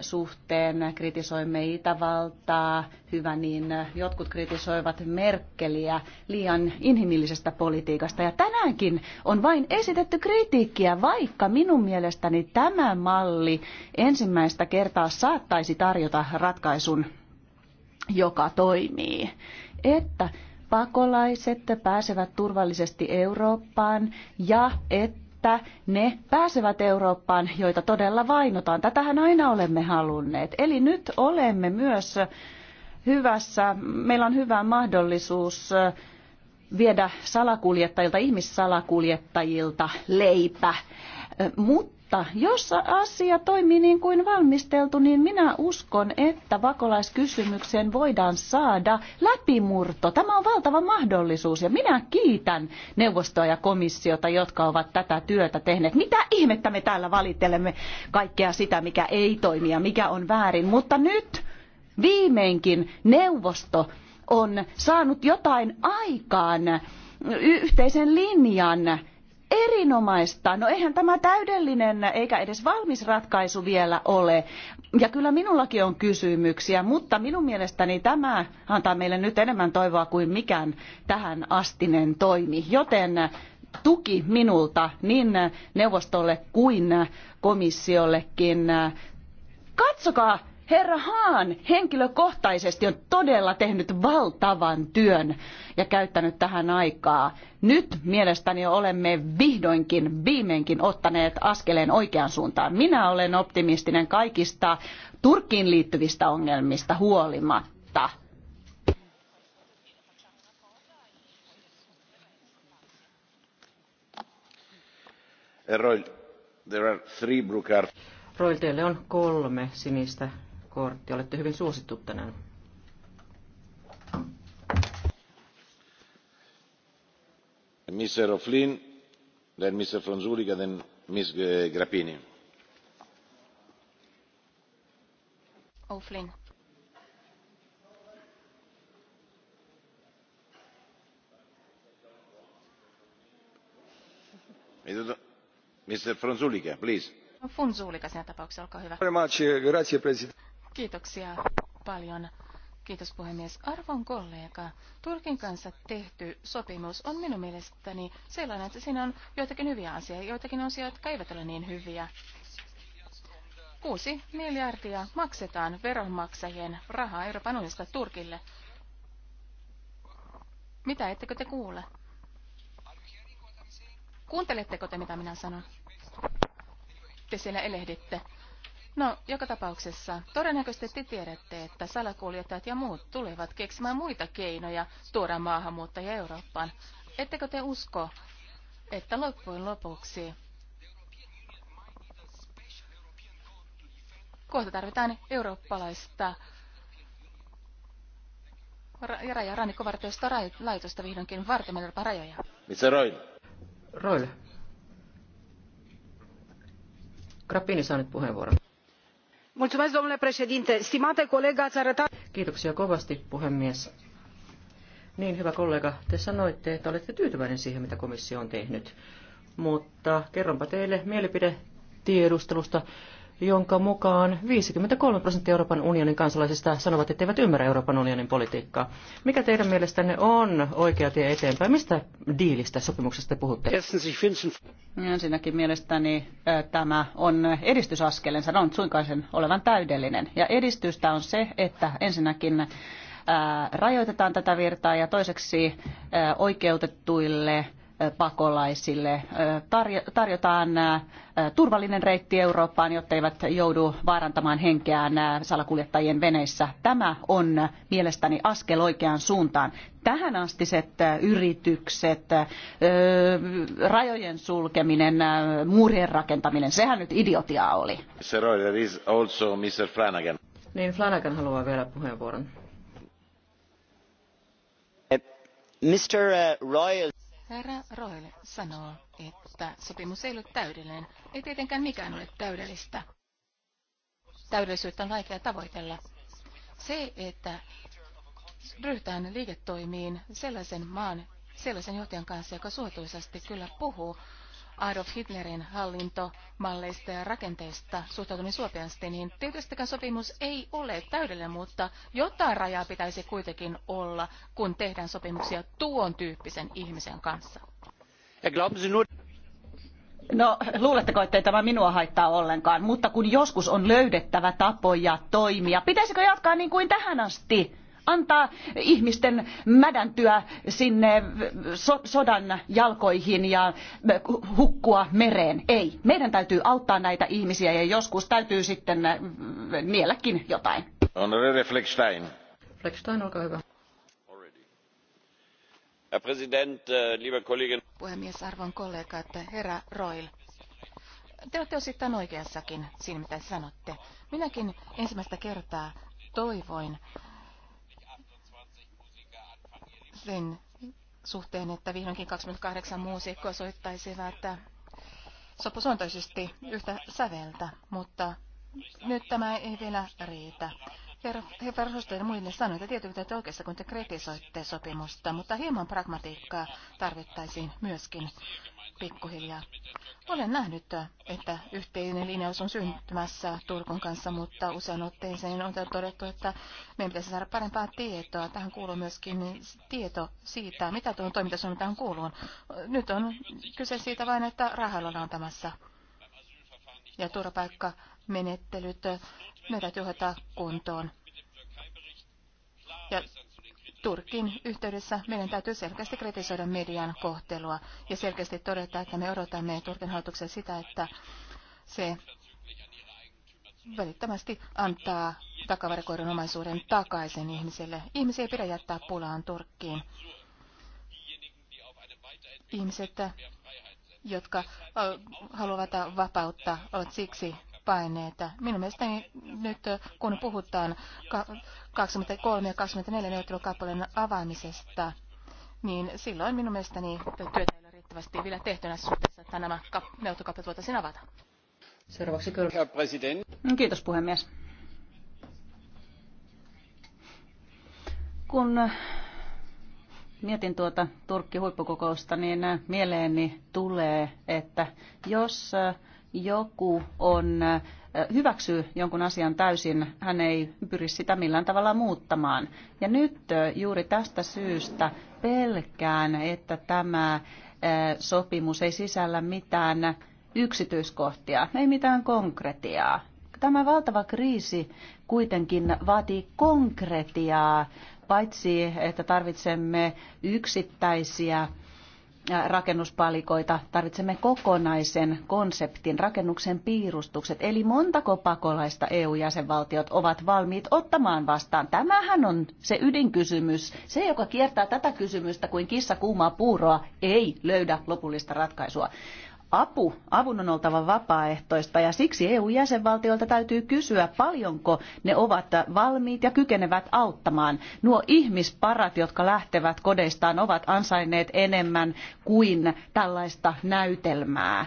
H: suhteen, kritisoimme Itävaltaa, hyvä niin, eh, jotkut kritisoivat Merkeliä liian inhimillisestä politiikasta. Ja tänäänkin on vain esitetty kritiikkiä, vaikka minun mielestäni tämä malli ensimmäistä kertaa saattaisi tarjota ratkaisun joka toimii. Että pakolaiset pääsevät turvallisesti Eurooppaan ja että ne pääsevät Eurooppaan, joita todella vainotaan. Tätähän aina olemme halunneet. Eli nyt olemme myös hyvässä, meillä on hyvä mahdollisuus viedä salakuljettajilta, ihmissalakuljettajilta leipä. Mutta mutta jos asia toimii niin kuin valmisteltu, niin minä uskon, että vakolaiskysymykseen voidaan saada läpimurto. Tämä on valtava mahdollisuus ja minä kiitän neuvostoa ja komissiota, jotka ovat tätä työtä tehneet. Mitä ihmettä me täällä valittelemme kaikkea sitä, mikä ei toimi ja mikä on väärin. Mutta nyt viimeinkin neuvosto on saanut jotain aikaan yhteisen linjan erinomaista. No eihän tämä täydellinen eikä edes valmis ratkaisu vielä ole. Ja kyllä minullakin on kysymyksiä, mutta minun mielestäni tämä antaa meille nyt enemmän toivoa kuin mikään tähän astinen toimi. Joten tuki minulta niin neuvostolle kuin komissiollekin. Katsokaa Herra Haan henkilökohtaisesti on todella tehnyt valtavan työn ja käyttänyt tähän aikaa. Nyt mielestäni olemme vihdoinkin, viimeinkin ottaneet askeleen oikeaan suuntaan. Minä olen optimistinen kaikista Turkkiin liittyvistä ongelmista huolimatta.
F: Roil, there are three blue cards.
I: on kolme sinistä kortti. Olette hyvin suosittu tänään.
F: Mr. O'Flynn, then Mr. Franzuli, then Ms. Eh, Grappini. O'Flynn. Mr. Franzuli, please.
G: No, Franzuli siinä tapauksessa, olkaa hyvä. Very
F: much, eh, grazie, president.
G: Kiitoksia paljon. Kiitos puhemies. Arvon kollega, Turkin kanssa tehty sopimus on minun mielestäni sellainen, että siinä on joitakin hyviä asioita, joitakin asioita, jotka eivät ole niin hyviä. Kuusi miljardia maksetaan veronmaksajien rahaa Euroopan unionista Turkille. Mitä ettekö te kuule? Kuunteletteko te, mitä minä sanon? Te siellä elehditte. No, joka tapauksessa todennäköisesti te tiedätte, että salakuljettajat ja muut tulevat keksimään muita keinoja tuoda maahanmuuttajia Eurooppaan. Ettekö te usko, että loppujen lopuksi kohta tarvitaan eurooppalaista raja- rannikkovartioista laitosta vihdoinkin vartimaan rajoja.
F: Mitä Roil? Roil.
I: Krapini saa nyt puheenvuoron
H: domnule președinte stimate coleg ați arătat. kiitoksia kovasti
I: puhemies. Niin, hyvä kollega, te sanoitte, että olette tyytyväinen siihen, mitä komissio on tehnyt. Mutta kerronpa teille mielipide tiedustelusta jonka mukaan 53 prosenttia Euroopan unionin kansalaisista sanovat, että ymmärrä Euroopan unionin politiikkaa. Mikä teidän mielestänne on oikea tie eteenpäin? Mistä diilistä sopimuksesta te puhutte?
H: Ensinnäkin mielestäni äh, tämä on edistysaskel. En sanonut suinkaan sen olevan täydellinen. Ja edistystä on se, että ensinnäkin äh, rajoitetaan tätä virtaa ja toiseksi äh, oikeutettuille – pakolaisille. Tarjotaan turvallinen reitti Eurooppaan, jotta eivät joudu vaarantamaan henkeään salakuljettajien veneissä. Tämä on mielestäni askel oikeaan suuntaan. Tähänastiset yritykset, rajojen sulkeminen, muurien rakentaminen, sehän nyt idiotiaa oli. Niin Flanagan haluaa vielä puheenvuoron.
C: Mr. Royal
G: Herra Roel sanoo, että sopimus ei ole täydellinen. Ei tietenkään mikään ole täydellistä. Täydellisyyttä on vaikea tavoitella. Se, että ryhtään liiketoimiin sellaisen maan, sellaisen johtajan kanssa, joka suotuisasti kyllä puhuu Adolf Hitlerin hallintomalleista ja rakenteista suhtautuminen suopeasti, niin tietystikään sopimus ei ole täydellinen, mutta jotain rajaa pitäisi kuitenkin olla, kun tehdään
H: sopimuksia tuon tyyppisen ihmisen kanssa. No, luuletteko, että tämä minua haittaa ollenkaan, mutta kun joskus on
D: löydettävä
H: tapoja toimia, pitäisikö jatkaa niin kuin tähän asti? antaa ihmisten mädäntyä sinne so sodan jalkoihin ja hukkua mereen. Ei. Meidän täytyy auttaa näitä ihmisiä ja joskus täytyy sitten nielläkin jotain.
F: Honorable Fleckstein.
H: Fleckstein, olkaa hyvä.
F: Herr Präsident, äh, liebe Kolleginnen.
G: Puhemies, arvon kollegat, herra Roil te olette osittain oikeassakin siinä, mitä sanotte. Minäkin ensimmäistä kertaa toivoin, sen suhteen, että vihdoinkin 28 muusikkoa soittaisivat sopusointoisesti yhtä säveltä, mutta nyt tämä ei vielä riitä. Herra Verhosto ja muille sanoi, että tietysti että oikeassa, kun te kritisoitte sopimusta, mutta hieman pragmatiikkaa tarvittaisiin myöskin pikkuhiljaa. Olen nähnyt, että yhteinen linjaus on syntymässä Turkun kanssa, mutta usein otteeseen on todettu, että meidän pitäisi saada parempaa tietoa. Tähän kuuluu myöskin tieto siitä, mitä tuon toimintasuunnitelmaan kuuluu. Nyt on kyse siitä vain, että rahalla on antamassa. Ja turvapaikka menettelyt, ne täytyy hoitaa kuntoon. Ja Turkin yhteydessä meidän täytyy selkeästi kritisoida median kohtelua ja selkeästi todeta, että me odotamme Turkin hallituksen sitä, että se välittömästi antaa takavarikoidun omaisuuden takaisin ihmisille. Ihmisiä ei pidä jättää pulaan Turkkiin. Ihmiset, jotka haluavat vapautta, ovat siksi paineita. Minun mielestäni nyt, kun puhutaan 23 ja 24 neuvottelukappaleen avaamisesta, niin silloin minun mielestäni työtä ei ole riittävästi vielä tehtynä suhteessa, että nämä neuvottelukappaleet voitaisiin avata.
D: Seuraavaksi kyllä.
G: Kiitos puhemies.
H: Kun mietin tuota Turkki-huippukokousta, niin mieleeni tulee, että jos joku on, hyväksyy jonkun asian täysin, hän ei pyri sitä millään tavalla muuttamaan. Ja nyt juuri tästä syystä pelkään, että tämä sopimus ei sisällä mitään yksityiskohtia, ei mitään konkretiaa. Tämä valtava kriisi kuitenkin vaatii konkretiaa, paitsi että tarvitsemme yksittäisiä rakennuspalikoita. Tarvitsemme kokonaisen konseptin, rakennuksen piirustukset. Eli montako pakolaista EU-jäsenvaltiot ovat valmiit ottamaan vastaan? Tämähän on se ydinkysymys. Se, joka kiertää tätä kysymystä kuin kissa kuumaa puuroa, ei löydä lopullista ratkaisua apu, avun on oltava vapaaehtoista ja siksi EU-jäsenvaltioilta täytyy kysyä, paljonko ne ovat valmiit ja kykenevät auttamaan. Nuo ihmisparat, jotka lähtevät kodeistaan, ovat ansainneet enemmän kuin tällaista näytelmää.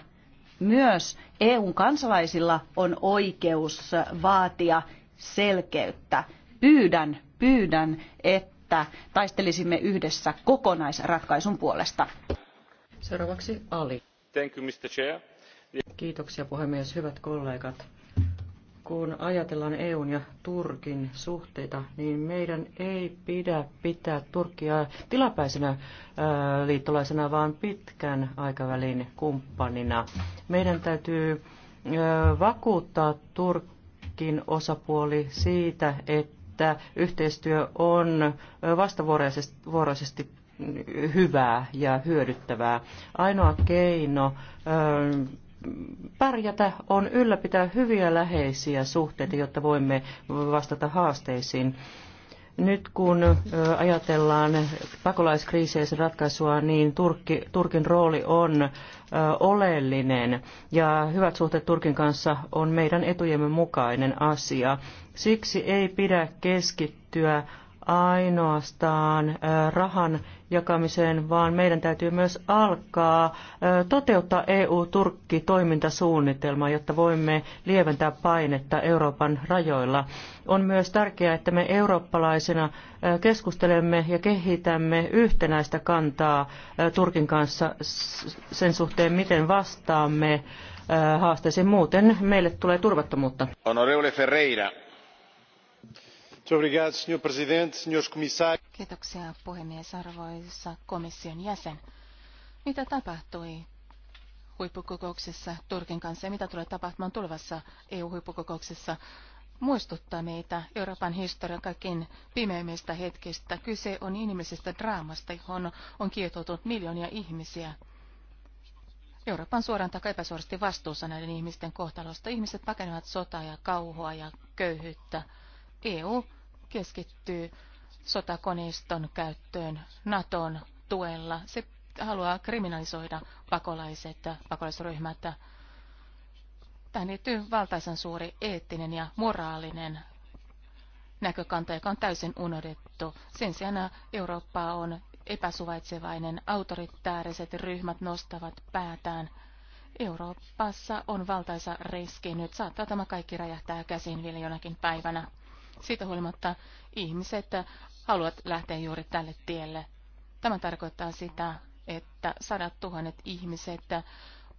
H: Myös EUn kansalaisilla on oikeus vaatia selkeyttä. Pyydän, pyydän, että taistelisimme yhdessä kokonaisratkaisun puolesta.
I: Seuraavaksi Ali. Kiitoksia puhemies, hyvät kollegat. Kun ajatellaan EUn ja Turkin suhteita, niin meidän ei pidä pitää Turkia tilapäisenä liittolaisena, vaan pitkän aikavälin kumppanina. Meidän täytyy vakuuttaa Turkin osapuoli siitä, että yhteistyö on vastavuoroisesti hyvää ja hyödyttävää. Ainoa keino pärjätä on ylläpitää hyviä läheisiä suhteita, jotta voimme vastata haasteisiin. Nyt kun ajatellaan pakolaiskriisien ratkaisua, niin Turkki, Turkin rooli on oleellinen ja hyvät suhteet Turkin kanssa on meidän etujemme mukainen asia. Siksi ei pidä keskittyä ainoastaan rahan jakamiseen, vaan meidän täytyy myös alkaa toteuttaa EU-Turkki-toimintasuunnitelmaa, jotta voimme lieventää painetta Euroopan rajoilla. On myös tärkeää, että me eurooppalaisina keskustelemme ja kehitämme yhtenäistä kantaa Turkin kanssa sen suhteen, miten vastaamme haasteeseen. Muuten meille tulee turvattomuutta.
F: Honorable Ferreira arvoisa
G: puhemies, arvoisa komission jäsen. Mitä tapahtui huippukokouksessa Turkin kanssa ja mitä tulee tapahtumaan tulevassa EU-huippukokouksessa? muistuttaa meitä Euroopan historian kaikkein pimeimmistä hetkistä. Kyse on inhimillisestä draamasta, johon on kietoutunut miljoonia ihmisiä. Euroopan suoraan tai epäsuorasti vastuussa näiden ihmisten kohtalosta. Ihmiset pakenevat sotaa ja kauhua ja köyhyyttä. EU keskittyy sotakoneiston käyttöön Naton tuella. Se haluaa kriminalisoida pakolaiset, ja pakolaisryhmät. Tähän liittyy valtaisen suuri eettinen ja moraalinen näkökanta, joka on täysin unohdettu. Sen sijaan Eurooppa on epäsuvaitsevainen, autoritääriset ryhmät nostavat päätään. Euroopassa on valtaisa riski nyt. Saattaa tämä kaikki räjähtää käsin vielä jonakin päivänä. Siitä huolimatta ihmiset haluavat lähteä juuri tälle tielle. Tämä tarkoittaa sitä, että sadat tuhannet ihmiset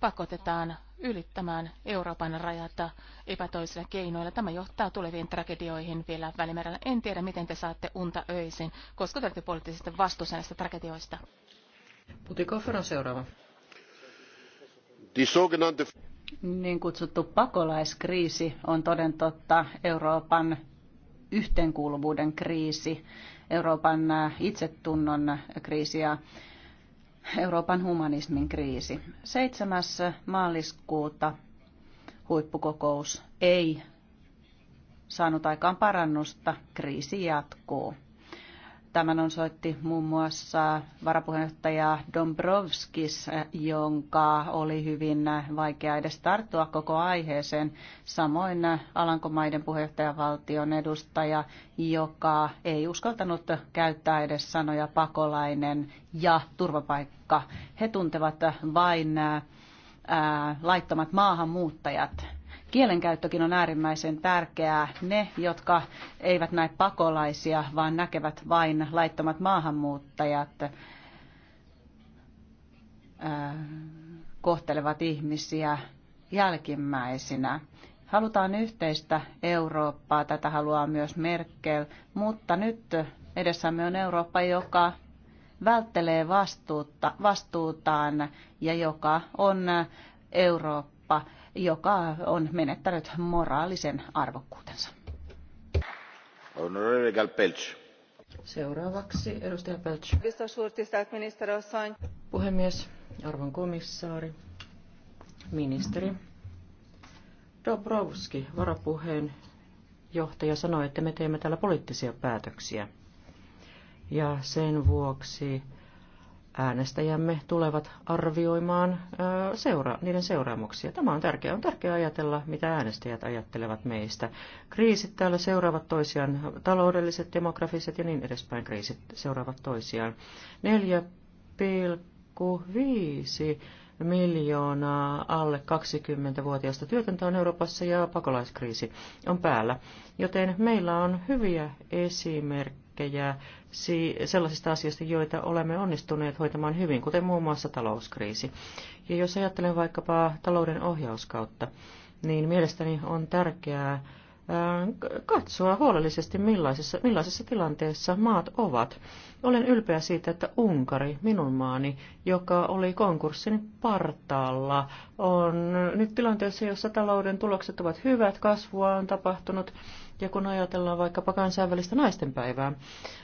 G: pakotetaan ylittämään Euroopan rajata epätoisilla keinoilla. Tämä johtaa tuleviin tragedioihin vielä välimerellä. En tiedä, miten te saatte unta öisin, koska te olette poliittisesti vastuussa näistä
H: tragedioista. Putikoffer on seuraava. Niin kutsuttu pakolaiskriisi on toden totta Euroopan yhteenkuuluvuuden kriisi, Euroopan äh, itsetunnon kriisi ja Euroopan humanismin kriisi. 7. maaliskuuta huippukokous ei saanut aikaan parannusta, kriisi jatkuu. Tämän soitti muun muassa varapuheenjohtaja Dombrovskis, jonka oli hyvin vaikea edes tarttua koko aiheeseen. Samoin Alankomaiden puheenjohtajavaltion edustaja, joka ei uskaltanut käyttää edes sanoja pakolainen ja turvapaikka. He tuntevat vain laittomat maahanmuuttajat Kielenkäyttökin on äärimmäisen tärkeää. Ne, jotka eivät näe pakolaisia, vaan näkevät vain laittomat maahanmuuttajat, äh, kohtelevat ihmisiä jälkimmäisinä. Halutaan yhteistä Eurooppaa, tätä haluaa myös Merkel, mutta nyt edessämme on Eurooppa, joka välttelee vastuuta, vastuutaan ja joka on Eurooppa, joka on menettänyt moraalisen arvokkuutensa. Seuraavaksi edustaja Pelch.
I: Puhemies, arvon komissaari, ministeri. Dobrovski, varapuheen johtaja, sanoi, että me teemme täällä poliittisia päätöksiä. Ja sen vuoksi äänestäjämme tulevat arvioimaan seura- niiden seuraamuksia. Tämä on tärkeää. On tärkeää ajatella, mitä äänestäjät ajattelevat meistä. Kriisit täällä seuraavat toisiaan, taloudelliset, demografiset ja niin edespäin kriisit seuraavat toisiaan. 4,5 miljoonaa alle 20-vuotiaista työtöntä on Euroopassa ja pakolaiskriisi on päällä. Joten meillä on hyviä esimerkkejä esimerkkejä sellaisista asioista, joita olemme onnistuneet hoitamaan hyvin, kuten muun muassa talouskriisi. Ja jos ajattelen vaikkapa talouden ohjauskautta, niin mielestäni on tärkeää äh, katsoa huolellisesti, millaisessa, millaisessa tilanteessa maat ovat. Olen ylpeä siitä, että Unkari, minun maani, joka oli konkurssin partaalla, on nyt tilanteessa, jossa talouden tulokset ovat hyvät, kasvua on tapahtunut ja kun ajatellaan vaikkapa kansainvälistä naistenpäivää,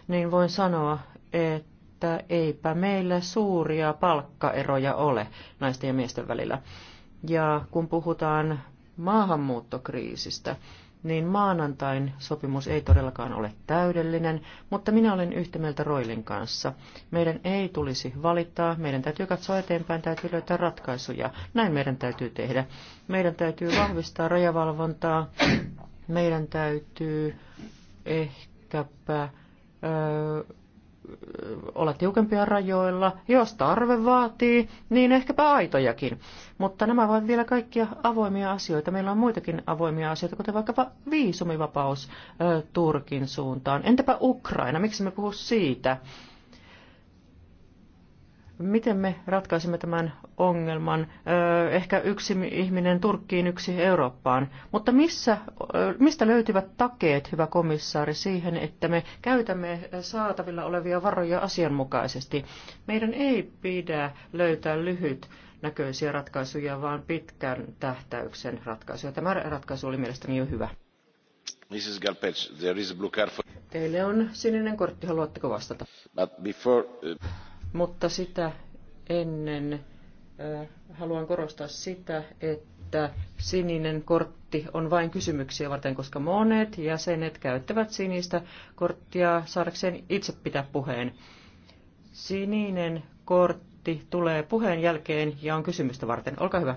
I: niin voin sanoa, että eipä meillä suuria palkkaeroja ole naisten ja miesten välillä. Ja kun puhutaan maahanmuuttokriisistä, niin maanantain sopimus ei todellakaan ole täydellinen, mutta minä olen yhtä mieltä Roilin kanssa. Meidän ei tulisi valittaa, meidän täytyy katsoa eteenpäin, täytyy löytää ratkaisuja. Näin meidän täytyy tehdä. Meidän täytyy vahvistaa rajavalvontaa, meidän täytyy ehkäpä ö, olla tiukempia rajoilla, jos tarve vaatii, niin ehkäpä aitojakin. Mutta nämä ovat vielä kaikkia avoimia asioita. Meillä on muitakin avoimia asioita, kuten vaikkapa viisumivapaus ö, Turkin suuntaan. Entäpä Ukraina, miksi me puhu siitä? Miten me ratkaisimme tämän ongelman? Ehkä yksi ihminen Turkkiin, yksi Eurooppaan. Mutta missä, mistä löytyvät takeet, hyvä komissaari, siihen, että me käytämme saatavilla olevia varoja asianmukaisesti? Meidän ei pidä löytää lyhyt näköisiä ratkaisuja, vaan pitkän tähtäyksen ratkaisuja. Tämä ratkaisu oli mielestäni jo hyvä.
F: Mrs. Galpec, there is a blue card for...
I: Teille on sininen kortti, haluatteko vastata?
F: But before, uh
I: mutta sitä ennen haluan korostaa sitä, että sininen kortti on vain kysymyksiä varten, koska monet jäsenet käyttävät sinistä korttia saadakseen itse pitää puheen. Sininen kortti tulee puheen jälkeen ja on kysymystä varten. Olkaa hyvä.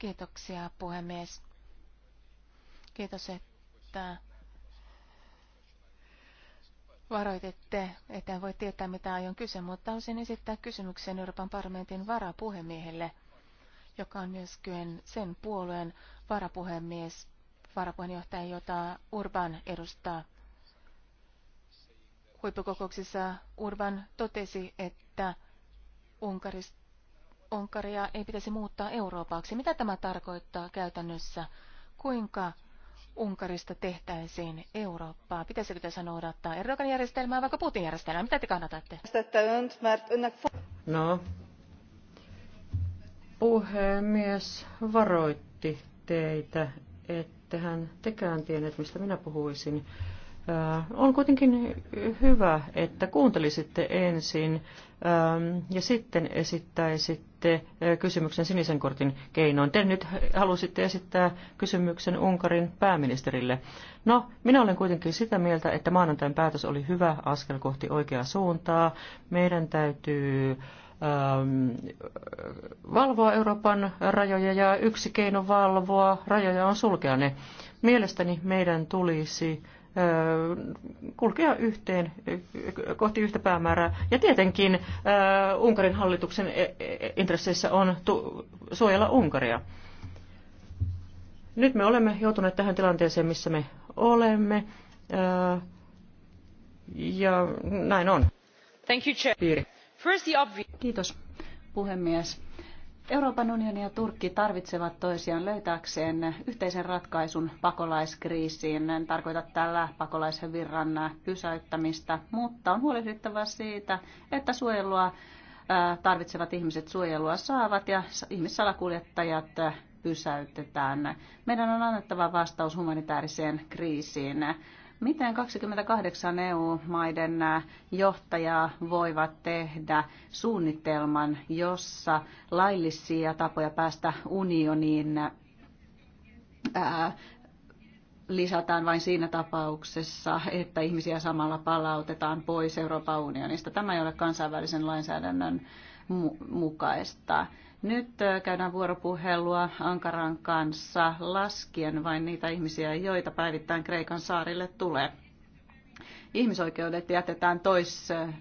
G: Kiitoksia puhemies. Kiitos, että varoititte, että en voi tietää mitä aion kysyä, mutta haluaisin esittää kysymyksen Euroopan parlamentin varapuhemiehelle, joka on myöskin sen puolueen varapuhemies, varapuheenjohtaja, jota Urban edustaa. Huippukokouksessa Urban totesi, että Unkarista Unkaria ei pitäisi muuttaa Euroopaksi. Mitä tämä tarkoittaa käytännössä? Kuinka Unkarista tehtäisiin Eurooppaa? Pitäisikö tässä noudattaa Erdogan järjestelmää vaikka Putin järjestelmää? Mitä te kannatatte?
I: No, puhemies varoitti teitä, että hän tekään tiennyt, mistä minä puhuisin. Äh, on kuitenkin hyvä, että kuuntelisitte ensin ähm, ja sitten esittäisitte äh, kysymyksen sinisen kortin keinoin. Te nyt halusitte esittää kysymyksen Unkarin pääministerille. No, minä olen kuitenkin sitä mieltä, että maanantain päätös oli hyvä askel kohti oikeaa suuntaa. Meidän täytyy ähm, valvoa Euroopan rajoja ja yksi keino valvoa rajoja on sulkea ne. Mielestäni meidän tulisi kulkea yhteen kohti yhtä päämäärää. Ja tietenkin Unkarin hallituksen e, e, intresseissä on suojella Unkaria. Nyt me olemme joutuneet tähän tilanteeseen, missä me olemme. Ja näin on. Thank you,
H: Chair. Kiitos puhemies Euroopan unioni ja Turkki tarvitsevat toisiaan löytääkseen yhteisen ratkaisun pakolaiskriisiin. En tarkoita tällä pakolaisen virran pysäyttämistä, mutta on huolehdittava siitä, että suojelua tarvitsevat ihmiset suojelua saavat ja ihmissalakuljettajat pysäytetään. Meidän on annettava vastaus humanitaariseen kriisiin. Miten 28 EU-maiden johtajaa voivat tehdä suunnitelman, jossa laillisia tapoja päästä unioniin ää, äh, lisätään vain siinä tapauksessa, että ihmisiä samalla palautetaan pois Euroopan unionista. Tämä ei ole kansainvälisen lainsäädännön mukaista. Nyt äh, käydään vuoropuhelua Ankaran kanssa laskien vain niitä ihmisiä, joita päivittäin Kreikan saarille tulee. Ihmisoikeudet jätetään tois äh,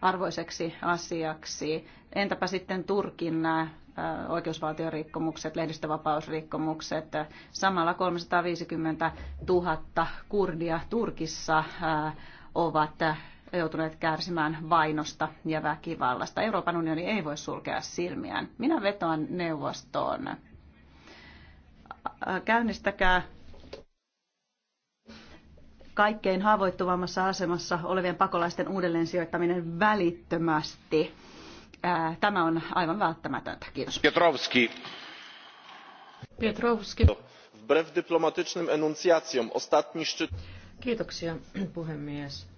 H: arvoiseksi asiaksi. Entäpä sitten Turkin nämä äh, oikeusvaltiorikkomukset, lehdistövapausrikkomukset. Samalla 350 000 kurdia Turkissa ovat joutuneet kärsimään vainosta ja väkivallasta. Euroopan unioni ei voi sulkea silmiään. Minä vetoan neuvostoon. Käynnistäkää kaikkein haavoittuvammassa asemassa olevien pakolaisten uudelleen sijoittaminen välittömästi. Tämä on aivan välttämätöntä.
F: Kiitos. Piotrowski.
H: Piotrowski.
A: Wbrew enuncjacjom ostatni szczyt...
I: Kiitoksia, puhemies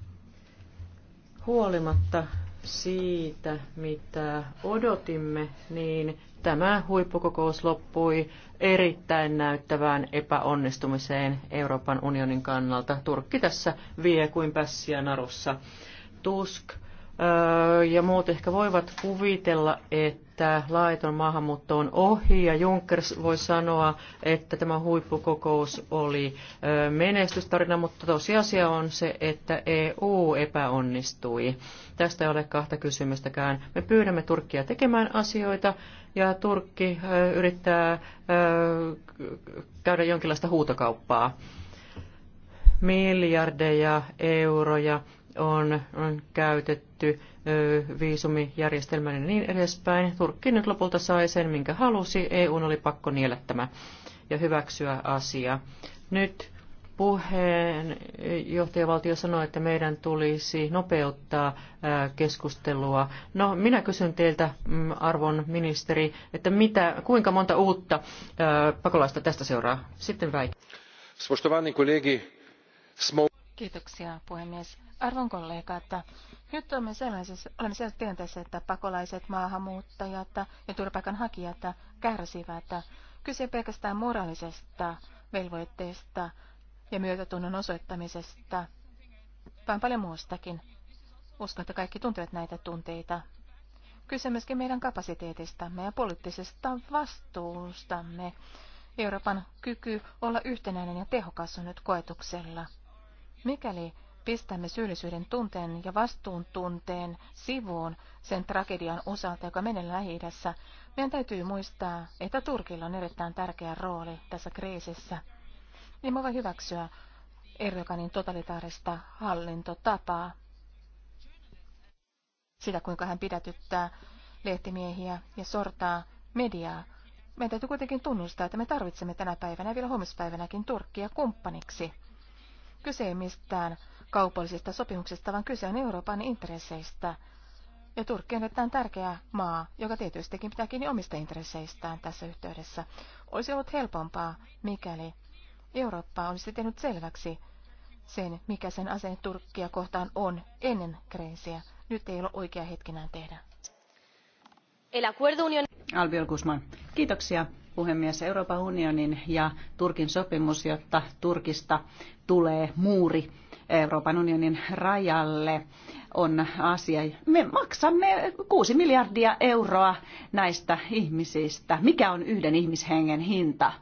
I: Huolimatta siitä, mitä odotimme, niin tämä huippukokous loppui erittäin näyttävään epäonnistumiseen Euroopan unionin kannalta. Turkki tässä vie kuin pässiä narussa. Tusk öö, ja muut ehkä voivat kuvitella, että että laiton maahanmuutto on ohi ja Juncker voi sanoa, että tämä huippukokous oli menestystarina, mutta tosiasia on se, että EU epäonnistui. Tästä ei ole kahta kysymystäkään. Me pyydämme Turkkia tekemään asioita ja Turkki yrittää käydä jonkinlaista huutokauppaa. Miljardeja euroja on, on käytetty viisumijärjestelmän ja niin edespäin. Turkki nyt lopulta sai sen, minkä halusi. EU oli pakko niellä tämä ja hyväksyä asia. Nyt puheenjohtajavaltio sanoi, että meidän tulisi nopeuttaa keskustelua. No, minä kysyn teiltä, mm, arvon ministeri, että mitä, kuinka monta uutta pakolaista tästä seuraa? Sitten väit.
G: Kiitoksia, puhemies. Arvon kollegat, nyt olemme sellaisessa, olemme sellaisessa tilanteessa, että pakolaiset, maahanmuuttajat ja turvapaikanhakijat kärsivät. Kyse pelkästään moraalisesta velvoitteesta ja myötätunnon osoittamisesta, vaan paljon muustakin. Uskon, että kaikki tuntevat näitä tunteita. Kyse myöskin meidän kapasiteetistamme ja poliittisesta vastuustamme. Euroopan kyky olla yhtenäinen ja tehokas on nyt koetuksella. Mikäli pistämme syyllisyyden tunteen ja vastuun tunteen sivuun sen tragedian osalta, joka menee lähi Meidän täytyy muistaa, että Turkilla on erittäin tärkeä rooli tässä kriisissä. Niin voi hyväksyä Erdoganin totalitaarista hallintotapaa. Sitä, kuinka hän pidätyttää lehtimiehiä ja sortaa mediaa. Meidän täytyy kuitenkin tunnustaa, että me tarvitsemme tänä päivänä ja vielä huomispäivänäkin Turkkia kumppaniksi. Kyse ei mistään kaupallisesta sopimuksesta, vaan kyse on Euroopan intresseistä. Ja Turkki on erittäin tärkeä maa, joka tietystikin pitää kiinni omista intresseistään tässä yhteydessä. Olisi ollut helpompaa, mikäli Eurooppa olisi tehnyt selväksi sen, mikä sen aseen Turkkia kohtaan on ennen kriisiä. Nyt ei ole oikea hetkenään tehdä.
H: Albiol Kusman, Kiitoksia puhemies. Euroopan unionin ja Turkin sopimus, jotta Turkista tulee muuri Euroopan unionin rajalle on asia. Me maksamme 6 miljardia euroa näistä ihmisistä. Mikä on yhden ihmishengen hinta?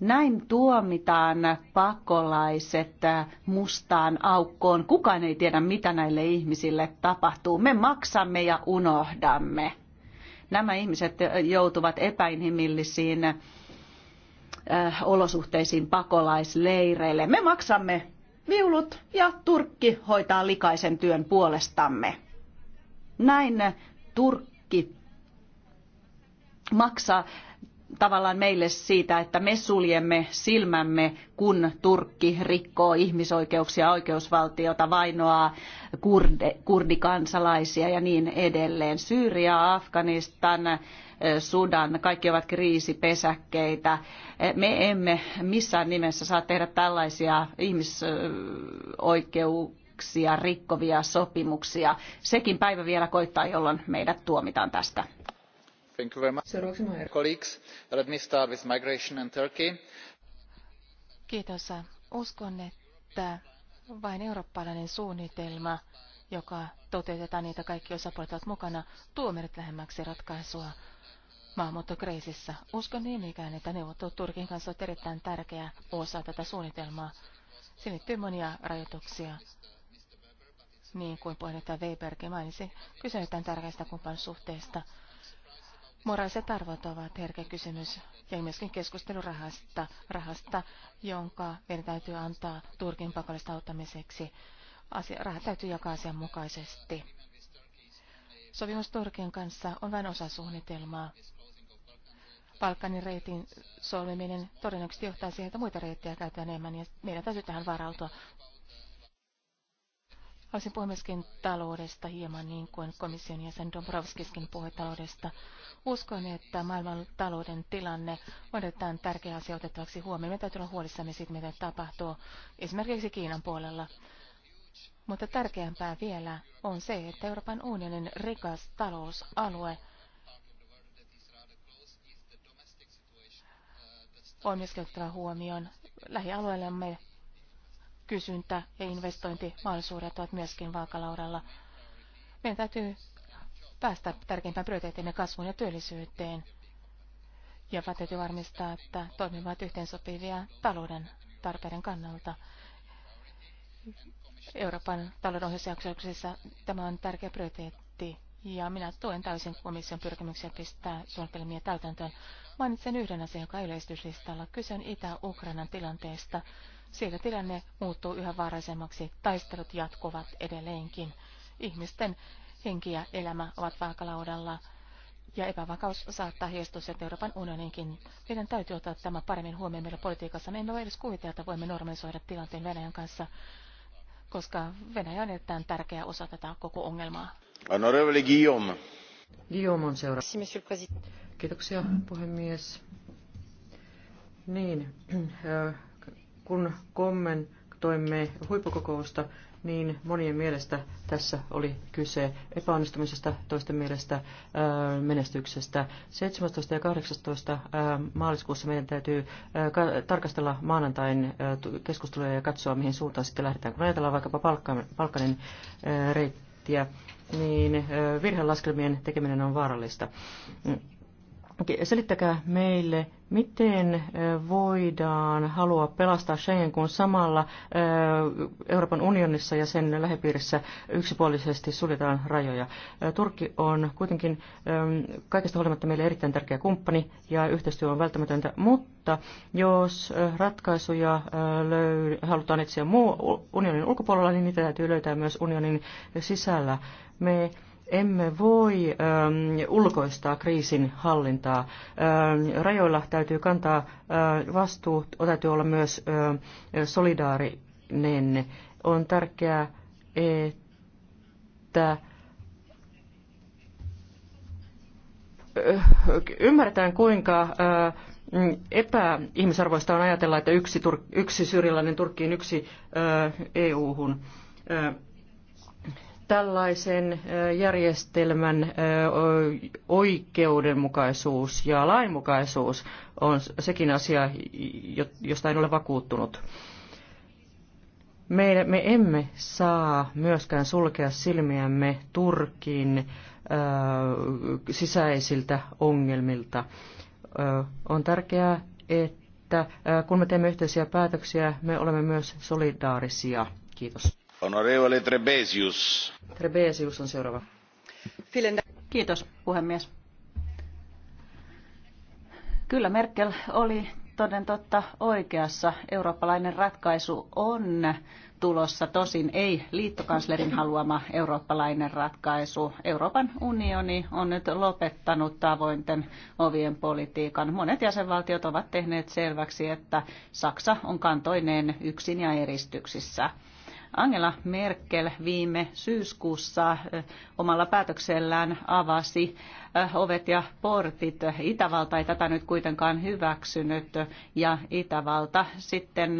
H: Näin tuomitaan pakolaiset mustaan aukkoon. Kukaan ei tiedä, mitä näille ihmisille tapahtuu. Me maksamme ja unohdamme. Nämä ihmiset joutuvat epäinhimillisiin Äh, olosuhteisiin pakolaisleireille. Me maksamme viulut ja Turkki hoitaa likaisen työn puolestamme. Näin Turkki maksaa tavallaan meille siitä, että me suljemme silmämme, kun Turkki rikkoo ihmisoikeuksia, oikeusvaltiota, vainoaa kurde, kurdikansalaisia ja niin edelleen. Syyria, Afganistan, eh, Sudan, kaikki ovat kriisipesäkkeitä. Eh, me emme missään nimessä saa tehdä tällaisia ihmisoikeuksia rikkovia sopimuksia. Sekin päivä vielä koittaa, jolloin meidät tuomitaan tästä.
E: Seuraavaksi
G: Uskon, että vain eurooppalainen suunnitelma, joka toteutetaan niitä kaikki osapuolet ovat mukana, tuo meidät lähemmäksi ratkaisua maahanmuuttokriisissä. Uskon niin ikään, että neuvottelut Turkin kanssa ovat erittäin tärkeä osa tätä suunnitelmaa. Se liittyy monia rajoituksia, niin kuin puheenjohtaja Weberkin mainitsi. Kyse on tärkeästä kumppanisuhteesta. Moraaliset arvot ovat herkä kysymys ja myöskin keskustelu rahasta, rahasta jonka meidän täytyy antaa Turkin pakollista auttamiseksi. Asia, rahat täytyy jakaa asianmukaisesti. Sovimus Turkin kanssa on vain osa suunnitelmaa. Balkanin reitin solmiminen todennäköisesti johtaa siihen, että muita reittejä käytetään enemmän ja meidän täytyy tähän varautua. Haluaisin puhua myöskin taloudesta hieman niin kuin komission jäsen Dombrovskiskin puhui taloudesta. Uskon, että maailman talouden tilanne on erittäin tärkeä asia otettavaksi huomioon. Me täytyy olla huolissamme siitä, mitä tapahtuu esimerkiksi Kiinan puolella. Mutta tärkeämpää vielä on se, että Euroopan unionin rikas talousalue on myös huomioon lähialueellamme kysyntä ja investointimahdollisuudet ovat myöskin vaakalaudalla. Meidän täytyy päästä tärkeimpään prioriteettimme kasvuun ja työllisyyteen. Ja täytyy varmistaa, että toimivat yhteensopivia talouden tarpeiden kannalta. Euroopan talouden ohjausjaksoksessa tämä on tärkeä prioriteetti ja minä tuen täysin komission pyrkimyksiä pistää suunnitelmia täytäntöön. Mainitsen yhden asian, joka yleistyslistalla. Kyse on Itä-Ukrainan tilanteesta. Siellä tilanne muuttuu yhä vaarallisemmaksi. Taistelut jatkuvat edelleenkin. Ihmisten henki ja elämä ovat vaakalaudalla ja epävakaus saattaa heistua sieltä Euroopan unioninkin. Meidän täytyy ottaa tämä paremmin huomioon meillä politiikassa. Me emme voi edes kuvitella, että voimme normalisoida tilanteen Venäjän kanssa, koska Venäjä on erittäin tärkeä osa tätä koko ongelmaa.
F: Honorable Guillaume.
I: Guillaume on seuraava. Kiitoksia puhemies. Niin, Kun kommentoimme huippukokousta, niin monien mielestä tässä oli kyse epäonnistumisesta, toisten mielestä menestyksestä. 17. ja 18. maaliskuussa meidän täytyy tarkastella maanantain keskusteluja ja katsoa, mihin suuntaan sitten lähdetään. Kun ajatellaan vaikkapa palkka, Palkkanin reittiä, niin virhelaskelmien tekeminen on vaarallista selittäkää meille, miten voidaan halua pelastaa Schengen, kun samalla Euroopan unionissa ja sen lähipiirissä yksipuolisesti suljetaan rajoja. Turkki on kuitenkin kaikesta huolimatta meille erittäin tärkeä kumppani ja yhteistyö on välttämätöntä, mutta jos ratkaisuja löy- halutaan etsiä muu unionin ulkopuolella, niin niitä täytyy löytää myös unionin sisällä. Me emme voi ähm, ulkoistaa kriisin hallintaa. Äm, rajoilla täytyy kantaa äh, vastuu, täytyy olla myös äh, solidaarinen. On tärkeää, että äh, ymmärretään kuinka äh, epäihmisarvoista on ajatella, että yksi, tur- yksi syyrialainen Turkkiin, yksi äh, EU-hun tällaisen järjestelmän oikeudenmukaisuus ja lainmukaisuus on sekin asia, josta en ole vakuuttunut. Me, me emme saa myöskään sulkea silmiämme Turkin sisäisiltä ongelmilta. on tärkeää, että kun me teemme yhteisiä päätöksiä, me olemme myös solidaarisia. Kiitos. Honorevole on seuraava.
H: Kiitos puhemies. Kyllä Merkel oli toden totta oikeassa. Eurooppalainen ratkaisu on tulossa, tosin ei liittokanslerin haluama eurooppalainen ratkaisu. Euroopan unioni on nyt lopettanut avointen ovien politiikan. Monet jäsenvaltiot ovat tehneet selväksi, että Saksa on kantoineen yksin ja eristyksissä. Angela Merkel viime syyskuussa omalla päätöksellään avasi ovet ja portit. Itävalta ei tätä nyt kuitenkaan hyväksynyt ja Itävalta sitten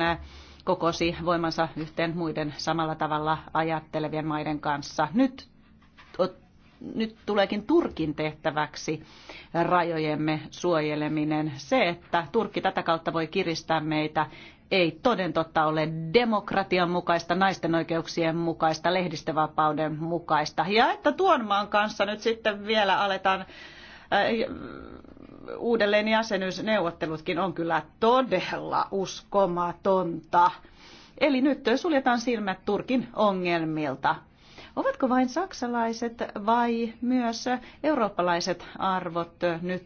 H: kokosi voimansa yhteen muiden samalla tavalla ajattelevien maiden kanssa. Nyt nyt tuleekin Turkin tehtäväksi rajojemme suojeleminen. Se, että Turkki tätä kautta voi kiristää meitä, ei toden totta ole demokratian mukaista, naisten oikeuksien mukaista, lehdistövapauden mukaista. Ja että tuon maan kanssa nyt sitten vielä aletaan äh, uudelleen jäsenyysneuvottelutkin on kyllä todella uskomatonta. Eli nyt suljetaan silmät Turkin ongelmilta. Ovatko vain saksalaiset vai myös eurooppalaiset arvot nyt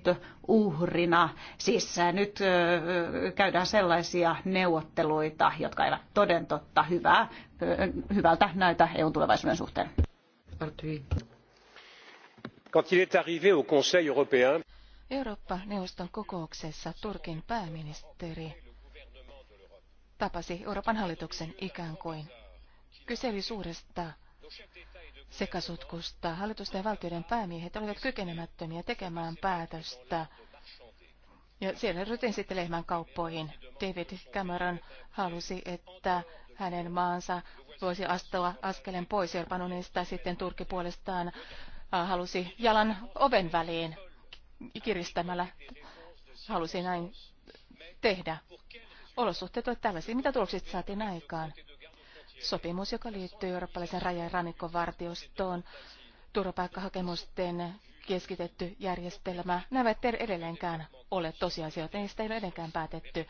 H: uhrina? Siis äh, nyt äh, käydään sellaisia neuvotteluita, jotka eivät toden totta hyvää, äh, hyvältä näytä EUn tulevaisuuden suhteen.
C: Quand il est arrivé au Conseil européen,
H: Eurooppa-neuvoston
G: kokouksessa Turkin pääministeri tapasi Euroopan hallituksen ikään kuin. Kyseli suuresta sekasotkusta. Hallitusten ja valtioiden päämiehet olivat kykenemättömiä tekemään päätöstä. Ja siellä ryhtyin sitten lehmän kauppoihin. David Cameron halusi, että hänen maansa voisi astua askelen pois Euroopan Sitten Turkki puolestaan halusi jalan oven väliin kiristämällä. Halusi näin tehdä. Olosuhteet ovat tällaisia. Mitä tuloksista saatiin aikaan? sopimus, joka liittyy eurooppalaisen rajan rannikkovartiostoon, turvapaikkahakemusten keskitetty järjestelmä. Nämä eivät edelleenkään ole tosiasioita, niistä ei ole edelleenkään päätetty.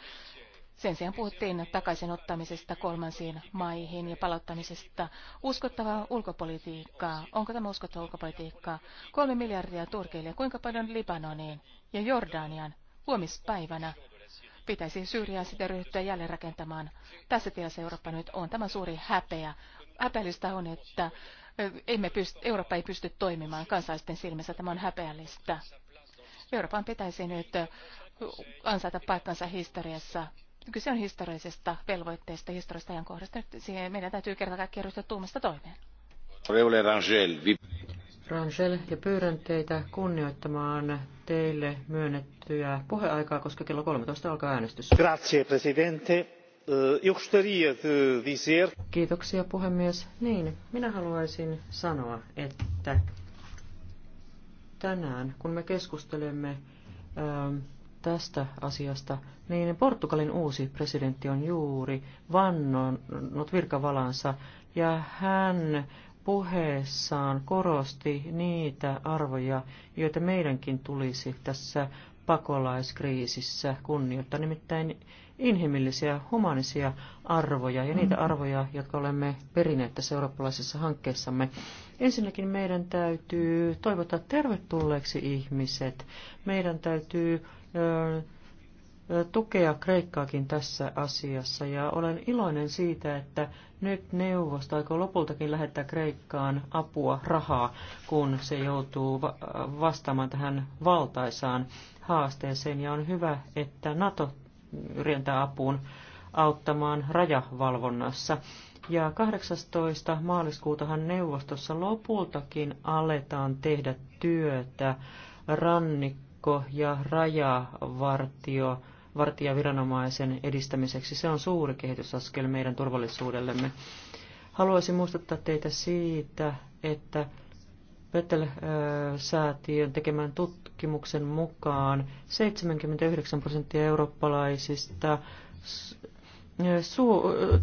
G: Sen sijaan puhuttiin ottamisesta kolmansiin maihin ja palauttamisesta. Uskottavaa ulkopolitiikkaa. Onko tämä uskottava ulkopolitiikkaa? Kolme miljardia Turkille. Kuinka paljon Libanoniin ja Jordanian huomispäivänä Pitäisi syrjää sitä ryhtyä jälleen rakentamaan. Tässä tilassa Eurooppa nyt on. Tämä suuri häpeä. Häpeällistä on, että emme pysty, Eurooppa ei pysty toimimaan kansalaisten silmissä. Tämä on häpeällistä. Euroopan pitäisi nyt ansaita paikkansa historiassa. Kyse on historiallisesta velvoitteesta, historiallisesta ajankohdasta. siihen meidän täytyy kerta kaikkiaan ryhtyä tuumasta toimeen.
I: Rangel, ja pyydän teitä kunnioittamaan teille myönnettyä puheaikaa, koska kello 13 alkaa äänestys.
C: Grazie, presidente. Eh,
I: Kiitoksia puhemies. Niin, minä haluaisin sanoa, että tänään, kun me keskustelemme ähm, tästä asiasta, niin Portugalin uusi presidentti on juuri vannonut virkavalansa ja hän puheessaan korosti niitä arvoja, joita meidänkin tulisi tässä pakolaiskriisissä kunnioittaa, nimittäin inhimillisiä, humanisia arvoja ja niitä mm-hmm. arvoja, jotka olemme perineet tässä eurooppalaisessa hankkeessamme. Ensinnäkin meidän täytyy toivottaa tervetulleeksi ihmiset. Meidän täytyy tukea Kreikkaakin tässä asiassa ja olen iloinen siitä, että nyt neuvosto aikoo lopultakin lähettää Kreikkaan apua, rahaa, kun se joutuu vastaamaan tähän valtaisaan haasteeseen ja on hyvä, että NATO rientää apuun auttamaan rajavalvonnassa. Ja 18. maaliskuutahan neuvostossa lopultakin aletaan tehdä työtä rannikko- ja rajavartio vartijaviranomaisen edistämiseksi. Se on suuri kehitysaskel meidän turvallisuudellemme. Haluaisin muistuttaa teitä siitä, että Vettel-säätiön tekemän tutkimuksen mukaan 79 prosenttia eurooppalaisista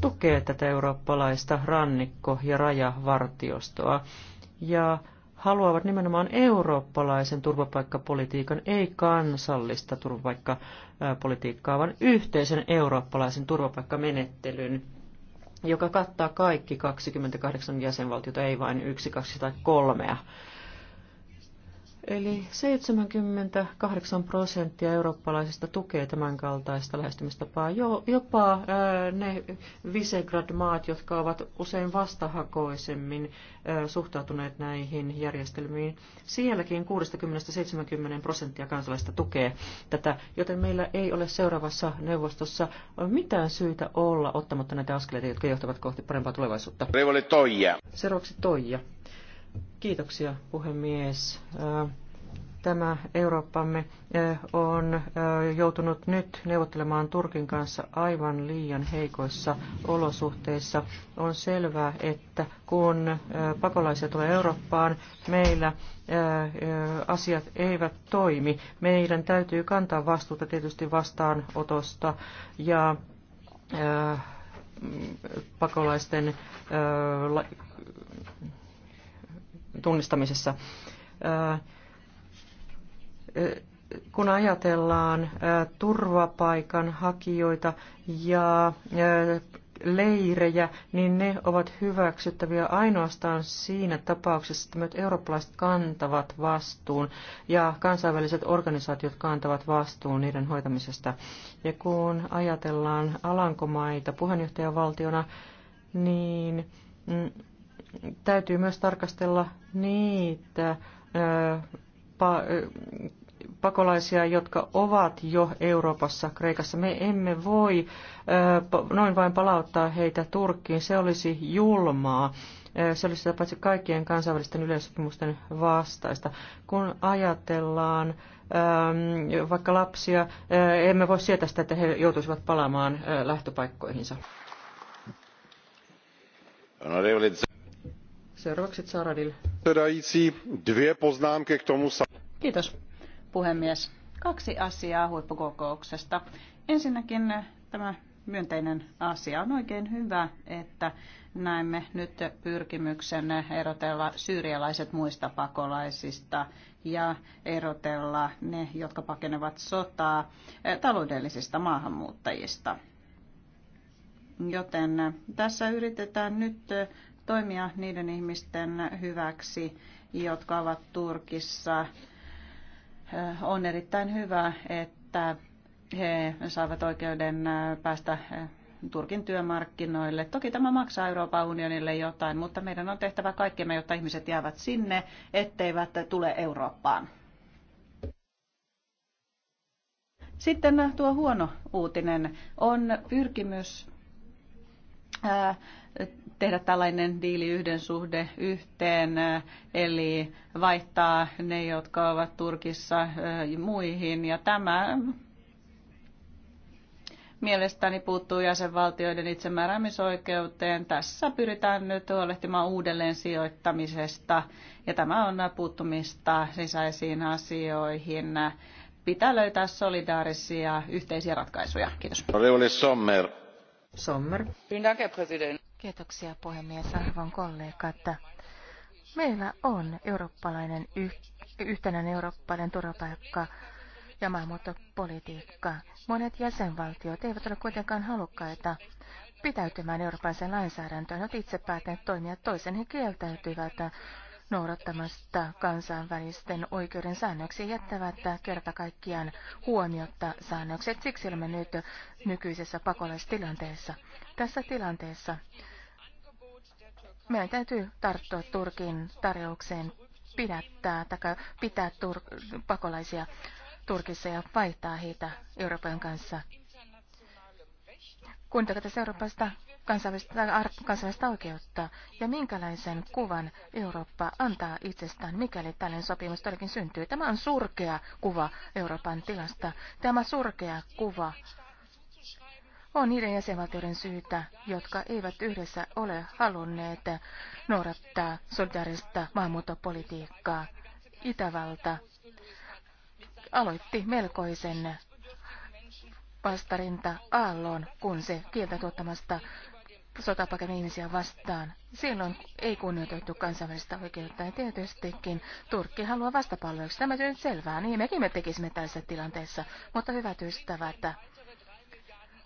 I: tukee tätä eurooppalaista rannikko- ja rajavartiostoa. Ja haluavat nimenomaan eurooppalaisen turvapaikkapolitiikan, ei kansallista turvapaikkapolitiikkaa, vaan yhteisen eurooppalaisen turvapaikkamenettelyn, joka kattaa kaikki 28 jäsenvaltiota, ei vain yksi, kaksi tai kolmea Eli 78 prosenttia eurooppalaisista tukee tämän kaltaista lähestymistapaa. Jo, jopa ää, ne Visegrad-maat, jotka ovat usein vastahakoisemmin ää, suhtautuneet näihin järjestelmiin, sielläkin 60-70 prosenttia kansalaista tukee tätä, joten meillä ei ole seuraavassa neuvostossa mitään syytä olla ottamatta näitä askeleita, jotka johtavat kohti parempaa tulevaisuutta. Seuraavaksi Toija. Kiitoksia puhemies. Tämä Eurooppamme on joutunut nyt neuvottelemaan Turkin kanssa aivan liian heikoissa olosuhteissa. On selvää, että kun pakolaisia tulee Eurooppaan, meillä asiat eivät toimi. Meidän täytyy kantaa vastuuta tietysti vastaanotosta ja pakolaisten tunnistamisessa. Kun ajatellaan turvapaikan hakijoita ja leirejä, niin ne ovat hyväksyttäviä ainoastaan siinä tapauksessa, että myös eurooppalaiset kantavat vastuun ja kansainväliset organisaatiot kantavat vastuun niiden hoitamisesta. Ja kun ajatellaan Alankomaita puheenjohtajavaltiona, niin mm, täytyy myös tarkastella niitä pakolaisia, jotka ovat jo Euroopassa, Kreikassa. Me emme voi noin vain palauttaa heitä Turkkiin. Se olisi julmaa. Se olisi sitä paitsi kaikkien kansainvälisten yleissopimusten vastaista. Kun ajatellaan vaikka lapsia, emme voi sietää sitä, että he joutuisivat palaamaan lähtöpaikkoihinsa
F: arvoisa
H: puhemies. Kaksi asiaa huippukokouksesta. Ensinnäkin tämä myönteinen asia. On oikein hyvä, että näemme nyt pyrkimyksen erotella syyrialaiset muista pakolaisista ja erotella ne, jotka pakenevat sotaa, eh, taloudellisista maahanmuuttajista. Joten tässä yritetään nyt toimia niiden ihmisten hyväksi, jotka ovat Turkissa. On erittäin hyvä, että he saavat oikeuden päästä Turkin työmarkkinoille. Toki tämä maksaa Euroopan unionille jotain, mutta meidän on tehtävä kaikkemme, jotta ihmiset jäävät sinne, etteivät tule Eurooppaan. Sitten tuo huono uutinen on pyrkimys tehdä tällainen diili yhden suhde yhteen, eli vaihtaa ne, jotka ovat Turkissa muihin. Ja tämä mielestäni puuttuu jäsenvaltioiden itsemääräämisoikeuteen. Tässä pyritään nyt huolehtimaan uudelleen sijoittamisesta ja tämä on puuttumista sisäisiin asioihin. Pitää löytää solidaarisia yhteisiä ratkaisuja. Kiitos. Sommer. Sommer. Kiitoksia puhemies, arvon kollegat. Meillä
G: on eurooppalainen, yhtenäinen eurooppalainen turvapaikka ja maahanmuuttopolitiikka. Monet jäsenvaltiot eivät ole kuitenkaan halukkaita pitäytymään eurooppalaisen lainsäädäntöön, ovat itse päättäneet toimia toisen. He kieltäytyvät noudattamasta kansainvälisten oikeuden säännöksiä jättävät kerta kaikkiaan huomiotta säännökset. Siksi olemme nyt nykyisessä pakolaistilanteessa. Tässä tilanteessa meidän täytyy tarttua Turkin tarjoukseen pidättää taka pitää tur- pakolaisia Turkissa ja vaihtaa heitä Euroopan kanssa. Kuunteleeko tässä Euroopasta kansainvälistä, kansainvälistä oikeutta ja minkälaisen kuvan Eurooppa antaa itsestään, mikäli tällainen sopimus todellakin syntyy. Tämä on surkea kuva Euroopan tilasta. Tämä surkea kuva on niiden jäsenvaltioiden syytä, jotka eivät yhdessä ole halunneet noudattaa solidaarista maahanmuuttopolitiikkaa. Itävalta aloitti melkoisen vastarinta aallon, kun se kieltä tuottamasta sotapakenemaan ihmisiä vastaan. Silloin ei kunnioitettu kansainvälistä oikeutta ja tietystikin Turkki haluaa vastapalveluksi. Tämä on nyt selvää, niin mekin me tekisimme tässä tilanteessa, mutta hyvät ystävät,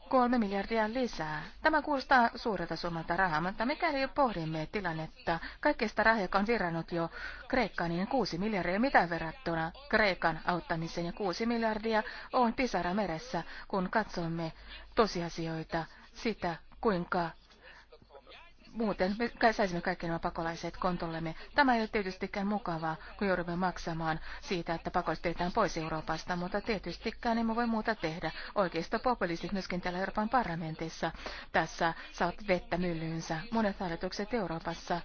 G: kolme miljardia lisää. Tämä kuulostaa suurelta summalta rahaa, mutta mikäli pohdimme tilannetta, kaikesta rahaa, joka on virannut jo Kreikkaan, niin kuusi miljardia mitä verrattuna Kreikan auttamiseen ja kuusi miljardia on pisara meressä, kun katsomme tosiasioita sitä, kuinka Muuten me saisimme kaikki nämä pakolaiset kontollemme. Tämä ei ole tietystikään mukavaa, kun joudumme maksamaan siitä, että pakolaiset teetään pois Euroopasta, mutta tietystikään emme voi muuta tehdä. Oikeisto populistit myöskin täällä Euroopan parlamentissa tässä saat vettä myllyynsä. Monet hallitukset Euroopassa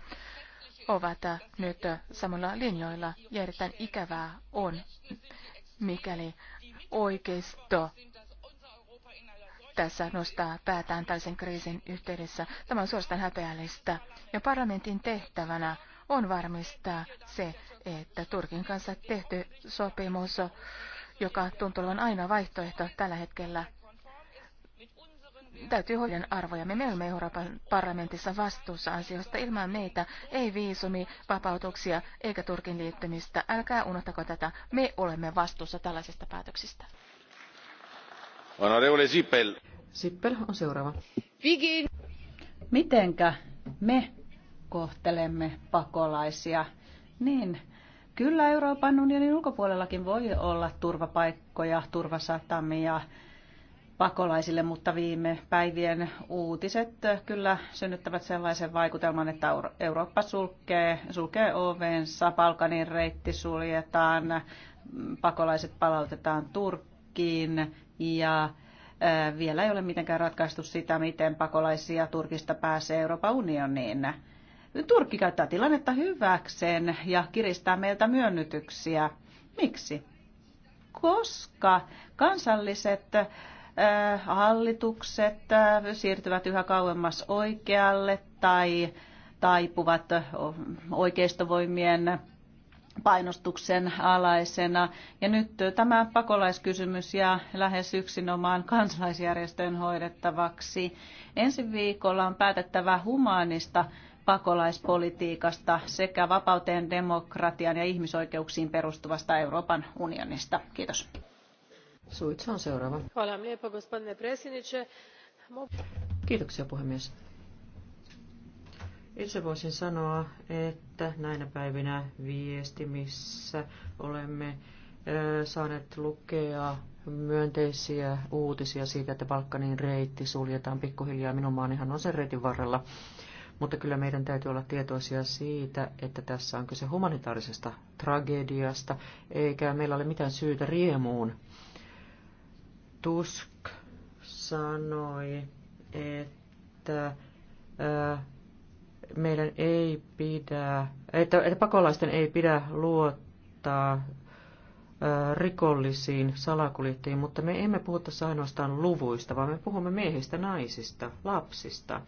G: ovat äh, nyt äh, samalla linjoilla ja erittäin ikävää on, mikäli oikeisto tässä nostaa päätään tällaisen kriisin yhteydessä. Tämä on suorastaan häpeällistä. Ja parlamentin tehtävänä on varmistaa se, että Turkin kanssa tehty sopimus, joka tuntuu olevan aina vaihtoehto tällä hetkellä, täytyy hoidon arvoja. Me, olemme Euroopan parlamentissa vastuussa asioista. Ilman meitä ei viisumi, vapautuksia eikä Turkin liittymistä. Älkää unohtako tätä. Me olemme vastuussa tällaisista päätöksistä.
F: Honorevole Sipel. Sippel on seuraava.
H: Vigin. Mitenkä me kohtelemme pakolaisia? Niin, kyllä Euroopan unionin ulkopuolellakin voi olla turvapaikkoja, turvasatamia, pakolaisille, mutta viime päivien uutiset kyllä synnyttävät sellaisen vaikutelman, että Eurooppa sulkee, sulkee ovensa, Balkanin reitti suljetaan, pakolaiset palautetaan Turkkiin ja vielä ei ole mitenkään ratkaistu sitä, miten pakolaisia Turkista pääsee Euroopan unioniin. Turkki käyttää tilannetta hyväkseen ja kiristää meiltä myönnytyksiä. Miksi? Koska kansalliset hallitukset siirtyvät yhä kauemmas oikealle tai taipuvat oikeistovoimien painostuksen alaisena. Ja nyt tämä pakolaiskysymys jää lähes yksinomaan kansalaisjärjestöjen hoidettavaksi. Ensi viikolla on päätettävä humaanista pakolaispolitiikasta sekä vapauteen, demokratian ja ihmisoikeuksiin perustuvasta Euroopan unionista. Kiitos.
I: Suitsa on seuraava. Kiitoksia puhemies. Itse voisin sanoa, että näinä päivinä viestimissä olemme saaneet lukea myönteisiä uutisia siitä, että Balkanin reitti suljetaan pikkuhiljaa. Minun maanihan on sen reitin varrella. Mutta kyllä meidän täytyy olla tietoisia siitä, että tässä on kyse humanitaarisesta tragediasta, eikä meillä ole mitään syytä riemuun. Tusk sanoi, että ää, meidän ei pidä, että, että pakolaisten ei pidä luottaa rikollisiin salakuljettajiin, mutta me emme puhu tässä ainoastaan luvuista, vaan me puhumme miehistä, naisista, lapsista.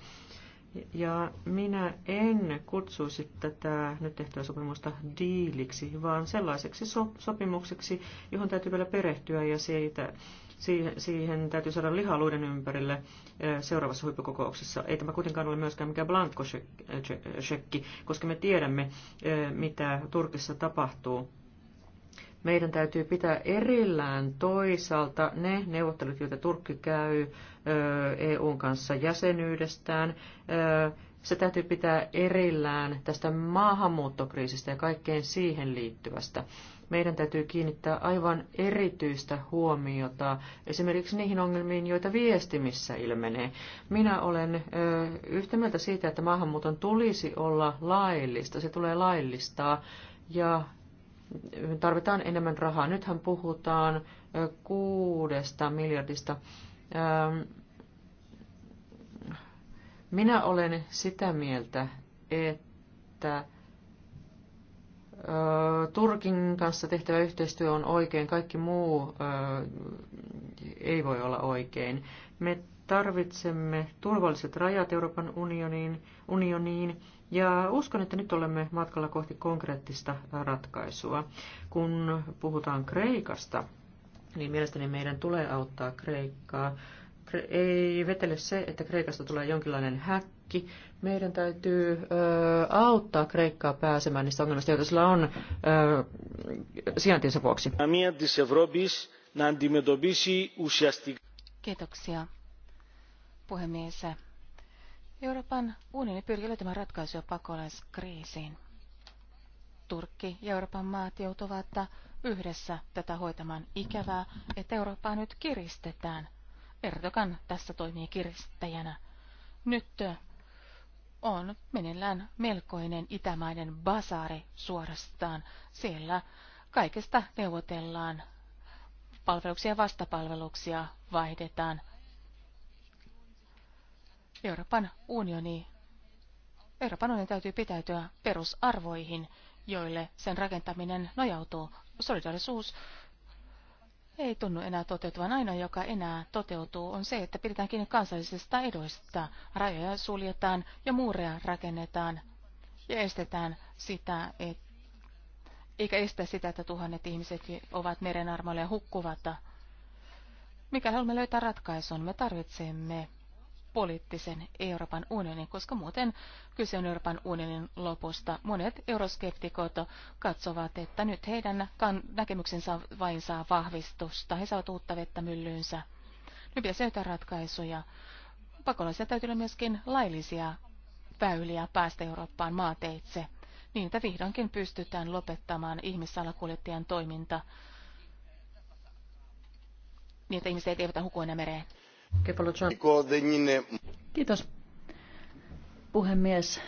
I: Ja minä en kutsuisi tätä nyt tehtyä sopimusta diiliksi, vaan sellaiseksi sopimukseksi, johon täytyy vielä perehtyä ja siitä, Siihen täytyy saada lihaluiden ympärille seuraavassa huippukokouksessa. Ei tämä kuitenkaan ole myöskään mikään blankkosekki, koska me tiedämme, mitä Turkissa tapahtuu meidän täytyy pitää erillään toisaalta ne neuvottelut, joita Turkki käy EUn kanssa jäsenyydestään. Se täytyy pitää erillään tästä maahanmuuttokriisistä ja kaikkeen siihen liittyvästä meidän täytyy kiinnittää aivan erityistä huomiota esimerkiksi niihin ongelmiin, joita viestimissä ilmenee. Minä olen yhtä mieltä siitä, että maahanmuuton tulisi olla laillista, se tulee laillistaa ja tarvitaan enemmän rahaa. Nythän puhutaan kuudesta miljardista. Minä olen sitä mieltä, että Turkin kanssa tehtävä yhteistyö on oikein, kaikki muu ei voi olla oikein. Me tarvitsemme turvalliset rajat Euroopan unioniin, unioniin ja uskon, että nyt olemme matkalla kohti konkreettista ratkaisua. Kun puhutaan Kreikasta, niin mielestäni meidän tulee auttaa Kreikkaa ei vetele se, että Kreikasta tulee jonkinlainen häkki. Meidän täytyy ö, auttaa Kreikkaa pääsemään niistä ongelmista, joita sillä on
F: ö, sijaintinsa vuoksi.
G: Kiitoksia, puhemies. Euroopan unioni pyrkii löytämään ratkaisuja pakolaiskriisiin. Turkki ja Euroopan maat joutuvat yhdessä tätä hoitamaan ikävää, että Eurooppaa nyt kiristetään – Erdogan tässä toimii kiristäjänä. Nyt on meneillään melkoinen itämainen basaari suorastaan. Siellä kaikesta neuvotellaan, palveluksia ja vastapalveluksia vaihdetaan. Euroopan unioni Euroopan unioni täytyy pitäytyä perusarvoihin, joille sen rakentaminen nojautuu. Solidarisuus ei tunnu enää toteutuvan. Ainoa, joka enää toteutuu, on se, että pidetään kiinni kansallisista edoista. Rajoja suljetaan ja muureja rakennetaan ja estetään sitä, et, eikä estä sitä, että tuhannet ihmiset ovat meren armoilla ja hukkuvat. Mikä haluamme löytää ratkaisun? Me tarvitsemme poliittisen Euroopan unionin, koska muuten kyse on Euroopan unionin lopusta. Monet euroskeptikot katsovat, että nyt heidän näkemyksensä vain saa vahvistusta. He saavat uutta vettä myllyynsä. Nyt pitäisi löytää ratkaisuja. Pakolaisia täytyy olla myöskin laillisia väyliä päästä Eurooppaan maateitse, niin että vihdoinkin pystytään lopettamaan ihmissalakuljettajan toiminta,
H: niin että ihmiset eivät hukua enää mereen
F: arvoisa
H: Puhemies,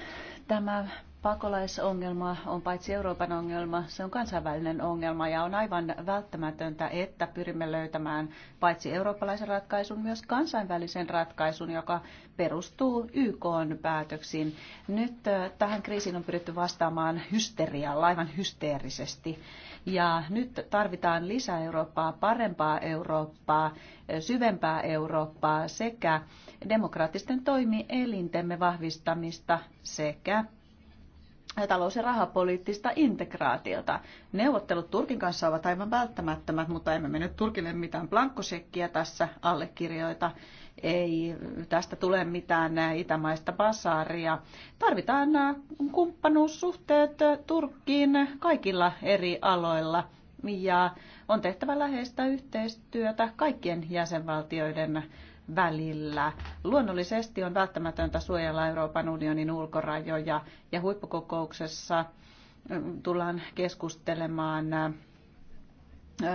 H: tämä Pakolaisongelma on paitsi Euroopan ongelma, se on kansainvälinen ongelma ja on aivan välttämätöntä, että pyrimme löytämään paitsi eurooppalaisen ratkaisun, myös kansainvälisen ratkaisun, joka perustuu YK päätöksiin. Nyt tähän kriisiin on pyritty vastaamaan hysterialla, aivan hysteerisesti. Ja nyt tarvitaan lisää Eurooppaa, parempaa Eurooppaa, syvempää Eurooppaa sekä demokraattisten toimielintemme vahvistamista sekä talous- ja rahapoliittista integraatiota. Neuvottelut Turkin kanssa ovat aivan välttämättömät, mutta emme me nyt Turkille mitään blankkosekkiä tässä allekirjoita. Ei tästä tule mitään itämaista basaaria. Tarvitaan äh, kumppanuussuhteet Turkkiin kaikilla eri aloilla ja on tehtävä läheistä yhteistyötä kaikkien jäsenvaltioiden välillä. Luonnollisesti on välttämätöntä suojella Euroopan unionin ulkorajoja ja huippukokouksessa mm, tullaan keskustelemaan äh,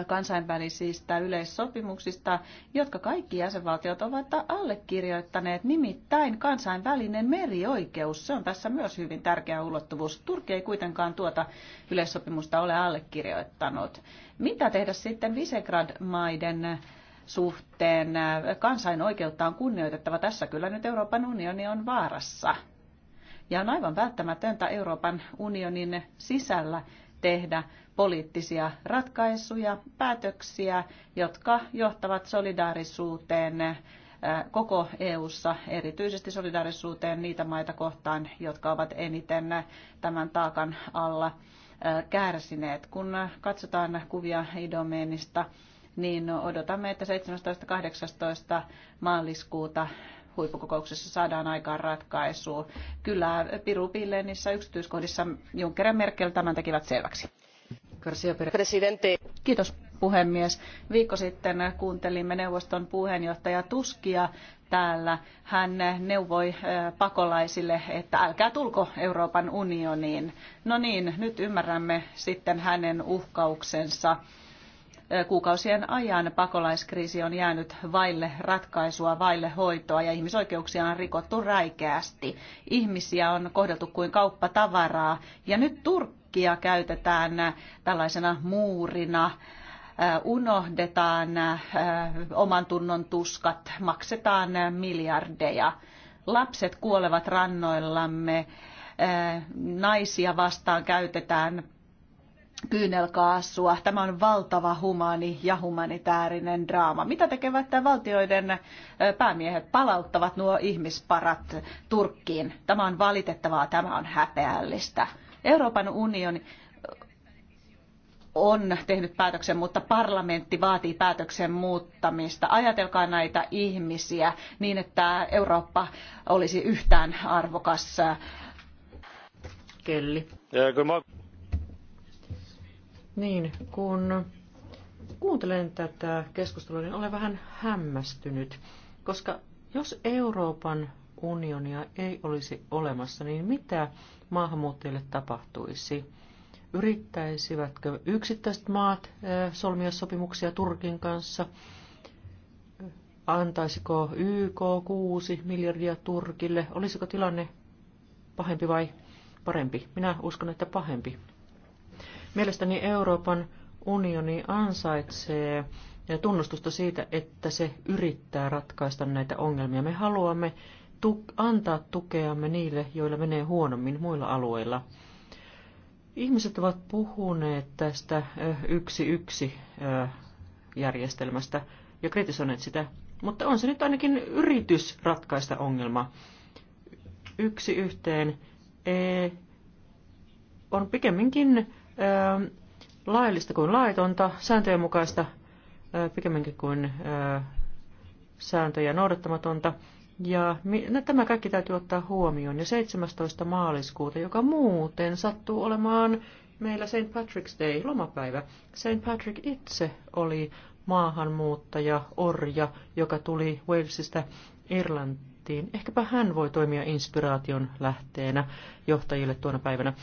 H: kansainvälisistä yleissopimuksista, jotka kaikki jäsenvaltiot ovat allekirjoittaneet, nimittäin kansainvälinen merioikeus. Se on tässä myös hyvin tärkeä ulottuvuus. Turkki ei kuitenkaan tuota yleissopimusta ole allekirjoittanut. Mitä tehdä sitten Visegrad-maiden suhteen kansainoikeutta on kunnioitettava. Tässä kyllä nyt Euroopan unioni on vaarassa. Ja on aivan välttämätöntä Euroopan unionin sisällä tehdä poliittisia ratkaisuja, päätöksiä, jotka johtavat solidaarisuuteen koko EU:ssa, erityisesti solidaarisuuteen niitä maita kohtaan, jotka ovat eniten tämän taakan alla kärsineet. Kun katsotaan kuvia Idomeenista, niin odotamme, että 17.18. maaliskuuta huippukokouksessa saadaan aikaan ratkaisu. Kyllä Piru niissä yksityiskohdissa Juncker ja Merkel tämän tekivät selväksi. Kiitos puhemies. Viikko sitten kuuntelimme neuvoston puheenjohtaja Tuskia täällä. Hän neuvoi eh, pakolaisille, että älkää tulko Euroopan unioniin. No niin, nyt ymmärrämme sitten hänen uhkauksensa kuukausien ajan pakolaiskriisi on jäänyt vaille ratkaisua, vaille hoitoa ja ihmisoikeuksia on rikottu räikeästi. Ihmisiä on kohdeltu kuin kauppatavaraa ja nyt Turkkia käytetään tällaisena muurina unohdetaan oman tunnon tuskat, maksetaan miljardeja. Lapset kuolevat rannoillamme, naisia vastaan käytetään kyynelkaasua. Tämä on valtava humani ja humanitaarinen draama. Mitä tekevät valtioiden päämiehet? Palauttavat nuo ihmisparat Turkkiin. Tämä on valitettavaa, tämä on häpeällistä. Euroopan unioni on tehnyt päätöksen, mutta parlamentti vaatii päätöksen muuttamista. Ajatelkaa näitä ihmisiä niin, että Eurooppa olisi yhtään arvokas. Kelli.
F: Ja,
I: niin, kun kuuntelen tätä keskustelua, niin olen vähän hämmästynyt, koska jos Euroopan unionia ei olisi olemassa, niin mitä maahanmuuttajille tapahtuisi? Yrittäisivätkö yksittäiset maat solmia sopimuksia Turkin kanssa? Antaisiko YK 6 miljardia Turkille? Olisiko tilanne pahempi vai parempi? Minä uskon, että pahempi. Mielestäni Euroopan unioni ansaitsee tunnustusta siitä, että se yrittää ratkaista näitä ongelmia. Me haluamme tu- antaa tukeamme niille, joilla menee huonommin muilla alueilla. Ihmiset ovat puhuneet tästä yksi yksi järjestelmästä ja kritisoineet sitä, mutta on se nyt ainakin yritys ratkaista ongelma. Yksi yhteen e, on pikemminkin laillista kuin laitonta, sääntöjen mukaista pikemminkin kuin sääntöjä noudattamatonta. Ja no, tämä kaikki täytyy ottaa huomioon. Ja 17. maaliskuuta, joka muuten sattuu olemaan meillä St. Patrick's Day, lomapäivä. St. Patrick itse oli maahanmuuttaja, orja, joka tuli Walesista Irlantiin. Ehkäpä hän voi toimia inspiraation lähteenä johtajille tuona päivänä.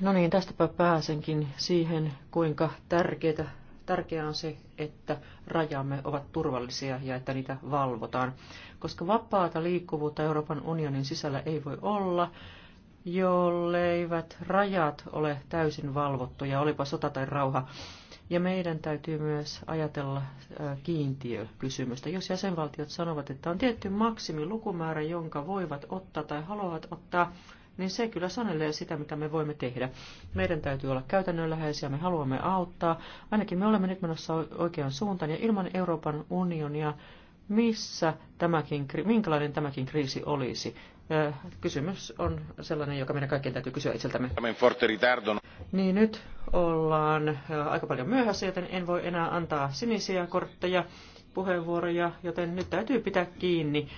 I: No niin, tästäpä pääsenkin siihen, kuinka tärkeää, tärkeää on se, että rajamme ovat turvallisia ja että niitä valvotaan. Koska vapaata liikkuvuutta Euroopan unionin sisällä ei voi olla, jolleivät rajat ole täysin valvottuja, olipa sota tai rauha. Ja meidän täytyy myös ajatella kiintiökysymystä. Jos jäsenvaltiot sanovat, että on tietty maksimilukumäärä, jonka voivat ottaa tai haluavat ottaa, niin se kyllä sanelee sitä, mitä me voimme tehdä. Meidän täytyy olla käytännönläheisiä, me haluamme auttaa. Ainakin me olemme nyt menossa oikeaan suuntaan ja ilman Euroopan unionia missä tämäkin, minkälainen tämäkin kriisi olisi. Kysymys on sellainen, joka meidän kaikkien täytyy kysyä itseltämme. No. Niin nyt ollaan aika paljon myöhässä, joten en voi enää antaa sinisiä kortteja, puheenvuoroja, joten nyt täytyy pitää kiinni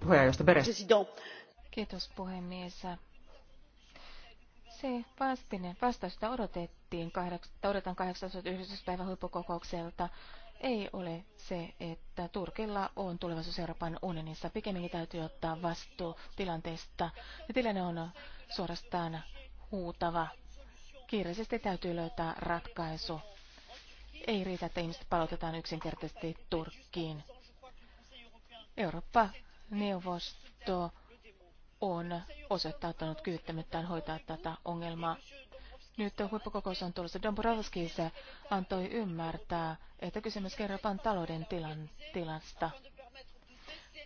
I: puheenjohtaja Beres.
G: Kiitos puhemies. Se vastine, vastausta odotettiin, odotan 8.9. päivän huippukokoukselta, ei ole se, että Turkilla on tulevaisuus Euroopan unionissa. Pikemminkin täytyy ottaa vastuu tilanteesta. Ja tilanne on suorastaan huutava. Kiireisesti täytyy löytää ratkaisu. Ei riitä, että ihmiset palautetaan yksinkertaisesti Turkkiin. Eurooppa-neuvosto on osoittautunut kyvyttämättään hoitaa tätä ongelmaa. Nyt huippukokous on tulossa. Domborovskis antoi ymmärtää, että kysymys kerrotaan talouden tilan, tilasta.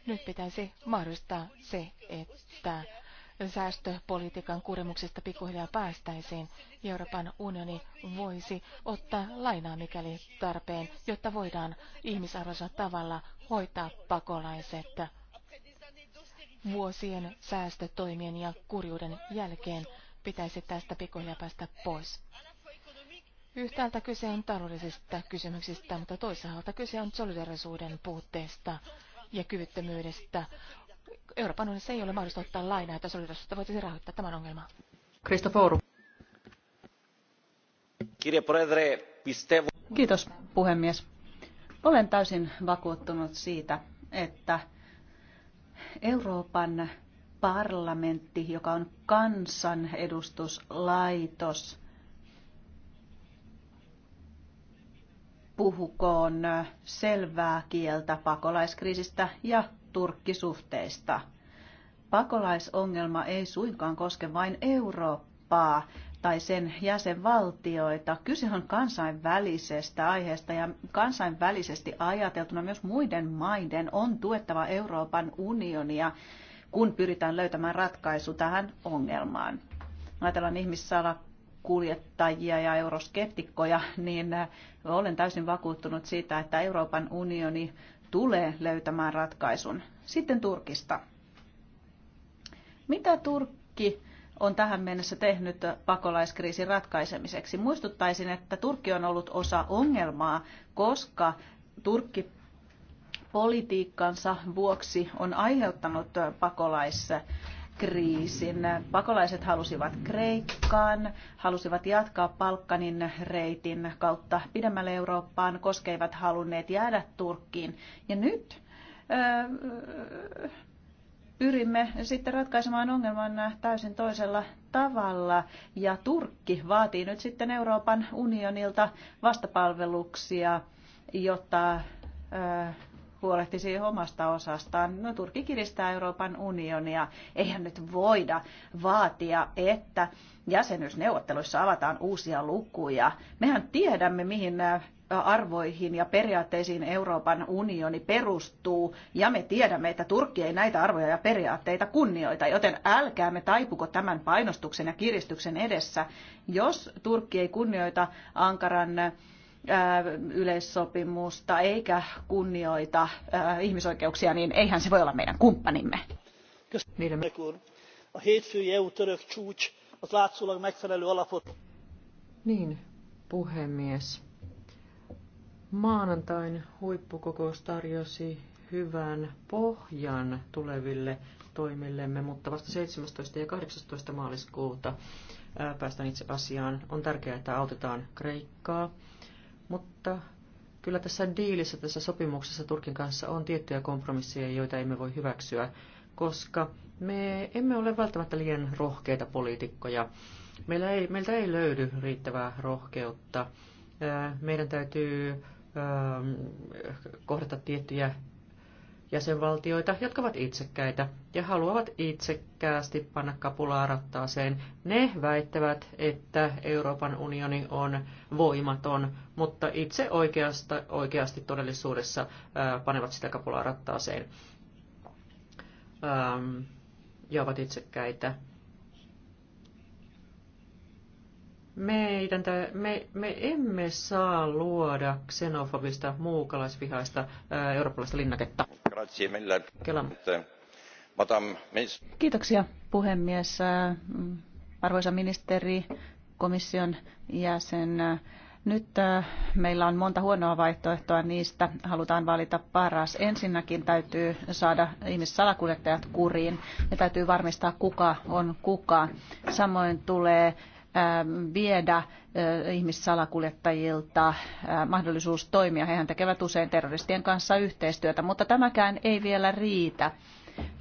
G: Nyt pitäisi mahdollistaa se, että säästöpolitiikan kuremuksesta pikkuhiljaa päästäisiin. Euroopan unioni voisi ottaa lainaa mikäli tarpeen, jotta voidaan ihmisarvoisella tavalla hoitaa pakolaiset vuosien säästötoimien ja kurjuuden jälkeen pitäisi tästä pikoja päästä pois. Yhtäältä kyse on taloudellisista kysymyksistä, mutta toisaalta kyse on solidarisuuden puutteesta ja kyvyttömyydestä. Euroopan unionissa ei ole mahdollista ottaa lainaa, että solidarisuutta voitaisiin rahoittaa tämän ongelman.
F: Kristoforu.
H: Kiitos puhemies. Olen täysin vakuuttunut siitä, että Euroopan parlamentti, joka on kansanedustuslaitos, puhukoon selvää kieltä pakolaiskriisistä ja turkkisuhteista. Pakolaisongelma ei suinkaan koske vain Eurooppaa tai sen jäsenvaltioita. Kyse on kansainvälisestä aiheesta ja kansainvälisesti ajateltuna myös muiden maiden on tuettava Euroopan unionia, kun pyritään löytämään ratkaisu tähän ongelmaan. Ajatellaan ihmissalakuljettajia ja euroskeptikkoja, niin äh, olen täysin vakuuttunut siitä, että Euroopan unioni tulee löytämään ratkaisun. Sitten Turkista. Mitä Turkki on tähän mennessä tehnyt pakolaiskriisin ratkaisemiseksi. Muistuttaisin, että Turkki on ollut osa ongelmaa, koska Turkki politiikkansa vuoksi on aiheuttanut pakolaiskriisin. Pakolaiset halusivat Kreikkaan, halusivat jatkaa Palkkanin reitin kautta pidemmälle Eurooppaan, koska eivät halunneet jäädä Turkkiin. Ja nyt pyrimme sitten ratkaisemaan ongelman täysin toisella tavalla. Ja Turkki vaatii nyt sitten Euroopan unionilta vastapalveluksia, jotta siihen omasta osastaan. No, Turkki kiristää Euroopan unionia. Eihän nyt voida vaatia, että jäsenyysneuvotteluissa avataan uusia lukuja. Mehän tiedämme, mihin arvoihin ja periaatteisiin Euroopan unioni perustuu, ja me tiedämme, että Turkki ei näitä arvoja ja periaatteita kunnioita, joten älkäämme taipuko tämän painostuksen ja kiristyksen edessä. Jos Turkki ei kunnioita Ankaran Äh, yleissopimusta eikä kunnioita äh, ihmisoikeuksia, niin eihän se voi olla meidän kumppanimme.
D: A az látszólag megfelelő alapot.
I: Niin, puhemies. Maanantain huippukokous tarjosi hyvän pohjan tuleville toimillemme, mutta vasta 17. ja 18. maaliskuuta äh, päästään itse asiaan. On tärkeää, että autetaan Kreikkaa mutta kyllä tässä diilissä, tässä sopimuksessa Turkin kanssa on tiettyjä kompromisseja, joita emme voi hyväksyä, koska me emme ole välttämättä liian rohkeita poliitikkoja. Meillä ei, meiltä ei löydy riittävää rohkeutta. Meidän täytyy kohdata tiettyjä jäsenvaltioita, jotka ovat itsekkäitä ja haluavat itsekkäästi panna kapulaa rattaaseen. Ne väittävät, että Euroopan unioni on voimaton, mutta itse oikeasta, oikeasti todellisuudessa ää, panevat sitä kapulaa rattaaseen ähm, ja ovat itsekkäitä. Meidän, me, me emme saa luoda xenofobista, muukalaisvihaista ää, eurooppalaista linnaketta.
H: Kiitoksia puhemies. Arvoisa ministeri, komission jäsen. Nyt meillä on monta huonoa vaihtoehtoa, niistä halutaan valita paras. Ensinnäkin täytyy saada ihmissalakuljettajat kuriin ja täytyy varmistaa, kuka on kuka. Samoin tulee Ähm, viedä äh, ihmissalakuljettajilta äh, mahdollisuus toimia. Hehän tekevät usein terroristien kanssa yhteistyötä, mutta tämäkään ei vielä riitä.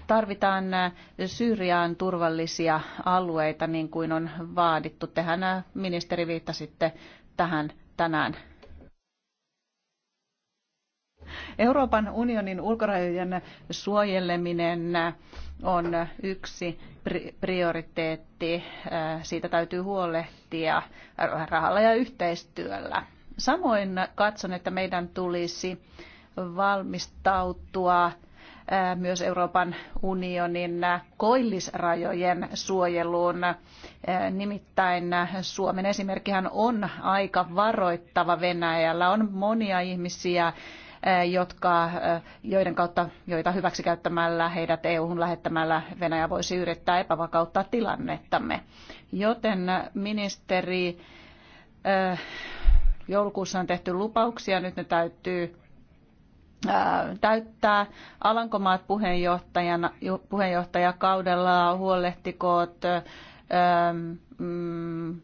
H: Tarvitaan äh, Syyriaan turvallisia alueita, niin kuin on vaadittu. Tehän ministeri viittasitte tähän tänään Euroopan unionin ulkorajojen suojeleminen on yksi prioriteetti. Siitä täytyy huolehtia rahalla ja yhteistyöllä. Samoin katson, että meidän tulisi valmistautua myös Euroopan unionin koillisrajojen suojeluun. Nimittäin Suomen esimerkkihän on aika varoittava Venäjällä. On monia ihmisiä, jotka, joiden kautta, joita hyväksikäyttämällä heidät EU-hun lähettämällä Venäjä voisi yrittää epävakauttaa tilannettamme. Joten ministeri, joulukuussa on tehty lupauksia, nyt ne täytyy täyttää. Alankomaat puheenjohtajana, puheenjohtajakaudella huolehtikoot mm,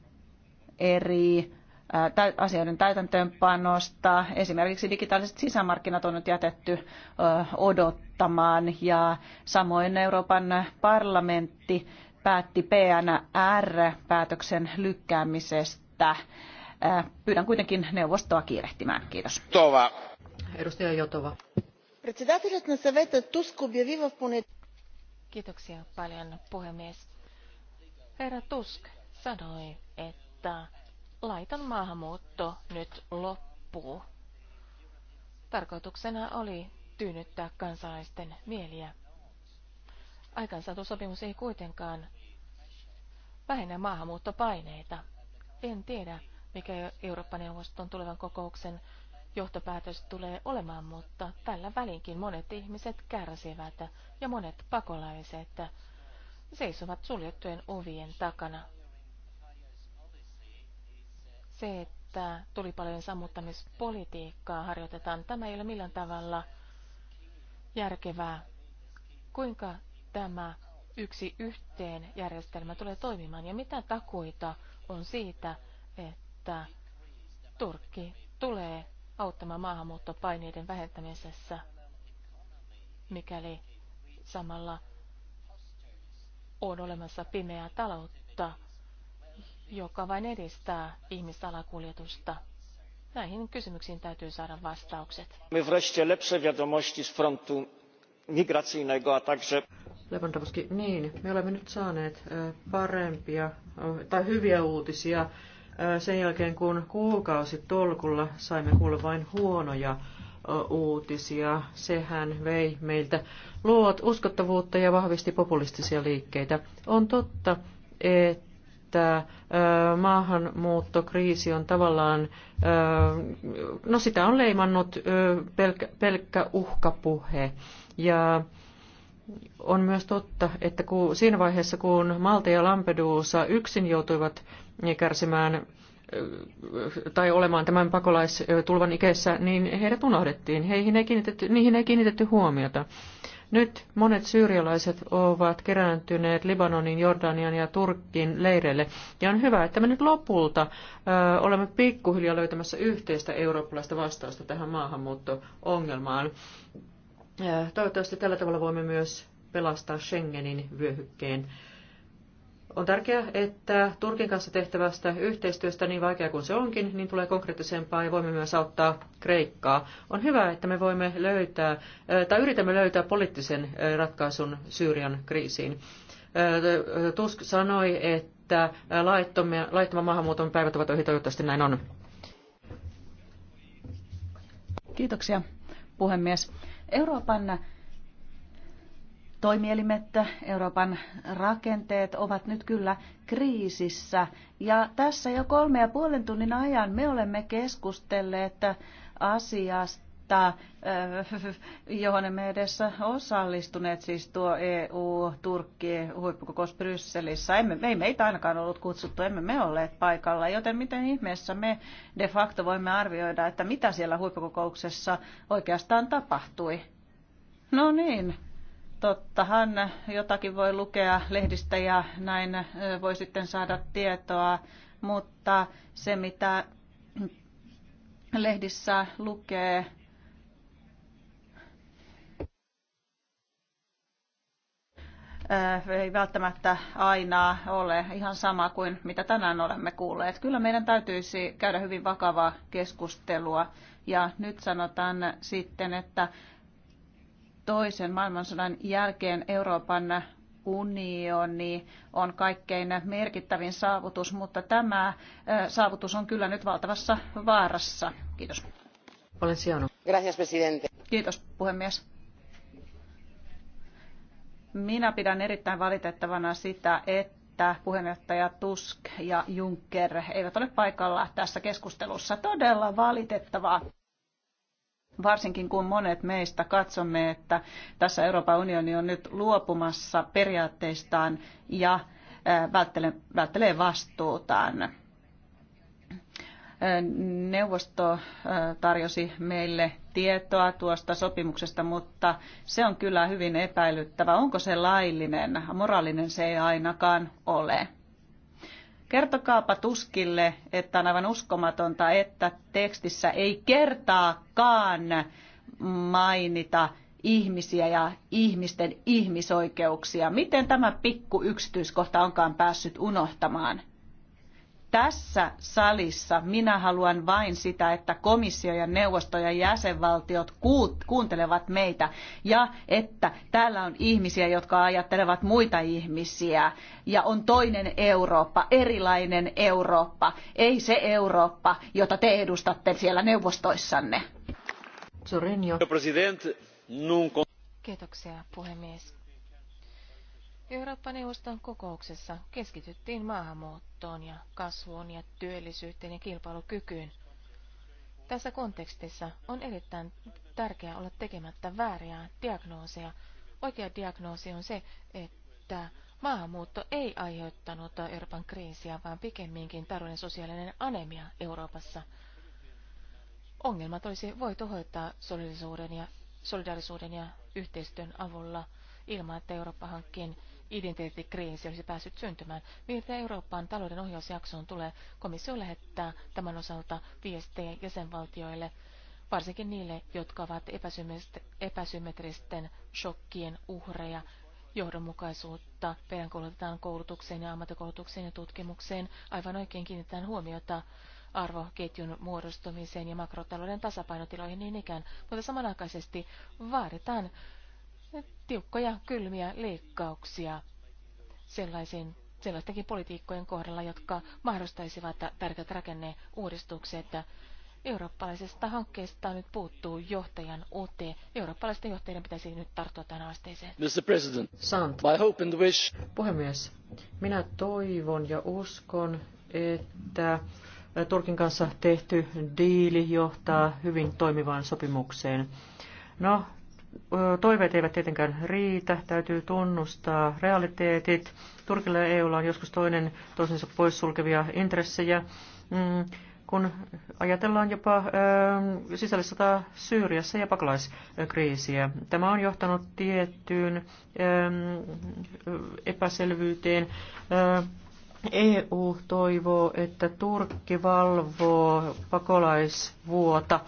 H: eri asioiden täytäntöönpanosta. Esimerkiksi digitaaliset sisämarkkinat on nyt jätetty odottamaan ja samoin Euroopan parlamentti päätti PNR-päätöksen lykkäämisestä. Pyydän kuitenkin neuvostoa kiirehtimään. Kiitos. Tova. Edustaja Jotova. Kiitoksia paljon,
G: puhemies. Herra Tusk sanoi, että laiton maahanmuutto nyt loppuu. Tarkoituksena oli tyynyttää kansalaisten mieliä. Aikansaatu sopimus ei kuitenkaan vähennä maahanmuuttopaineita. En tiedä, mikä Eurooppa-neuvoston tulevan kokouksen johtopäätös tulee olemaan, mutta tällä välinkin monet ihmiset kärsivät ja monet pakolaiset seisovat suljettujen ovien takana se, että tulipalojen sammuttamispolitiikkaa harjoitetaan, tämä ei ole millään tavalla järkevää. Kuinka tämä yksi yhteen järjestelmä tulee toimimaan ja mitä takuita on siitä, että Turkki tulee auttamaan maahanmuuttopaineiden vähentämisessä, mikäli samalla on olemassa pimeää taloutta, joka vain edistää ihmisalakuljetusta. Näihin kysymyksiin täytyy saada vastaukset.
C: Me wreszcie lepsze
F: wiadomości z frontu migracyjnego, a także...
I: Lewandowski, niin, me olemme nyt saaneet e, parempia tai hyviä uutisia e, sen jälkeen, kun kuukausi tolkulla saimme kuulla vain huonoja e, uutisia. Sehän vei meiltä luot uskottavuutta ja vahvisti populistisia liikkeitä. On totta, että että maahanmuuttokriisi on tavallaan, no sitä on leimannut pelkkä, pelkkä uhkapuhe. Ja on myös totta, että kun, siinä vaiheessa kun Malta ja Lampedusa yksin joutuivat kärsimään tai olemaan tämän pakolaistulvan ikässä, niin heidät unohdettiin. Heihin ei niihin ei kiinnitetty huomiota. Nyt monet syyrialaiset ovat kerääntyneet Libanonin, Jordanian ja Turkin leireille. Ja on hyvä, että me nyt lopulta ö, olemme pikkuhiljaa löytämässä yhteistä eurooppalaista vastausta tähän maahanmuutto-ongelmaan. Toivottavasti tällä tavalla voimme myös pelastaa Schengenin vyöhykkeen on tärkeää, että Turkin kanssa tehtävästä yhteistyöstä, niin vaikea kuin se onkin, niin tulee konkreettisempaa ja voimme myös auttaa Kreikkaa. On hyvä, että me voimme löytää, tai yritämme löytää poliittisen ratkaisun Syyrian kriisiin. Tusk sanoi, että laittomia, laittoman maahanmuuton päivät ovat ohi, toivottavasti näin on.
H: Kiitoksia, puhemies. Euroopan toimielimet, Euroopan rakenteet ovat nyt kyllä kriisissä. Ja tässä jo kolme ja puolen tunnin ajan me olemme keskustelleet asiasta, eh, johon emme edes osallistuneet, siis tuo EU-Turkki-huippukokous Brysselissä. Emme, ei meitä ainakaan ollut kutsuttu, emme me olleet paikalla, joten miten ihmeessä me de facto voimme arvioida, että mitä siellä huippukokouksessa oikeastaan tapahtui? No niin, Tottahan jotakin voi lukea lehdistä ja näin voi sitten saada tietoa, mutta se mitä lehdissä lukee, ei välttämättä aina ole ihan sama kuin mitä tänään olemme kuulleet. Kyllä meidän täytyisi käydä hyvin vakavaa keskustelua ja nyt sanotaan sitten, että toisen maailmansodan jälkeen Euroopan unioni on kaikkein merkittävin saavutus, mutta tämä saavutus on kyllä nyt valtavassa vaarassa. Kiitos. Olen Sionu. Gracias, presidente. Kiitos, puhemies. Minä pidän erittäin valitettavana sitä, että puheenjohtaja Tusk ja Juncker eivät ole paikalla tässä keskustelussa. Todella valitettavaa. Varsinkin kun monet meistä katsomme, että tässä Euroopan unioni on nyt luopumassa periaatteistaan ja välttelee, välttelee vastuutaan. Neuvosto tarjosi meille tietoa tuosta sopimuksesta, mutta se on kyllä hyvin epäilyttävä. Onko se laillinen? Moraalinen se ei ainakaan ole. Kertokaapa tuskille, että on aivan uskomatonta, että tekstissä ei kertaakaan mainita ihmisiä ja ihmisten ihmisoikeuksia. Miten tämä pikku yksityiskohta onkaan päässyt unohtamaan? tässä salissa minä haluan vain sitä, että komissio ja neuvosto ja jäsenvaltiot kuuntelevat meitä ja että täällä on ihmisiä, jotka ajattelevat muita ihmisiä ja on toinen Eurooppa, erilainen Eurooppa, ei se Eurooppa, jota te edustatte siellä neuvostoissanne. Kiitoksia puhemies.
G: Eurooppa-neuvoston kokouksessa keskityttiin maahanmuuttoon ja kasvuun ja työllisyyteen ja kilpailukykyyn. Tässä kontekstissa on erittäin tärkeää olla tekemättä vääriä diagnooseja. Oikea diagnoosi on se, että maahanmuutto ei aiheuttanut Euroopan kriisiä, vaan pikemminkin talouden sosiaalinen anemia Euroopassa. Ongelmat olisi voitu hoitaa solidarisuuden ja, solidarisuuden ja yhteistyön avulla ilman, että eurooppa hankkii identiteettikriisi olisi päässyt syntymään. Mitä Eurooppaan talouden ohjausjaksoon tulee, komissio lähettää tämän osalta viestejä jäsenvaltioille, varsinkin niille, jotka ovat epäsymmetristen shokkien uhreja. Johdonmukaisuutta peräänkuulutetaan koulutukseen ja ammattikoulutukseen ja tutkimukseen. Aivan oikein kiinnitetään huomiota arvoketjun muodostumiseen ja makrotalouden tasapainotiloihin niin ikään, mutta samanaikaisesti vaaditaan tiukkoja, kylmiä leikkauksia sellaisiin sellaistenkin politiikkojen kohdalla, jotka mahdollistaisivat tärkeät rakenneuudistukset. Eurooppalaisesta hankkeesta nyt puuttuu johtajan uuteen. Eurooppalaisten johtajien pitäisi nyt tarttua tähän haasteeseen. Mr. President, Sant.
C: My hope and wish.
I: Puhemies, minä toivon ja uskon, että Turkin kanssa tehty diili johtaa hyvin toimivaan sopimukseen. No, toiveet eivät tietenkään riitä, täytyy tunnustaa realiteetit. Turkilla ja EUlla on joskus toinen toisensa poissulkevia intressejä. Mm, kun ajatellaan jopa sisällissota Syyriassa ja pakolaiskriisiä, tämä on johtanut tiettyyn epäselvyyteen. EU toivoo, että Turkki valvoo pakolaisvuota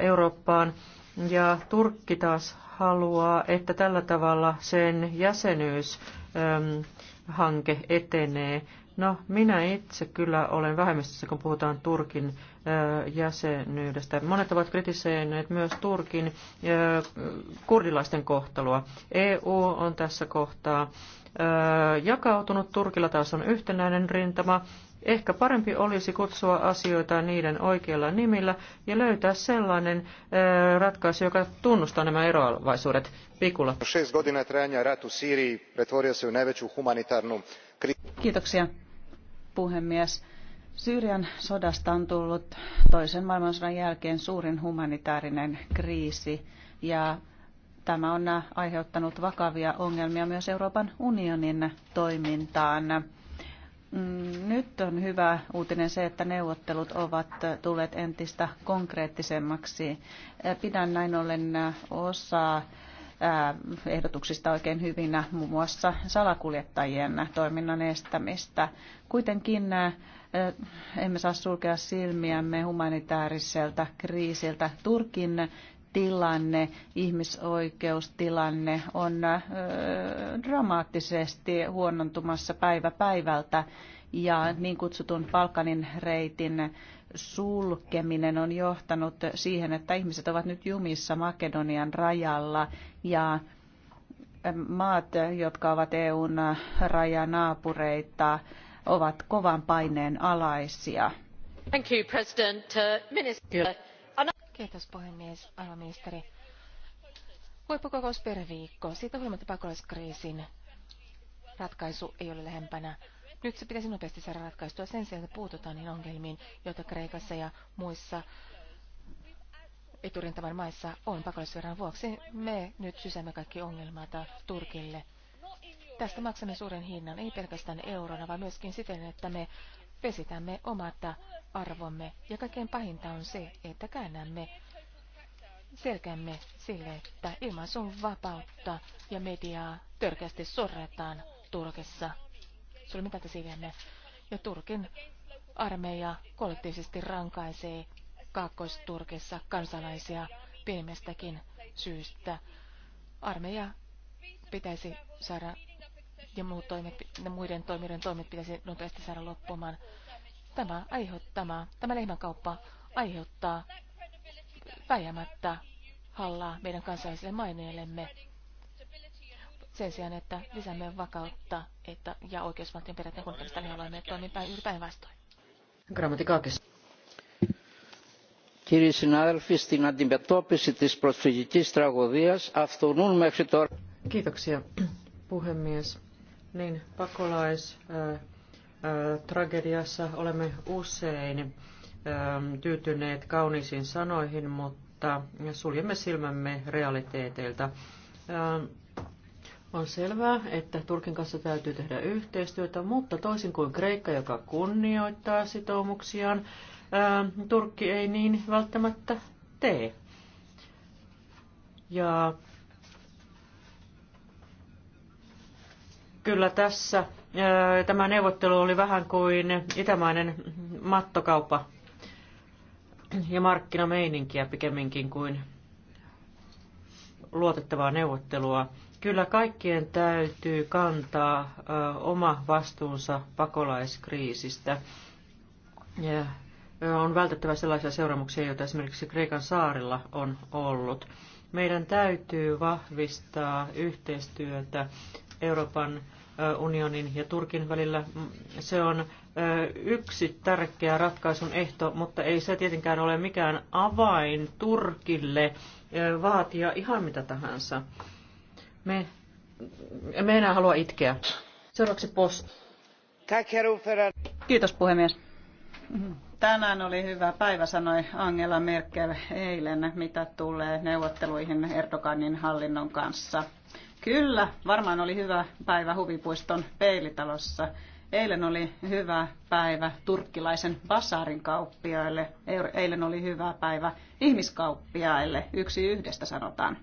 I: Eurooppaan ja Turkki taas haluaa, että tällä tavalla sen jäsenyyshanke etenee. No, minä itse kyllä olen vähemmistössä, kun puhutaan Turkin jäsenyydestä. Monet ovat kritiseineet myös Turkin kurdilaisten kohtelua. EU on tässä kohtaa jakautunut, Turkilla taas on yhtenäinen rintama, Ehkä parempi olisi kutsua asioita niiden oikeilla nimillä ja löytää sellainen ratkaisu, joka tunnustaa
F: nämä eroavaisuudet. Pikula.
H: Kiitoksia, puhemies. Syyrian sodasta on tullut toisen maailmansodan jälkeen suurin humanitaarinen kriisi ja tämä on aiheuttanut vakavia ongelmia myös Euroopan unionin toimintaan. Mm, nyt on hyvä uutinen se, että neuvottelut ovat tulleet entistä konkreettisemmaksi. Pidän näin ollen osaa ehdotuksista oikein hyvinä, muun muassa salakuljettajien toiminnan estämistä. Kuitenkin emme saa sulkea silmiämme humanitaariselta kriisiltä. Turkin tilanne, ihmisoikeustilanne on dramaattisesti huonontumassa päivä päivältä ja niin kutsutun Balkanin reitin sulkeminen on johtanut siihen, että ihmiset ovat nyt jumissa Makedonian rajalla ja maat, jotka ovat EUn rajanaapureita, ovat kovan paineen alaisia.
G: Thank you,
C: President. Uh, minister.
G: Kiitos puhemies, ministeri. Huippukokous per viikko. Siitä huolimatta pakolaiskriisin ratkaisu ei ole lähempänä. Nyt se pitäisi nopeasti saada ratkaistua sen sijaan, että puututaan niihin ongelmiin, joita Kreikassa ja muissa eturintaman maissa on pakolaisvirran vuoksi. Me nyt sysäämme kaikki ongelmat Turkille. Tästä maksamme suuren hinnan, ei pelkästään eurona, vaan myöskin siten, että me vesitämme omat arvomme. Ja kaikkein pahinta on se, että käännämme selkämme sille, että ilmaisun vapautta ja mediaa törkeästi sorretaan Turkissa. Sulle mitä te silmämme? Ja Turkin armeija kollektiivisesti rankaisee Kaakkois-Turkissa kansalaisia pienemmästäkin syystä. Armeija pitäisi saada ja muut toimet, muiden toimijoiden toimet pitäisi nopeasti saada loppumaan. Tämä aiheuttaa, tämä lehmänkauppa aiheuttaa väijämättä hallaa meidän kansalliselle maineellemme sen sijaan, että lisäämme vakautta että, ja oikeusvaltion periaatteen kunnioittamista, niin olemme toimin päin juuri päinvastoin.
I: Grammatikaakis.
D: Κύριοι συνάδελφοι, στην αντιμετώπιση της προσφυγικής τραγωδίας αυθονούν μέχρι τώρα...
I: Kiitoksia, puhemies. Niin, pakolaiskriisi tragediassa olemme usein tyytyneet kauniisiin sanoihin, mutta suljemme silmämme realiteeteilta. On selvää, että Turkin kanssa täytyy tehdä yhteistyötä, mutta toisin kuin Kreikka, joka kunnioittaa sitoumuksiaan, Turkki ei niin välttämättä tee. Ja kyllä tässä tämä neuvottelu oli vähän kuin itämainen mattokauppa ja markkinameininkiä pikemminkin kuin luotettavaa neuvottelua. Kyllä kaikkien täytyy kantaa oma vastuunsa pakolaiskriisistä. Ja on vältettävä sellaisia seuraamuksia, joita esimerkiksi Kreikan saarilla on ollut. Meidän täytyy vahvistaa yhteistyötä Euroopan unionin ja Turkin välillä. Se on yksi tärkeä ratkaisun ehto, mutta ei se tietenkään ole mikään avain Turkille vaatia ihan mitä tahansa. Me emme enää halua itkeä. Seuraavaksi
H: post. Kiitos puhemies. Tänään oli hyvä päivä, sanoi Angela Merkel eilen, mitä tulee neuvotteluihin Erdoganin hallinnon kanssa. Kyllä, varmaan oli hyvä päivä huvipuiston peilitalossa. Eilen oli hyvä päivä turkkilaisen basaarin kauppiaille. Eilen oli hyvä päivä ihmiskauppiaille. Yksi yhdestä sanotaan.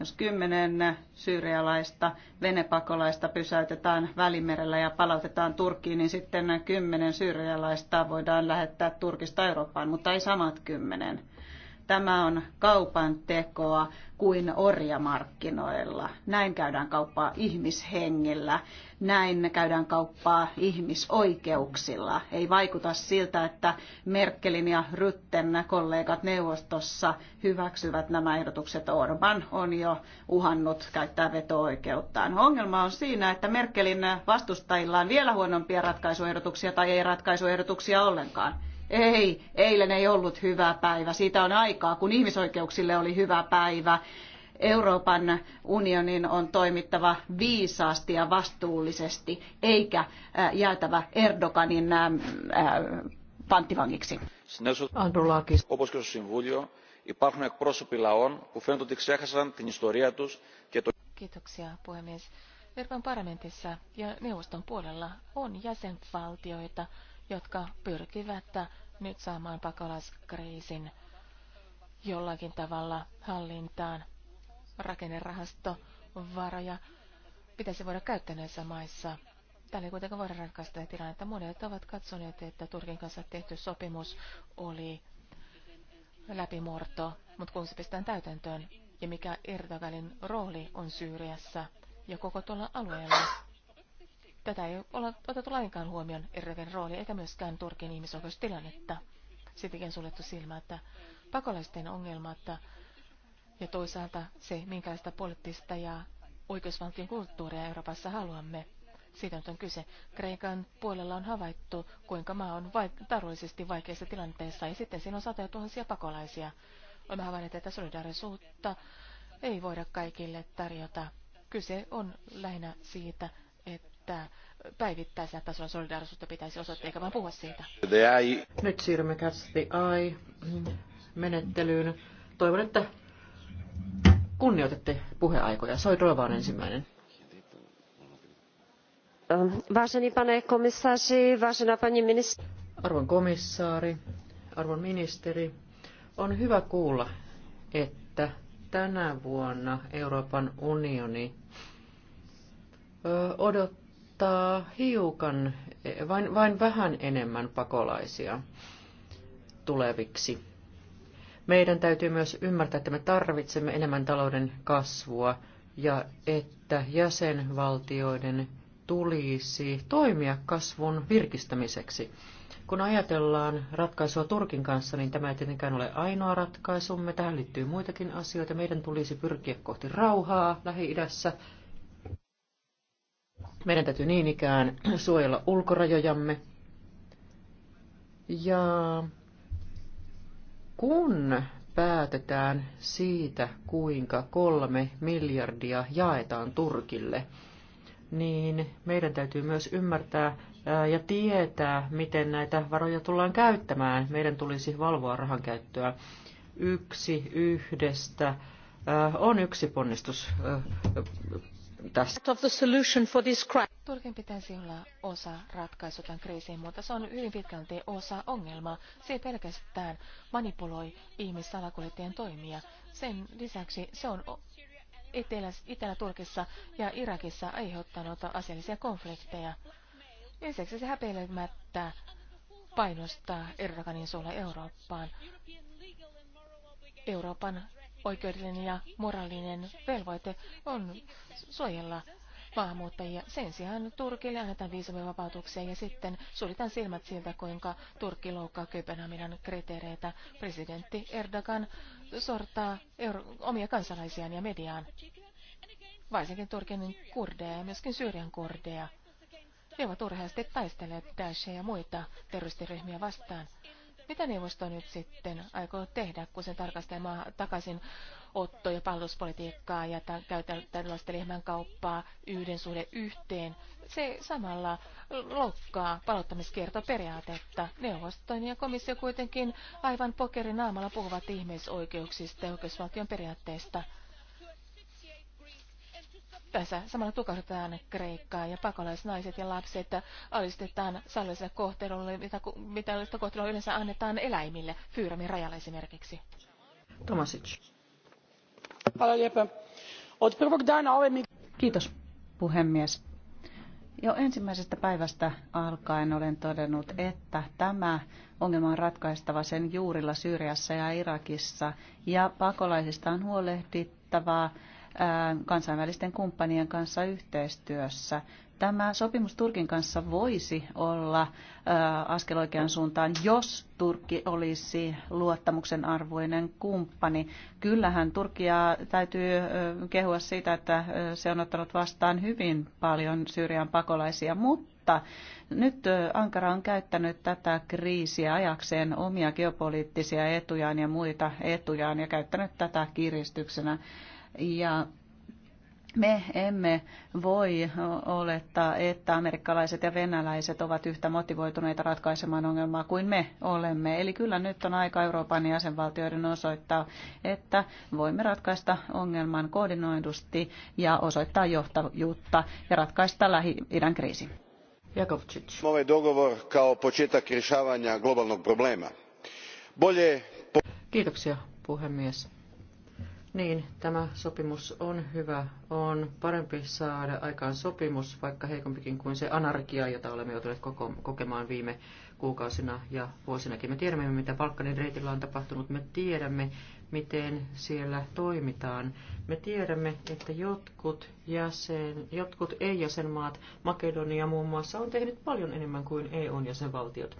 H: Jos kymmenen syyrialaista venepakolaista pysäytetään Välimerellä ja palautetaan Turkkiin, niin sitten kymmenen syyrialaista voidaan lähettää Turkista Eurooppaan, mutta ei samat kymmenen tämä on kaupan tekoa kuin orjamarkkinoilla. Näin käydään kauppaa ihmishengillä, näin käydään kauppaa ihmisoikeuksilla. Ei vaikuta siltä, että Merkelin ja Rytten kollegat neuvostossa hyväksyvät nämä ehdotukset. Orban on jo uhannut käyttää veto-oikeuttaan. Ongelma on siinä, että Merkelin vastustajilla on vielä huonompia ratkaisuehdotuksia tai ei ratkaisuehdotuksia ollenkaan. Ei, eilen ei ollut hyvä päivä. Siitä on aikaa, kun ihmisoikeuksille oli hyvä päivä. Euroopan unionin on toimittava viisaasti ja vastuullisesti, eikä äh, jäätävä Erdoganin ähm, äh, panttivangiksi.
G: Kiitoksia, puhemies. Euroopan parlamentissa ja neuvoston puolella on jäsenvaltioita, jotka pyrkivät nyt saamaan pakolaiskriisin jollakin tavalla hallintaan. Rakennerahasto varoja pitäisi voida käyttää näissä maissa. Tällä ei kuitenkaan voida ratkaista tilannetta. Monet ovat katsoneet, että Turkin kanssa tehty sopimus oli läpimurto, mutta kun se pistetään täytäntöön, ja mikä Erdoganin rooli on Syyriassa ja koko tuolla alueella, Tätä ei ole otettu lainkaan huomioon Erdoganin rooli eikä myöskään Turkin ihmisoikeustilannetta. Sittenkin suljettu silmä, että pakolaisten ongelmat ja toisaalta se, minkälaista poliittista ja oikeusvaltion kulttuuria Euroopassa haluamme. Siitä nyt on kyse. Kreikan puolella on havaittu, kuinka maa on vaik- taloudellisesti vaikeassa tilanteessa, ja sitten siinä on satoja tuhansia pakolaisia. Olemme havainneet, että solidaarisuutta ei voida kaikille tarjota. Kyse on lähinnä siitä, että päivittäisellä tasolla solidaarisuutta pitäisi osoittaa, eikä vaan puhua siitä.
F: Nyt siirrymme
I: kästi ai menettelyyn. Toivon, että kunnioitette puheaikoja. Soi Rova on ensimmäinen. Vaseni pane komissaari, vážená pani ministeri. Arvon komissaari, arvon ministeri, on hyvä kuulla, että tänä vuonna Euroopan unioni odottaa ottaa hiukan, vain, vain vähän enemmän pakolaisia tuleviksi. Meidän täytyy myös ymmärtää, että me tarvitsemme enemmän talouden kasvua ja että jäsenvaltioiden tulisi toimia kasvun virkistämiseksi. Kun ajatellaan ratkaisua Turkin kanssa, niin tämä ei tietenkään ole ainoa ratkaisumme. Tähän liittyy muitakin asioita. Meidän tulisi pyrkiä kohti rauhaa Lähi-idässä meidän täytyy niin ikään suojella ulkorajojamme. Ja kun päätetään siitä, kuinka kolme miljardia jaetaan Turkille, niin meidän täytyy myös ymmärtää ja tietää, miten näitä varoja tullaan käyttämään. Meidän tulisi valvoa rahan käyttöä. Yksi yhdestä on yksi ponnistus
G: Turkin pitäisi olla osa ratkaisu tämän kriisiin, mutta se on hyvin pitkälti osa ongelmaa. Se ei pelkästään manipuloi ihmissalakuljettajien toimia. Sen lisäksi se on Itä-Turkissa ja Irakissa aiheuttanut asiallisia konflikteja. Lisäksi se häpeilemättä painostaa Erdoganin suulla Eurooppaan. Euroopan oikeudellinen ja moraalinen velvoite on suojella maahanmuuttajia. Sen sijaan Turkille annetaan viisumivapautuksia ja sitten suljetaan silmät siltä, kuinka Turkki loukkaa Kööpenhaminan kriteereitä. Presidentti Erdogan sortaa euro- omia kansalaisiaan ja mediaan, varsinkin Turkin kurdeja ja myöskin Syyrian kurdeja. Ne ovat urheasti taistelleet Daeshia ja muita terroristiryhmiä vastaan. Mitä neuvosto nyt sitten aikoo tehdä, kun se tarkastaa maa, takaisin otto- ja palveluspolitiikkaa ja käytetään tällaista lehmän kauppaa yhden suhde yhteen. Se samalla loukkaa palauttamiskiertoperiaatetta. Neuvoston ja komissio kuitenkin aivan pokerin naamalla puhuvat ihmisoikeuksista ja oikeusvaltion periaatteista. Tässä samalla tukahdutetaan Kreikkaa ja pakolaisnaiset ja lapset alistetaan salliselle kohtelulle, mitä, mitä kohtelua yleensä annetaan eläimille, Fyyrämin rajalla esimerkiksi. Tomasic.
H: Kiitos, puhemies. Jo ensimmäisestä päivästä alkaen olen todennut, että tämä ongelma on ratkaistava sen juurilla Syyriassa ja Irakissa ja pakolaisista on huolehdittavaa kansainvälisten kumppanien kanssa yhteistyössä. Tämä sopimus Turkin kanssa voisi olla askel oikeaan suuntaan, jos Turkki olisi luottamuksen arvoinen kumppani. Kyllähän Turkia täytyy kehua siitä, että se on ottanut vastaan hyvin paljon Syyrian pakolaisia, mutta nyt Ankara on käyttänyt tätä kriisiä ajakseen omia geopoliittisia etujaan ja muita etujaan ja käyttänyt tätä kiristyksenä ja me emme voi olettaa, että amerikkalaiset ja venäläiset ovat yhtä motivoituneita ratkaisemaan ongelmaa kuin me olemme. Eli kyllä nyt on aika Euroopan jäsenvaltioiden osoittaa, että voimme ratkaista ongelman koordinoidusti ja osoittaa johtajuutta ja ratkaista Lähi-idän kriisi.
F: Jakovčić. Ovaj dogovor kao početak rješavanja globalnog problema. Bolje...
I: Kiitoksia puhemies niin, tämä sopimus on hyvä. On parempi saada aikaan sopimus, vaikka heikompikin kuin se anarkia, jota olemme joutuneet koko, kokemaan viime kuukausina ja vuosinakin. Me tiedämme, mitä Balkanin reitillä on tapahtunut. Me tiedämme, miten siellä toimitaan. Me tiedämme, että jotkut, jäsen, jotkut ei-jäsenmaat, Makedonia muun muassa, on tehnyt paljon enemmän kuin EUn jäsenvaltiot.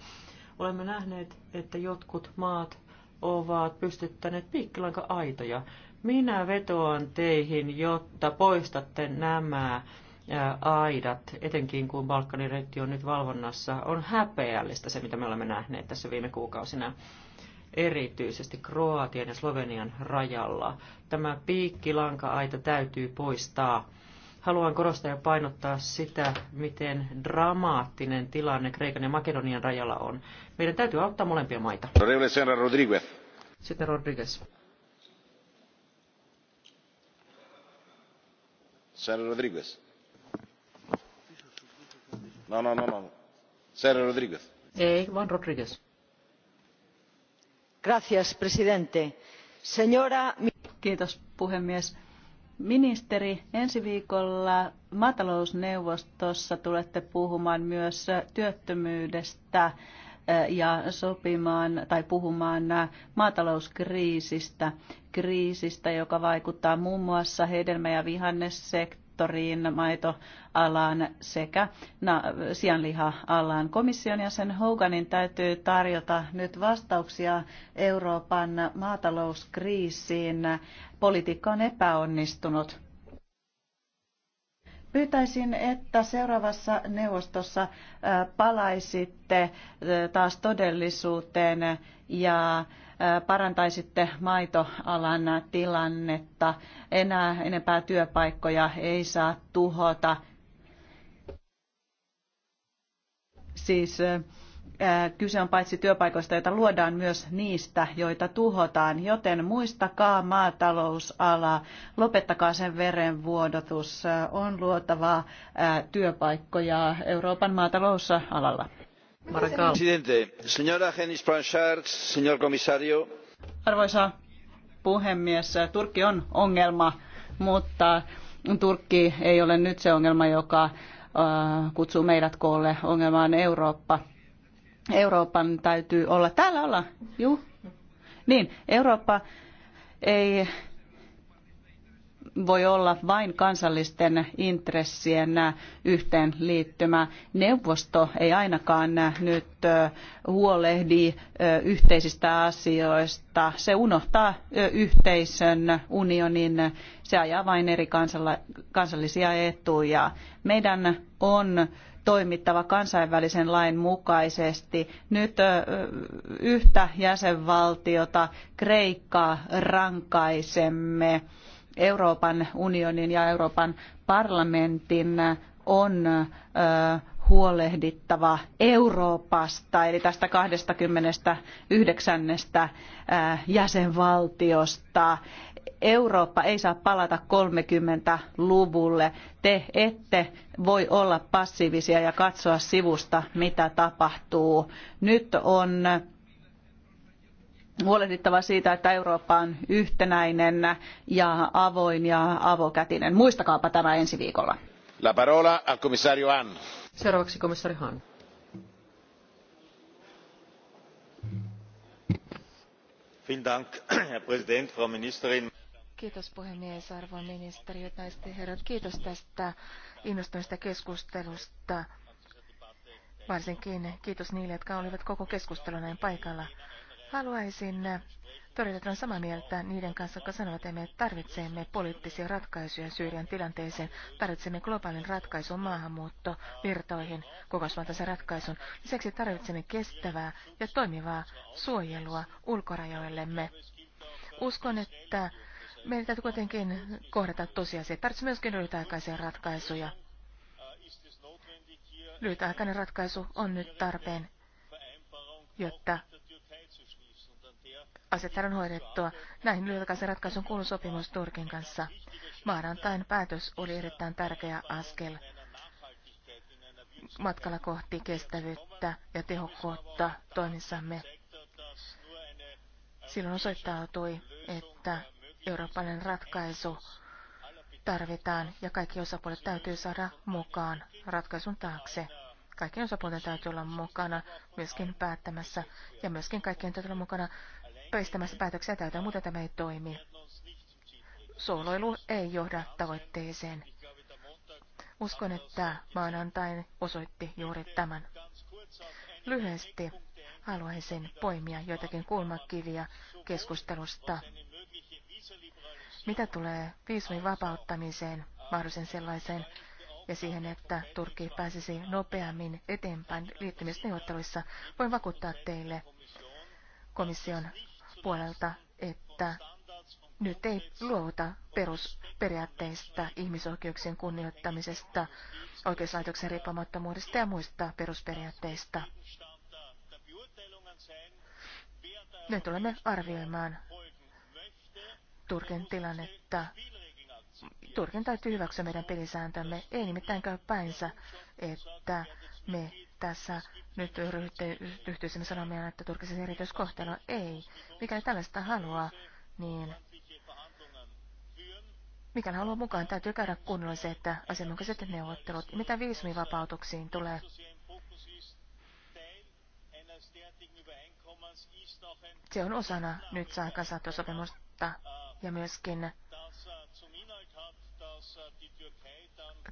I: Olemme nähneet, että jotkut maat ovat pystyttäneet piikkilanka-aitoja minä vetoan teihin, jotta poistatte nämä aidat, etenkin kun Balkanin reitti on nyt valvonnassa. On häpeällistä se, mitä me olemme nähneet tässä viime kuukausina erityisesti Kroatian ja Slovenian rajalla. Tämä piikkilanka-aita täytyy poistaa. Haluan korostaa ja painottaa sitä, miten dramaattinen tilanne Kreikan ja Makedonian rajalla on. Meidän täytyy auttaa molempia maita. Sitten Rodriguez.
F: No, no, no, no.
H: Eh, Señora... Kiitos, puhemies ministeri ensi viikolla maatalousneuvostossa tulette puhumaan myös työttömyydestä ja sopimaan tai puhumaan maatalouskriisistä, kriisistä, joka vaikuttaa muun muassa hedelmä- ja vihannessektoriin maitoalaan sekä na, sianliha-alaan. Komission ja sen Hoganin täytyy tarjota nyt vastauksia Euroopan maatalouskriisiin. Politiikka on epäonnistunut. Pyytäisin, että seuraavassa neuvostossa palaisitte taas todellisuuteen ja parantaisitte maitoalan tilannetta. Enää enempää työpaikkoja ei saa tuhota. Siis Äh, kyse on paitsi työpaikoista, joita luodaan myös niistä, joita tuhotaan. Joten muistakaa maatalousala, lopettakaa sen verenvuodotus, äh, on luotava äh, työpaikkoja Euroopan maatalousalalla. Arvoisa puhemies, Turkki on ongelma, mutta Turkki ei ole nyt se ongelma, joka kutsuu meidät koolle ongelmaan Eurooppa Euroopan täytyy olla. Täällä olla, juu. Niin, Eurooppa ei voi olla vain kansallisten intressien yhteenliittymä. Neuvosto ei ainakaan nyt huolehdi yhteisistä asioista. Se unohtaa yhteisön, unionin, se ajaa vain eri kansallisia etuja. Meidän on toimittava kansainvälisen lain mukaisesti. Nyt yhtä jäsenvaltiota, Kreikkaa, rankaisemme. Euroopan unionin ja Euroopan parlamentin on huolehdittava Euroopasta, eli tästä 29 jäsenvaltiosta. Eurooppa ei saa palata 30-luvulle. Te ette voi olla passiivisia ja katsoa sivusta, mitä tapahtuu. Nyt on huolehdittava siitä, että Eurooppa on yhtenäinen ja avoin ja avokätinen. Muistakaapa tämä ensi viikolla.
F: La parola al commissario Hahn.
H: Seuraavaksi komissaari Hahn.
F: herr präsident frau ministerin!
G: Kiitos puhemies, arvon ministeri, naiset ja herrat. Kiitos tästä innostuneesta keskustelusta. Varsinkin kiitos niille, jotka olivat koko keskustelun näin paikalla. Haluaisin todeta, että samaa mieltä niiden kanssa, jotka sanovat, että me tarvitsemme poliittisia ratkaisuja Syyrian tilanteeseen. Tarvitsemme globaalin ratkaisun maahanmuutto virtoihin, kokosvaltaisen ratkaisun. Lisäksi tarvitsemme kestävää ja toimivaa suojelua ulkorajoillemme. Uskon, että meidän täytyy kuitenkin kohdata tosiasiat. Tarvitsemme myöskin lyhytaikaisia ratkaisuja. Lyhytaikainen ratkaisu on nyt tarpeen, jotta asiat saadaan hoidettua. Näihin lyhytaikaisen ratkaisun kuuluu sopimus Turkin kanssa. Maanantain päätös oli erittäin tärkeä askel matkalla kohti kestävyyttä ja tehokkuutta toimissamme. Silloin osoittautui, että eurooppalainen ratkaisu tarvitaan ja kaikki osapuolet täytyy saada mukaan ratkaisun taakse. Kaikkien osapuolten täytyy olla mukana myöskin päättämässä ja myöskin kaikkien täytyy olla mukana pistämässä päätöksiä täytä, muuten tämä ei toimi. Sooloilu ei johda tavoitteeseen. Uskon, että maanantain osoitti juuri tämän. Lyhyesti haluaisin poimia joitakin kulmakiviä keskustelusta mitä tulee viisumin vapauttamiseen, mahdollisen sellaiseen, ja siihen, että Turkki pääsisi nopeammin eteenpäin liittymisneuvotteluissa, voin vakuuttaa teille komission puolelta, että nyt ei luovuta perusperiaatteista, ihmisoikeuksien kunnioittamisesta, oikeuslaitoksen riippumattomuudesta ja muista perusperiaatteista. Me tulemme arvioimaan Turkin tilannetta. Turkin täytyy hyväksyä meidän pelisääntömme. Ei nimittäin käy päinsä, että me tässä nyt ryhtyisimme sanomaan, että Turkissa erityiskohtelu ei. Mikäli tällaista haluaa, niin mikäli haluaa mukaan, täytyy käydä kunnolliset asianmukaiset neuvottelut. Mitä viisumivapautuksiin tulee? Se on osana nyt saakasattosopimusta. sopimusta ja myöskin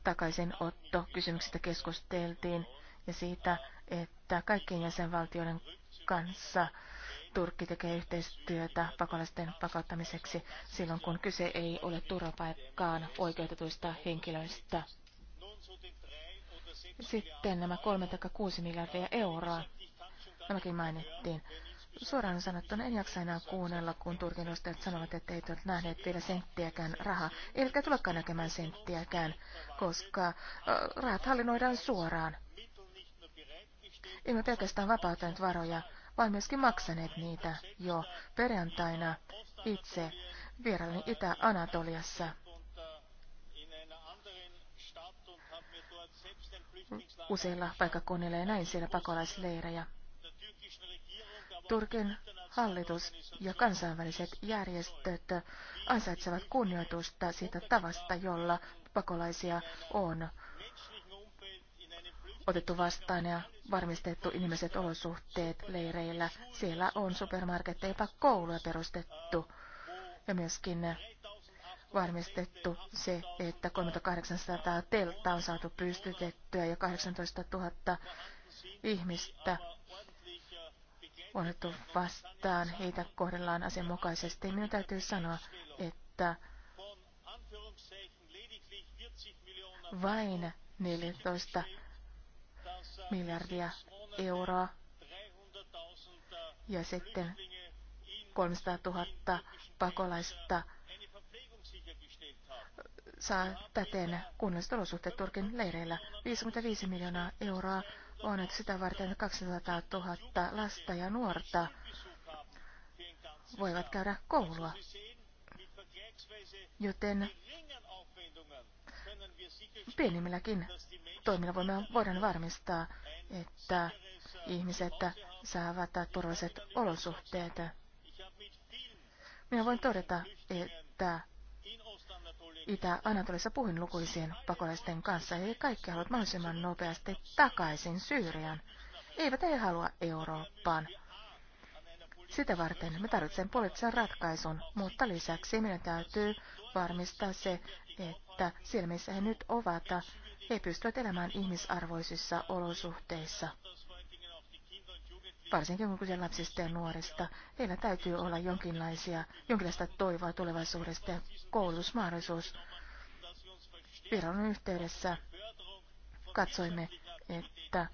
G: takaisin otto kysymyksistä keskusteltiin ja siitä, että kaikkien jäsenvaltioiden kanssa Turkki tekee yhteistyötä pakolaisten pakottamiseksi silloin, kun kyse ei ole turvapaikkaan oikeutetuista henkilöistä. Sitten nämä 3 kuusi miljardia euroa, nämäkin mainittiin. Suoraan sanottuna en jaksa enää kuunnella, kun Turkin ostajat sanovat, että ei ole nähneet vielä senttiäkään rahaa. Eikä tulekaan näkemään senttiäkään, koska äh, rahat hallinnoidaan suoraan. Emme pelkästään vapauttaneet varoja, vaan myöskin maksaneet niitä jo perjantaina itse vierailin Itä-Anatoliassa. Useilla paikkakunnilla ja näin siellä pakolaisleirejä. Turkin hallitus ja kansainväliset järjestöt ansaitsevat kunnioitusta siitä tavasta, jolla pakolaisia on otettu vastaan ja varmistettu ihmiset olosuhteet leireillä. Siellä on supermarketteja, jopa kouluja perustettu ja myöskin varmistettu se, että 3800 teltta on saatu pystytettyä ja 18 000 ihmistä on otettu vastaan, heitä kohdellaan asianmukaisesti. Minun täytyy sanoa, että vain 14 miljardia euroa ja sitten 300 000 pakolaista saa täten kunnalliset olosuhteet Turkin leireillä. 55 miljoonaa euroa on, että sitä varten 200 000 lasta ja nuorta voivat käydä koulua. Joten pienimmilläkin toimilla voidaan, voidaan varmistaa, että ihmiset saavat turvalliset olosuhteet. Minä voin todeta, että Itä-Anatolissa puhuin lukuisien pakolaisten kanssa, ja kaikki haluavat mahdollisimman nopeasti takaisin Syyrian. Eivät he halua Eurooppaan. Sitä varten me tarvitsemme poliittisen ratkaisun, mutta lisäksi meidän täytyy varmistaa se, että siellä missä he nyt ovat, he pystyvät elämään ihmisarvoisissa olosuhteissa varsinkin kun kyse lapsista ja nuorista. Heillä täytyy olla jonkinlaisia, jonkinlaista toivoa tulevaisuudesta ja koulutusmahdollisuus. Viron yhteydessä katsoimme, että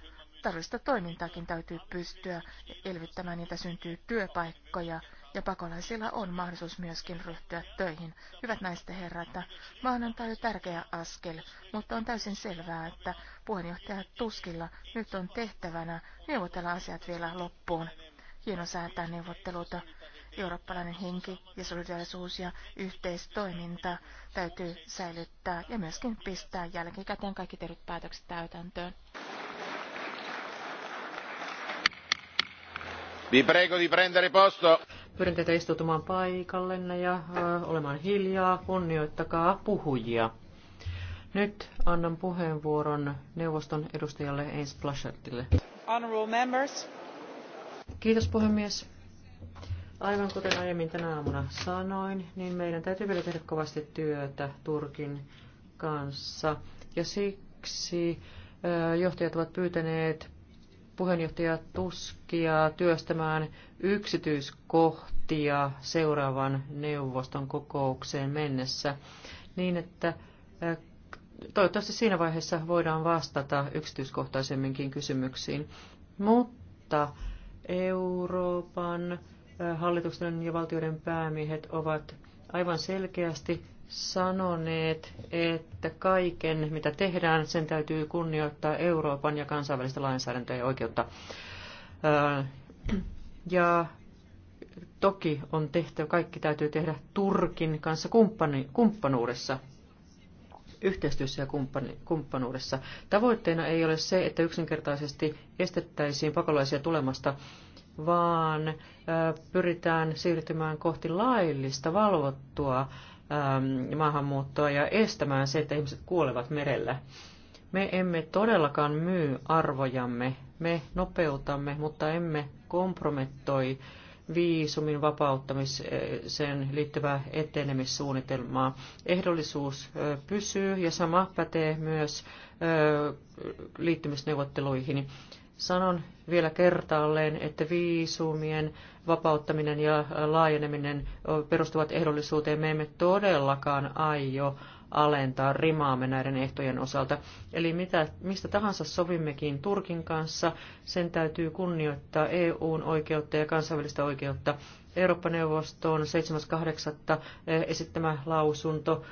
G: tarvista toimintaakin täytyy pystyä elvyttämään, niitä syntyy työpaikkoja ja pakolaisilla on mahdollisuus myöskin ryhtyä töihin. Hyvät naiset ja herrat, maanantai on tärkeä askel, mutta on täysin selvää, että puheenjohtaja Tuskilla nyt on tehtävänä neuvotella asiat vielä loppuun. Hieno säätää neuvottelut, eurooppalainen henki ja solidaarisuus ja yhteistoiminta täytyy säilyttää ja myöskin pistää jälkikäteen kaikki tehdyt päätökset täytäntöön.
F: Vi prego di prendere posto.
I: Pyydän teitä istutumaan paikallenne ja olemaan hiljaa, kunnioittakaa puhujia. Nyt annan puheenvuoron neuvoston edustajalle Ains Plashertille. Kiitos puhemies. Aivan kuten aiemmin tänä aamuna sanoin, niin meidän täytyy vielä tehdä kovasti työtä Turkin kanssa. Ja siksi johtajat ovat pyytäneet puheenjohtaja Tuskia työstämään yksityiskohtia seuraavan neuvoston kokoukseen mennessä, niin että toivottavasti siinä vaiheessa voidaan vastata yksityiskohtaisemminkin kysymyksiin. Mutta Euroopan hallituksen ja valtioiden päämiehet ovat aivan selkeästi sanoneet, että kaiken, mitä tehdään, sen täytyy kunnioittaa Euroopan ja kansainvälistä lainsäädäntöä ja oikeutta. Ja toki on tehtävä, kaikki täytyy tehdä Turkin kanssa kumppani, kumppanuudessa, yhteistyössä ja kumppani, kumppanuudessa. Tavoitteena ei ole se, että yksinkertaisesti estettäisiin pakolaisia tulemasta, vaan pyritään siirtymään kohti laillista, valvottua Ähm, maahanmuuttoa ja estämään se, että ihmiset kuolevat merellä. Me emme todellakaan myy arvojamme, me nopeutamme, mutta emme kompromettoi viisumin vapauttamiseen liittyvää etenemissuunnitelmaa. Ehdollisuus pysyy ja sama pätee myös liittymisneuvotteluihin. Sanon vielä kertaalleen, että viisumien vapauttaminen ja laajeneminen perustuvat ehdollisuuteen. Me emme todellakaan aio alentaa rimaamme näiden ehtojen osalta. Eli mitä, mistä tahansa sovimmekin Turkin kanssa, sen täytyy kunnioittaa EUn oikeutta ja kansainvälistä oikeutta. Eurooppa-neuvoston 7.8. Eh, esittämä lausunto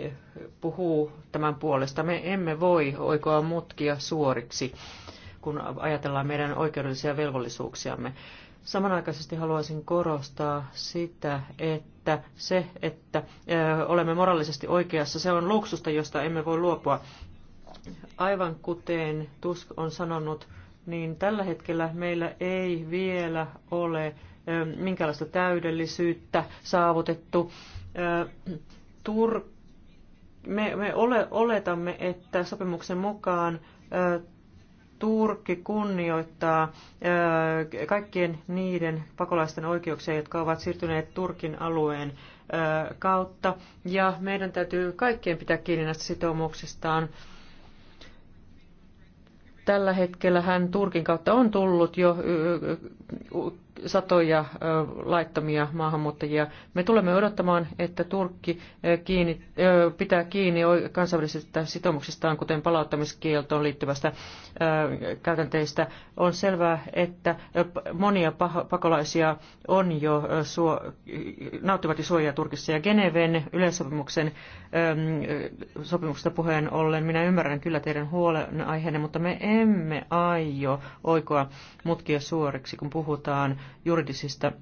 I: ehm, puhuu tämän puolesta. Me emme voi oikoa mutkia suoriksi, kun ajatellaan meidän oikeudellisia velvollisuuksiamme. Samanaikaisesti haluaisin korostaa sitä, että se, että olemme moraalisesti oikeassa, se on luksusta, josta emme voi luopua. Aivan kuten Tusk on sanonut, niin tällä hetkellä meillä ei vielä ole minkälaista täydellisyyttä saavutettu. Tur- me, me ole, oletamme, että sopimuksen mukaan Turkki kunnioittaa kaikkien niiden pakolaisten oikeuksia, jotka ovat siirtyneet Turkin alueen kautta. Ja meidän täytyy kaikkien pitää kiinni näistä sitoumuksistaan. Tällä hetkellä hän Turkin kautta on tullut jo satoja laittomia maahanmuuttajia. Me tulemme odottamaan, että Turkki kiinni, pitää kiinni kansainvälisistä sitoumuksistaan, kuten palauttamiskieltoon liittyvästä käytänteistä. On selvää, että monia pakolaisia on jo suo, nauttivat jo suojaa Turkissa ja Geneven yleissopimuksen sopimuksesta puheen ollen. Minä ymmärrän kyllä teidän huolenaiheenne, mutta me emme aio oikoa mutkia suoriksi, kun puhutaan juridisista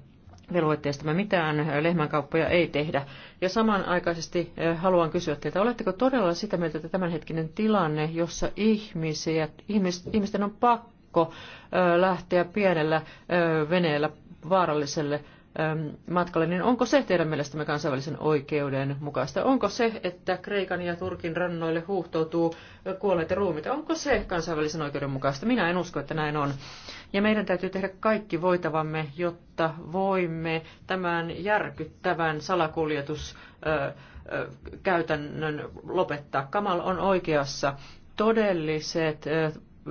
I: Me mitään lehmänkauppoja ei tehdä. Ja samanaikaisesti eh, haluan kysyä teiltä, oletteko todella sitä mieltä, että tämänhetkinen tilanne, jossa ihmisiä, ihmis, ihmisten on pakko eh, lähteä pienellä eh, veneellä vaaralliselle matkalle, niin onko se teidän mielestämme kansainvälisen oikeuden mukaista? Onko se, että Kreikan ja Turkin rannoille huuhtoutuu kuolleita ruumiita, onko se kansainvälisen oikeuden mukaista? Minä en usko, että näin on. Ja meidän täytyy tehdä kaikki voitavamme, jotta voimme tämän järkyttävän salakuljetuskäytännön lopettaa. Kamal on oikeassa. Todelliset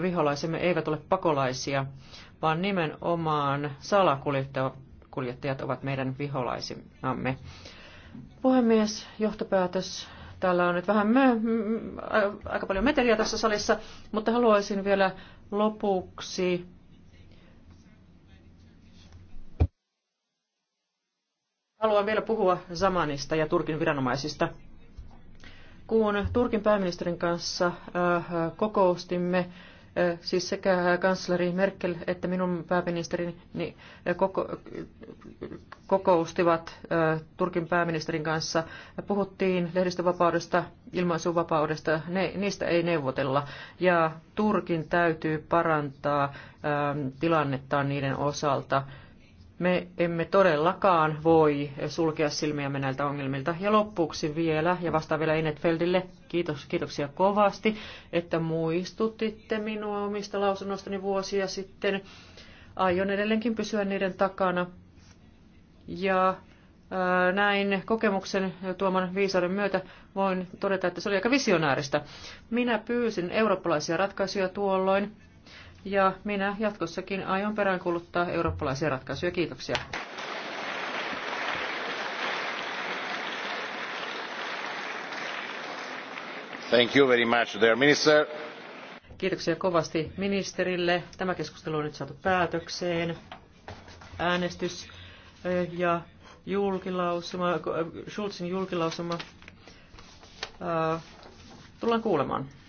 I: viholaisemme eivät ole pakolaisia, vaan nimenomaan salakuljettavat kuljettajat ovat meidän viholaisimme. Puhemies, johtopäätös. Täällä on nyt vähän mö, aika paljon meteliä tässä salissa, mutta haluaisin vielä lopuksi Haluan vielä puhua Zamanista ja Turkin viranomaisista. Kun Turkin pääministerin kanssa äh, äh, kokoustimme, siis sekä kansleri Merkel että minun pääministerini niin koko, kokoustivat Turkin pääministerin kanssa. Puhuttiin lehdistövapaudesta, ilmaisuvapaudesta, ne, niistä ei neuvotella. Ja Turkin täytyy parantaa tilannetta niiden osalta. Me emme todellakaan voi sulkea silmiämme näiltä ongelmilta. Ja loppuksi vielä, ja vastaan vielä Enetfeldille, kiitos, kiitoksia kovasti, että muistutitte minua omista lausunnostani vuosia sitten. Aion edelleenkin pysyä niiden takana. Ja näin kokemuksen tuoman viisauden myötä voin todeta, että se oli aika visionääristä. Minä pyysin eurooppalaisia ratkaisuja tuolloin ja minä jatkossakin aion peräänkuluttaa eurooppalaisia ratkaisuja. Kiitoksia.
F: Thank you very much, dear minister.
I: Kiitoksia kovasti ministerille. Tämä keskustelu on nyt saatu päätökseen. Äänestys eh, ja julkilausuma, eh, Schulzin julkilausuma eh, tullaan kuulemaan.